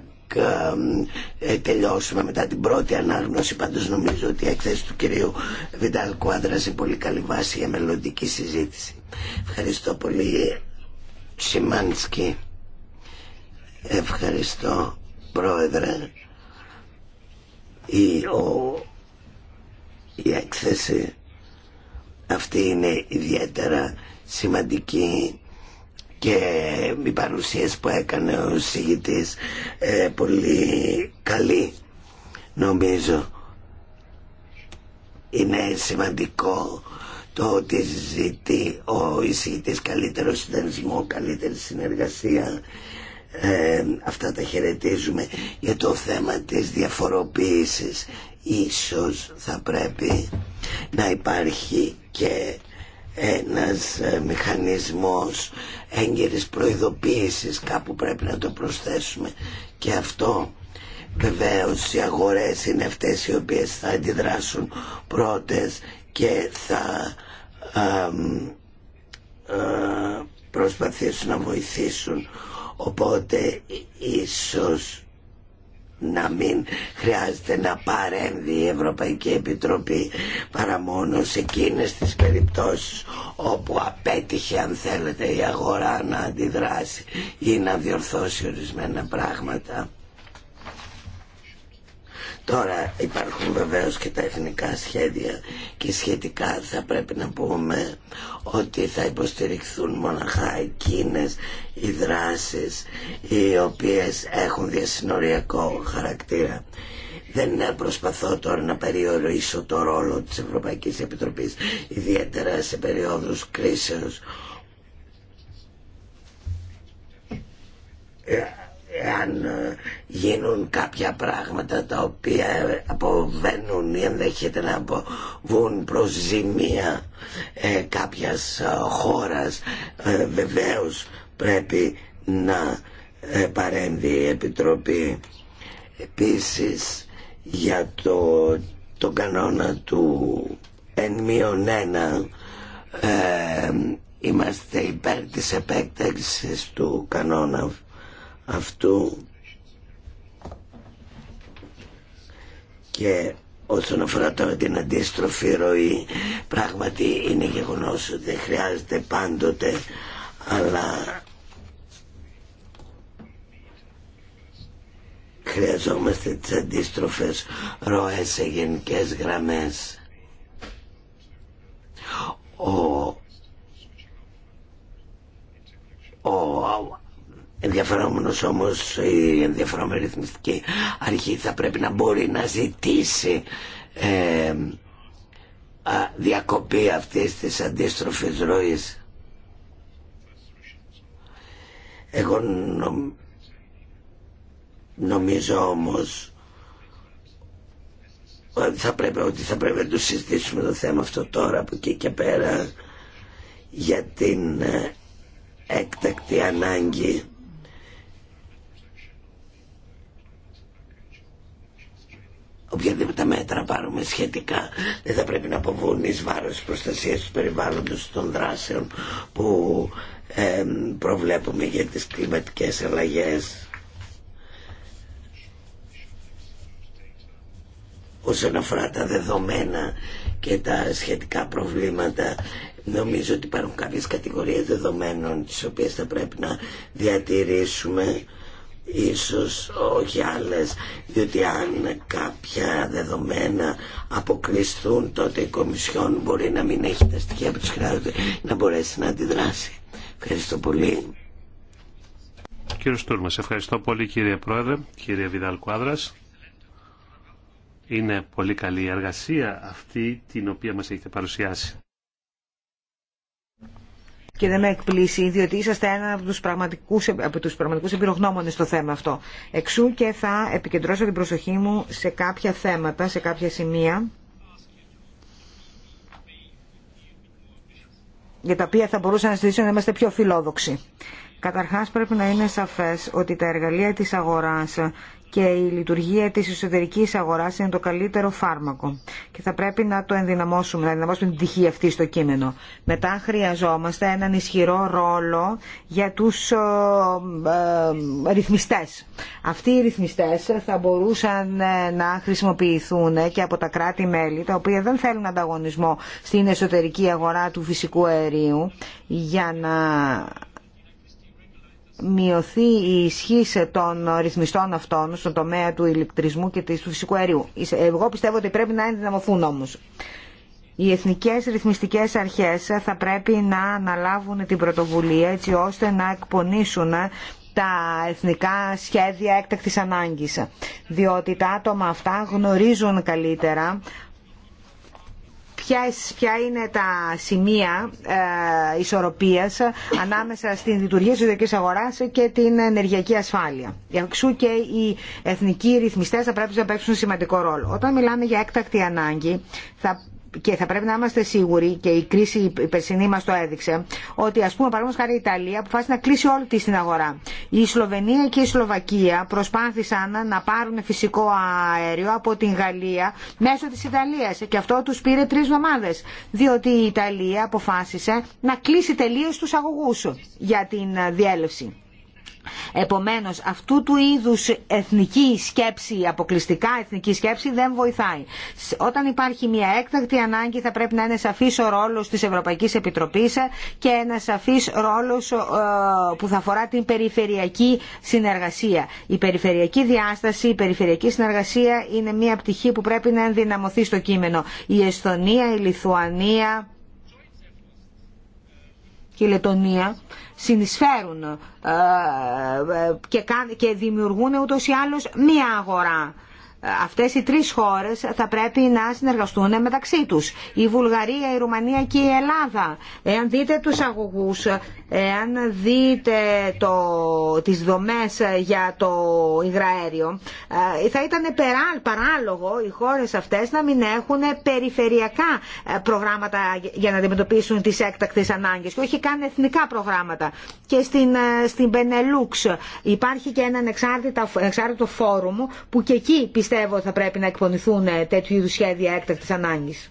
ε, τελειώσουμε μετά την πρώτη ανάγνωση. Πάντως νομίζω ότι η έκθεση του κυρίου Βιντάλ Κουάδρα σε πολύ καλή βάση για μελλοντική συζήτηση. Ευχαριστώ πολύ Σιμάνσκι. Ευχαριστώ Πρόεδρε. Η, ο, η έκθεση αυτή είναι ιδιαίτερα σημαντική και οι παρουσίες που έκανε ο συγητής ε, πολύ καλή νομίζω είναι σημαντικό το ότι ζητεί ο εισηγητής καλύτερο συνταγισμό, καλύτερη συνεργασία ε, αυτά τα χαιρετίζουμε για το θέμα της διαφοροποίησης ίσως θα πρέπει να υπάρχει και ένας ε, μηχανισμός έγκαιρης προειδοποίησης κάπου πρέπει να το προσθέσουμε και αυτό βεβαίως οι αγορές είναι αυτές οι οποίες θα αντιδράσουν πρώτες και θα ε, προσπαθήσουν να βοηθήσουν οπότε ίσως να μην χρειάζεται να παρέμβει η Ευρωπαϊκή Επιτροπή παρά μόνο σε εκείνες τις περιπτώσεις όπου απέτυχε αν θέλετε η αγορά να αντιδράσει ή να διορθώσει ορισμένα πράγματα. Τώρα υπάρχουν βεβαίως και τα εθνικά σχέδια και σχετικά θα πρέπει να πούμε ότι θα υποστηριχθούν μοναχά εκείνες οι δράσεις οι οποίες έχουν διασυνοριακό χαρακτήρα. Δεν προσπαθώ τώρα να περιορίσω το ρόλο της Ευρωπαϊκής Επιτροπής, ιδιαίτερα σε περίοδους κρίσεως. Ε, εάν ε, γίνουν κάποια πράγματα τα οποία αποβαίνουν ή ενδέχεται να αποβούν προς ζημία ε, κάποιας ε, χώρας ε, βεβαίως πρέπει να ε, παρέμβει η Επιτροπή επίσης για το, το κανόνα του εν μείον ένα είμαστε υπέρ της επέκταξης του κανόνα αυτού και όσον αφορά τώρα την αντίστροφη ροή πράγματι είναι γεγονός ότι δεν χρειάζεται πάντοτε αλλά χρειαζόμαστε τις αντίστροφες ροές σε γενικές γραμμές ο, ο ενδιαφερόμενος όμως η ενδιαφερόμενη ρυθμιστική αρχή θα πρέπει να μπορεί να ζητήσει διακοπή αυτής της αντίστροφης ροής. Εγώ νομίζω όμως ότι θα πρέπει, ότι θα πρέπει να το συζητήσουμε το θέμα αυτό τώρα από εκεί και πέρα για την ε, έκτακτη ανάγκη οποιαδήποτε μέτρα πάρουμε σχετικά δεν θα πρέπει να αποβούν εις βάρος της προστασίας του περιβάλλοντος των δράσεων που προβλέπουμε για τις κλιματικές αλλαγές. Όσον αφορά τα δεδομένα και τα σχετικά προβλήματα νομίζω ότι υπάρχουν κάποιες κατηγορίες δεδομένων τις οποίες θα πρέπει να διατηρήσουμε ίσως όχι άλλες διότι αν κάποια δεδομένα αποκριστούν τότε η Κομισιόν μπορεί να μην έχει τα στοιχεία που της χρειάζονται να μπορέσει να αντιδράσει Ευχαριστώ πολύ Κύριε Στούρμα, ευχαριστώ πολύ κύριε Πρόεδρε, κύριε Βιδάλ Κουάδρας. Είναι πολύ καλή η εργασία αυτή την οποία μας έχετε παρουσιάσει και δεν με εκπλήσει, διότι είσαστε ένα από τους πραγματικούς, από τους πραγματικούς εμπειρογνώμονες στο θέμα αυτό. Εξού και θα επικεντρώσω την προσοχή μου σε κάποια θέματα, σε κάποια σημεία, για τα οποία θα μπορούσα να ζητήσω να είμαστε πιο φιλόδοξοι. Καταρχάς πρέπει να είναι σαφές ότι τα εργαλεία της αγοράς και η λειτουργία της εσωτερικής αγοράς είναι το καλύτερο φάρμακο και θα πρέπει να το ενδυναμώσουμε, να ενδυναμώσουμε την τυχή αυτή στο κείμενο. Μετά χρειαζόμαστε έναν ισχυρό ρόλο για τους ρυθμιστέ. Ε, ε, ρυθμιστές. Αυτοί οι ρυθμιστές θα μπορούσαν ε, να χρησιμοποιηθούν και από τα κράτη-μέλη τα οποία δεν θέλουν ανταγωνισμό στην εσωτερική αγορά του φυσικού αερίου για να μειωθεί η ισχύ των ρυθμιστών αυτών στον τομέα του ηλεκτρισμού και του φυσικού αερίου. Εγώ πιστεύω ότι πρέπει να ενδυναμωθούν όμω. Οι εθνικές ρυθμιστικές αρχές θα πρέπει να αναλάβουν την πρωτοβουλία έτσι ώστε να εκπονήσουν τα εθνικά σχέδια έκτακτης ανάγκης. Διότι τα άτομα αυτά γνωρίζουν καλύτερα ποια είναι τα σημεία ε, ισορροπίας ανάμεσα στην λειτουργία της ιδιωτικής αγοράς και την ενεργειακή ασφάλεια. Εξού και οι εθνικοί ρυθμιστές θα πρέπει να παίξουν σημαντικό ρόλο. Όταν μιλάμε για έκτακτη ανάγκη, θα και θα πρέπει να είμαστε σίγουροι και η κρίση η περσινή μας το έδειξε ότι ας πούμε παραδείγματος χάρη η Ιταλία αποφάσισε να κλείσει όλη τη την αγορά. Η Σλοβενία και η Σλοβακία προσπάθησαν να πάρουν φυσικό αέριο από την Γαλλία μέσω της Ιταλίας και αυτό τους πήρε τρεις εβδομάδες διότι η Ιταλία αποφάσισε να κλείσει τελείως τους αγωγούς για την διέλευση. Επομένως αυτού του είδους εθνική σκέψη, αποκλειστικά εθνική σκέψη δεν βοηθάει. Όταν υπάρχει μια έκτακτη ανάγκη θα πρέπει να είναι σαφής ο ρόλος της Ευρωπαϊκής Επιτροπής και ένα σαφής ρόλος ε, που θα αφορά την περιφερειακή συνεργασία. Η περιφερειακή διάσταση, η περιφερειακή συνεργασία είναι μια πτυχή που πρέπει να ενδυναμωθεί στο κείμενο. Η Εσθονία, η Λιθουανία και η Λετωνία συνεισφέρουν ε, ε, και δημιουργούν ούτως ή άλλως μία αγορά αυτές οι τρεις χώρες θα πρέπει να συνεργαστούν μεταξύ τους. Η Βουλγαρία, η Ρουμανία και η Ελλάδα. Εάν δείτε τους αγωγούς, εάν δείτε το, τις δομές για το υγραέριο, ε, θα ήταν παράλογο οι χώρες αυτές να μην έχουν περιφερειακά ε, προγράμματα για να αντιμετωπίσουν τις έκτακτες ανάγκες και όχι καν εθνικά προγράμματα. Και στην, ε, στην υπάρχει και ένα εξάρτητο φόρουμ που και εκεί πιστεύω θα πρέπει να εκπονηθούν ε, τέτοιου είδου σχέδια έκτακτης ανάγκης.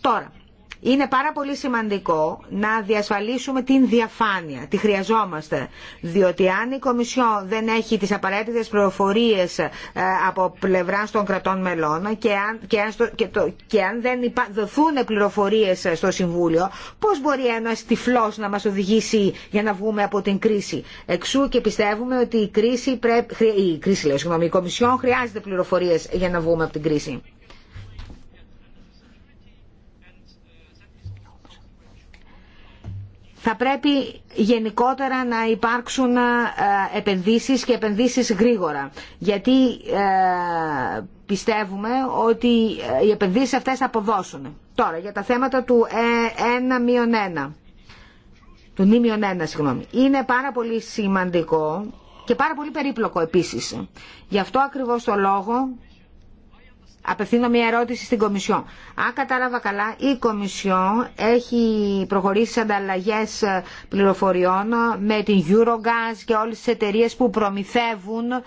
Τώρα, είναι πάρα πολύ σημαντικό να διασφαλίσουμε την διαφάνεια. Τη χρειαζόμαστε. Διότι αν η Κομισιό δεν έχει τις απαραίτητες πληροφορίες ε, από πλευρά των κρατών μελών και αν, και και το, και αν δεν υπα, δοθούν πληροφορίες στο Συμβούλιο, πώς μπορεί ένας τυφλός να μας οδηγήσει για να βγούμε από την κρίση. Εξού και πιστεύουμε ότι η κρίση, η, κρίση λέω, η Κομισιόν χρειάζεται πληροφορίες για να βγούμε από την κρίση. θα πρέπει γενικότερα να υπάρξουν ε, επενδύσεις και επενδύσεις γρήγορα. Γιατί ε, πιστεύουμε ότι ε, οι επενδύσεις αυτές θα αποδώσουν. Τώρα, για τα θέματα του 1-1, του νήμιον 1, συγγνώμη. Είναι πάρα πολύ σημαντικό και πάρα πολύ περίπλοκο επίσης. Γι' αυτό ακριβώς το λόγο Απευθύνω μια ερώτηση στην Κομισιό. Αν κατάλαβα καλά, η Κομισιό έχει προχωρήσει σε ανταλλαγές ε, πληροφοριών ε, με την Eurogas και όλες τις εταιρείες που προμηθεύουν ε,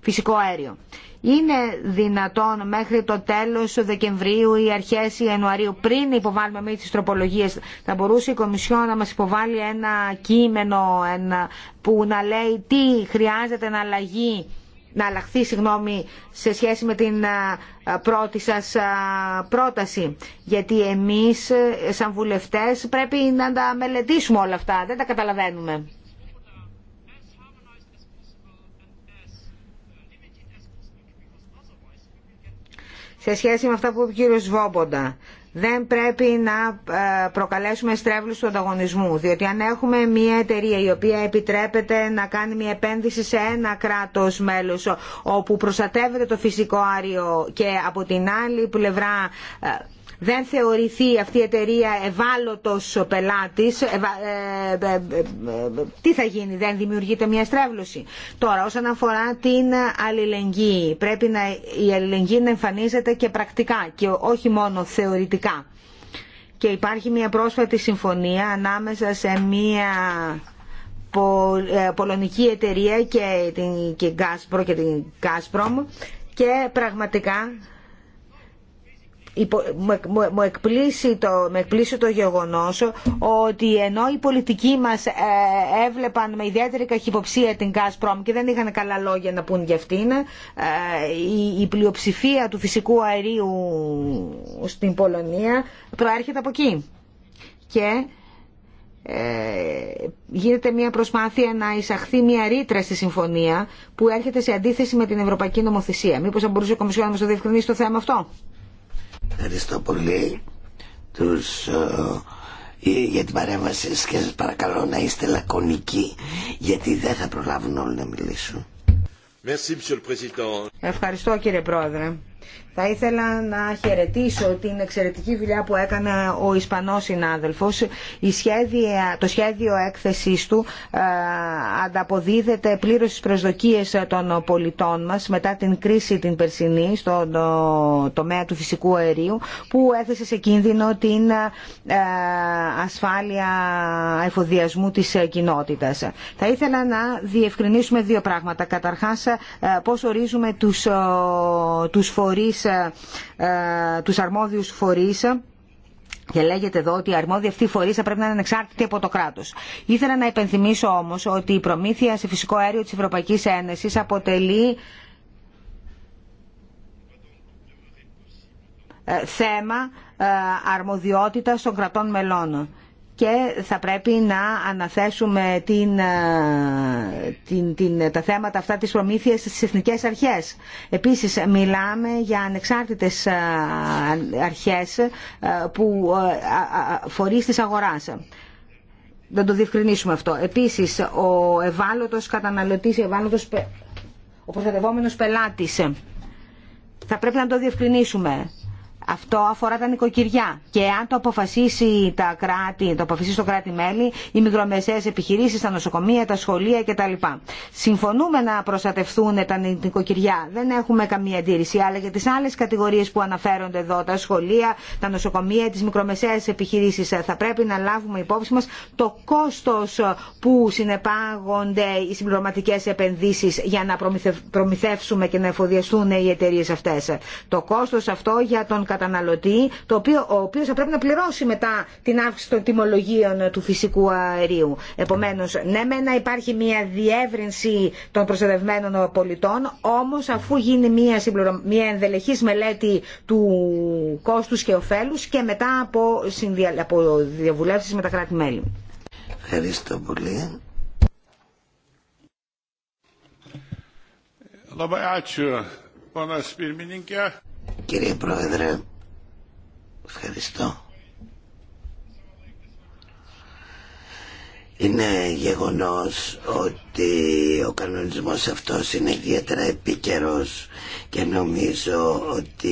φυσικό αέριο. Είναι δυνατόν μέχρι το τέλος Δεκεμβρίου ή αρχές Ιανουαρίου πριν υποβάλουμε εμείς τις τροπολογίες θα μπορούσε η αρχες ιανουαριου πριν υποβαλουμε μεχρι τις τροπολογιες θα μπορουσε η κομισιο να μας υποβάλει ένα κείμενο ένα, που να λέει τι χρειάζεται να αλλαγεί να αλλάχθεί συγγνώμη, σε σχέση με την πρώτη σας πρόταση. Γιατί εμείς ε, σαν βουλευτές πρέπει να τα μελετήσουμε όλα αυτά, δεν τα καταλαβαίνουμε. Σε σχέση με αυτά που είπε ο κύριος Βόμποντα, δεν πρέπει να ε, προκαλέσουμε στρέβλους του ανταγωνισμού. Διότι αν έχουμε μια εταιρεία η οποία επιτρέπεται να κάνει μια επένδυση σε ένα κράτος μέλος όπου προστατεύεται το φυσικό άριο και από την άλλη πλευρά ε, δεν θεωρηθεί αυτή η εταιρεία ευάλωτος πελάτης, ε, ε, ε, τι θα γίνει, δεν δημιουργείται μια στρέβλωση. Τώρα, όσον αφορά την αλληλεγγύη, πρέπει να, η αλληλεγγύη να εμφανίζεται και πρακτικά και όχι μόνο θεωρητικά. Και υπάρχει μια πρόσφατη συμφωνία ανάμεσα σε μια πολωνική εταιρεία και την και Gazprom, και την Gazprom και πραγματικά μου εκπλήσει το, με εκπλήσει το γεγονός ότι ενώ οι πολιτικοί μας ε, έβλεπαν με ιδιαίτερη καχυποψία την Gazprom και δεν είχαν καλά λόγια να πούν για αυτήν, ε, η, πλειοψηφία του φυσικού αερίου στην Πολωνία προέρχεται από εκεί. Και ε, γίνεται μια προσπάθεια να εισαχθεί μια ρήτρα στη συμφωνία που έρχεται σε αντίθεση με την Ευρωπαϊκή Νομοθεσία. Μήπως θα μπορούσε η Κομισιόν να μας το διευκρινίσει το θέμα αυτό. Ευχαριστώ πολύ τους, ε, ε, για την παρέμβαση σας και σας παρακαλώ να είστε λακωνικοί γιατί δεν θα προλάβουν όλοι να μιλήσουν. Ευχαριστώ κύριε Πρόεδρε. Θα ήθελα να χαιρετήσω την εξαιρετική δουλειά που έκανε ο Ισπανός συνάδελφος. Η σχέδια, το σχέδιο έκθεσης του ε, ανταποδίδεται πλήρως στις προσδοκίες των πολιτών μας μετά την κρίση την περσινή στο το, ε, τομέα του φυσικού αερίου που έθεσε σε κίνδυνο την ε, ασφάλεια εφοδιασμού της κοινότητας. Θα ήθελα να διευκρινίσουμε δύο πράγματα. Καταρχάς, ε, πώς ορίζουμε τους, τους φορείς, ε, ε, τους αρμόδιους φορείς και λέγεται εδώ ότι οι αρμόδιοι αυτοί φορεί θα πρέπει να είναι ανεξάρτητοι από το κράτο. Ήθελα να υπενθυμίσω όμω ότι η προμήθεια σε φυσικό αέριο τη Ευρωπαϊκή Ένωση αποτελεί ε, θέμα αρμοδιότητα των κρατών μελών και θα πρέπει να αναθέσουμε την, ε, την, την, τα θέματα αυτά της προμήθειας στις εθνικές αρχές. Επίσης μιλάμε για ανεξάρτητες ε, αρχές ε, που φορείς της αγοράς. Δεν το διευκρινίσουμε αυτό. Επίσης ο ευάλωτος καταναλωτής, ο, ευάλωτος, ο πελάτης. Θα πρέπει να το διευκρινίσουμε αυτό αφορά τα νοικοκυριά και αν το αποφασίσει, τα κράτη, το αποφασίσει το κράτη-μέλη, οι μικρομεσαίες επιχειρήσεις, τα νοσοκομεία, τα σχολεία κτλ. Συμφωνούμε να προστατευτούν τα νοικοκυριά, δεν έχουμε καμία αντίρρηση, αλλά για τις άλλες κατηγορίες που αναφέρονται εδώ, τα σχολεία, τα νοσοκομεία, τις μικρομεσαίες επιχειρήσεις, θα πρέπει να λάβουμε υπόψη μας το κόστος που συνεπάγονται οι συμπληρωματικές επενδύσεις για να προμηθεύσουμε και να εφοδιαστούν οι εταιρείε αυτές. Το κόστος αυτό για τον καταναλωτή, το οποίο, ο θα πρέπει να πληρώσει μετά την αύξηση των τιμολογίων του φυσικού αερίου. Επομένως, ναι με να υπάρχει μια διεύρυνση των προστατευμένων πολιτών, όμως αφού γίνει μια, συμπληρω... μια ενδελεχής μελέτη του κόστους και ωφέλου και μετά από, συνδια... από διαβουλεύσεις με τα κράτη-μέλη. Ευχαριστώ πολύ. Κύριε Πρόεδρε, ευχαριστώ. Είναι γεγονός ότι ο κανονισμός αυτός είναι ιδιαίτερα επίκαιρος και νομίζω ότι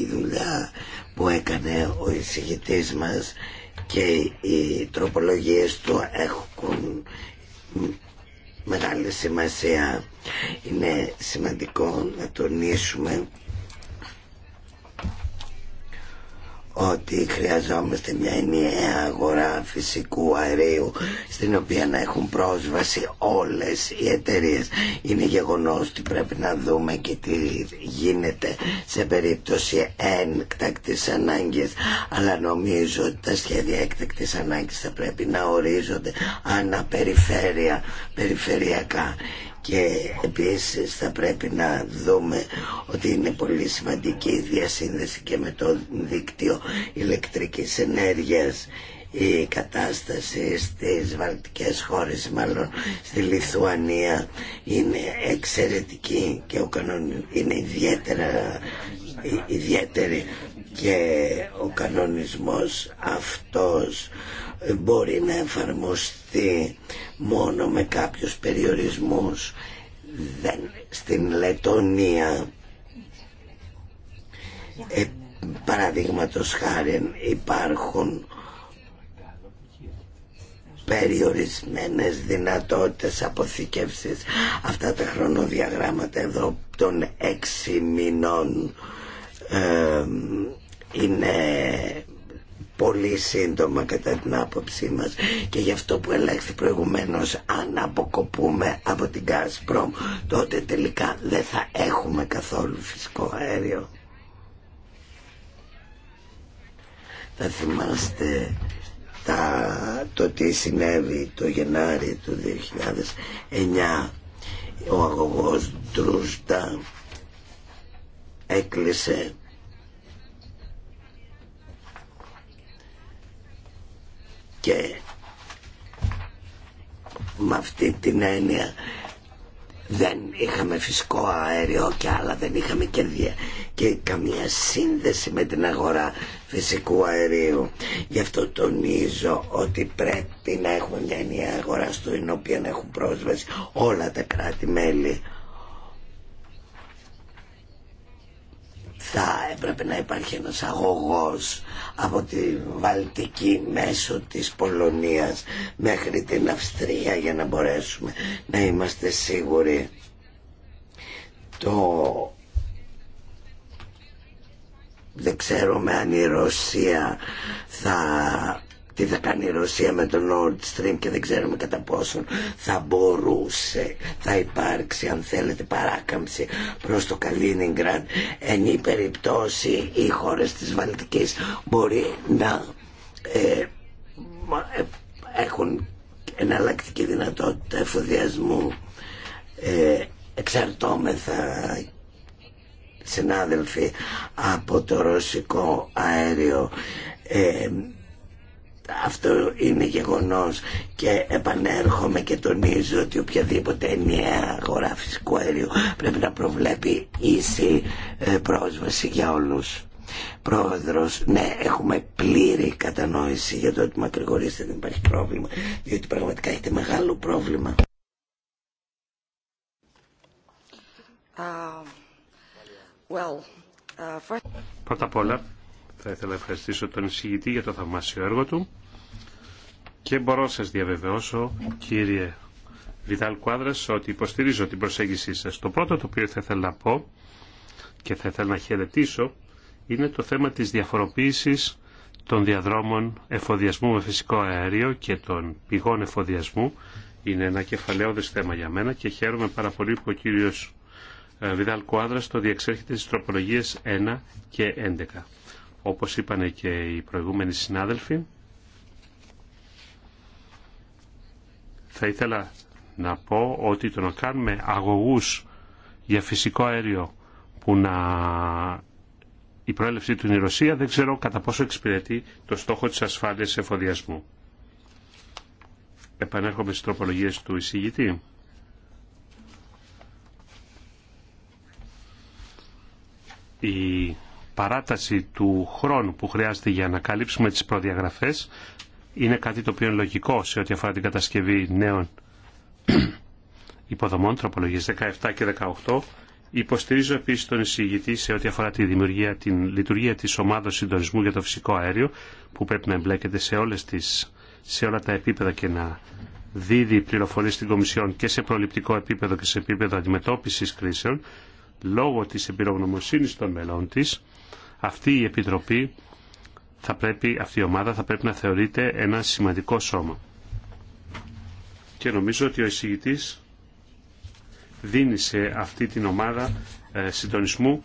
η δουλειά που έκανε ο εισηγητής μας και οι τροπολογίες του έχουν μεγάλη σημασία. Είναι σημαντικό να τονίσουμε ότι χρειαζόμαστε μια ενιαία αγορά φυσικού αερίου στην οποία να έχουν πρόσβαση όλες οι εταιρείες. Είναι γεγονός ότι πρέπει να δούμε και τι γίνεται σε περίπτωση έκτακτης ανάγκης αλλά νομίζω ότι τα σχέδια έκτακτης ανάγκης θα πρέπει να ορίζονται αναπεριφέρεια περιφερειακά και επίσης θα πρέπει να δούμε ότι είναι πολύ σημαντική η διασύνδεση και με το δίκτυο ηλεκτρικής ενέργειας η κατάσταση στις βαλτικές χώρες μάλλον στη Λιθουανία είναι εξαιρετική και ο κανόν είναι ιδιαίτερα ιδιαίτερη και ο κανονισμός αυτός ε, μπορεί να εφαρμοστεί μόνο με κάποιους περιορισμούς δεν, στην Λετωνία ε, παραδείγματος χάρη υπάρχουν περιορισμένες δυνατότητες αποθηκεύσης αυτά τα χρονοδιαγράμματα εδώ των έξι μηνών ε, είναι πολύ σύντομα κατά την άποψή μας και γι' αυτό που ελέγχθη προηγουμένως αν αποκοπούμε από την Gazprom τότε τελικά δεν θα έχουμε καθόλου φυσικό αέριο. Θα θυμάστε τα, το τι συνέβη το Γενάρη του 2009 ο αγωγός Ντρούστα έκλεισε και με αυτή την έννοια δεν είχαμε φυσικό αέριο και άλλα δεν είχαμε και, και καμία σύνδεση με την αγορά φυσικού αερίου. Γι' αυτό τονίζω ότι πρέπει να έχουμε μια ενιαία αγορά στο οποία να έχουν πρόσβαση όλα τα κράτη-μέλη. θα έπρεπε να υπάρχει ένας αγωγός από τη Βαλτική μέσω της Πολωνίας μέχρι την Αυστρία για να μπορέσουμε να είμαστε σίγουροι το δεν ξέρουμε αν η Ρωσία θα τι θα κάνει η Ρωσία με τον Nord Stream και δεν ξέρουμε κατά πόσον θα μπορούσε, θα υπάρξει αν θέλετε παράκαμψη προς το Καλίνιγκραντ εν η περιπτώσει οι χώρες της Βαλτικής μπορεί να ε, ε, έχουν εναλλακτική δυνατότητα εφοδιασμού ε, εξαρτώμεθα συνάδελφοι από το ρωσικό αέριο ε, αυτό είναι γεγονός και επανέρχομαι και τονίζω ότι οποιαδήποτε ενιαία αγορά φυσικού αερίου πρέπει να προβλέπει ίση ε, πρόσβαση για όλους. Πρόεδρος, ναι, έχουμε πλήρη κατανόηση για το ότι ακρηγορήσετε δεν υπάρχει πρόβλημα, διότι πραγματικά έχετε μεγάλο πρόβλημα. Uh, well, uh, Πρώτα απ' όλα, θα ήθελα να ευχαριστήσω τον εισηγητή για το θαυμάσιο έργο του. Και μπορώ να σας διαβεβαιώσω, κύριε Βιδάλ Κουάδρας, ότι υποστηρίζω την προσέγγιση σας. Το πρώτο το οποίο θα ήθελα να πω και θα ήθελα να χαιρετήσω είναι το θέμα της διαφοροποίησης των διαδρόμων εφοδιασμού με φυσικό αέριο και των πηγών εφοδιασμού. Είναι ένα κεφαλαίωδες θέμα για μένα και χαίρομαι πάρα πολύ που ο κύριος ε, Βιδάλ Κουάδρας το διεξέρχεται στις τροπολογίες 1 και 11. Όπως είπαν και οι προηγούμενοι συνάδελφοι, Θα ήθελα να πω ότι το να κάνουμε αγωγούς για φυσικό αέριο που να η προέλευση του είναι η Ρωσία δεν ξέρω κατά πόσο εξυπηρετεί το στόχο της ασφάλειας εφοδιασμού. Επανέρχομαι στις τροπολογίες του εισηγητή. Η παράταση του χρόνου που χρειάζεται για να καλύψουμε τις προδιαγραφές είναι κάτι το οποίο είναι λογικό σε ό,τι αφορά την κατασκευή νέων υποδομών, τροπολογίες 17 και 18. Υποστηρίζω επίσης τον εισηγητή σε ό,τι αφορά τη δημιουργία, την λειτουργία της ομάδας συντονισμού για το φυσικό αέριο, που πρέπει να εμπλέκεται σε, όλες τις, σε όλα τα επίπεδα και να δίδει πληροφορίες στην Κομισιόν και σε προληπτικό επίπεδο και σε επίπεδο αντιμετώπισης κρίσεων, λόγω της εμπειρογνωμοσύνης των μελών της, αυτή η Επιτροπή θα πρέπει, αυτή η ομάδα θα πρέπει να θεωρείται ένα σημαντικό σώμα. Και νομίζω ότι ο εισηγητής δίνει σε αυτή την ομάδα ε, συντονισμού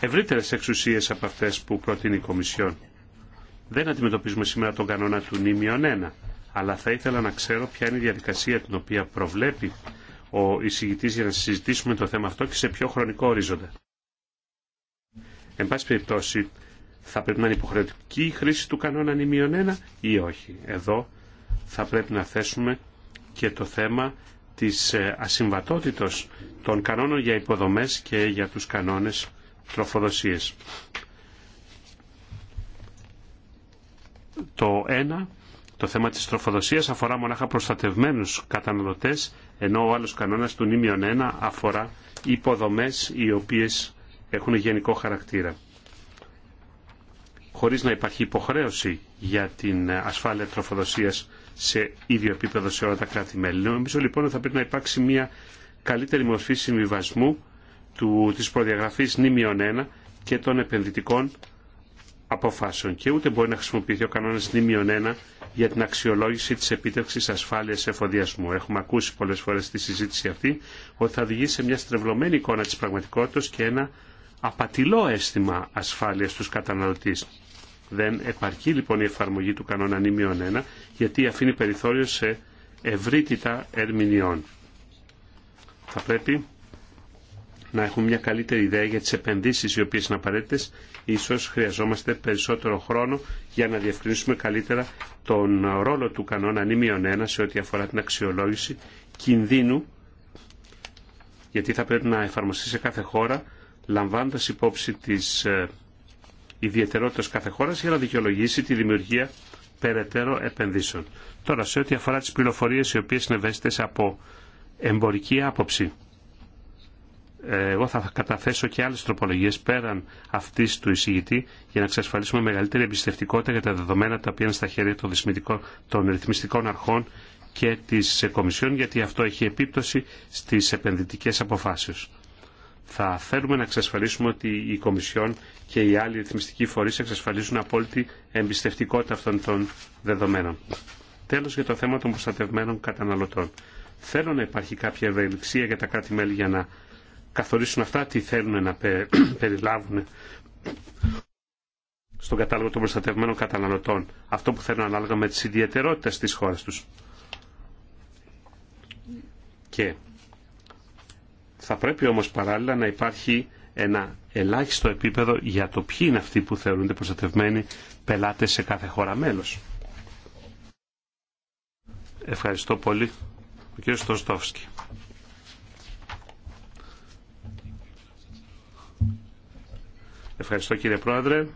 ευρύτερες εξουσίες από αυτές που προτείνει η Κομισιόν. Δεν αντιμετωπίζουμε σήμερα τον κανόνα του νήμιον 1, αλλά θα ήθελα να ξέρω ποια είναι η διαδικασία την οποία προβλέπει ο εισηγητής για να συζητήσουμε το θέμα αυτό και σε ποιο χρονικό ορίζοντα. Εν πάση περιπτώσει, θα πρέπει να είναι υποχρεωτική η χρήση του κανόνα νημιον 1 ή όχι. Εδώ θα πρέπει να θέσουμε και το θέμα της ε, ασυμβατότητος των κανόνων για υποδομές και για τους κανόνες τροφοδοσίες. Το ένα, το θέμα της τροφοδοσίας αφορά μονάχα προστατευμένους καταναλωτές, ενώ ο άλλος κανόνας του νήμιον 1 αφορά υποδομές οι οποίες έχουν γενικό χαρακτήρα χωρίς να υπάρχει υποχρέωση για την ασφάλεια τροφοδοσίας σε ίδιο επίπεδο σε όλα τα κράτη-μέλη. Νομίζω λοιπόν ότι θα πρέπει να υπάρξει μια καλύτερη μορφή συμβιβασμού του, της προδιαγραφής νήμιον 1 και των επενδυτικών αποφάσεων και ούτε μπορεί να χρησιμοποιηθεί ο κανόνας νήμιον 1 για την αξιολόγηση της επίτευξης ασφάλειας εφοδιασμού. Έχουμε ακούσει πολλές φορές τη συζήτηση αυτή ότι θα οδηγήσει σε μια στρεβλωμένη εικόνα της πραγματικότητας και ένα απατηλό αίσθημα ασφάλειας στους καταναλωτές. Δεν επαρκεί λοιπόν η εφαρμογή του κανόνα νήμιον 1 γιατί αφήνει περιθώριο σε ευρύτητα ερμηνεών. Θα πρέπει να έχουμε μια καλύτερη ιδέα για τις επενδύσεις οι οποίες είναι απαραίτητες. Ίσως χρειαζόμαστε περισσότερο χρόνο για να διευκρινίσουμε καλύτερα τον ρόλο του κανόνα νήμιον 1 σε ό,τι αφορά την αξιολόγηση κινδύνου γιατί θα πρέπει να εφαρμοστεί σε κάθε χώρα λαμβάνοντας υπόψη τις ε, ιδιαιτερότητε κάθε χώρα για να δικαιολογήσει τη δημιουργία περαιτέρω επενδύσεων. Τώρα, σε ό,τι αφορά τι πληροφορίε οι οποίε είναι από εμπορική άποψη, ε, εγώ θα καταθέσω και άλλε τροπολογίε πέραν αυτή του εισηγητή για να εξασφαλίσουμε μεγαλύτερη εμπιστευτικότητα για τα δεδομένα τα οποία είναι στα χέρια των, των ρυθμιστικών αρχών και της Κομισιόν γιατί αυτό έχει επίπτωση στις επενδυτικές αποφάσεις θα θέλουμε να εξασφαλίσουμε ότι η Κομισιόν και οι άλλοι ρυθμιστικοί φορείς εξασφαλίζουν απόλυτη εμπιστευτικότητα αυτών των δεδομένων. Τέλος για το θέμα των προστατευμένων καταναλωτών. Θέλω να υπάρχει κάποια ευελιξία για τα κράτη-μέλη για να καθορίσουν αυτά τι θέλουν να περιλάβουν στον κατάλογο των προστατευμένων καταναλωτών. Αυτό που θέλουν ανάλογα με τις ιδιαιτερότητες της χώρας τους. Και θα πρέπει όμως παράλληλα να υπάρχει ένα ελάχιστο επίπεδο για το ποιοι είναι αυτοί που θεωρούνται προστατευμένοι πελάτες σε κάθε χώρα μέλος. Ευχαριστώ πολύ. Ο κύριος Στοστόφσκι. Ευχαριστώ κύριε Πρόεδρε.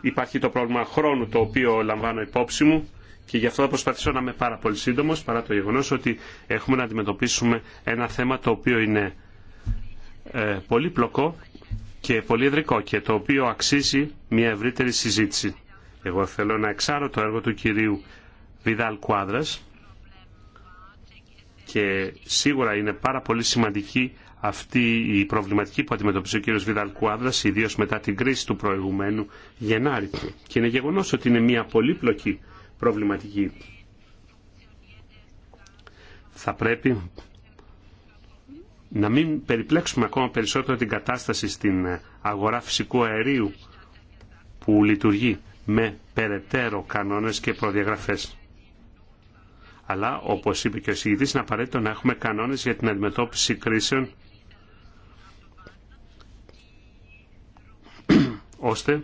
Υπάρχει το πρόβλημα χρόνου το οποίο λαμβάνω υπόψη μου και γι' αυτό θα προσπαθήσω να είμαι πάρα πολύ σύντομο, παρά το γεγονό ότι έχουμε να αντιμετωπίσουμε ένα θέμα το οποίο είναι ε, πολύ πλοκό και πολύ ευρικό και το οποίο αξίζει μια ευρύτερη συζήτηση. Εγώ θέλω να εξάρω το έργο του κυρίου Βιδάλ Κουάδρα. και σίγουρα είναι πάρα πολύ σημαντική αυτή η προβληματική που αντιμετωπίζει ο κύριος Βιδάλ Κουάδρα, ιδίω μετά την κρίση του προηγουμένου Γενάρη. Και είναι γεγονό ότι είναι μια πολύπλοκη προβληματική. Θα πρέπει να μην περιπλέξουμε ακόμα περισσότερο την κατάσταση στην αγορά φυσικού αερίου που λειτουργεί με περαιτέρω κανόνες και προδιαγραφές. Αλλά, όπως είπε και ο συγητής, είναι απαραίτητο να έχουμε κανόνες για την αντιμετώπιση κρίσεων ώστε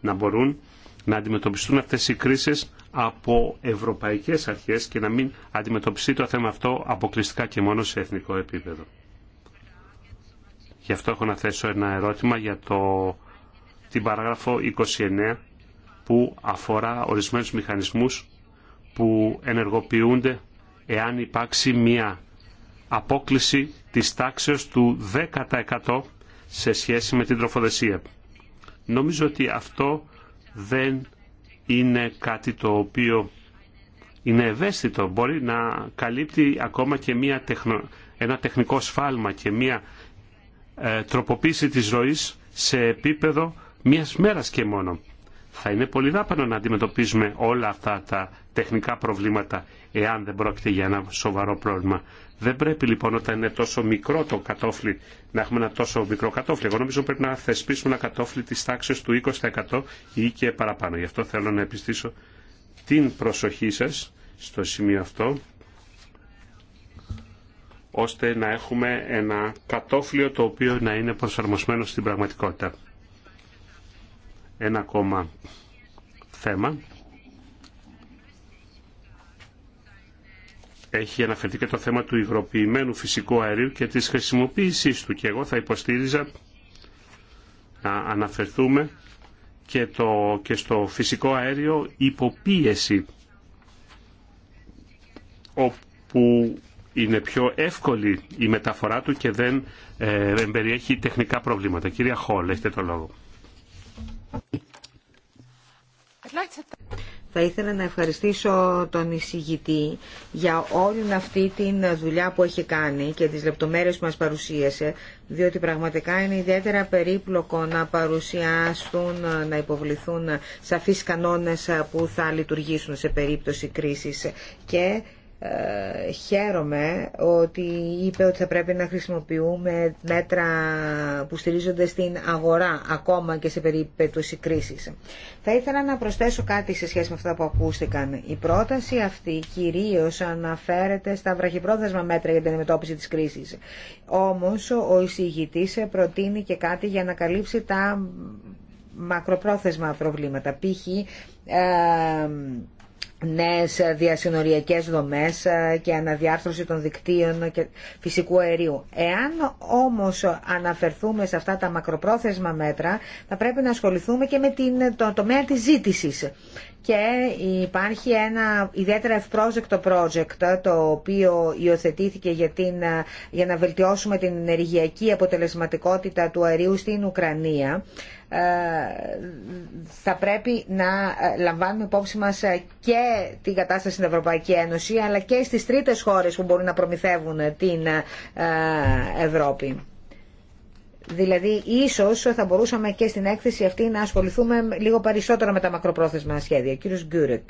να μπορούν να αντιμετωπιστούν αυτές οι κρίσεις από ευρωπαϊκές αρχές και να μην αντιμετωπιστεί το θέμα αυτό αποκλειστικά και μόνο σε εθνικό επίπεδο. Γι' αυτό έχω να θέσω ένα ερώτημα για το, την παράγραφο 29 που αφορά ορισμένους μηχανισμούς που ενεργοποιούνται εάν υπάρξει μια απόκληση της τάξεως του 10% σε σχέση με την τροφοδεσία. Νομίζω ότι αυτό δεν είναι κάτι το οποίο είναι ευαίσθητο. Μπορεί να καλύπτει ακόμα και μια ένα τεχνικό σφάλμα και μια ε, τροποποίηση της ροής σε επίπεδο μιας μέρας και μόνο. Θα είναι πολύ δάπανο να αντιμετωπίζουμε όλα αυτά τα τεχνικά προβλήματα εάν δεν πρόκειται για ένα σοβαρό πρόβλημα. Δεν πρέπει λοιπόν όταν είναι τόσο μικρό το κατόφλι να έχουμε ένα τόσο μικρό κατόφλι. Εγώ νομίζω πρέπει να θεσπίσουμε ένα κατόφλι της τάξης του 20% ή και παραπάνω. Γι' αυτό θέλω να επιστήσω την προσοχή σας στο σημείο αυτό ώστε να έχουμε ένα κατόφλιο το οποίο να είναι προσαρμοσμένο στην πραγματικότητα ένα ακόμα θέμα. Έχει αναφερθεί και το θέμα του υγροποιημένου φυσικού αερίου και της χρησιμοποίησής του και εγώ θα υποστήριζα να αναφερθούμε και, το, και στο φυσικό αέριο υποπίεση όπου είναι πιο εύκολη η μεταφορά του και δεν ε, περιέχει τεχνικά προβλήματα. Κυρία Χόλ, έχετε το λόγο. Θα ήθελα να ευχαριστήσω τον εισηγητή για όλη αυτή τη δουλειά που έχει κάνει και τις λεπτομέρειες που μας παρουσίασε, διότι πραγματικά είναι ιδιαίτερα περίπλοκο να παρουσιάσουν, να υποβληθούν σαφείς κανόνες που θα λειτουργήσουν σε περίπτωση κρίσης και ε, χαίρομαι ότι είπε ότι θα πρέπει να χρησιμοποιούμε μέτρα που στηρίζονται στην αγορά ακόμα και σε περίπτωση κρίσης. Θα ήθελα να προσθέσω κάτι σε σχέση με αυτά που ακούστηκαν. Η πρόταση αυτή κυρίως αναφέρεται στα βραχυπρόθεσμα μέτρα για την αντιμετώπιση της κρίσης. Όμως ο εισηγητής προτείνει και κάτι για να καλύψει τα μακροπρόθεσμα προβλήματα. Π.χ. Ε, νέες διασυνοριακές δομές ε, και αναδιάρθρωση των δικτύων και φυσικού αερίου. Εάν όμως αναφερθούμε σε αυτά τα μακροπρόθεσμα μέτρα, θα πρέπει να ασχοληθούμε και με την, το τομέα της ζήτησης. Και υπάρχει ένα ιδιαίτερα ευπρόζεκτο project το οποίο υιοθετήθηκε για, την, για να βελτιώσουμε την ενεργειακή αποτελεσματικότητα του αερίου στην Ουκρανία ε, θα πρέπει να ε, λαμβάνουμε υπόψη μας ε, και την κατάσταση στην Ευρωπαϊκή Ένωση αλλά και στις τρίτες χώρες που μπορούν να προμηθεύουν την Ευρώπη. Δηλαδή, ίσως θα μπορούσαμε και στην έκθεση αυτή να ασχοληθούμε λίγο περισσότερο με τα μακροπρόθεσμα σχέδια. Κύριος Γκούρεκ.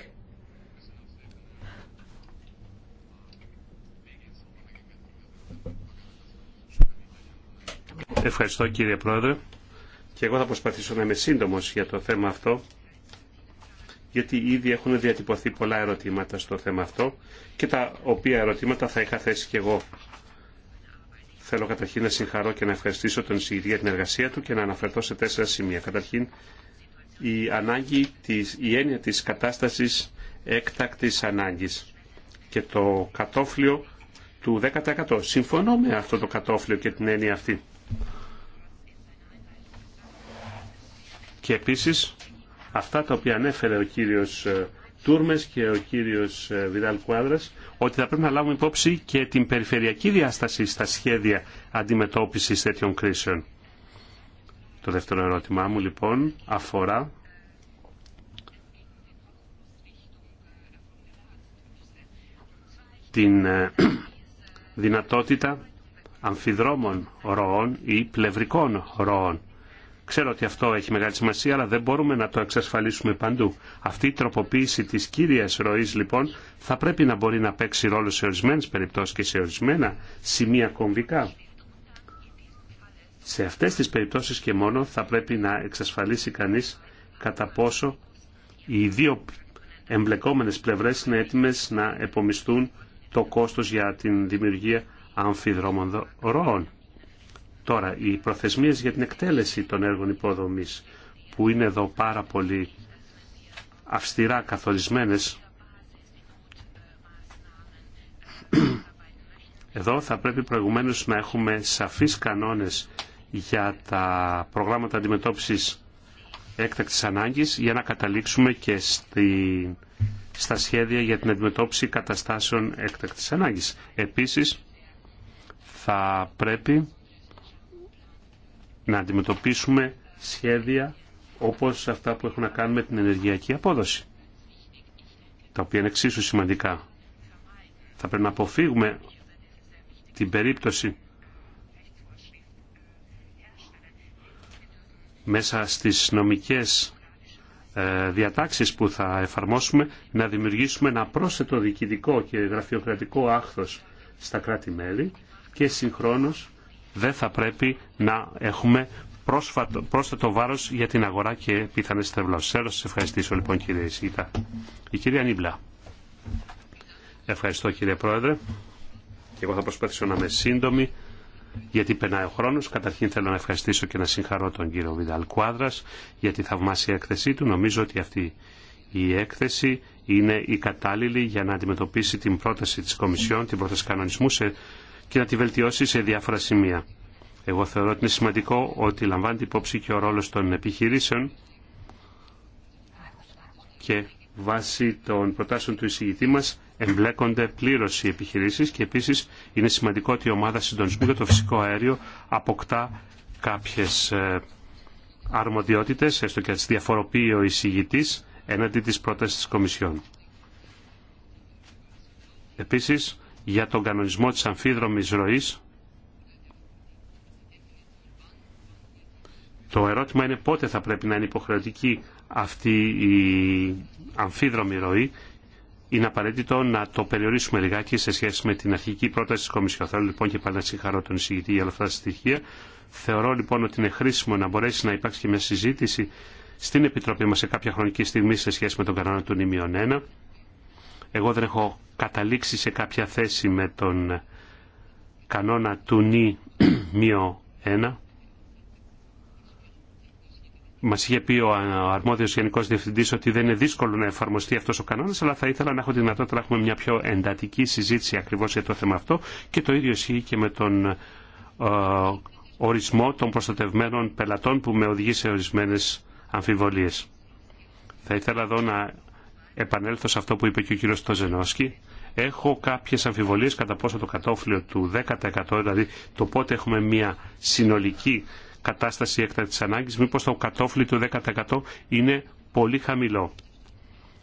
Ευχαριστώ κύριε Πρόεδρε και εγώ θα προσπαθήσω να είμαι σύντομο για το θέμα αυτό γιατί ήδη έχουν διατυπωθεί πολλά ερωτήματα στο θέμα αυτό και τα οποία ερωτήματα θα είχα θέσει και εγώ. Θέλω καταρχήν να συγχαρώ και να ευχαριστήσω τον εισηγητή για την εργασία του και να αναφερθώ σε τέσσερα σημεία. Καταρχήν, η, ανάγκη της, η έννοια της κατάστασης έκτακτης ανάγκης και το κατόφλιο του 10%. Συμφωνώ με αυτό το κατόφλιο και την έννοια αυτή. Και επίσης αυτά τα οποία ανέφερε ο κύριος ε, Τούρμες και ο κύριος ε, Βιδάλ Κουάδρας, ότι θα πρέπει να λάβουμε υπόψη και την περιφερειακή διάσταση στα σχέδια αντιμετώπισης τέτοιων κρίσεων. Το δεύτερο ερώτημά μου λοιπόν αφορά την ε, δυνατότητα αμφιδρόμων ροών ή πλευρικών ροών. Ξέρω ότι αυτό έχει μεγάλη σημασία, αλλά δεν μπορούμε να το εξασφαλίσουμε παντού. Αυτή η τροποποίηση της κύριας ροή λοιπόν, θα πρέπει να μπορεί να παίξει ρόλο σε ορισμένε περιπτώσεις και σε ορισμένα σημεία κομβικά. Σε αυτές τις περιπτώσεις και μόνο θα πρέπει να εξασφαλίσει κανείς κατά πόσο οι δύο εμπλεκόμενες πλευρές είναι έτοιμες να επομιστούν το κόστος για την δημιουργία αμφιδρόμων ροών. Τώρα, οι προθεσμίες για την εκτέλεση των έργων υποδομής, που είναι εδώ πάρα πολύ αυστηρά καθορισμένες, εδώ θα πρέπει προηγουμένως να έχουμε σαφείς κανόνες για τα προγράμματα αντιμετώπισης έκτακτης ανάγκης για να καταλήξουμε και στη, στα σχέδια για την αντιμετώπιση καταστάσεων έκτακτης ανάγκης. Επίσης, θα πρέπει να αντιμετωπίσουμε σχέδια όπως αυτά που έχουν να κάνουν με την ενεργειακή απόδοση, τα οποία είναι εξίσου σημαντικά. Θα πρέπει να αποφύγουμε την περίπτωση μέσα στις νομικές ε, διατάξεις που θα εφαρμόσουμε να δημιουργήσουμε ένα πρόσθετο διοικητικό και γραφειοκρατικό άχθος στα κράτη-μέλη και συγχρόνως δεν θα πρέπει να έχουμε πρόσφατο, πρόσθετο βάρος για την αγορά και πιθανές τρευλώσει. Θέλω να ευχαριστήσω λοιπόν κύριε Ισίτα. Η κυρία Νίμπλα. Ευχαριστώ κύριε Πρόεδρε. Και εγώ θα προσπαθήσω να είμαι σύντομη γιατί περνάει ο χρόνος. Καταρχήν θέλω να ευχαριστήσω και να συγχαρώ τον κύριο Βιδαλ Κουάδρας για τη θαυμάσια έκθεσή του. Νομίζω ότι αυτή η έκθεση είναι η κατάλληλη για να αντιμετωπίσει την πρόταση της Κομισιόν, την πρόταση κανονισμού σε και να τη βελτιώσει σε διάφορα σημεία. Εγώ θεωρώ ότι είναι σημαντικό ότι λαμβάνεται υπόψη και ο ρόλος των επιχειρήσεων και βάσει των προτάσεων του εισηγητή μας εμπλέκονται πλήρως οι επιχειρήσεις και επίσης είναι σημαντικό ότι η ομάδα συντονισμού για το φυσικό αέριο αποκτά κάποιες ε, αρμοδιότητες, έστω και τις διαφοροποιεί ο εισηγητής, έναντι της πρότασης της Κομισιόν. Επίσης, για τον κανονισμό της αμφίδρομης ροής. Το ερώτημα είναι πότε θα πρέπει να είναι υποχρεωτική αυτή η αμφίδρομη ροή. Είναι απαραίτητο να το περιορίσουμε λιγάκι σε σχέση με την αρχική πρόταση της Κομισιόν. Θέλω λοιπόν και πάλι να συγχαρώ τον εισηγητή για όλα αυτά τα στοιχεία. Θεωρώ λοιπόν ότι είναι χρήσιμο να μπορέσει να υπάρξει και μια συζήτηση στην Επιτροπή μας σε κάποια χρονική στιγμή σε σχέση με τον κανόνα του νημιών 1 εγώ δεν έχω καταλήξει σε κάποια θέση με τον κανόνα του νη 1. Μα είχε πει ο αρμόδιο Γενικό Διευθυντή ότι δεν είναι δύσκολο να εφαρμοστεί αυτό ο κανόνα, αλλά θα ήθελα να έχω τη δυνατότητα να έχουμε μια πιο εντατική συζήτηση ακριβώ για το θέμα αυτό και το ίδιο ισχύει και με τον ε, ορισμό των προστατευμένων πελατών που με οδηγεί σε ορισμένε αμφιβολίε. Θα ήθελα εδώ να επανέλθω σε αυτό που είπε και ο κύριος Τοζενόσκι, έχω κάποιες αμφιβολίες κατά πόσο το κατόφλιο του 10% δηλαδή το πότε έχουμε μια συνολική κατάσταση έκτακτη ανάγκης, μήπως το κατόφλι του 10% είναι πολύ χαμηλό.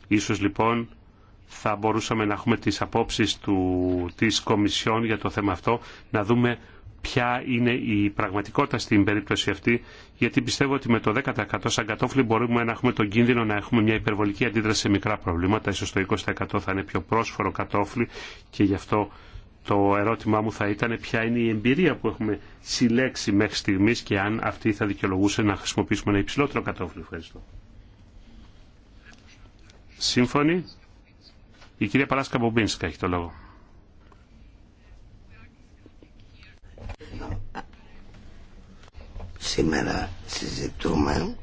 Ίσως λοιπόν θα μπορούσαμε να έχουμε τις απόψεις του, της Κομισιόν για το θέμα αυτό, να δούμε ποια είναι η πραγματικότητα στην περίπτωση αυτή, γιατί πιστεύω ότι με το 10% σαν κατόφλι μπορούμε να έχουμε τον κίνδυνο να έχουμε μια υπερβολική αντίδραση σε μικρά προβλήματα. Ίσως το 20% θα είναι πιο πρόσφορο κατόφλι και γι' αυτό το ερώτημά μου θα ήταν ποια είναι η εμπειρία που έχουμε συλλέξει μέχρι στιγμή και αν αυτή θα δικαιολογούσε να χρησιμοποιήσουμε ένα υψηλότερο κατόφλι. Ευχαριστώ. Σύμφωνοι. Η κυρία Παράσκα Μπομπίνσκα έχει το λόγο. σήμερα συζητούμε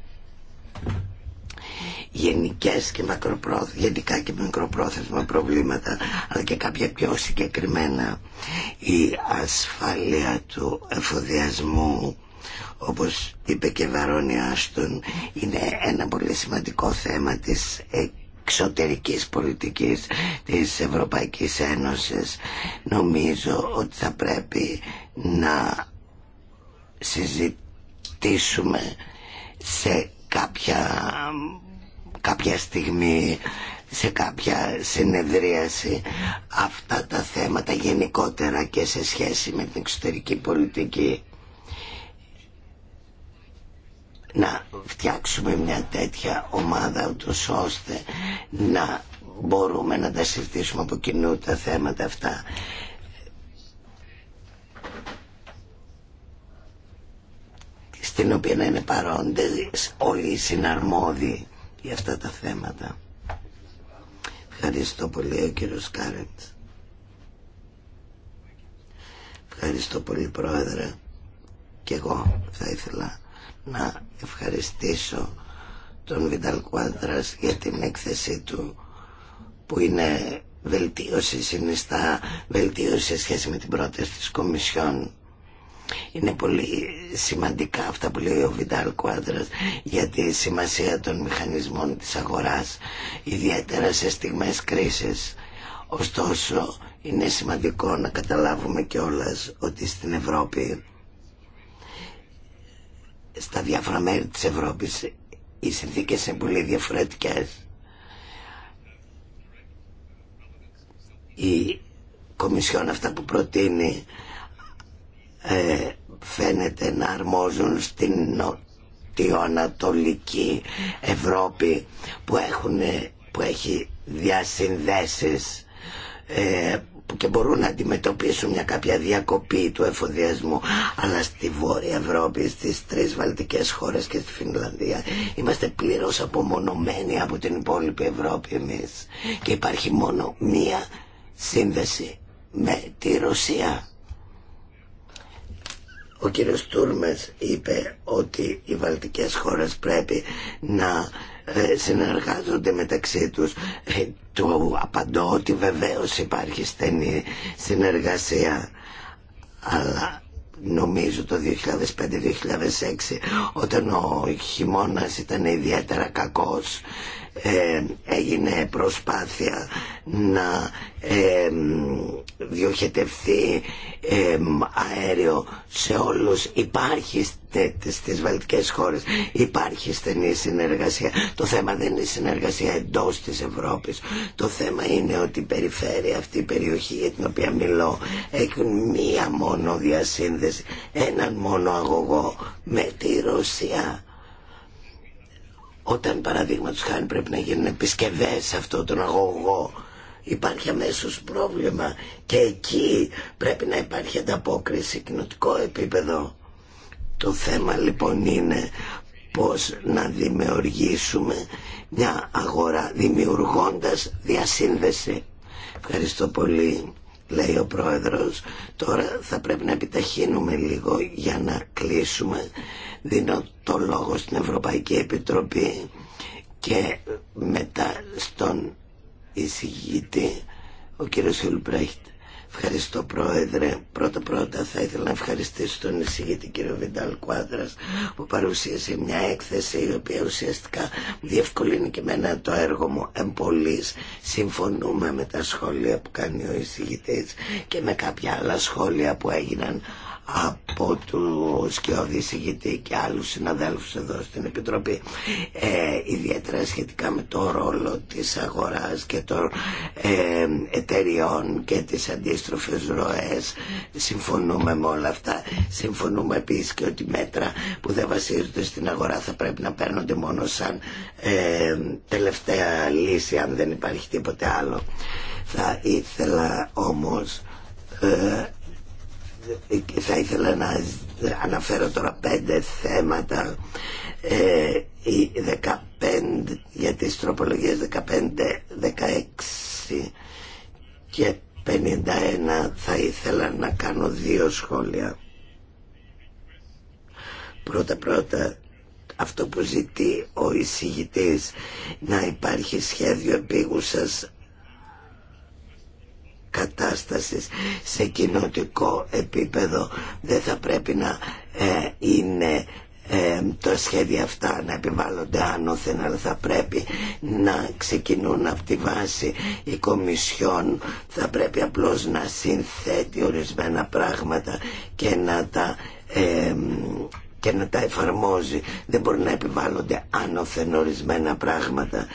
γενικές και μακροπρόθεσμα, γενικά και μικροπρόθεσμα προβλήματα, αλλά και κάποια πιο συγκεκριμένα η ασφάλεια του εφοδιασμού όπως είπε και Βαρόνια Άστον είναι ένα πολύ σημαντικό θέμα της εξωτερικής πολιτικής της Ευρωπαϊκής Ένωσης νομίζω ότι θα πρέπει να συζητήσουμε στήσουμε σε κάποια, κάποια στιγμή σε κάποια συνεδρίαση αυτά τα θέματα γενικότερα και σε σχέση με την εξωτερική πολιτική να φτιάξουμε μια τέτοια ομάδα ούτως ώστε να μπορούμε να τα συζητήσουμε από κοινού τα θέματα αυτά στην οποία να είναι παρόντες όλοι οι συναρμόδιοι για αυτά τα θέματα. Ευχαριστώ πολύ ο κύριος Κάρετ. Ευχαριστώ πολύ πρόεδρε. Και εγώ θα ήθελα να ευχαριστήσω τον Βινταλ Κουάντρας για την έκθεσή του που είναι βελτίωση, συνιστά βελτίωση σε σχέση με την πρόταση της Κομισιόν είναι πολύ σημαντικά αυτά που λέει ο Βιντάλ Κουάντρας για τη σημασία των μηχανισμών της αγοράς, ιδιαίτερα σε στιγμές κρίσης. Ωστόσο, είναι σημαντικό να καταλάβουμε κιόλας ότι στην Ευρώπη, στα διάφορα μέρη της Ευρώπης, οι συνθήκες είναι πολύ διαφορετικές. Η Κομισιόν αυτά που προτείνει ε, φαίνεται να αρμόζουν στην νοτιοανατολική Ευρώπη που, έχουν, ε, που έχει διασυνδέσεις ε, που και μπορούν να αντιμετωπίσουν μια κάποια διακοπή του εφοδιασμού αλλά στη Βόρεια Ευρώπη, στις τρεις βαλτικές χώρες και στη Φινλανδία είμαστε πλήρως απομονωμένοι από την υπόλοιπη Ευρώπη εμείς και υπάρχει μόνο μία σύνδεση με τη Ρωσία ο κύριος Τούρμες είπε ότι οι βαλτικές χώρες πρέπει να ε, συνεργάζονται μεταξύ τους. Ε, Του απαντώ ότι βεβαίως υπάρχει στενή συνεργασία. Αλλά νομίζω το 2005-2006 όταν ο χειμώνας ήταν ιδιαίτερα κακός ε, έγινε προσπάθεια να ε, διοχετευθεί αέριο σε όλους υπάρχει στις, βαλτικές χώρες υπάρχει στενή συνεργασία το θέμα δεν είναι συνεργασία εντός της Ευρώπης το θέμα είναι ότι η περιφέρεια αυτή η περιοχή για την οποία μιλώ έχουν μία μόνο διασύνδεση έναν μόνο αγωγό με τη Ρωσία όταν παραδείγματο χάνει πρέπει να γίνουν επισκευέ σε αυτόν τον αγωγό υπάρχει αμέσω πρόβλημα και εκεί πρέπει να υπάρχει ανταπόκριση κοινοτικό επίπεδο. Το θέμα λοιπόν είναι πώς να δημιουργήσουμε μια αγορά δημιουργώντας διασύνδεση. Ευχαριστώ πολύ λέει ο πρόεδρος τώρα θα πρέπει να επιταχύνουμε λίγο για να κλείσουμε δίνω το λόγο στην Ευρωπαϊκή Επιτροπή και μετά στον εισηγητή ο κύριος Χιλμπρέχτ Ευχαριστώ Πρόεδρε. Πρώτα πρώτα θα ήθελα να ευχαριστήσω τον εισηγητή κύριο Βιντάλ Κουάδρας που παρουσίασε μια έκθεση η οποία ουσιαστικά διευκολύνει και εμένα το έργο μου εμπολής. Συμφωνούμε με τα σχόλια που κάνει ο εισηγητής και με κάποια άλλα σχόλια που έγιναν από του Σκιώδη Συγητή και άλλους συναδέλφους εδώ στην Επιτροπή ε, ιδιαίτερα σχετικά με το ρόλο της αγοράς και των ε, εταιριών και τις αντίστροφες ροές συμφωνούμε με όλα αυτά συμφωνούμε επίσης και ότι μέτρα που δεν βασίζονται στην αγορά θα πρέπει να παίρνονται μόνο σαν ε, τελευταία λύση αν δεν υπάρχει τίποτε άλλο θα ήθελα όμως ε, ε, θα ήθελα να αναφέρω τώρα πέντε θέματα ε, 15 για τις τροπολογίες 15, 16 και 51 θα ήθελα να κάνω δύο σχόλια πρώτα πρώτα αυτό που ζητεί ο εισηγητής να υπάρχει σχέδιο επίγουσας κατάστασης σε κοινότικο επίπεδο δεν θα πρέπει να ε, είναι ε, το σχέδιο σχέδια αυτά να επιβάλλονται άνωθεν αλλά θα πρέπει να ξεκινούν από τη βάση η Κομισιόν θα πρέπει απλώς να συνθέτει ορισμένα πράγματα και να τα και να τα εφαρμόζει δεν μπορεί να επιβάλλονται άνωθεν ορισμένα πράγματα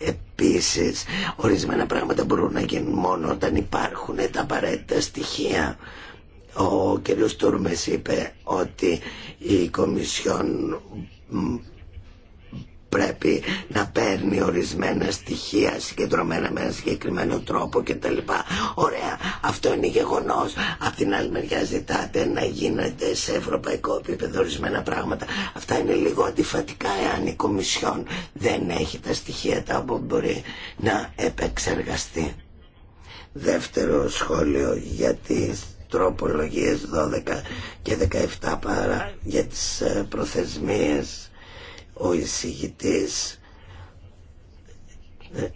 Επίσης, ορισμένα πράγματα μπορούν να γίνουν μόνο όταν υπάρχουν τα απαραίτητα στοιχεία. Ο κ. Τούρμες είπε ότι η Κομισιόν πρέπει να παίρνει ορισμένα στοιχεία συγκεντρωμένα με ένα συγκεκριμένο τρόπο κτλ. Ωραία, αυτό είναι γεγονό. Απ' την άλλη μεριά ζητάτε να γίνεται σε ευρωπαϊκό επίπεδο ορισμένα πράγματα. Αυτά είναι λίγο αντιφατικά εάν η Κομισιόν δεν έχει τα στοιχεία τα οποία μπορεί να επεξεργαστεί. Δεύτερο σχόλιο για τις τροπολογίες 12 και 17 παρά για τις ε, προθεσμίες ο εισηγητής ε,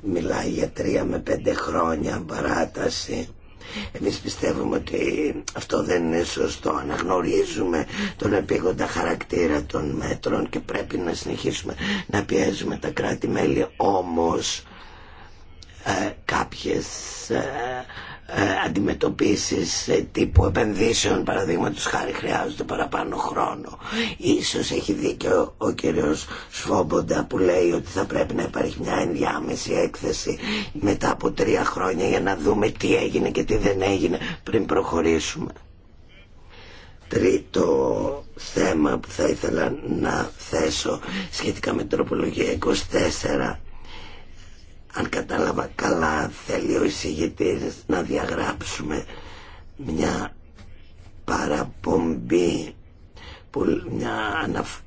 μιλάει για τρία με πέντε χρόνια παράταση εμείς πιστεύουμε ότι αυτό δεν είναι σωστό αναγνωρίζουμε τον επίγοντα χαρακτήρα των μέτρων και πρέπει να συνεχίσουμε να πιέζουμε τα κράτη-μέλη όμως ε, κάποιες ε, ε, αντιμετωπίσεις ε, τύπου επενδύσεων παραδείγματο χάρη χρειάζονται παραπάνω χρόνο ίσως έχει δίκιο ο κύριος Σφόμποντα που λέει ότι θα πρέπει να υπάρχει μια ενδιάμεση έκθεση μετά από τρία χρόνια για να δούμε τι έγινε και τι δεν έγινε πριν προχωρήσουμε τρίτο θέμα που θα ήθελα να θέσω σχετικά με τροπολογία 24 αν κατάλαβα καλά θέλει ο εισηγητής να διαγράψουμε μια παραπομπή που μια αναφ...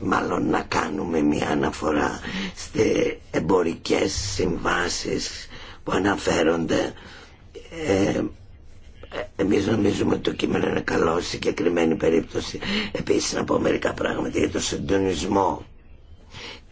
μάλλον να κάνουμε μια αναφορά στις εμπορικές συμβάσεις που αναφέρονται ε, εμείς νομίζουμε ότι το κείμενο είναι καλό σε συγκεκριμένη περίπτωση επίσης να πω μερικά πράγματα για το συντονισμό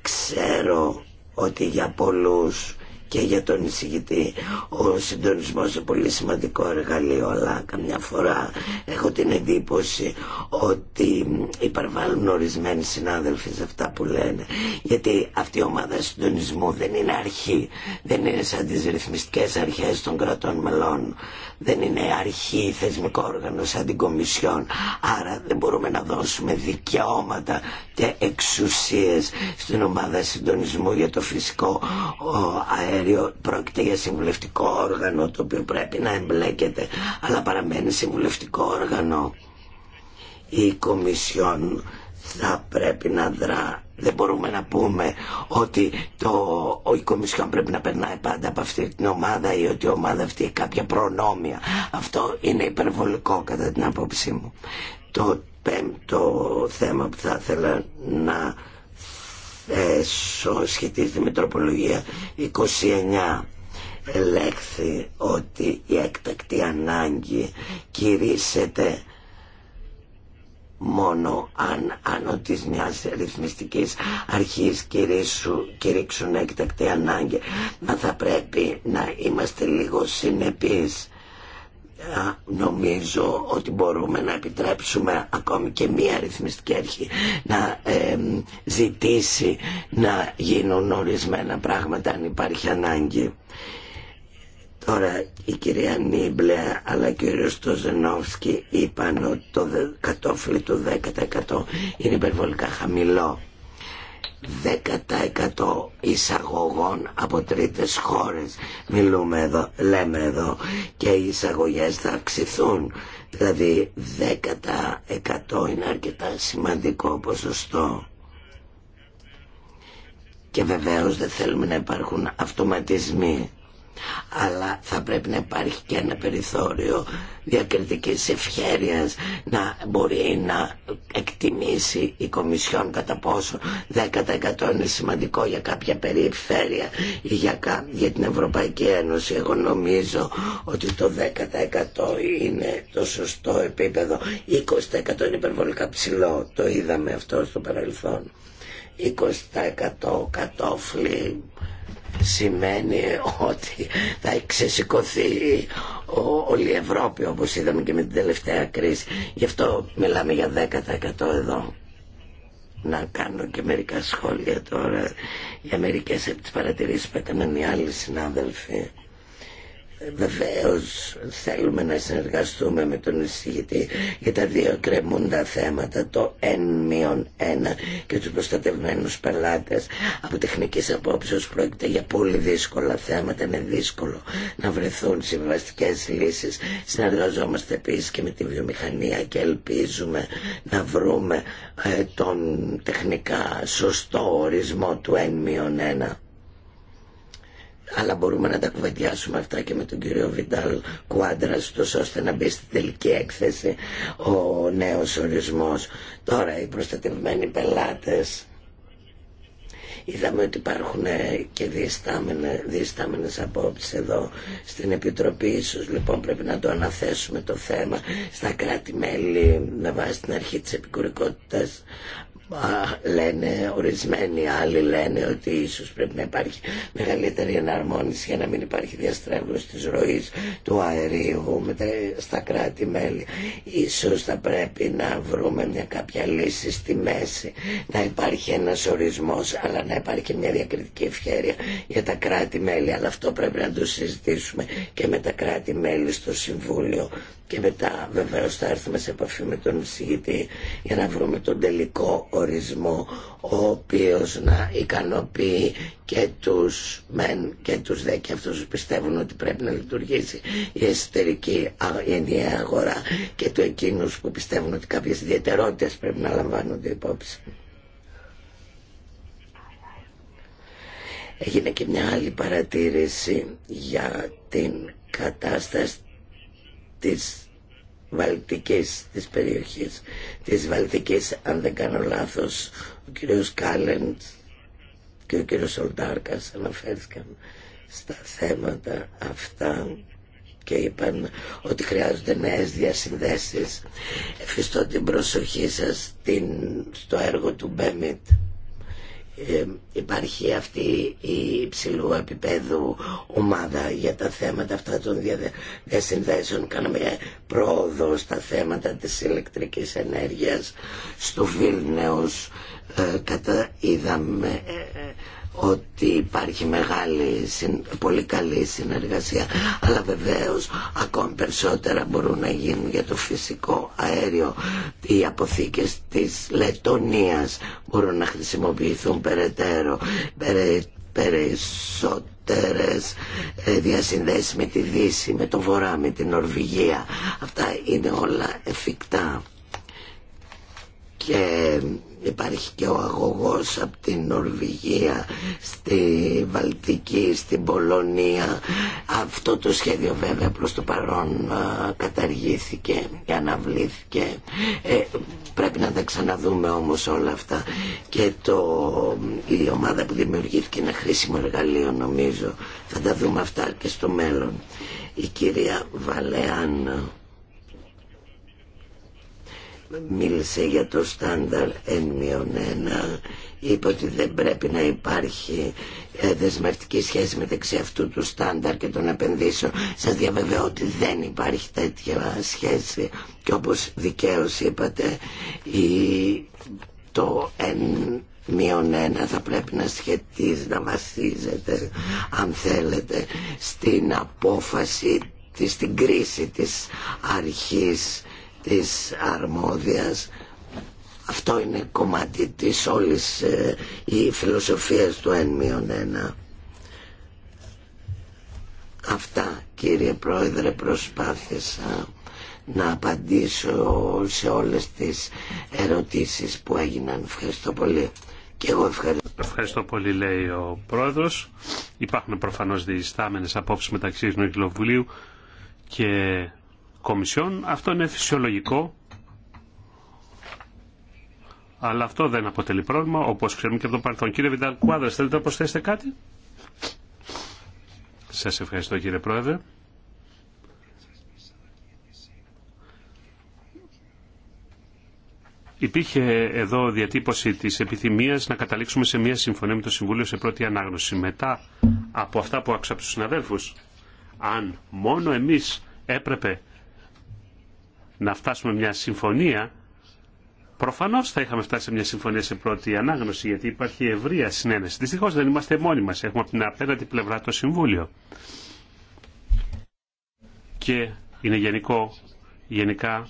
ξέρω ότι για πολλούς και για τον εισηγητή ο συντονισμός είναι πολύ σημαντικό εργαλείο αλλά καμιά φορά έχω την εντύπωση ότι υπαρβάλλουν ορισμένοι συνάδελφοι σε αυτά που λένε γιατί αυτή η ομάδα συντονισμού δεν είναι αρχή δεν είναι σαν τις ρυθμιστικές αρχές των κρατών μελών δεν είναι αρχή θεσμικό όργανο σαν την Κομισιόν άρα δεν μπορούμε να δώσουμε δικαιώματα και εξουσίες στην ομάδα συντονισμού για το φυσικό αέριο ε, πρόκειται για συμβουλευτικό όργανο το οποίο πρέπει να εμπλέκεται αλλά παραμένει συμβουλευτικό όργανο η Κομισιόν θα πρέπει να δρά δεν μπορούμε να πούμε ότι το, ο, η Κομισιόν πρέπει να περνάει πάντα από αυτή την ομάδα ή ότι η ομάδα αυτή έχει κάποια προνόμια. Αυτό είναι υπερβολικό κατά την άποψή μου. Το πέμπτο θέμα που θα ήθελα να σχετίζεται με τροπολογία 29 ελέγχθη ότι η έκτακτη ανάγκη κηρύσσεται μόνο αν άνω της μιας ρυθμιστικής αρχής κηρύξουν έκτακτη ανάγκη. Μα θα πρέπει να είμαστε λίγο συνεπείς νομίζω ότι μπορούμε να επιτρέψουμε ακόμη και μία ρυθμιστική αρχή να ζητήσει να γίνουν ορισμένα πράγματα αν υπάρχει ανάγκη. Τώρα η κυρία Νίμπλε αλλά και ο κύριος Στοζενόφσκι είπαν ότι το κατόφλι του 10% είναι υπερβολικά χαμηλό. 10% εισαγωγών από τρίτες χώρες μιλούμε εδώ, λέμε εδώ και οι εισαγωγές θα αυξηθούν δηλαδή 10% είναι αρκετά σημαντικό ποσοστό και βεβαίως δεν θέλουμε να υπάρχουν αυτοματισμοί αλλά θα πρέπει να υπάρχει και ένα περιθώριο διακριτικής ευχέρειας να μπορεί να εκτιμήσει η Κομισιόν κατά πόσο 10% είναι σημαντικό για κάποια περιφέρεια ή για, κα... για την Ευρωπαϊκή Ένωση. Εγώ νομίζω ότι το 10% είναι το σωστό επίπεδο, 20% είναι υπερβολικά ψηλό, το είδαμε αυτό στο παρελθόν. 20% κατόφλι σημαίνει ότι θα ξεσηκωθεί όλη η Ευρώπη όπως είδαμε και με την τελευταία κρίση γι' αυτό μιλάμε για 10% εδώ να κάνω και μερικά σχόλια τώρα για μερικές από τις παρατηρήσεις που έκαναν οι άλλοι συνάδελφοι Βεβαίω θέλουμε να συνεργαστούμε με τον εισηγητή για τα δύο κρεμούντα θέματα, το 1-1 και τους προστατευμένου πελάτε Από τεχνική απόψεως πρόκειται για πολύ δύσκολα θέματα, είναι δύσκολο να βρεθούν συμβαστικέ λύσει. Συνεργαζόμαστε επίση και με τη βιομηχανία και ελπίζουμε να βρούμε ε, τον τεχνικά σωστό ορισμό του 1-1 αλλά μπορούμε να τα κουβεντιάσουμε αυτά και με τον κύριο Βιντάλ Κουάντρα ώστε να μπει στη τελική έκθεση ο νέο ορισμό. Τώρα οι προστατευμένοι πελάτες είδαμε ότι υπάρχουν ε, και διεστάμενες απόψει απόψεις εδώ στην Επιτροπή ίσως λοιπόν πρέπει να το αναθέσουμε το θέμα στα κράτη-μέλη να βάση την αρχή της επικουρικότητας λένε, ορισμένοι άλλοι λένε ότι ίσως πρέπει να υπάρχει μεγαλύτερη εναρμόνιση για να μην υπάρχει διαστρέβλωση της ροής του αερίου με τα, στα κράτη-μέλη. Ίσως θα πρέπει να βρούμε μια κάποια λύση στη μέση, να υπάρχει ένας ορισμός αλλά να υπάρχει μια διακριτική ευχέρια για τα κράτη-μέλη. Αλλά αυτό πρέπει να το συζητήσουμε και με τα κράτη-μέλη στο Συμβούλιο και μετά βεβαίω θα έρθουμε σε επαφή με τον εισηγητή για να βρούμε τον τελικό ορισμό ο οποίος να ικανοποιεί και τους μεν και τους δε και αυτούς που πιστεύουν ότι πρέπει να λειτουργήσει η εσωτερική η ενιαία αγορά και του εκείνους που πιστεύουν ότι κάποιες ιδιαιτερότητες πρέπει να λαμβάνονται υπόψη. Έγινε και μια άλλη παρατήρηση για την κατάσταση της Βαλτικής, της περιοχής της Βαλτικής, αν δεν κάνω λάθος, ο κ. Κάλεντ και ο κ. Σολτάρκας αναφέρθηκαν στα θέματα αυτά και είπαν ότι χρειάζονται νέες διασυνδέσεις. Ευχαριστώ την προσοχή σας στο έργο του Μπέμιτ. Ε, υπάρχει αυτή η υψηλού επίπεδου ομάδα για τα θέματα αυτά των διασυνδέσεων. Κάναμε πρόοδο στα θέματα της ηλεκτρικής ενέργειας, στο Βίλνεος, ε, κατά, είδαμε, ε, ότι υπάρχει μεγάλη, πολύ καλή συνεργασία αλλά βεβαίως ακόμη περισσότερα μπορούν να γίνουν για το φυσικό αέριο οι αποθήκες της Λετωνίας μπορούν να χρησιμοποιηθούν περαιτέρω περαι, περισσότερες ε, διασυνδέσεις με τη Δύση, με το Βορρά, με την Νορβηγία αυτά είναι όλα εφικτά και υπάρχει και ο αγωγός από την Νορβηγία στη Βαλτική, στην Πολωνία αυτό το σχέδιο βέβαια προς το παρόν καταργήθηκε και αναβλήθηκε ε, πρέπει να τα ξαναδούμε όμως όλα αυτά και το, η ομάδα που δημιουργήθηκε είναι χρήσιμο εργαλείο νομίζω θα τα δούμε αυτά και στο μέλλον η κυρία Βαλεάν μίλησε για το στάνταρ N-1 είπε ότι δεν πρέπει να υπάρχει ε, δεσμευτική σχέση μεταξύ αυτού του στάνταρ και των επενδύσεων σας διαβεβαιώ ότι δεν υπάρχει τέτοια σχέση και όπως δικαίως είπατε η, το N 1 ένα θα πρέπει να σχετίζει, να βασίζεται αν θέλετε στην απόφαση της, στην κρίση της αρχής της αρμόδιας αυτό είναι κομμάτι της όλης ε, η φιλοσοφίας του 1-1 αυτά κύριε πρόεδρε προσπάθησα να απαντήσω σε όλες τις ερωτήσεις που έγιναν ευχαριστώ πολύ και εγώ ευχαριστώ. Ευχαριστώ πολύ, λέει ο πρόεδρο. Υπάρχουν προφανώ διστάμενε απόψει μεταξύ του Κοινοβουλίου και Κομισιόν. Αυτό είναι φυσιολογικό, αλλά αυτό δεν αποτελεί πρόβλημα, όπως ξέρουμε και από το παρελθόν. Κύριε Βιντάλ θέλετε να προσθέσετε κάτι. Σα ευχαριστώ κύριε Πρόεδρε. Υπήρχε εδώ διατύπωση της επιθυμίας να καταλήξουμε σε μια συμφωνία με το Συμβούλιο σε πρώτη ανάγνωση. Μετά από αυτά που άκουσα από τους συναδέλφους, αν μόνο εμείς έπρεπε να φτάσουμε μια συμφωνία, προφανώς θα είχαμε φτάσει σε μια συμφωνία σε πρώτη ανάγνωση, γιατί υπάρχει ευρεία συνένεση. Δυστυχώς δεν είμαστε μόνοι μας, έχουμε από την απέναντι πλευρά το Συμβούλιο. Και είναι γενικό, γενικά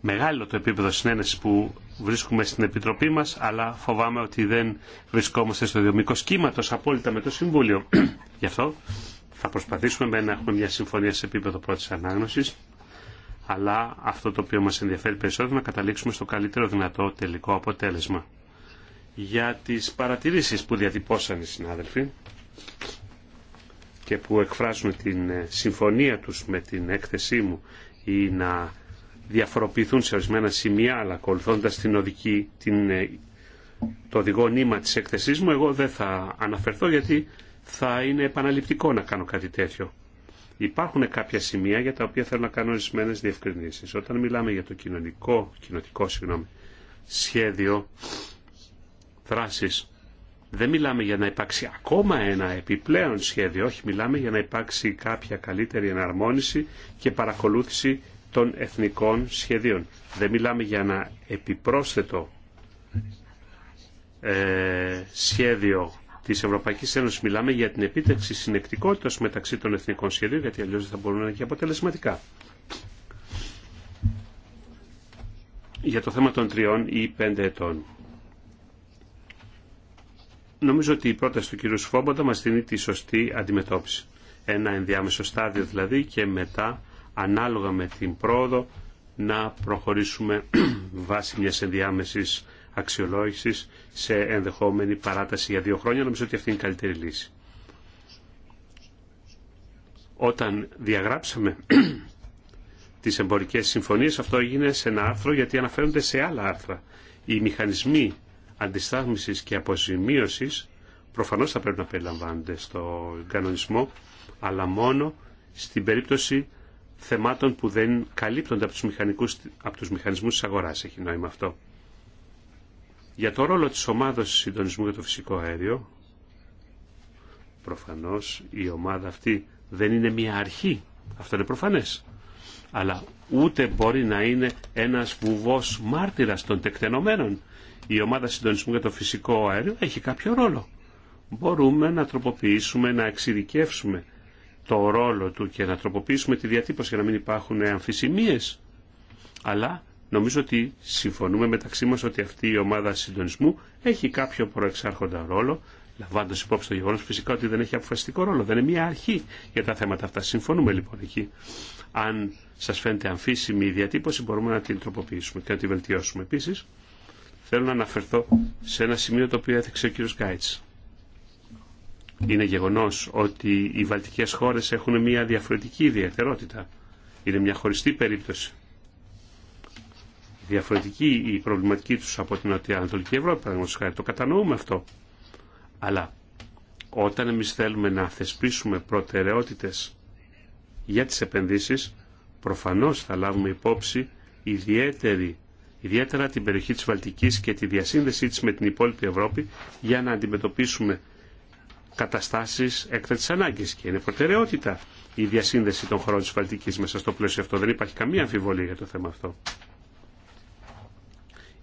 μεγάλο το επίπεδο συνένεση που βρίσκουμε στην Επιτροπή μας, αλλά φοβάμαι ότι δεν βρισκόμαστε στο διομικό σχήματος απόλυτα με το Συμβούλιο. Γι' αυτό θα προσπαθήσουμε να έχουμε μια συμφωνία σε επίπεδο πρώτης ανάγνωσης αλλά αυτό το οποίο μας ενδιαφέρει περισσότερο να καταλήξουμε στο καλύτερο δυνατό τελικό αποτέλεσμα. Για τις παρατηρήσεις που διατυπώσαν οι συνάδελφοι και που εκφράζουν την ε, συμφωνία τους με την έκθεσή μου ή να διαφοροποιηθούν σε ορισμένα σημεία αλλά ακολουθώντας την οδική, ε, το οδηγό νήμα της έκθεσής μου εγώ δεν θα αναφερθώ γιατί θα είναι επαναληπτικό να κάνω κάτι τέτοιο. Υπάρχουν κάποια σημεία για τα οποία θέλω να κάνω ορισμένε διευκρινήσει. Όταν μιλάμε για το κοινωνικό, κοινοτικό συγγνώμη, σχέδιο δράση, δεν μιλάμε για να υπάρξει ακόμα ένα επιπλέον σχέδιο, όχι μιλάμε για να υπάρξει κάποια καλύτερη εναρμόνιση και παρακολούθηση των εθνικών σχεδίων. Δεν μιλάμε για ένα επιπρόσθετο ε, σχέδιο Τη Ευρωπαϊκή Ένωση μιλάμε για την επίτευξη συνεκτικότητα μεταξύ των εθνικών σχεδίων, γιατί αλλιώς δεν θα μπορούν να είναι και αποτελεσματικά. Για το θέμα των τριών ή πέντε ετών. Νομίζω ότι η πρόταση του κ. Σφόμποντα μας δίνει τη σωστή αντιμετώπιση. Ένα ενδιάμεσο στάδιο δηλαδή και μετά ανάλογα με την πρόοδο να προχωρήσουμε βάσει μιας ενδιάμεσης Αξιολόγηση σε ενδεχόμενη παράταση για δύο χρόνια. Νομίζω ότι αυτή είναι η καλύτερη λύση. Όταν διαγράψαμε τις εμπορικές συμφωνίες, αυτό έγινε σε ένα άρθρο γιατί αναφέρονται σε άλλα άρθρα. Οι μηχανισμοί αντιστάθμισης και αποζημίωσης προφανώς θα πρέπει να περιλαμβάνονται στο κανονισμό, αλλά μόνο στην περίπτωση θεμάτων που δεν καλύπτονται από τους, μηχανικούς, από τους μηχανισμούς της αγοράς. Έχει νόημα αυτό. Για το ρόλο της ομάδας συντονισμού για το φυσικό αέριο, προφανώς η ομάδα αυτή δεν είναι μια αρχή, αυτό είναι προφανές, αλλά ούτε μπορεί να είναι ένας βουβός μάρτυρας των τεκτενομένων. Η ομάδα συντονισμού για το φυσικό αέριο έχει κάποιο ρόλο. Μπορούμε να τροποποιήσουμε, να εξειδικεύσουμε το ρόλο του και να τροποποιήσουμε τη διατύπωση για να μην υπάρχουν αμφισημίες. Αλλά Νομίζω ότι συμφωνούμε μεταξύ μας ότι αυτή η ομάδα συντονισμού έχει κάποιο προεξάρχοντα ρόλο, λαμβάνοντα υπόψη το γεγονό φυσικά ότι δεν έχει αποφασιστικό ρόλο, δεν είναι μια αρχή για τα θέματα αυτά. Συμφωνούμε λοιπόν εκεί. Αν σα φαίνεται αμφίσιμη η διατύπωση, μπορούμε να την τροποποιήσουμε και να την βελτιώσουμε. Επίση, θέλω να αναφερθώ σε ένα σημείο το οποίο έθεξε ο κ. Γκάιτ. Είναι γεγονό ότι οι βαλτικέ χώρε έχουν μια διαφορετική ιδιαιτερότητα. Είναι μια χωριστή περίπτωση διαφορετική η προβληματική τους από την Ανατολική Ευρώπη, παραδείγματος χάρη, το κατανοούμε αυτό. Αλλά όταν εμείς θέλουμε να θεσπίσουμε προτεραιότητες για τις επενδύσεις, προφανώς θα λάβουμε υπόψη ιδιαίτερη, ιδιαίτερα την περιοχή της Βαλτικής και τη διασύνδεσή της με την υπόλοιπη Ευρώπη για να αντιμετωπίσουμε καταστάσεις έκτακτης ανάγκης και είναι προτεραιότητα η διασύνδεση των χωρών της Βαλτικής μέσα στο πλαίσιο αυτό. Δεν υπάρχει καμία αμφιβολία για το θέμα αυτό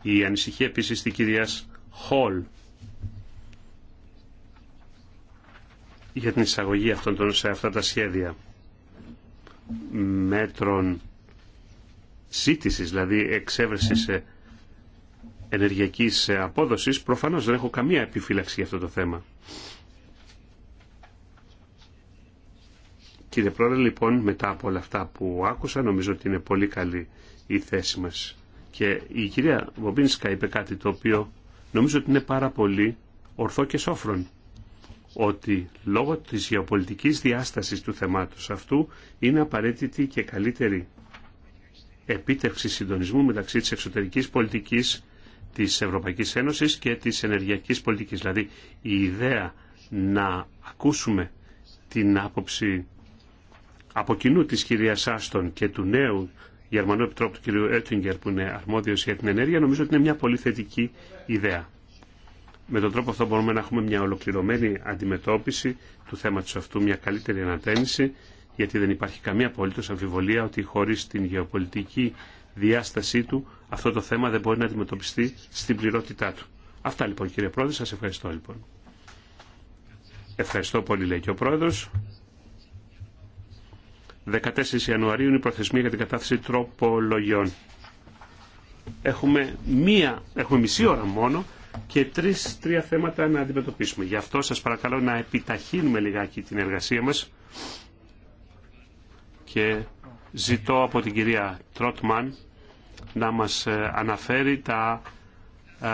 η ανησυχία επίση της κυρίας Χολ για την εισαγωγή αυτών των, σε αυτά τα σχέδια μέτρων ζήτηση, δηλαδή εξέβρεσης ενεργειακής απόδοσης, προφανώς δεν έχω καμία επιφύλαξη για αυτό το θέμα. Κύριε Πρόεδρε, λοιπόν, μετά από όλα αυτά που άκουσα, νομίζω ότι είναι πολύ καλή η θέση μας. Και η κυρία Βομπίνσκα είπε κάτι το οποίο νομίζω ότι είναι πάρα πολύ ορθό και σόφρον. Ότι λόγω της γεωπολιτικής διάστασης του θεμάτος αυτού είναι απαραίτητη και καλύτερη επίτευξη συντονισμού μεταξύ της εξωτερικής πολιτικής της Ευρωπαϊκής Ένωσης και της ενεργειακής πολιτικής. Δηλαδή η ιδέα να ακούσουμε την άποψη από κοινού της κυρίας Άστον και του νέου Γερμανού Επιτρόπου του κ. Έτσιγκερ, που είναι αρμόδιος για την ενέργεια νομίζω ότι είναι μια πολύ θετική ιδέα. Με τον τρόπο αυτό μπορούμε να έχουμε μια ολοκληρωμένη αντιμετώπιση του θέματος αυτού, μια καλύτερη ανατένιση, γιατί δεν υπάρχει καμία απολύτως αμφιβολία ότι χωρίς την γεωπολιτική διάστασή του αυτό το θέμα δεν μπορεί να αντιμετωπιστεί στην πληρότητά του. Αυτά λοιπόν κύριε Πρόεδρε, σας ευχαριστώ λοιπόν. Ευχαριστώ πολύ λέει και ο Πρόεδρος. 14 Ιανουαρίου είναι η προθεσμία για την κατάθεση τροπολογιών. Έχουμε, μία, έχουμε μισή ώρα μόνο και τρεις, τρία θέματα να αντιμετωπίσουμε. Γι' αυτό σας παρακαλώ να επιταχύνουμε λιγάκι την εργασία μας και ζητώ από την κυρία Τρότμαν να μας ε, αναφέρει τα, ε,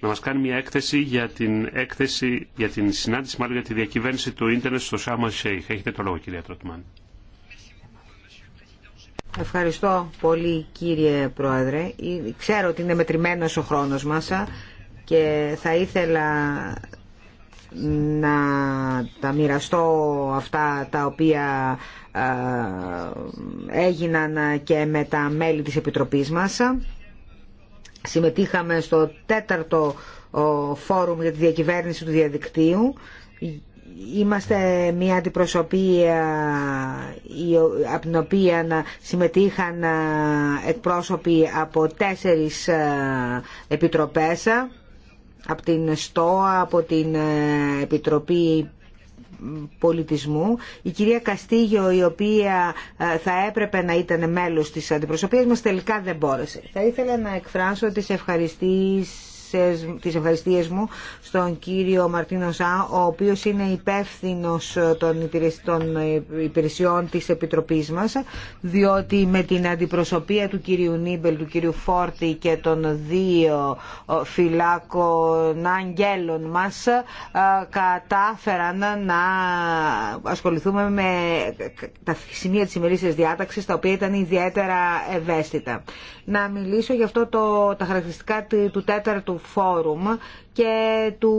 να μας κάνει μια έκθεση για την, έκθεση, για την συνάντηση, μάλλον για τη διακυβέρνηση του ίντερνετ στο Σάμα Σέιχ. Έχετε το λόγο κυρία Τρότμαν. Ευχαριστώ πολύ κύριε Πρόεδρε. Ε, ξέρω ότι είναι μετρημένος ο χρόνος μας και θα ήθελα να τα μοιραστώ αυτά τα οποία έγιναν και με τα μέλη της Επιτροπής μας. Συμμετείχαμε στο τέταρτο φόρουμ για τη διακυβέρνηση του διαδικτύου Είμαστε μια αντιπροσωπεία από την οποία συμμετείχαν εκπρόσωποι από τέσσερις επιτροπές, από την ΣΤΟΑ, από την Επιτροπή πολιτισμού. Η κυρία Καστίγιο, η οποία θα έπρεπε να ήταν μέλος της αντιπροσωπείας μας, τελικά δεν μπόρεσε. Θα ήθελα να εκφράσω τις ευχαριστήσεις τις ευχαριστίες μου στον κύριο Μαρτίνο Σά, ο οποίος είναι υπεύθυνο των υπηρεσιών της Επιτροπής μας, διότι με την αντιπροσωπεία του κύριου Νίμπελ, του κύριου Φόρτη και των δύο φυλάκων αγγέλων μας κατάφεραν να ασχοληθούμε με τα σημεία της ημερήσιας διάταξης, τα οποία ήταν ιδιαίτερα ευαίσθητα. Να μιλήσω γι' αυτό το, τα χαρακτηριστικά του τέταρτου Φόρουμ και του,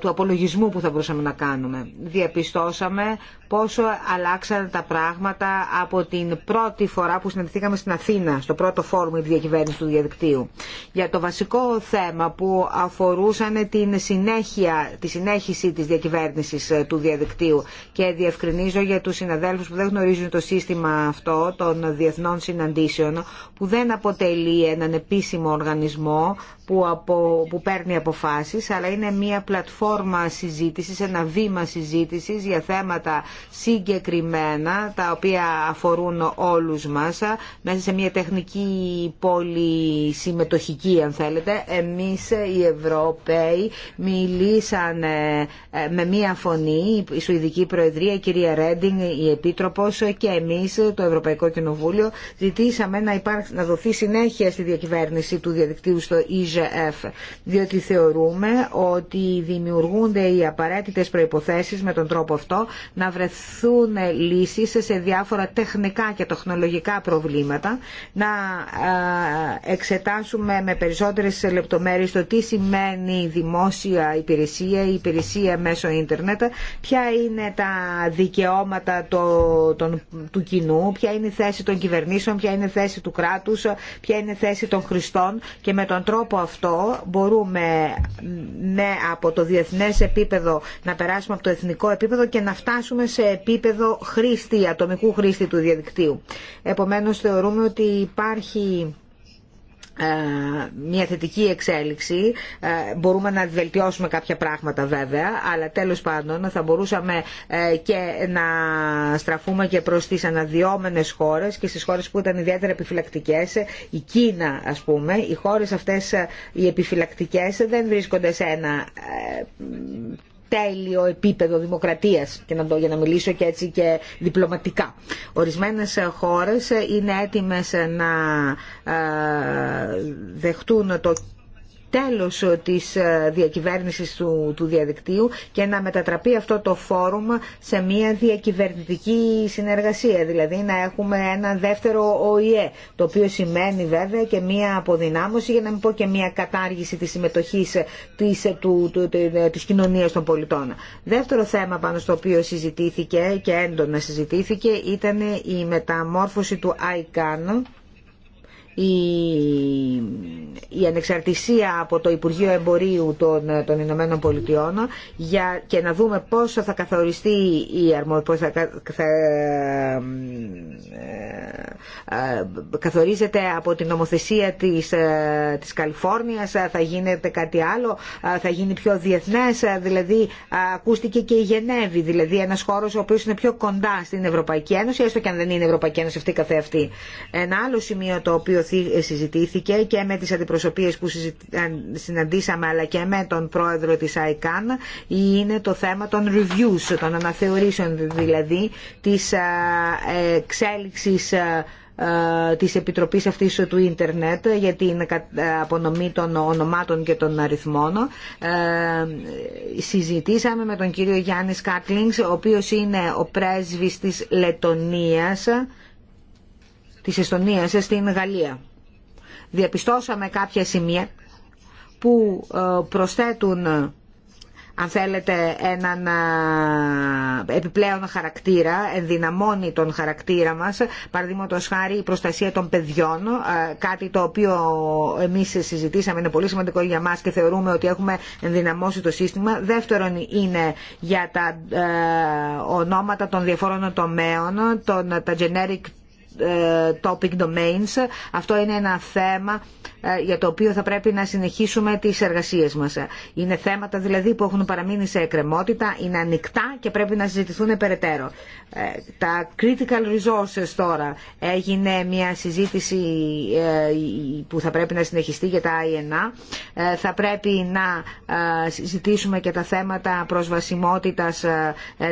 του απολογισμού που θα μπορούσαμε να κάνουμε. Διαπιστώσαμε πόσο αλλάξαν τα πράγματα από την πρώτη φορά που συναντηθήκαμε στην Αθήνα, στο πρώτο φόρουμ διακυβέρνηση του διαδικτύου. Για το βασικό θέμα που αφορούσαν την συνέχεια, τη συνέχιση της διακυβέρνησης ε, του διαδικτύου και διευκρινίζω για τους συναδέλφους που δεν γνωρίζουν το σύστημα αυτό των διεθνών συναντήσεων που δεν αποτελεί έναν επίσημο οργανισμό που, από, που παίρνει παίρνει αποφάσεις, αλλά είναι μια πλατφόρμα συζήτησης, ένα βήμα συζήτησης για θέματα συγκεκριμένα, τα οποία αφορούν όλους μας, μέσα σε μια τεχνική πολυσυμμετοχική, αν θέλετε. Εμείς οι Ευρωπαίοι μιλήσαν ε, με μια φωνή, η Σουηδική Προεδρία, η κυρία Ρέντινγκ, η Επίτροπος και εμείς, το Ευρωπαϊκό Κοινοβούλιο, ζητήσαμε να, υπάρξει, να δοθεί συνέχεια στη διακυβέρνηση του διαδικτύου στο EGF, ότι θεωρούμε ότι δημιουργούνται οι απαραίτητες προϋποθέσεις με τον τρόπο αυτό να βρεθούν λύσεις σε διάφορα τεχνικά και τεχνολογικά προβλήματα, να εξετάσουμε με περισσότερες λεπτομέρειες το τι σημαίνει δημόσια υπηρεσία, η υπηρεσία μέσω ίντερνετ, ποια είναι τα δικαιώματα του κοινού, ποια είναι η θέση των κυβερνήσεων, ποια είναι η θέση του κράτους, ποια είναι η θέση των χρηστών και με τον τρόπο αυτό μπορούμε ναι από το διεθνές επίπεδο να περάσουμε από το εθνικό επίπεδο και να φτάσουμε σε επίπεδο χρήστη, ατομικού χρήστη του διαδικτύου. Επομένως θεωρούμε ότι υπάρχει ε, μια θετική εξέλιξη ε, μπορούμε να βελτιώσουμε κάποια πράγματα βέβαια αλλά τέλος πάντων θα μπορούσαμε ε, και να στραφούμε και προς τις αναδυόμενες χώρες και στις χώρες που ήταν ιδιαίτερα επιφυλακτικές η Κίνα ας πούμε οι χώρες αυτές οι επιφυλακτικές δεν βρίσκονται σε ένα τέλειο επίπεδο δημοκρατίας και να το, για να μιλήσω και έτσι και διπλωματικά. Ορισμένες ε, χώρες ε, είναι έτοιμες να ε, δεχτούν το τέλος ε, της ε, διακυβέρνησης του, του διαδικτύου και να μετατραπεί αυτό το φόρουμ σε μια διακυβερνητική συνεργασία, δηλαδή να έχουμε ένα δεύτερο ΟΗΕ, το οποίο σημαίνει βέβαια και μια αποδυνάμωση για να μην πω και μια κατάργηση της συμμετοχής της, ε, του, του, της κοινωνίας των πολιτών. Δεύτερο θέμα πάνω στο οποίο συζητήθηκε και έντονα συζητήθηκε ήταν η μεταμόρφωση του ICANN, η, η ανεξαρτησία από το Υπουργείο Εμπορίου των, των Ηνωμένων Πολιτειών για, και να δούμε πώς θα καθοριστεί η ε, ε, καθορίζεται από την νομοθεσία της, ε, της Καλιφόρνιας θα γίνεται κάτι άλλο ε, θα γίνει πιο διεθνές δηλαδή ακούστηκε και η Γενέβη δηλαδή ένας χώρος ο οποίος είναι πιο κοντά στην Ευρωπαϊκή Ένωση έστω και αν δεν είναι Ευρωπαϊκή Ένωση αυτή καθεαυτή ένα άλλο σημείο το οποίο ε, συζητήθηκε και με τις αντιπροσωπείες που συναντήσαμε αλλά και με τον πρόεδρο της ICAN είναι το θέμα των reviews, των αναθεωρήσεων δηλαδή της ε, εξέλιξης ε, της Επιτροπής αυτής του ίντερνετ για την απονομή των ονομάτων και των αριθμών. Συζητήσαμε με τον κύριο Γιάννη Σκάτλινγκς ο οποίος είναι ο πρέσβης της Λετωνίας της Εστονίας στην Γαλλία. Διαπιστώσαμε κάποια σημεία που ε, προσθέτουν αν θέλετε έναν ε, επιπλέον χαρακτήρα, ενδυναμώνει τον χαρακτήρα μας, παραδείγματο χάρη η προστασία των παιδιών, ε, κάτι το οποίο εμείς συζητήσαμε, είναι πολύ σημαντικό για μας και θεωρούμε ότι έχουμε ενδυναμώσει το σύστημα. Δεύτερον είναι για τα ονόματα των διαφόρων τομέων, τα generic ε, topic domains. Αυτό είναι ένα θέμα ε, για το οποίο θα πρέπει να συνεχίσουμε τις εργασίες μας. Είναι θέματα δηλαδή που έχουν παραμείνει σε εκκρεμότητα, είναι ανοιχτά και πρέπει να συζητηθούν περαιτέρω. Ε, τα critical resources τώρα έγινε μια συζήτηση που θα πρέπει να συνεχιστεί για τα INA. Θα πρέπει να συζητήσουμε και τα θέματα προσβασιμότητας,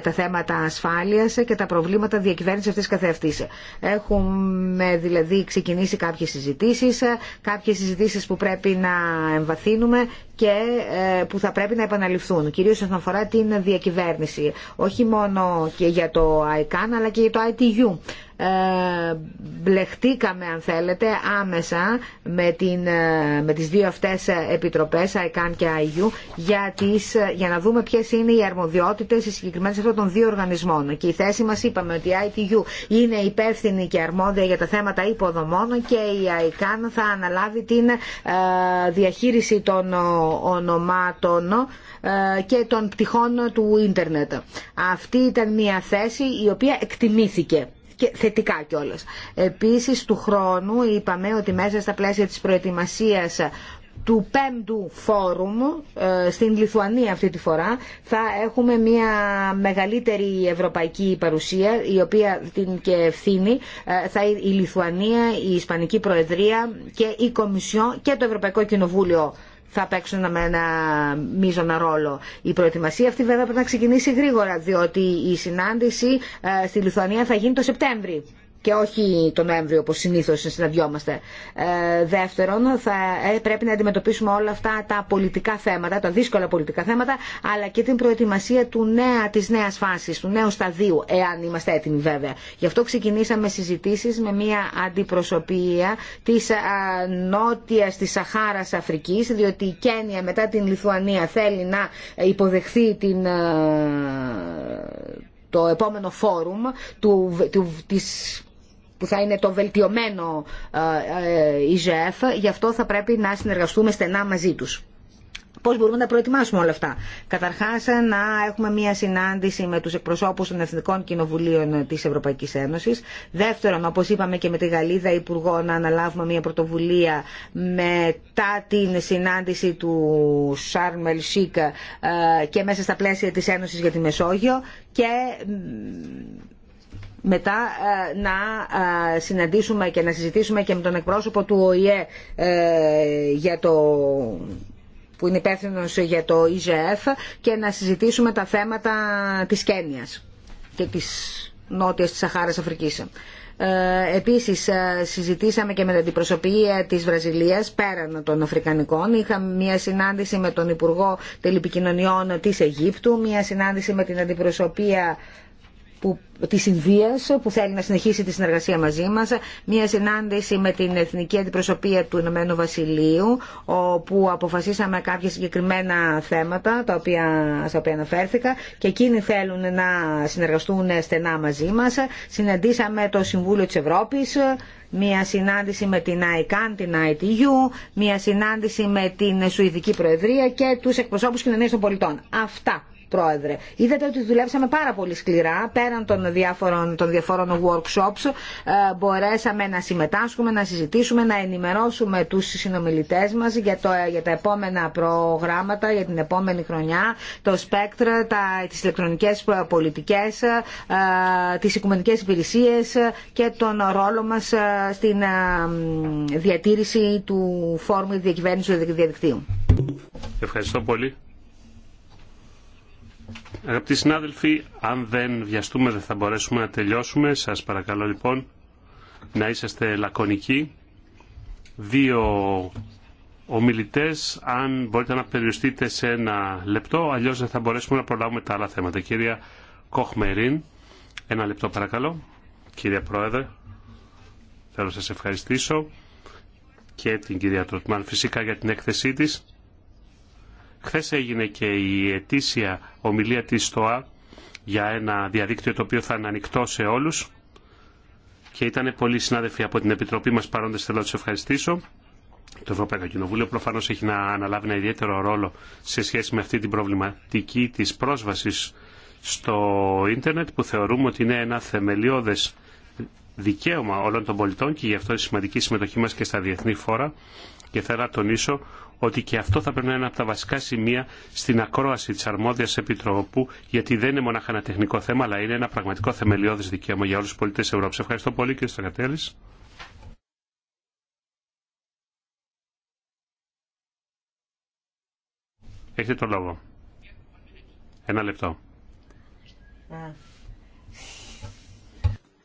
τα θέματα ασφάλειας και τα προβλήματα διακυβέρνησης αυτής καθεαυτής. Έχουμε Έχουμε δηλαδή ξεκινήσει κάποιες συζητήσεις, κάποιες συζητήσεις που πρέπει να εμβαθύνουμε και ε, που θα πρέπει να επαναληφθούν, κυρίως όσον αφορά την διακυβέρνηση, όχι μόνο και για το ICAN αλλά και για το ITU. Ε, μπλεχτήκαμε αν θέλετε άμεσα με, την, ε, με τις δύο αυτές επιτροπές ICAN και IU για, για να δούμε ποιες είναι οι αρμοδιότητες οι αυτών των δύο οργανισμών και η θέση μας είπαμε ότι η ITU είναι υπεύθυνη και αρμόδια για τα θέματα υποδομών και η ICAN θα αναλάβει την ε, διαχείριση των ονομάτων και των πτυχών του ίντερνετ. Αυτή ήταν μια θέση η οποία εκτιμήθηκε και θετικά κιόλα. Επίσης του χρόνου είπαμε ότι μέσα στα πλαίσια τη προετοιμασία του πέμπτου φόρουμ ε, στην Λιθουανία αυτή τη φορά θα έχουμε μια μεγαλύτερη ευρωπαϊκή παρουσία η οποία την και ευθύνη ε, θα η Λιθουανία, η Ισπανική Προεδρία και η Κομισιόν και το Ευρωπαϊκό Κοινοβούλιο θα παίξουν με ένα μείζωνα ρόλο. Η προετοιμασία αυτή βέβαια πρέπει να ξεκινήσει γρήγορα, διότι η συνάντηση ε, στη Λιθουανία θα γίνει το Σεπτέμβρη και όχι τον Νοέμβριο όπως συνήθως συναντιόμαστε. Ε, δεύτερον, θα ε, πρέπει να αντιμετωπίσουμε όλα αυτά τα πολιτικά θέματα, τα δύσκολα πολιτικά θέματα, αλλά και την προετοιμασία του νέα, της νέας φάσης, του νέου σταδίου, εάν είμαστε έτοιμοι βέβαια. Γι' αυτό ξεκινήσαμε συζητήσεις με μια αντιπροσωπεία της α, ε, νότιας της Σαχάρας Αφρικής, διότι η Κένια μετά την Λιθουανία θέλει να υποδεχθεί την... Ε, το επόμενο φόρουμ του, του, της που θα είναι το βελτιωμένο ε, ε, ΙΖΕΦ, γι' αυτό θα πρέπει να συνεργαστούμε στενά μαζί του. Πώ μπορούμε να προετοιμάσουμε όλα αυτά. Καταρχάς να έχουμε μια συνάντηση με του εκπροσώπους των Εθνικών Κοινοβουλίων τη Ευρωπαϊκή Ένωση. Δεύτερον, όπω είπαμε και με τη Γαλλίδα Υπουργό, να αναλάβουμε μια πρωτοβουλία μετά την συνάντηση του Σάρμελ Σίκ ε, και μέσα στα πλαίσια τη Ένωση για τη Μεσόγειο και μετά ε, να ε, συναντήσουμε και να συζητήσουμε και με τον εκπρόσωπο του ΟΗΕ ε, για το που είναι υπεύθυνο για το ΙΖΕΕΦ και να συζητήσουμε τα θέματα της Κένιας και της νότιας της Σαχάρας Αφρικής. Επίσης συζητήσαμε και με την αντιπροσωπεία της Βραζιλίας πέραν των Αφρικανικών. Είχαμε μια συνάντηση με τον Υπουργό Τελεπικοινωνιών της Αιγύπτου, μια συνάντηση με την αντιπροσωπεία που, της Ινδίας που θέλει να συνεχίσει τη συνεργασία μαζί μας, μια συνάντηση με την Εθνική Αντιπροσωπεία του Ηνωμένου Βασιλείου, όπου αποφασίσαμε κάποια συγκεκριμένα θέματα τα οποία, στα οποία αναφέρθηκα και εκείνοι θέλουν να συνεργαστούν στενά μαζί μας. Συναντήσαμε το Συμβούλιο της Ευρώπης, μια συνάντηση με την ICAN, την ITU, μια συνάντηση με την Σουηδική Προεδρία και τους εκπροσώπους κοινωνίας των πολιτών. Αυτά. Πρόεδρε. Είδατε ότι δουλέψαμε πάρα πολύ σκληρά, πέραν των διάφορων, των διαφόρων workshops, ε, μπορέσαμε να συμμετάσχουμε, να συζητήσουμε, να ενημερώσουμε τους συνομιλητές μας για, το, ε, για τα επόμενα προγράμματα, για την επόμενη χρονιά, το ΣΠΕΚΤΡΑ, τα, τις ηλεκτρονικές πολιτικές, ε, τις οικουμενικές υπηρεσίες και τον ρόλο μας ε, στην διατήρηση του φόρμου διακυβέρνησης του διαδικτύου. Ευχαριστώ πολύ. Αγαπητοί συνάδελφοι, αν δεν βιαστούμε δεν θα μπορέσουμε να τελειώσουμε. Σας παρακαλώ λοιπόν να είσαστε λακωνικοί. Δύο ομιλητές, αν μπορείτε να περιοριστείτε σε ένα λεπτό, αλλιώς δεν θα μπορέσουμε να προλάβουμε τα άλλα θέματα. Κυρία Κοχμερίν, ένα λεπτό παρακαλώ. Κυρία Πρόεδρε, θέλω να σας ευχαριστήσω και την κυρία Τροτμάν φυσικά για την έκθεσή της Χθε έγινε και η ετήσια ομιλία της ΣΤΟΑ για ένα διαδίκτυο το οποίο θα είναι ανοιχτό σε όλους και ήταν πολλοί συνάδελφοι από την Επιτροπή μας παρόντες θέλω να τους ευχαριστήσω. Το Ευρωπαϊκό Κοινοβούλιο προφανώς έχει να αναλάβει ένα ιδιαίτερο ρόλο σε σχέση με αυτή την προβληματική της πρόσβασης στο ίντερνετ που θεωρούμε ότι είναι ένα θεμελιώδες δικαίωμα όλων των πολιτών και γι' αυτό η σημαντική συμμετοχή μας και στα διεθνή φόρα και θέλω να τονίσω ότι και αυτό θα πρέπει να είναι από τα βασικά σημεία στην ακρόαση τη αρμόδια επιτροπού, γιατί δεν είναι μονάχα ένα τεχνικό θέμα, αλλά είναι ένα πραγματικό θεμελιώδη δικαίωμα για όλου του πολίτε τη Ευρώπη. Ευχαριστώ πολύ, κύριε Στρακατέλη. Έχετε το λόγο. Ένα λεπτό.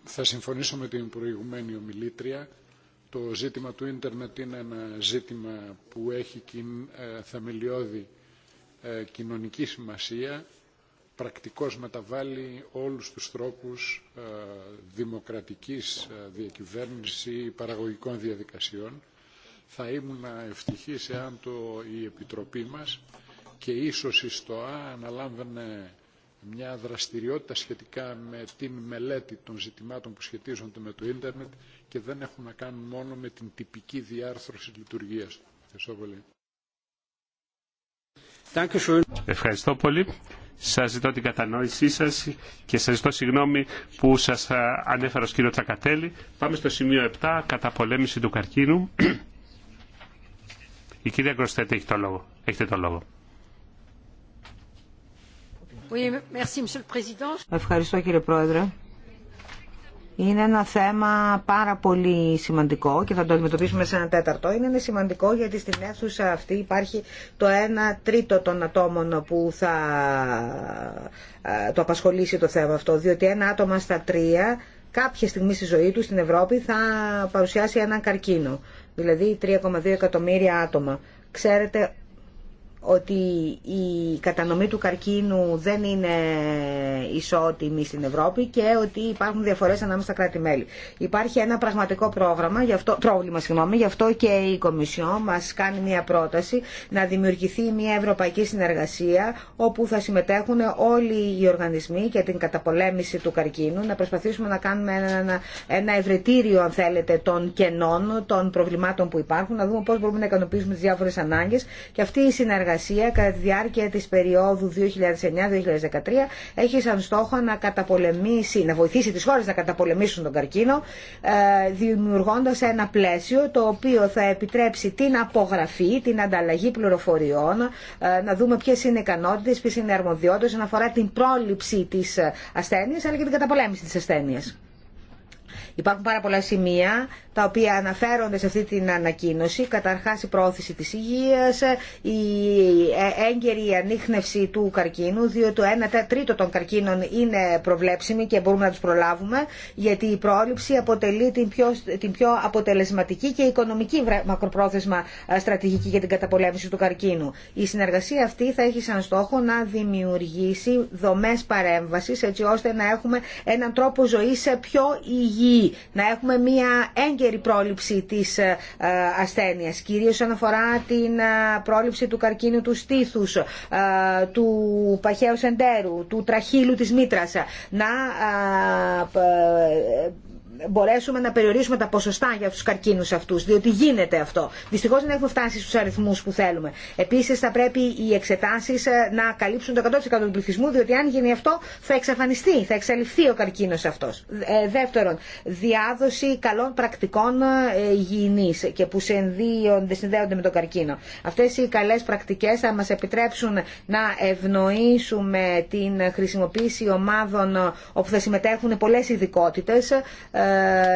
Θα συμφωνήσω με την προηγουμένη ομιλήτρια το ζήτημα του ίντερνετ είναι ένα ζήτημα που έχει ε, θεμελιώδη ε, κοινωνική σημασία, πρακτικώς μεταβάλλει όλους τους τρόπους ε, δημοκρατικής διακυβέρνησης ή παραγωγικών διαδικασιών. Θα ήμουν ευτυχής εάν το, η Επιτροπή μας και ίσως η ΣΤΟΑ αναλάμβανε μια δραστηριότητα σχετικά με την μελέτη των ζητημάτων που σχετίζονται με το ίντερνετ και δεν έχουν να κάνουν μόνο με την τυπική διάρθρωση λειτουργίας. Ευχαριστώ πολύ. Ευχαριστώ πολύ. Σας ζητώ την κατανόησή σας και σας ζητώ συγγνώμη που σας ε, ανέφερα ως κύριο Τσακατέλη. Πάμε στο σημείο 7, καταπολέμηση του καρκίνου. Η κυρία Γκροστέτη έχει το λόγο. Έχετε το λόγο. Ευχαριστώ κύριε Πρόεδρε. Είναι ένα θέμα πάρα πολύ σημαντικό και θα το αντιμετωπίσουμε σε ένα τέταρτο. Είναι σημαντικό γιατί στην αίθουσα αυτή υπάρχει το 1 τρίτο των ατόμων που θα ε, το απασχολήσει το θέμα αυτό. Διότι ένα άτομα στα τρία κάποια στιγμή στη ζωή του στην Ευρώπη θα παρουσιάσει έναν καρκίνο. Δηλαδή 3,2 εκατομμύρια άτομα. Ξέρετε ότι η κατανομή του καρκίνου δεν είναι ισότιμη στην Ευρώπη και ότι υπάρχουν διαφορές ανάμεσα στα κράτη-μέλη. Υπάρχει ένα πραγματικό πρόγραμμα, γι αυτό, πρόβλημα, συγγνώμη, γι' αυτό και η Κομισιό μας κάνει μια πρόταση να δημιουργηθεί μια ευρωπαϊκή συνεργασία όπου θα συμμετέχουν όλοι οι οργανισμοί για την καταπολέμηση του καρκίνου, να προσπαθήσουμε να κάνουμε ένα, ένα ευρετήριο, αν θέλετε, των κενών, των προβλημάτων που υπάρχουν, να δούμε πώς μπορούμε να ικανοποιήσουμε τις διάφορες ανάγκες και αυτή η συνεργασία κατά τη διάρκεια της περίοδου 2009-2013 έχει σαν στόχο να καταπολεμήσει, να βοηθήσει τις χώρες να καταπολεμήσουν τον καρκίνο, ε, δημιουργώντας ένα πλαίσιο το οποίο θα επιτρέψει την απογραφή, την ανταλλαγή πληροφοριών, ε, να δούμε ποιες είναι οι ικανότητες, ποιες είναι οι αρμοδιότητες, να αφορά την πρόληψη της ε, ασθένειας, αλλά και την καταπολέμηση της ασθένειας. Υπάρχουν πάρα πολλά σημεία τα οποία αναφέρονται σε αυτή την ανακοίνωση. Καταρχάς η πρόθεση τη υγεία, η έγκαιρη ανείχνευση του καρκίνου, διότι το 1 τρίτο των καρκίνων είναι προβλέψιμοι και μπορούμε να του προλάβουμε, γιατί η πρόληψη αποτελεί την πιο, την πιο αποτελεσματική και οικονομική μακροπρόθεσμα ε, στρατηγική για την καταπολέμηση του καρκίνου. Η συνεργασία αυτή θα έχει σαν στόχο να δημιουργήσει δομέ παρέμβαση έτσι ώστε να έχουμε έναν τρόπο ζωή σε πιο υγιή να έχουμε μία έγκαιρη πρόληψη της ε, ε, ασθένειας, κυρίως αναφορά αφορά την ε, πρόληψη του καρκίνου του στήθους, του παχαίου σεντέρου, του τραχύλου της μήτρας, να μπορέσουμε να περιορίσουμε τα ποσοστά για του καρκίνους αυτού, διότι γίνεται αυτό. Δυστυχώ δεν έχουμε φτάσει στου αριθμού που θέλουμε. Επίση, θα πρέπει οι εξετάσει ε, να καλύψουν το 100% του πληθυσμού, διότι αν γίνει αυτό θα εξαφανιστεί, θα εξαλειφθεί ο καρκίνο αυτό. Ε, δεύτερον, διάδοση καλών πρακτικών ε, υγιεινή και που συνδέονται με τον καρκίνο. Αυτέ οι καλέ πρακτικέ θα μα επιτρέψουν να ευνοήσουμε την χρησιμοποίηση ομάδων όπου θα συμμετέχουν πολλέ ειδικότητε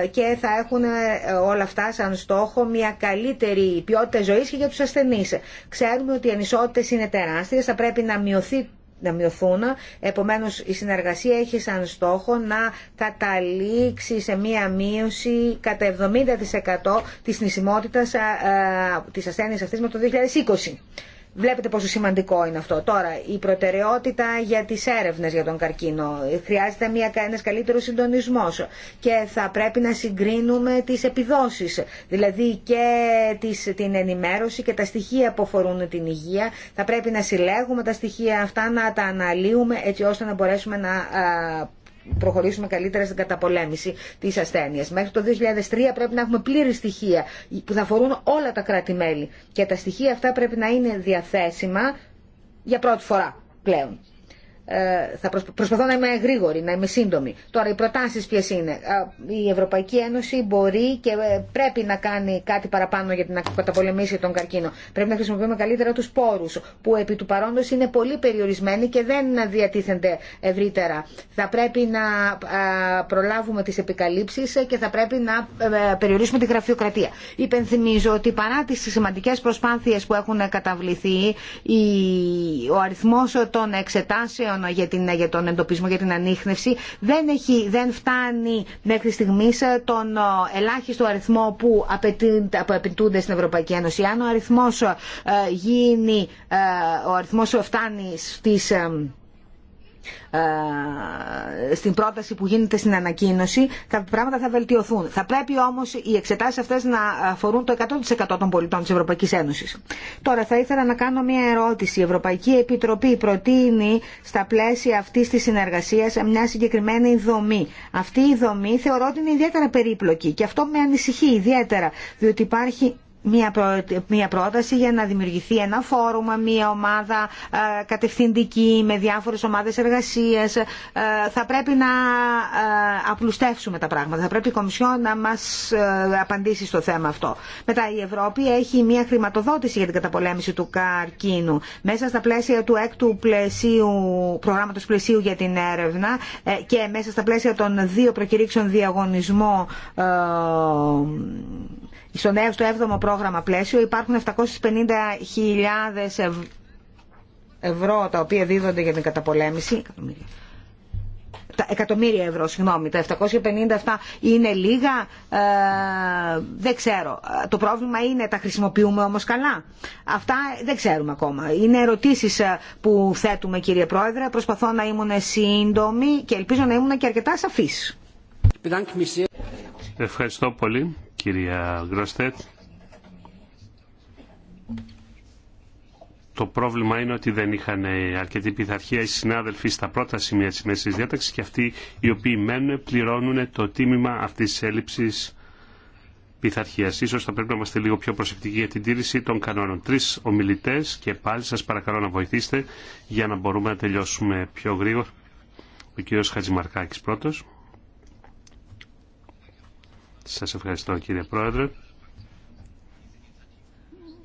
ε, και θα έχουν ε, όλα αυτά σαν στόχο μια καλύτερη ποιότητα ζωής και για τους ασθενείς. Ξέρουμε ότι οι ανισότητες είναι τεράστιες, θα πρέπει να μειωθεί να μειωθούν. Επομένως η συνεργασία έχει σαν στόχο να καταλήξει σε μία μείωση κατά 70% της νησιμότητας ε, της ασθένειας αυτής με το 2020. Βλέπετε πόσο σημαντικό είναι αυτό. Τώρα, η προτεραιότητα για τις έρευνες για τον καρκίνο. Χρειάζεται μια, ένας καλύτερος συντονισμός και θα πρέπει να συγκρίνουμε τις επιδόσεις. Δηλαδή και τις, την ενημέρωση και τα στοιχεία που αφορούν την υγεία. Θα πρέπει να συλλέγουμε τα στοιχεία αυτά, να τα αναλύουμε έτσι ώστε να μπορέσουμε να προχωρήσουμε καλύτερα στην καταπολέμηση τη ασθένεια. Μέχρι το 2003 πρέπει να έχουμε πλήρη στοιχεία που θα αφορούν όλα τα κράτη-μέλη και τα στοιχεία αυτά πρέπει να είναι διαθέσιμα για πρώτη φορά πλέον. Ε, θα προσπαθώ να είμαι γρήγορη, να είμαι σύντομη. Τώρα οι προτάσει ποιε είναι. Η Ευρωπαϊκή Ένωση μπορεί και ε, πρέπει να κάνει κάτι παραπάνω για να καταπολεμήσει τον καρκίνο. Πρέπει να χρησιμοποιούμε καλύτερα του πόρου που επί του παρόντο είναι πολύ περιορισμένοι και δεν διατίθενται ευρύτερα. Θα πρέπει να προλάβουμε τι επικαλύψει και θα πρέπει να ε, περιορίσουμε τη γραφειοκρατία. Υπενθυμίζω ότι παρά τι σημαντικέ προσπάθειε που έχουν καταβληθεί ο αριθμό των εξετάσεων για, την, για τον εντοπισμό, για την ανείχνευση δεν, έχει, δεν φτάνει μέχρι στιγμή ε, τον ε, ελάχιστο αριθμό που απαιτούνται στην Ευρωπαϊκή Ένωση. Αν ο αριθμός ε, γίνει, ο αριθμός φτάνει στις ε, στην πρόταση που γίνεται στην ανακοίνωση, τα πράγματα θα βελτιωθούν. Θα πρέπει όμως οι εξετάσει αυτές να αφορούν το 100% των πολιτών της Ευρωπαϊκής Ένωσης. Τώρα θα ήθελα να κάνω μια ερώτηση. Η Ευρωπαϊκή Επιτροπή προτείνει στα πλαίσια αυτη τη συνεργασια μια συγκεκριμένη δομή. Αυτή η δομή θεωρώ ότι είναι ιδιαίτερα περίπλοκη και αυτό με ανησυχεί ιδιαίτερα, διότι υπάρχει μια, μια πρόταση για να δημιουργηθεί ένα φόρουμ, μια ομάδα ε, κατευθυντική με διάφορες ομάδες εργασίας. Ε, θα πρέπει να ε, απλουστεύσουμε τα πράγματα. Θα πρέπει η Κομισιό να μας απαντήσει στο θέμα αυτό. Μετά η Ευρώπη έχει μια χρηματοδότηση για την καταπολέμηση του καρκίνου. Μέσα στα πλαίσια του έκτου πλαισίου, προγράμματος πλαισίου για την έρευνα και μέσα στα πλαίσια των δύο προκηρύξεων διαγωνισμού στο 7ο πρόγραμμα πλαίσιο υπάρχουν 750.000 ευρώ τα οποία δίδονται για την καταπολέμηση. Εκατομμύρια. Τα εκατομμύρια ευρώ, συγγνώμη, τα 750 αυτά είναι λίγα, ε, δεν ξέρω. Το πρόβλημα είναι τα χρησιμοποιούμε όμως καλά. Αυτά δεν ξέρουμε ακόμα. Είναι ερωτήσεις ε, που θέτουμε κύριε Πρόεδρε. Προσπαθώ να ήμουν σύντομη και ελπίζω να ήμουν και αρκετά σαφής. Ευχαριστώ πολύ κυρία Γκροστέτ. Το πρόβλημα είναι ότι δεν είχαν αρκετή πειθαρχία οι συνάδελφοι στα πρώτα σημεία της μέσης διάταξης και αυτοί οι οποίοι μένουν πληρώνουν το τίμημα αυτής της έλλειψης πειθαρχίας. Ίσως θα πρέπει να είμαστε λίγο πιο προσεκτικοί για την τήρηση των κανόνων. Τρεις ομιλητές και πάλι σας παρακαλώ να βοηθήσετε για να μπορούμε να τελειώσουμε πιο γρήγορα. Ο κύριος Χατζημαρκάκης πρώτος. Σας ευχαριστώ κύριε Πρόεδρε.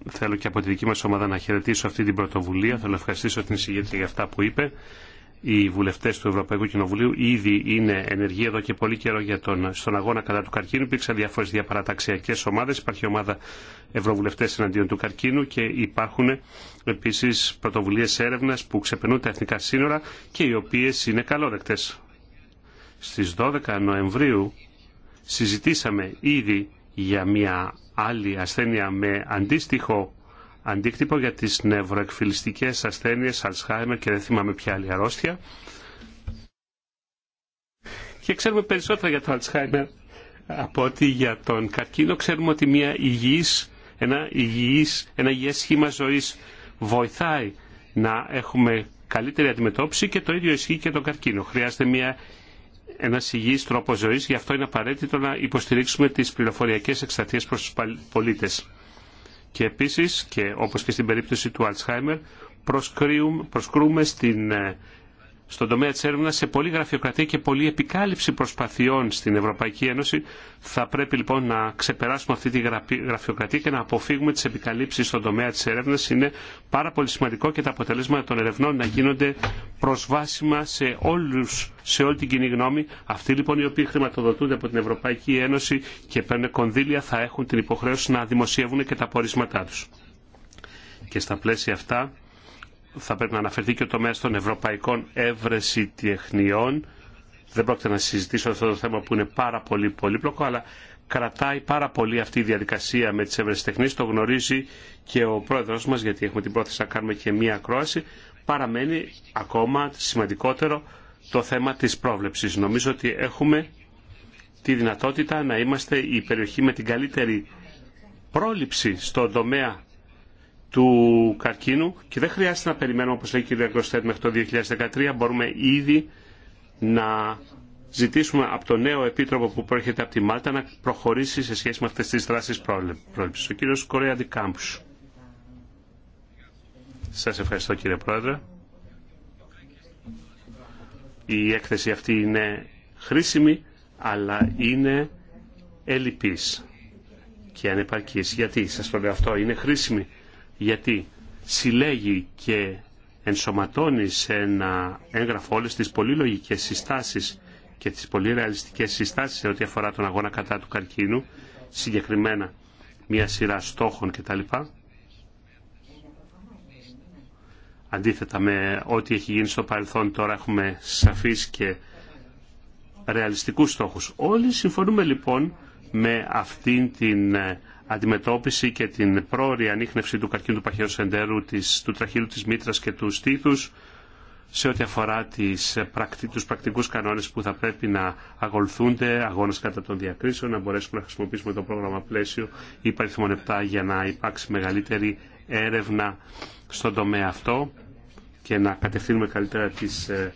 Θέλω και από τη δική μας ομάδα να χαιρετήσω αυτή την πρωτοβουλία. Θέλω να ευχαριστήσω την συγγέντρια για αυτά που είπε. Οι βουλευτέ του Ευρωπαϊκού Κοινοβουλίου ήδη είναι ενεργοί εδώ και πολύ καιρό για τον, στον αγώνα κατά του καρκίνου. Υπήρξαν διάφορε διαπαραταξιακέ ομάδε. Υπάρχει ομάδα Ευρωβουλευτέ εναντίον του καρκίνου και υπάρχουν επίση πρωτοβουλίε έρευνα που ξεπερνούν τα εθνικά σύνορα και οι οποίε είναι καλόδεκτε. Στι 12 Νοεμβρίου Συζητήσαμε ήδη για μια άλλη ασθένεια με αντίστοιχο αντίκτυπο για τις νευροεκφυλιστικές ασθένειες, Αλσχάιμερ και δεν θυμάμαι ποια άλλη αρρώστια. Και ξέρουμε περισσότερα για το Αλσχάιμερ από ότι για τον καρκίνο. Ξέρουμε ότι μια υγιής, ένα, υγιής, ένα υγιές σχήμα ζωής βοηθάει να έχουμε καλύτερη αντιμετώπιση και το ίδιο ισχύει και τον καρκίνο. Χρειάζεται μια ένα υγιή τρόπο ζωή. Γι' αυτό είναι απαραίτητο να υποστηρίξουμε τι πληροφοριακέ εκστρατείε προ του πολίτε. Και επίση, και όπω και στην περίπτωση του Αλτσχάιμερ, προσκρούμε στην ε, στον τομέα της έρευνας σε πολλή γραφειοκρατία και πολλή επικάλυψη προσπαθειών στην Ευρωπαϊκή Ένωση. Θα πρέπει λοιπόν να ξεπεράσουμε αυτή τη γραφειοκρατία και να αποφύγουμε τις επικαλύψεις στον τομέα της έρευνας. Είναι πάρα πολύ σημαντικό και τα αποτελέσματα των ερευνών να γίνονται προσβάσιμα σε, όλους, σε όλη την κοινή γνώμη. Αυτοί λοιπόν οι οποίοι χρηματοδοτούνται από την Ευρωπαϊκή Ένωση και παίρνουν κονδύλια θα έχουν την υποχρέωση να δημοσιεύουν και τα πορίσματά τους. Και στα πλαίσια αυτά θα πρέπει να αναφερθεί και ο τομέας των ευρωπαϊκών τεχνιών. Δεν πρόκειται να συζητήσω αυτό το θέμα που είναι πάρα πολύ πολύπλοκο, αλλά κρατάει πάρα πολύ αυτή η διαδικασία με τις τεχνίε, Το γνωρίζει και ο πρόεδρος μας, γιατί έχουμε την πρόθεση να κάνουμε και μία ακρόαση. Παραμένει ακόμα σημαντικότερο το θέμα της πρόβλεψης. Νομίζω ότι έχουμε τη δυνατότητα να είμαστε η περιοχή με την καλύτερη πρόληψη στον τομέα του καρκίνου και δεν χρειάζεται να περιμένουμε, όπως λέει η κυρία Γκροστέτ, μέχρι το 2013. Μπορούμε ήδη να ζητήσουμε από το νέο επίτροπο που προέρχεται από τη Μάλτα να προχωρήσει σε σχέση με αυτές τις δράσεις πρόληψης. Ο κύριος Κορέα Δικάμπους. Σας ευχαριστώ κύριε Πρόεδρε. Η έκθεση αυτή είναι χρήσιμη, αλλά είναι ελλειπής και ανεπαρκής. Γιατί, σας το λέω αυτό, είναι χρήσιμη γιατί συλλέγει και ενσωματώνει σε ένα έγγραφο όλες τις πολύ λογικές συστάσεις και τις πολύ ρεαλιστικές συστάσεις σε ό,τι αφορά τον αγώνα κατά του καρκίνου, συγκεκριμένα μια σειρά στόχων κτλ. Αντίθετα με ό,τι έχει γίνει στο παρελθόν, τώρα έχουμε σαφείς και ρεαλιστικούς στόχους. Όλοι συμφωνούμε λοιπόν με αυτήν την ε, αντιμετώπιση και την πρόωρη ανείχνευση του καρκίνου του παχαίου σεντέρου, της, του τραχύλου της μήτρας και του στήθους σε ό,τι αφορά τις, ε, τους πρακτικούς κανόνες που θα πρέπει να ακολουθούνται, αγώνες κατά των διακρίσεων, να μπορέσουμε να χρησιμοποιήσουμε το πρόγραμμα πλαίσιο υπαριθμών 7 για να υπάρξει μεγαλύτερη έρευνα στον τομέα αυτό και να κατευθύνουμε καλύτερα τις ε,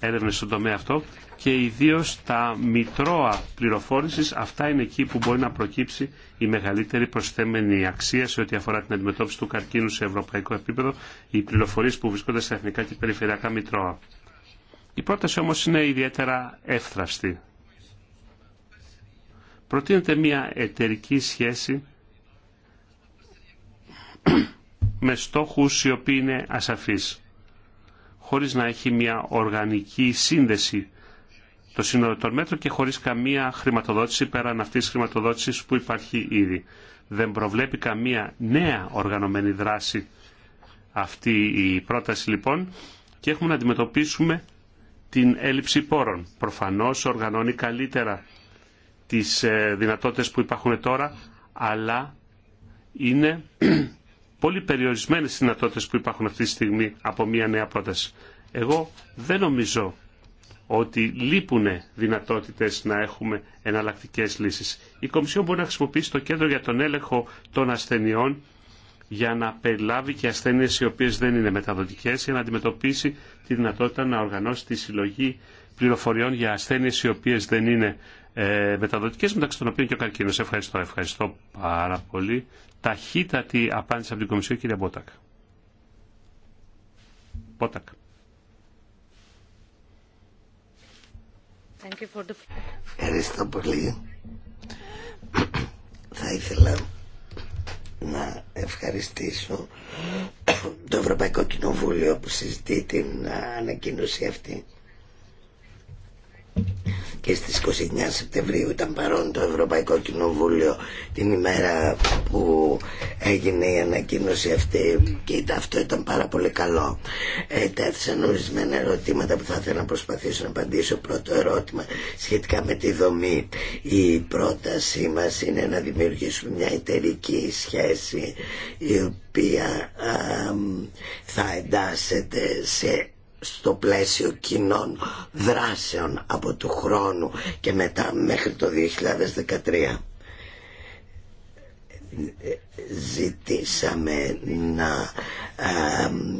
έρευνες στον τομέα αυτό και ιδίως τα μητρώα πληροφόρησης, αυτά είναι εκεί που μπορεί να προκύψει η μεγαλύτερη προσθέμενη αξία σε ό,τι αφορά την αντιμετώπιση του καρκίνου σε ευρωπαϊκό επίπεδο, οι πληροφορίες που βρίσκονται στα εθνικά και περιφερειακά μητρώα. Η πρόταση όμως είναι ιδιαίτερα εύθραυστη. Προτείνεται μια εταιρική σχέση με στόχους οι οποίοι είναι ασαφείς, χωρίς να έχει μια οργανική σύνδεση το σύνολο των μέτρων και χωρίς καμία χρηματοδότηση πέραν αυτής της χρηματοδότησης που υπάρχει ήδη. Δεν προβλέπει καμία νέα οργανωμένη δράση αυτή η πρόταση λοιπόν και έχουμε να αντιμετωπίσουμε την έλλειψη πόρων. Προφανώς οργανώνει καλύτερα τις ε, δυνατότητες που υπάρχουν τώρα, αλλά είναι πολύ περιορισμένες οι δυνατότητες που υπάρχουν αυτή τη στιγμή από μια νέα πρόταση. Εγώ δεν νομίζω ότι λείπουν δυνατότητε να έχουμε εναλλακτικέ λύσει. Η Κομισιόν μπορεί να χρησιμοποιήσει το κέντρο για τον έλεγχο των ασθενειών για να περιλάβει και ασθένειε, οι οποίε δεν είναι μεταδοτικέ για να αντιμετωπίσει τη δυνατότητα να οργανώσει τη συλλογή πληροφοριών για ασθένειε, οι οποίε δεν είναι ε, μεταδοτικές μεταξύ των οποίων και ο καρκίνο. Ευχαριστώ, ευχαριστώ πάρα πολύ. Ταχύτατη απάντηση από την Κομισιόν, κύριε Μπότακ. Μπότακ. Ευχαριστώ πολύ. Θα ήθελα να ευχαριστήσω το Ευρωπαϊκό Κοινοβούλιο που συζητεί την ανακοίνωση αυτή και στις 29 Σεπτεμβρίου ήταν παρόν το Ευρωπαϊκό Κοινοβούλιο την ημέρα που έγινε η ανακοίνωση αυτή και αυτό ήταν πάρα πολύ καλό. Ε, τέθησαν ορισμένα ερωτήματα που θα ήθελα να προσπαθήσω να απαντήσω. Πρώτο ερώτημα σχετικά με τη δομή. Η πρότασή μας είναι να δημιουργήσουμε μια εταιρική σχέση η οποία θα εντάσσεται σε στο πλαίσιο κοινών δράσεων από του χρόνου και μετά μέχρι το 2013 ζητήσαμε να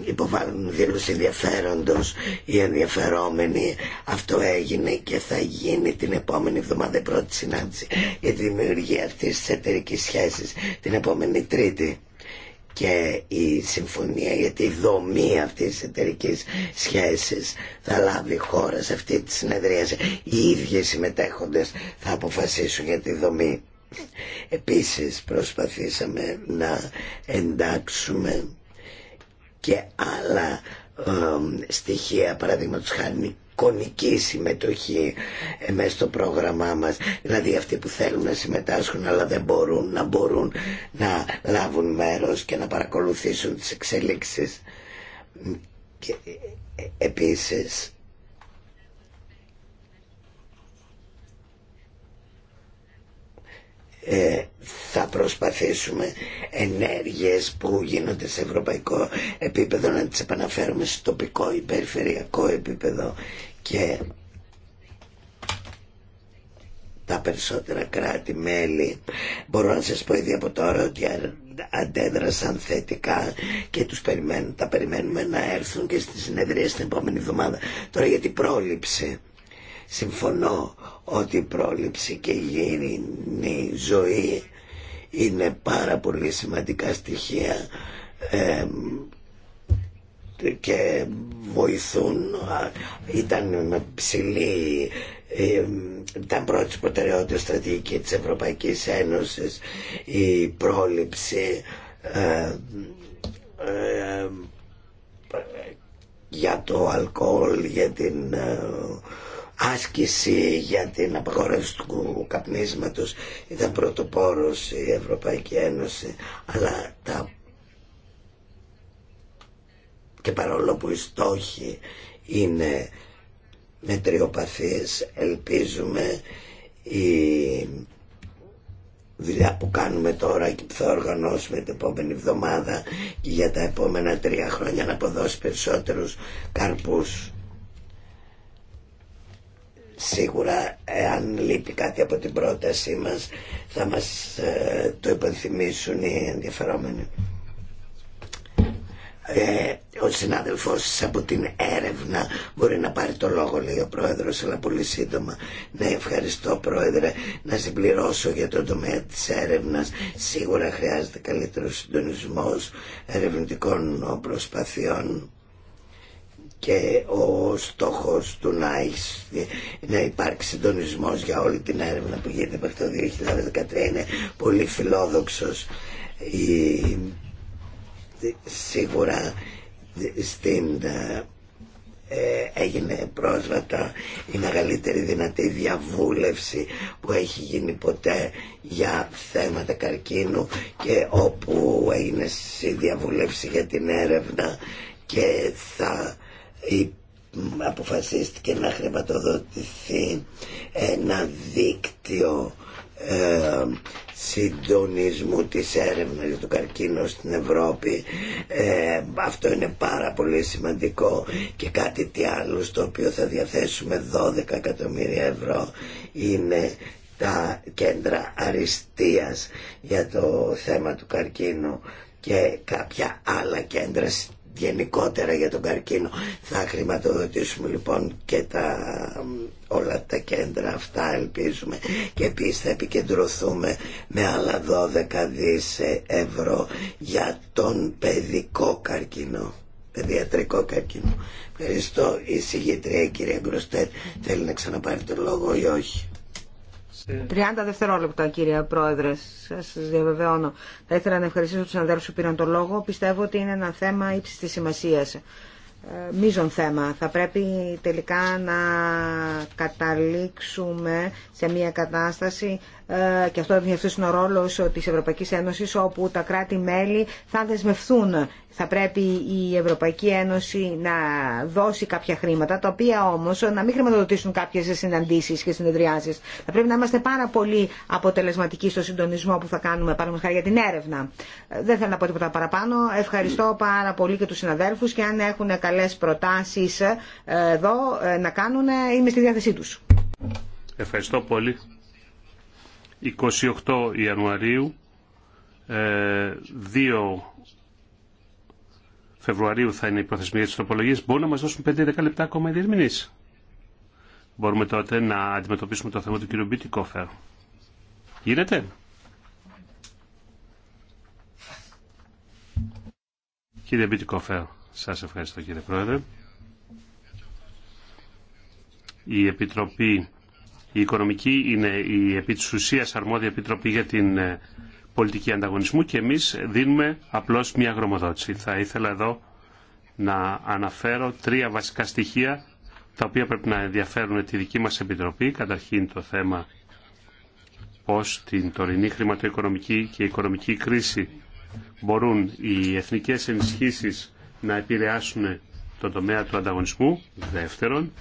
υποβάλουν δήλωση ενδιαφέροντος ή ενδιαφερόμενοι αυτό έγινε και θα γίνει την επόμενη εβδομάδα η πρώτη συνάντηση για τη δημιουργία αυτής της εταιρικής σχέσης την επόμενη τρίτη και η συμφωνία για τη δομή αυτής της εταιρική σχέσης θα λάβει χώρα σε αυτή τη συνεδρία. Οι ίδιοι συμμετέχοντες θα αποφασίσουν για τη δομή. Επίσης προσπαθήσαμε να εντάξουμε και άλλα ε, στοιχεία, παραδείγματος χάρη εικονική συμμετοχή ε, μέσα στο πρόγραμμά μας δηλαδή αυτοί που θέλουν να συμμετάσχουν αλλά δεν μπορούν να μπορούν να λάβουν μέρος και να παρακολουθήσουν τις εξελίξεις και ε, ε, επίσης ε, θα προσπαθήσουμε ενέργειες που γίνονται σε ευρωπαϊκό επίπεδο να τις επαναφέρουμε στο τοπικό ή περιφερειακό επίπεδο και τα περισσότερα κράτη-μέλη μπορώ να σας πω ήδη από τώρα ότι αντέδρασαν θετικά και τους περιμένουν, τα περιμένουμε να έρθουν και στη συνεδρία στην επόμενη εβδομάδα τώρα για την πρόληψη Συμφωνώ ότι η πρόληψη και η γύρινη ζωή είναι πάρα πολύ σημαντικά στοιχεία και βοηθούν. Ήταν ψηλή, ε, τα πρώτη προτεραιότητα στρατηγική της Ευρωπαϊκής Ένωσης η πρόληψη ε, για το αλκοόλ, για την ε, άσκηση για την απαγόρευση του καπνίσματος ήταν πρωτοπόρος η Ευρωπαϊκή Ένωση αλλά τα και παρόλο που οι στόχοι είναι μετριοπαθείς ελπίζουμε η δουλειά που κάνουμε τώρα και που θα οργανώσουμε την επόμενη εβδομάδα και για τα επόμενα τρία χρόνια να αποδώσει περισσότερους καρπούς Σίγουρα εάν λείπει κάτι από την πρότασή μας θα μας ε, το υπενθυμίσουν οι ενδιαφερόμενοι. Ε, ο συνάδελφός από την έρευνα μπορεί να πάρει το λόγο λέει ο πρόεδρος αλλά πολύ σύντομα ναι ευχαριστώ πρόεδρε να συμπληρώσω για το τομέα της έρευνας σίγουρα χρειάζεται καλύτερο συντονισμός ερευνητικών προσπαθειών και ο στόχος του να, να υπάρξει συντονισμός για όλη την έρευνα που γίνεται μέχρι το 2013 είναι πολύ φιλόδοξος η, σίγουρα στην ε, έγινε πρόσβατα η μεγαλύτερη δυνατή διαβούλευση που έχει γίνει ποτέ για θέματα καρκίνου και όπου έγινε η διαβούλευση για την έρευνα και θα αποφασίστηκε να χρηματοδοτηθεί ένα δίκτυο ε, συντονισμού της έρευνας για το καρκίνο στην Ευρώπη ε, αυτό είναι πάρα πολύ σημαντικό και κάτι τι άλλο στο οποίο θα διαθέσουμε 12 εκατομμύρια ευρώ είναι τα κέντρα αριστείας για το θέμα του καρκίνου και κάποια άλλα κέντρα γενικότερα για τον καρκίνο. Θα χρηματοδοτήσουμε λοιπόν και τα, όλα τα κέντρα αυτά ελπίζουμε και επίσης θα επικεντρωθούμε με άλλα 12 δις ε, ευρώ για τον παιδικό καρκίνο παιδιατρικό καρκίνο. Ευχαριστώ η συγγετρία κυρία Γκροστέτ. Θέλει να ξαναπάρει το λόγο ή όχι. 30 ε, δευτερόλεπτα, κύριε Πρόεδρε. Σα διαβεβαιώνω. Θα ήθελα να ευχαριστήσω του συναδέλφου που πήραν το λόγο. Πιστεύω ότι είναι ένα θέμα ύψη τη σημασία μείζον θέμα. Θα πρέπει τελικά να καταλήξουμε σε μια κατάσταση ε, και αυτό είναι ο ρόλο της Ευρωπαϊκής Ένωσης όπου τα κράτη-μέλη θα δεσμευθούν. Θα πρέπει η Ευρωπαϊκή Ένωση να δώσει κάποια χρήματα, τα οποία όμως να μην χρηματοδοτήσουν κάποιες συναντήσεις και συνεδριάσεις. Θα πρέπει να είμαστε πάρα πολύ αποτελεσματικοί στο συντονισμό που θα κάνουμε πάνω χάρη για την έρευνα. Ε, δεν θέλω να πω τίποτα παραπάνω. Ευχαριστώ πάρα πολύ και τους συναδέλφους και αν έχουν καλές προτάσεις ε, εδώ ε, να κάνουν, ε, είμαι στη διάθεσή τους. Ευχαριστώ πολύ. 28 Ιανουαρίου, 2 Φεβρουαρίου θα είναι η προθεσμία της τροπολογίας. Μπορούν να μας δώσουν 5-10 λεπτά ακόμα οι διερμηνείς. Μπορούμε τότε να αντιμετωπίσουμε το θέμα του κ. Μπίτικοφερ. Γίνεται. Κύριε Μπίτικοφερ. Σας ευχαριστώ κύριε Πρόεδρε. Η Επιτροπή η Οικονομική είναι η επί της ουσίας αρμόδια Επιτροπή για την ε, πολιτική ανταγωνισμού και εμείς δίνουμε απλώς μια γρομοδότηση. Θα ήθελα εδώ να αναφέρω τρία βασικά στοιχεία τα οποία πρέπει να ενδιαφέρουν τη δική μας Επιτροπή. Καταρχήν το θέμα πώς την τωρινή χρηματοοικονομική και οικονομική κρίση μπορούν οι εθνικές ενισχύσεις να επηρεάσουν το τομέα του ανταγωνισμού. Δεύτερον,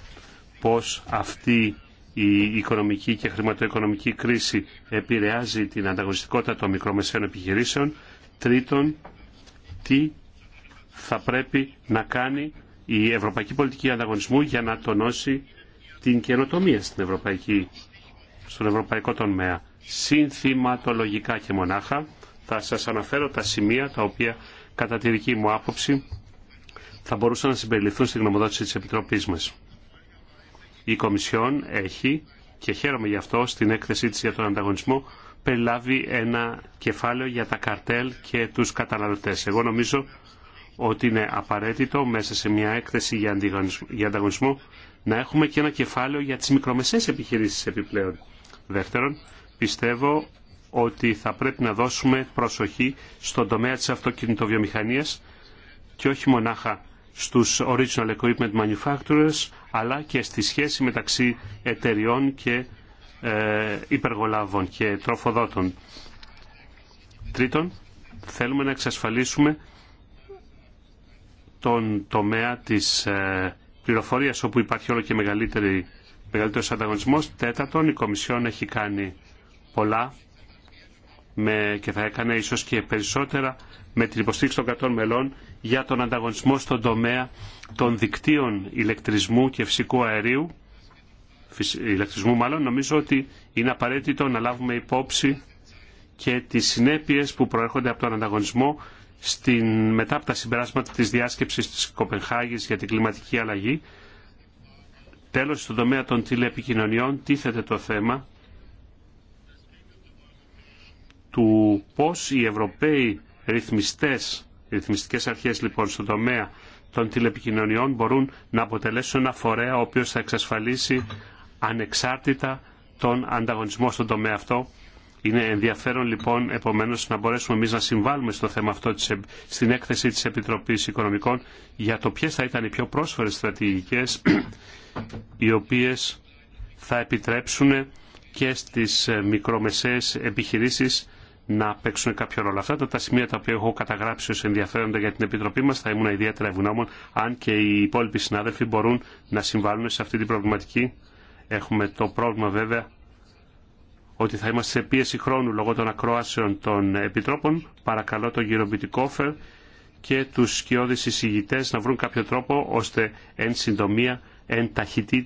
πώς αυτή η οικονομική και χρηματοοικονομική κρίση επηρεάζει την ανταγωνιστικότητα των μικρομεσαίων επιχειρήσεων. Τρίτον, τι θα πρέπει να κάνει η ευρωπαϊκή πολιτική ανταγωνισμού για να τονώσει την καινοτομία στην ευρωπαϊκή, στον ευρωπαϊκό τομέα. Συνθηματολογικά και μονάχα θα σας αναφέρω τα σημεία τα οποία κατά τη δική μου άποψη θα μπορούσαν να συμπεριληφθούν στην γνωμοδότηση της Επιτροπής μας. Η Κομισιόν έχει, και χαίρομαι γι' αυτό, στην έκθεσή της για τον ανταγωνισμό, περιλάβει ένα κεφάλαιο για τα καρτέλ και τους καταναλωτές. Εγώ νομίζω ότι είναι απαραίτητο μέσα σε μια έκθεση για ανταγωνισμό να έχουμε και ένα κεφάλαιο για τις μικρομεσαίες επιχειρήσεις επιπλέον. Δεύτερον, πιστεύω ότι θα πρέπει να δώσουμε προσοχή στον τομέα της αυτοκινητοβιομηχανίας και όχι μονάχα στους original equipment manufacturers αλλά και στη σχέση μεταξύ εταιριών και ε, υπεργολάβων και τροφοδότων. Τρίτον, θέλουμε να εξασφαλίσουμε τον τομέα της ε, πληροφορίας όπου υπάρχει όλο και μεγαλύτερη, μεγαλύτερος ανταγωνισμός. Τέταρτον, η Κομισιόν έχει κάνει πολλά με, και θα έκανε ίσως και περισσότερα με την υποστήριξη των 100 μελών για τον ανταγωνισμό στον τομέα των δικτύων ηλεκτρισμού και φυσικού αερίου, ηλεκτρισμού μάλλον, νομίζω ότι είναι απαραίτητο να λάβουμε υπόψη και τις συνέπειες που προέρχονται από τον ανταγωνισμό στην, μετά από τα συμπεράσματα της διάσκεψης της Κοπενχάγης για την κλιματική αλλαγή. Τέλος, στον τομέα των τηλεπικοινωνιών τίθεται το θέμα του πώς οι Ευρωπαίοι ρυθμιστές οι ρυθμιστικές αρχές λοιπόν στον τομέα των τηλεπικοινωνιών μπορούν να αποτελέσουν ένα φορέα ο οποίο θα εξασφαλίσει ανεξάρτητα τον ανταγωνισμό στον τομέα αυτό. Είναι ενδιαφέρον λοιπόν επομένως να μπορέσουμε εμείς να συμβάλλουμε στο θέμα αυτό στην έκθεση της Επιτροπής Οικονομικών για το ποιες θα ήταν οι πιο πρόσφερες στρατηγικές οι οποίες θα επιτρέψουν και στις μικρομεσαίες επιχειρήσεις να παίξουν κάποιο ρόλο. Αυτά τα σημεία τα οποία έχω καταγράψει ω ενδιαφέροντα για την Επιτροπή μας θα ήμουν ιδιαίτερα ευγνώμων αν και οι υπόλοιποι συνάδελφοι μπορούν να συμβάλλουν σε αυτή την προβληματική. Έχουμε το πρόβλημα βέβαια ότι θα είμαστε σε πίεση χρόνου λόγω των ακροάσεων των Επιτρόπων. Παρακαλώ τον κύριο Μπιτικόφερ και τους σκιώδεις εισηγητές να βρουν κάποιο τρόπο ώστε εν συντομία, εν ταχυτή